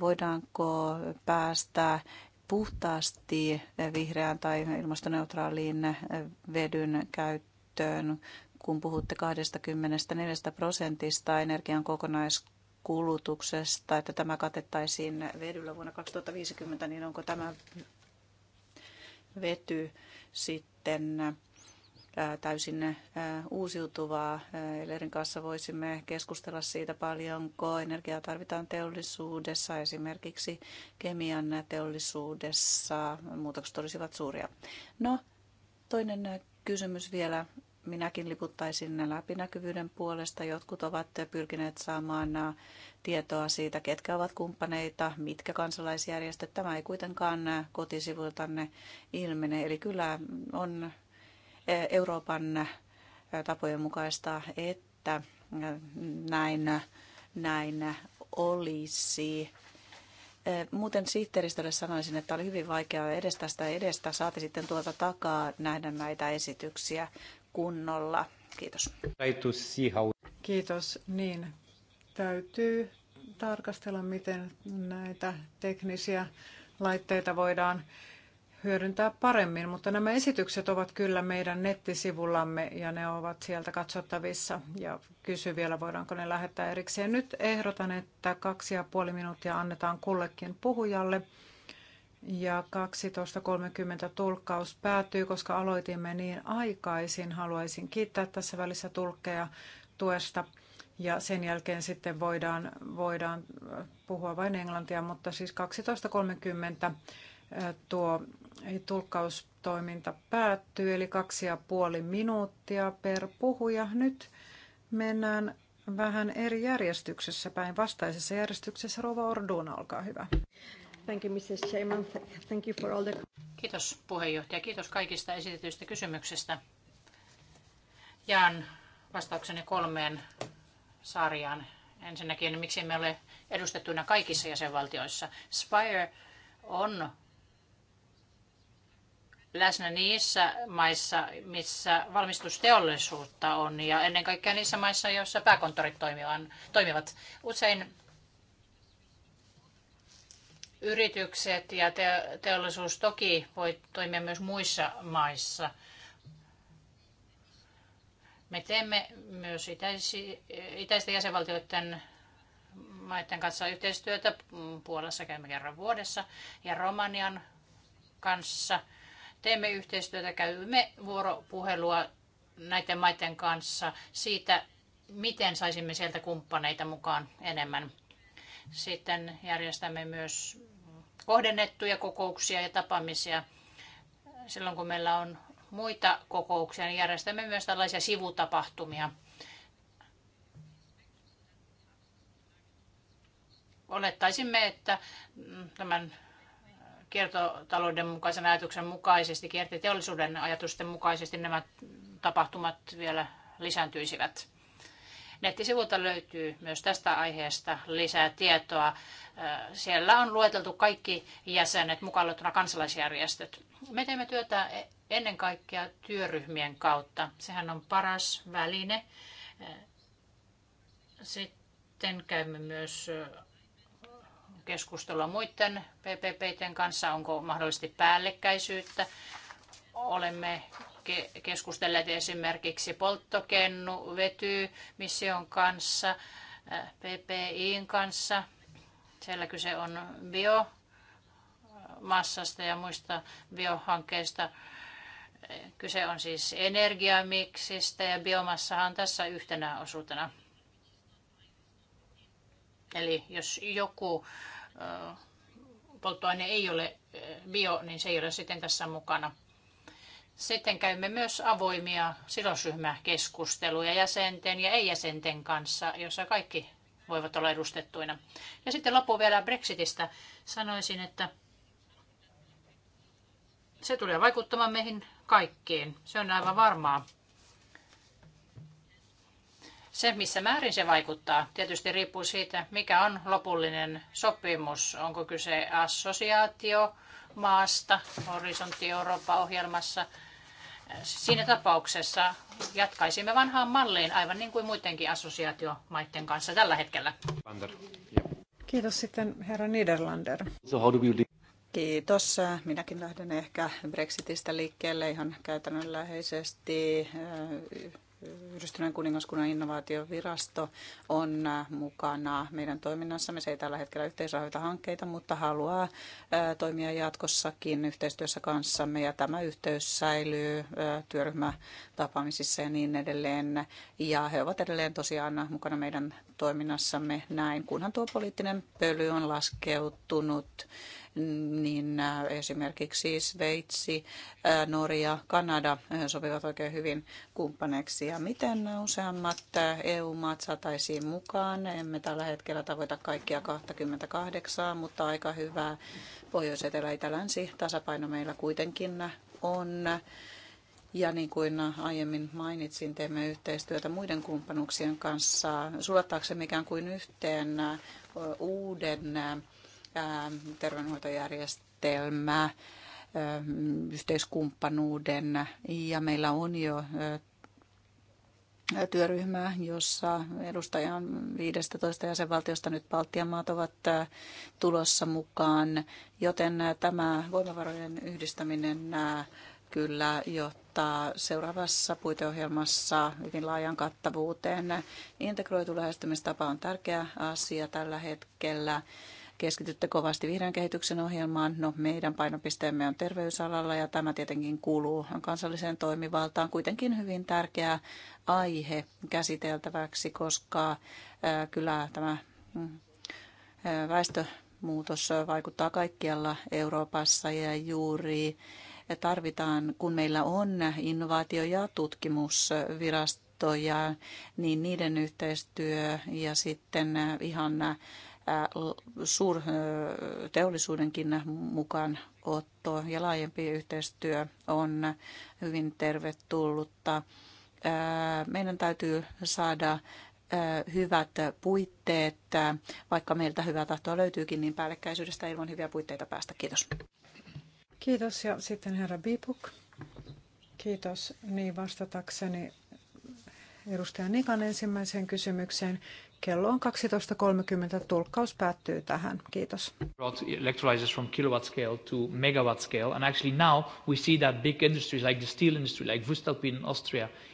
voidaanko päästä puhtaasti vihreään tai ilmastoneutraaliin vedyn käyttöön, kun puhutte 24 prosentista energian kokonaiskulutuksesta, että tämä katettaisiin vedyllä vuonna 2050, niin onko tämä vety sitten täysin uusiutuvaa. Elerin kanssa voisimme keskustella siitä paljonko energiaa tarvitaan teollisuudessa, esimerkiksi kemian teollisuudessa. Muutokset olisivat suuria. No, toinen kysymys vielä. Minäkin liputtaisin läpinäkyvyyden puolesta. Jotkut ovat pyrkineet saamaan tietoa siitä, ketkä ovat kumppaneita, mitkä kansalaisjärjestöt. Tämä ei kuitenkaan kotisivuiltanne ilmene. Eli kyllä on Euroopan tapojen mukaista, että näin, näin olisi. Muuten sihteeristölle sanoisin, että oli hyvin vaikeaa edes tästä edestä, saati sitten tuolta takaa nähdä näitä esityksiä kunnolla. Kiitos. Kiitos. Niin, täytyy tarkastella, miten näitä teknisiä laitteita voidaan hyödyntää paremmin, mutta nämä esitykset ovat kyllä meidän nettisivullamme ja ne ovat sieltä katsottavissa. Ja kysy vielä, voidaanko ne lähettää erikseen. Nyt ehdotan, että kaksi ja puoli minuuttia annetaan kullekin puhujalle. Ja 12.30 tulkkaus päättyy, koska aloitimme niin aikaisin. Haluaisin kiittää tässä välissä tulkkeja tuesta. Ja sen jälkeen sitten voidaan, voidaan puhua vain englantia, mutta siis 12.30 tuo tulkkaustoiminta päättyy, eli kaksi ja puoli minuuttia per puhuja. Nyt mennään vähän eri järjestyksessä päin. Vastaisessa järjestyksessä Rova Orduna, olkaa hyvä. Thank you, Mrs. Chairman. Thank you for all the... Kiitos puheenjohtaja. Kiitos kaikista esitetyistä kysymyksistä. Jaan vastaukseni kolmeen sarjaan. Ensinnäkin, miksi me ole edustettuina kaikissa jäsenvaltioissa. Spire on läsnä niissä maissa, missä valmistusteollisuutta on ja ennen kaikkea niissä maissa, joissa pääkonttorit toimivat. Usein yritykset ja teollisuus toki voi toimia myös muissa maissa. Me teemme myös itäisi, itäisten jäsenvaltioiden maiden kanssa yhteistyötä. Puolassa käymme kerran vuodessa ja Romanian kanssa – teemme yhteistyötä, käymme vuoropuhelua näiden maiden kanssa siitä, miten saisimme sieltä kumppaneita mukaan enemmän. Sitten järjestämme myös kohdennettuja kokouksia ja tapaamisia. Silloin kun meillä on muita kokouksia, niin järjestämme myös tällaisia sivutapahtumia. Olettaisimme, että mm, tämän kiertotalouden mukaisen ajatuksen mukaisesti, kiertoteollisuuden ajatusten mukaisesti nämä tapahtumat vielä lisääntyisivät. Nettisivuilta löytyy myös tästä aiheesta lisää tietoa. Äh, siellä on lueteltu kaikki jäsenet, mukaan kansalaisjärjestöt. Me teemme työtä e- ennen kaikkea työryhmien kautta. Sehän on paras väline. Äh, sitten käymme myös äh, keskustelua muiden PPPiden kanssa, onko mahdollisesti päällekkäisyyttä. Olemme keskustelleet esimerkiksi polttokennu, vety, mission kanssa, äh, PPIin kanssa. Siellä kyse on biomassasta ja muista biohankkeista. Kyse on siis energiamiksistä ja biomassahan tässä yhtenä osuutena. Eli jos joku polttoaine ei ole bio, niin se ei ole sitten tässä mukana. Sitten käymme myös avoimia sidosryhmäkeskusteluja jäsenten ja ei-jäsenten kanssa, jossa kaikki voivat olla edustettuina. Ja sitten loppu vielä Brexitistä. Sanoisin, että se tulee vaikuttamaan meihin kaikkiin. Se on aivan varmaa. Se, missä määrin se vaikuttaa, tietysti riippuu siitä, mikä on lopullinen sopimus. Onko kyse assosiaatio maasta Horisontti Eurooppa-ohjelmassa. Siinä tapauksessa jatkaisimme vanhaan malliin, aivan niin kuin muidenkin assosiaatiomaiden kanssa tällä hetkellä. Kiitos sitten herra Niederlander. Kiitos. Minäkin lähden ehkä Brexitistä liikkeelle ihan käytännönläheisesti Yhdistyneen kuningaskunnan innovaatiovirasto on äh, mukana meidän toiminnassamme. Se ei tällä hetkellä yhteisrahoita hankkeita, mutta haluaa äh, toimia jatkossakin yhteistyössä kanssamme ja tämä yhteys säilyy äh, työryhmätapaamisissa ja niin edelleen. Ja he ovat edelleen tosiaan mukana meidän toiminnassamme näin, kunhan tuo poliittinen pöly on laskeutunut niin äh, esimerkiksi Sveitsi, äh, Norja, Kanada äh, sopivat oikein hyvin kumppaneiksi. Ja miten useammat EU-maat saataisiin mukaan? Emme tällä hetkellä tavoita kaikkia 28, mutta aika hyvää pohjois etelä itä länsi tasapaino meillä kuitenkin on. Ja niin kuin aiemmin mainitsin, teemme yhteistyötä muiden kumppanuuksien kanssa sulattaaksemme ikään kuin yhteen uuden Ähm, terveydenhoitojärjestelmää, ähm, yhteiskumppanuuden ja meillä on jo äh, työryhmää, jossa on 15 jäsenvaltiosta nyt Baltian maat ovat äh, tulossa mukaan, joten äh, tämä voimavarojen yhdistäminen kyllä johtaa seuraavassa puiteohjelmassa hyvin laajan kattavuuteen. Integroitu lähestymistapa on tärkeä asia tällä hetkellä keskitytte kovasti vihreän kehityksen ohjelmaan. No, meidän painopisteemme on terveysalalla ja tämä tietenkin kuuluu kansalliseen toimivaltaan. Kuitenkin hyvin tärkeä aihe käsiteltäväksi, koska kyllä tämä mm, väestömuutos vaikuttaa kaikkialla Euroopassa ja juuri tarvitaan, kun meillä on innovaatio- ja tutkimusvirastoja, niin niiden yhteistyö ja sitten ihan suurteollisuudenkin mukaan otto ja laajempi yhteistyö on hyvin tervetullutta. Meidän täytyy saada hyvät puitteet, vaikka meiltä hyvää tahtoa löytyykin, niin päällekkäisyydestä ilman hyviä puitteita päästä. Kiitos. Kiitos ja sitten herra Bipuk. Kiitos. Niin vastatakseni edustaja Nikan ensimmäiseen kysymykseen. Kello on 12.30. Tulkkaus päättyy tähän. Kiitos. Electrolyzers from kilowatt scale to megawatt scale. And actually now we see that big industries like the steel industry, like Voestalpine in Austria,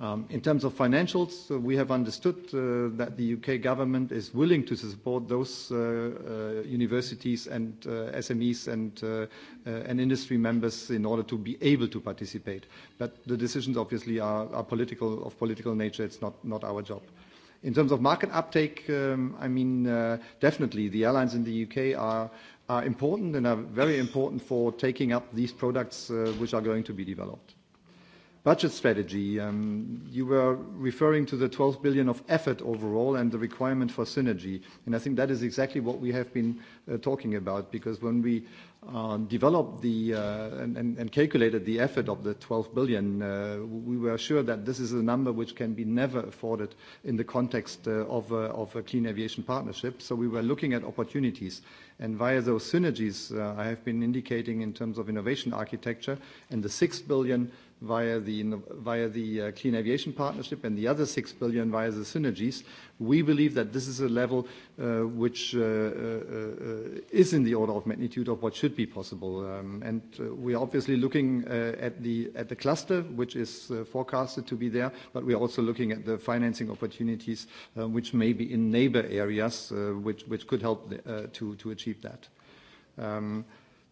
Um, in terms of financials, uh, we have understood uh, that the U.K. government is willing to support those uh, uh universities and uh, SMEs and, and industry members in order to be able to participate. But the decisions obviously are, are political, of political nature. It's not, not our job. In terms of market uptake, um, I mean, definitely the airlines in the U.K. are, are important and are very important for taking up these products, which are going to be developed budget strategy, um, you were referring to the 12 billion of effort overall and the requirement for synergy. And I think that is exactly what we have been uh, talking about, because when we uh, developed the uh, and, and, and calculated the effort of the 12 billion, uh, we were sure that this is a number which can be never afforded in the context uh, of, uh, of a Clean Aviation Partnership. So we were looking at opportunities. And via those synergies, I have been indicating in terms of innovation architecture and the 6 billion via the uh, Clean Aviation Partnership and the other 6 billion via the synergies, we believe that this is a level uh, which uh, is in the order of magnitude of what should be possible. Um, and are obviously looking at the cluster, which is forecasted to be there, but we are also looking at the financing opportunities, which may be in neighbor areas, which could help to achieve that. Um,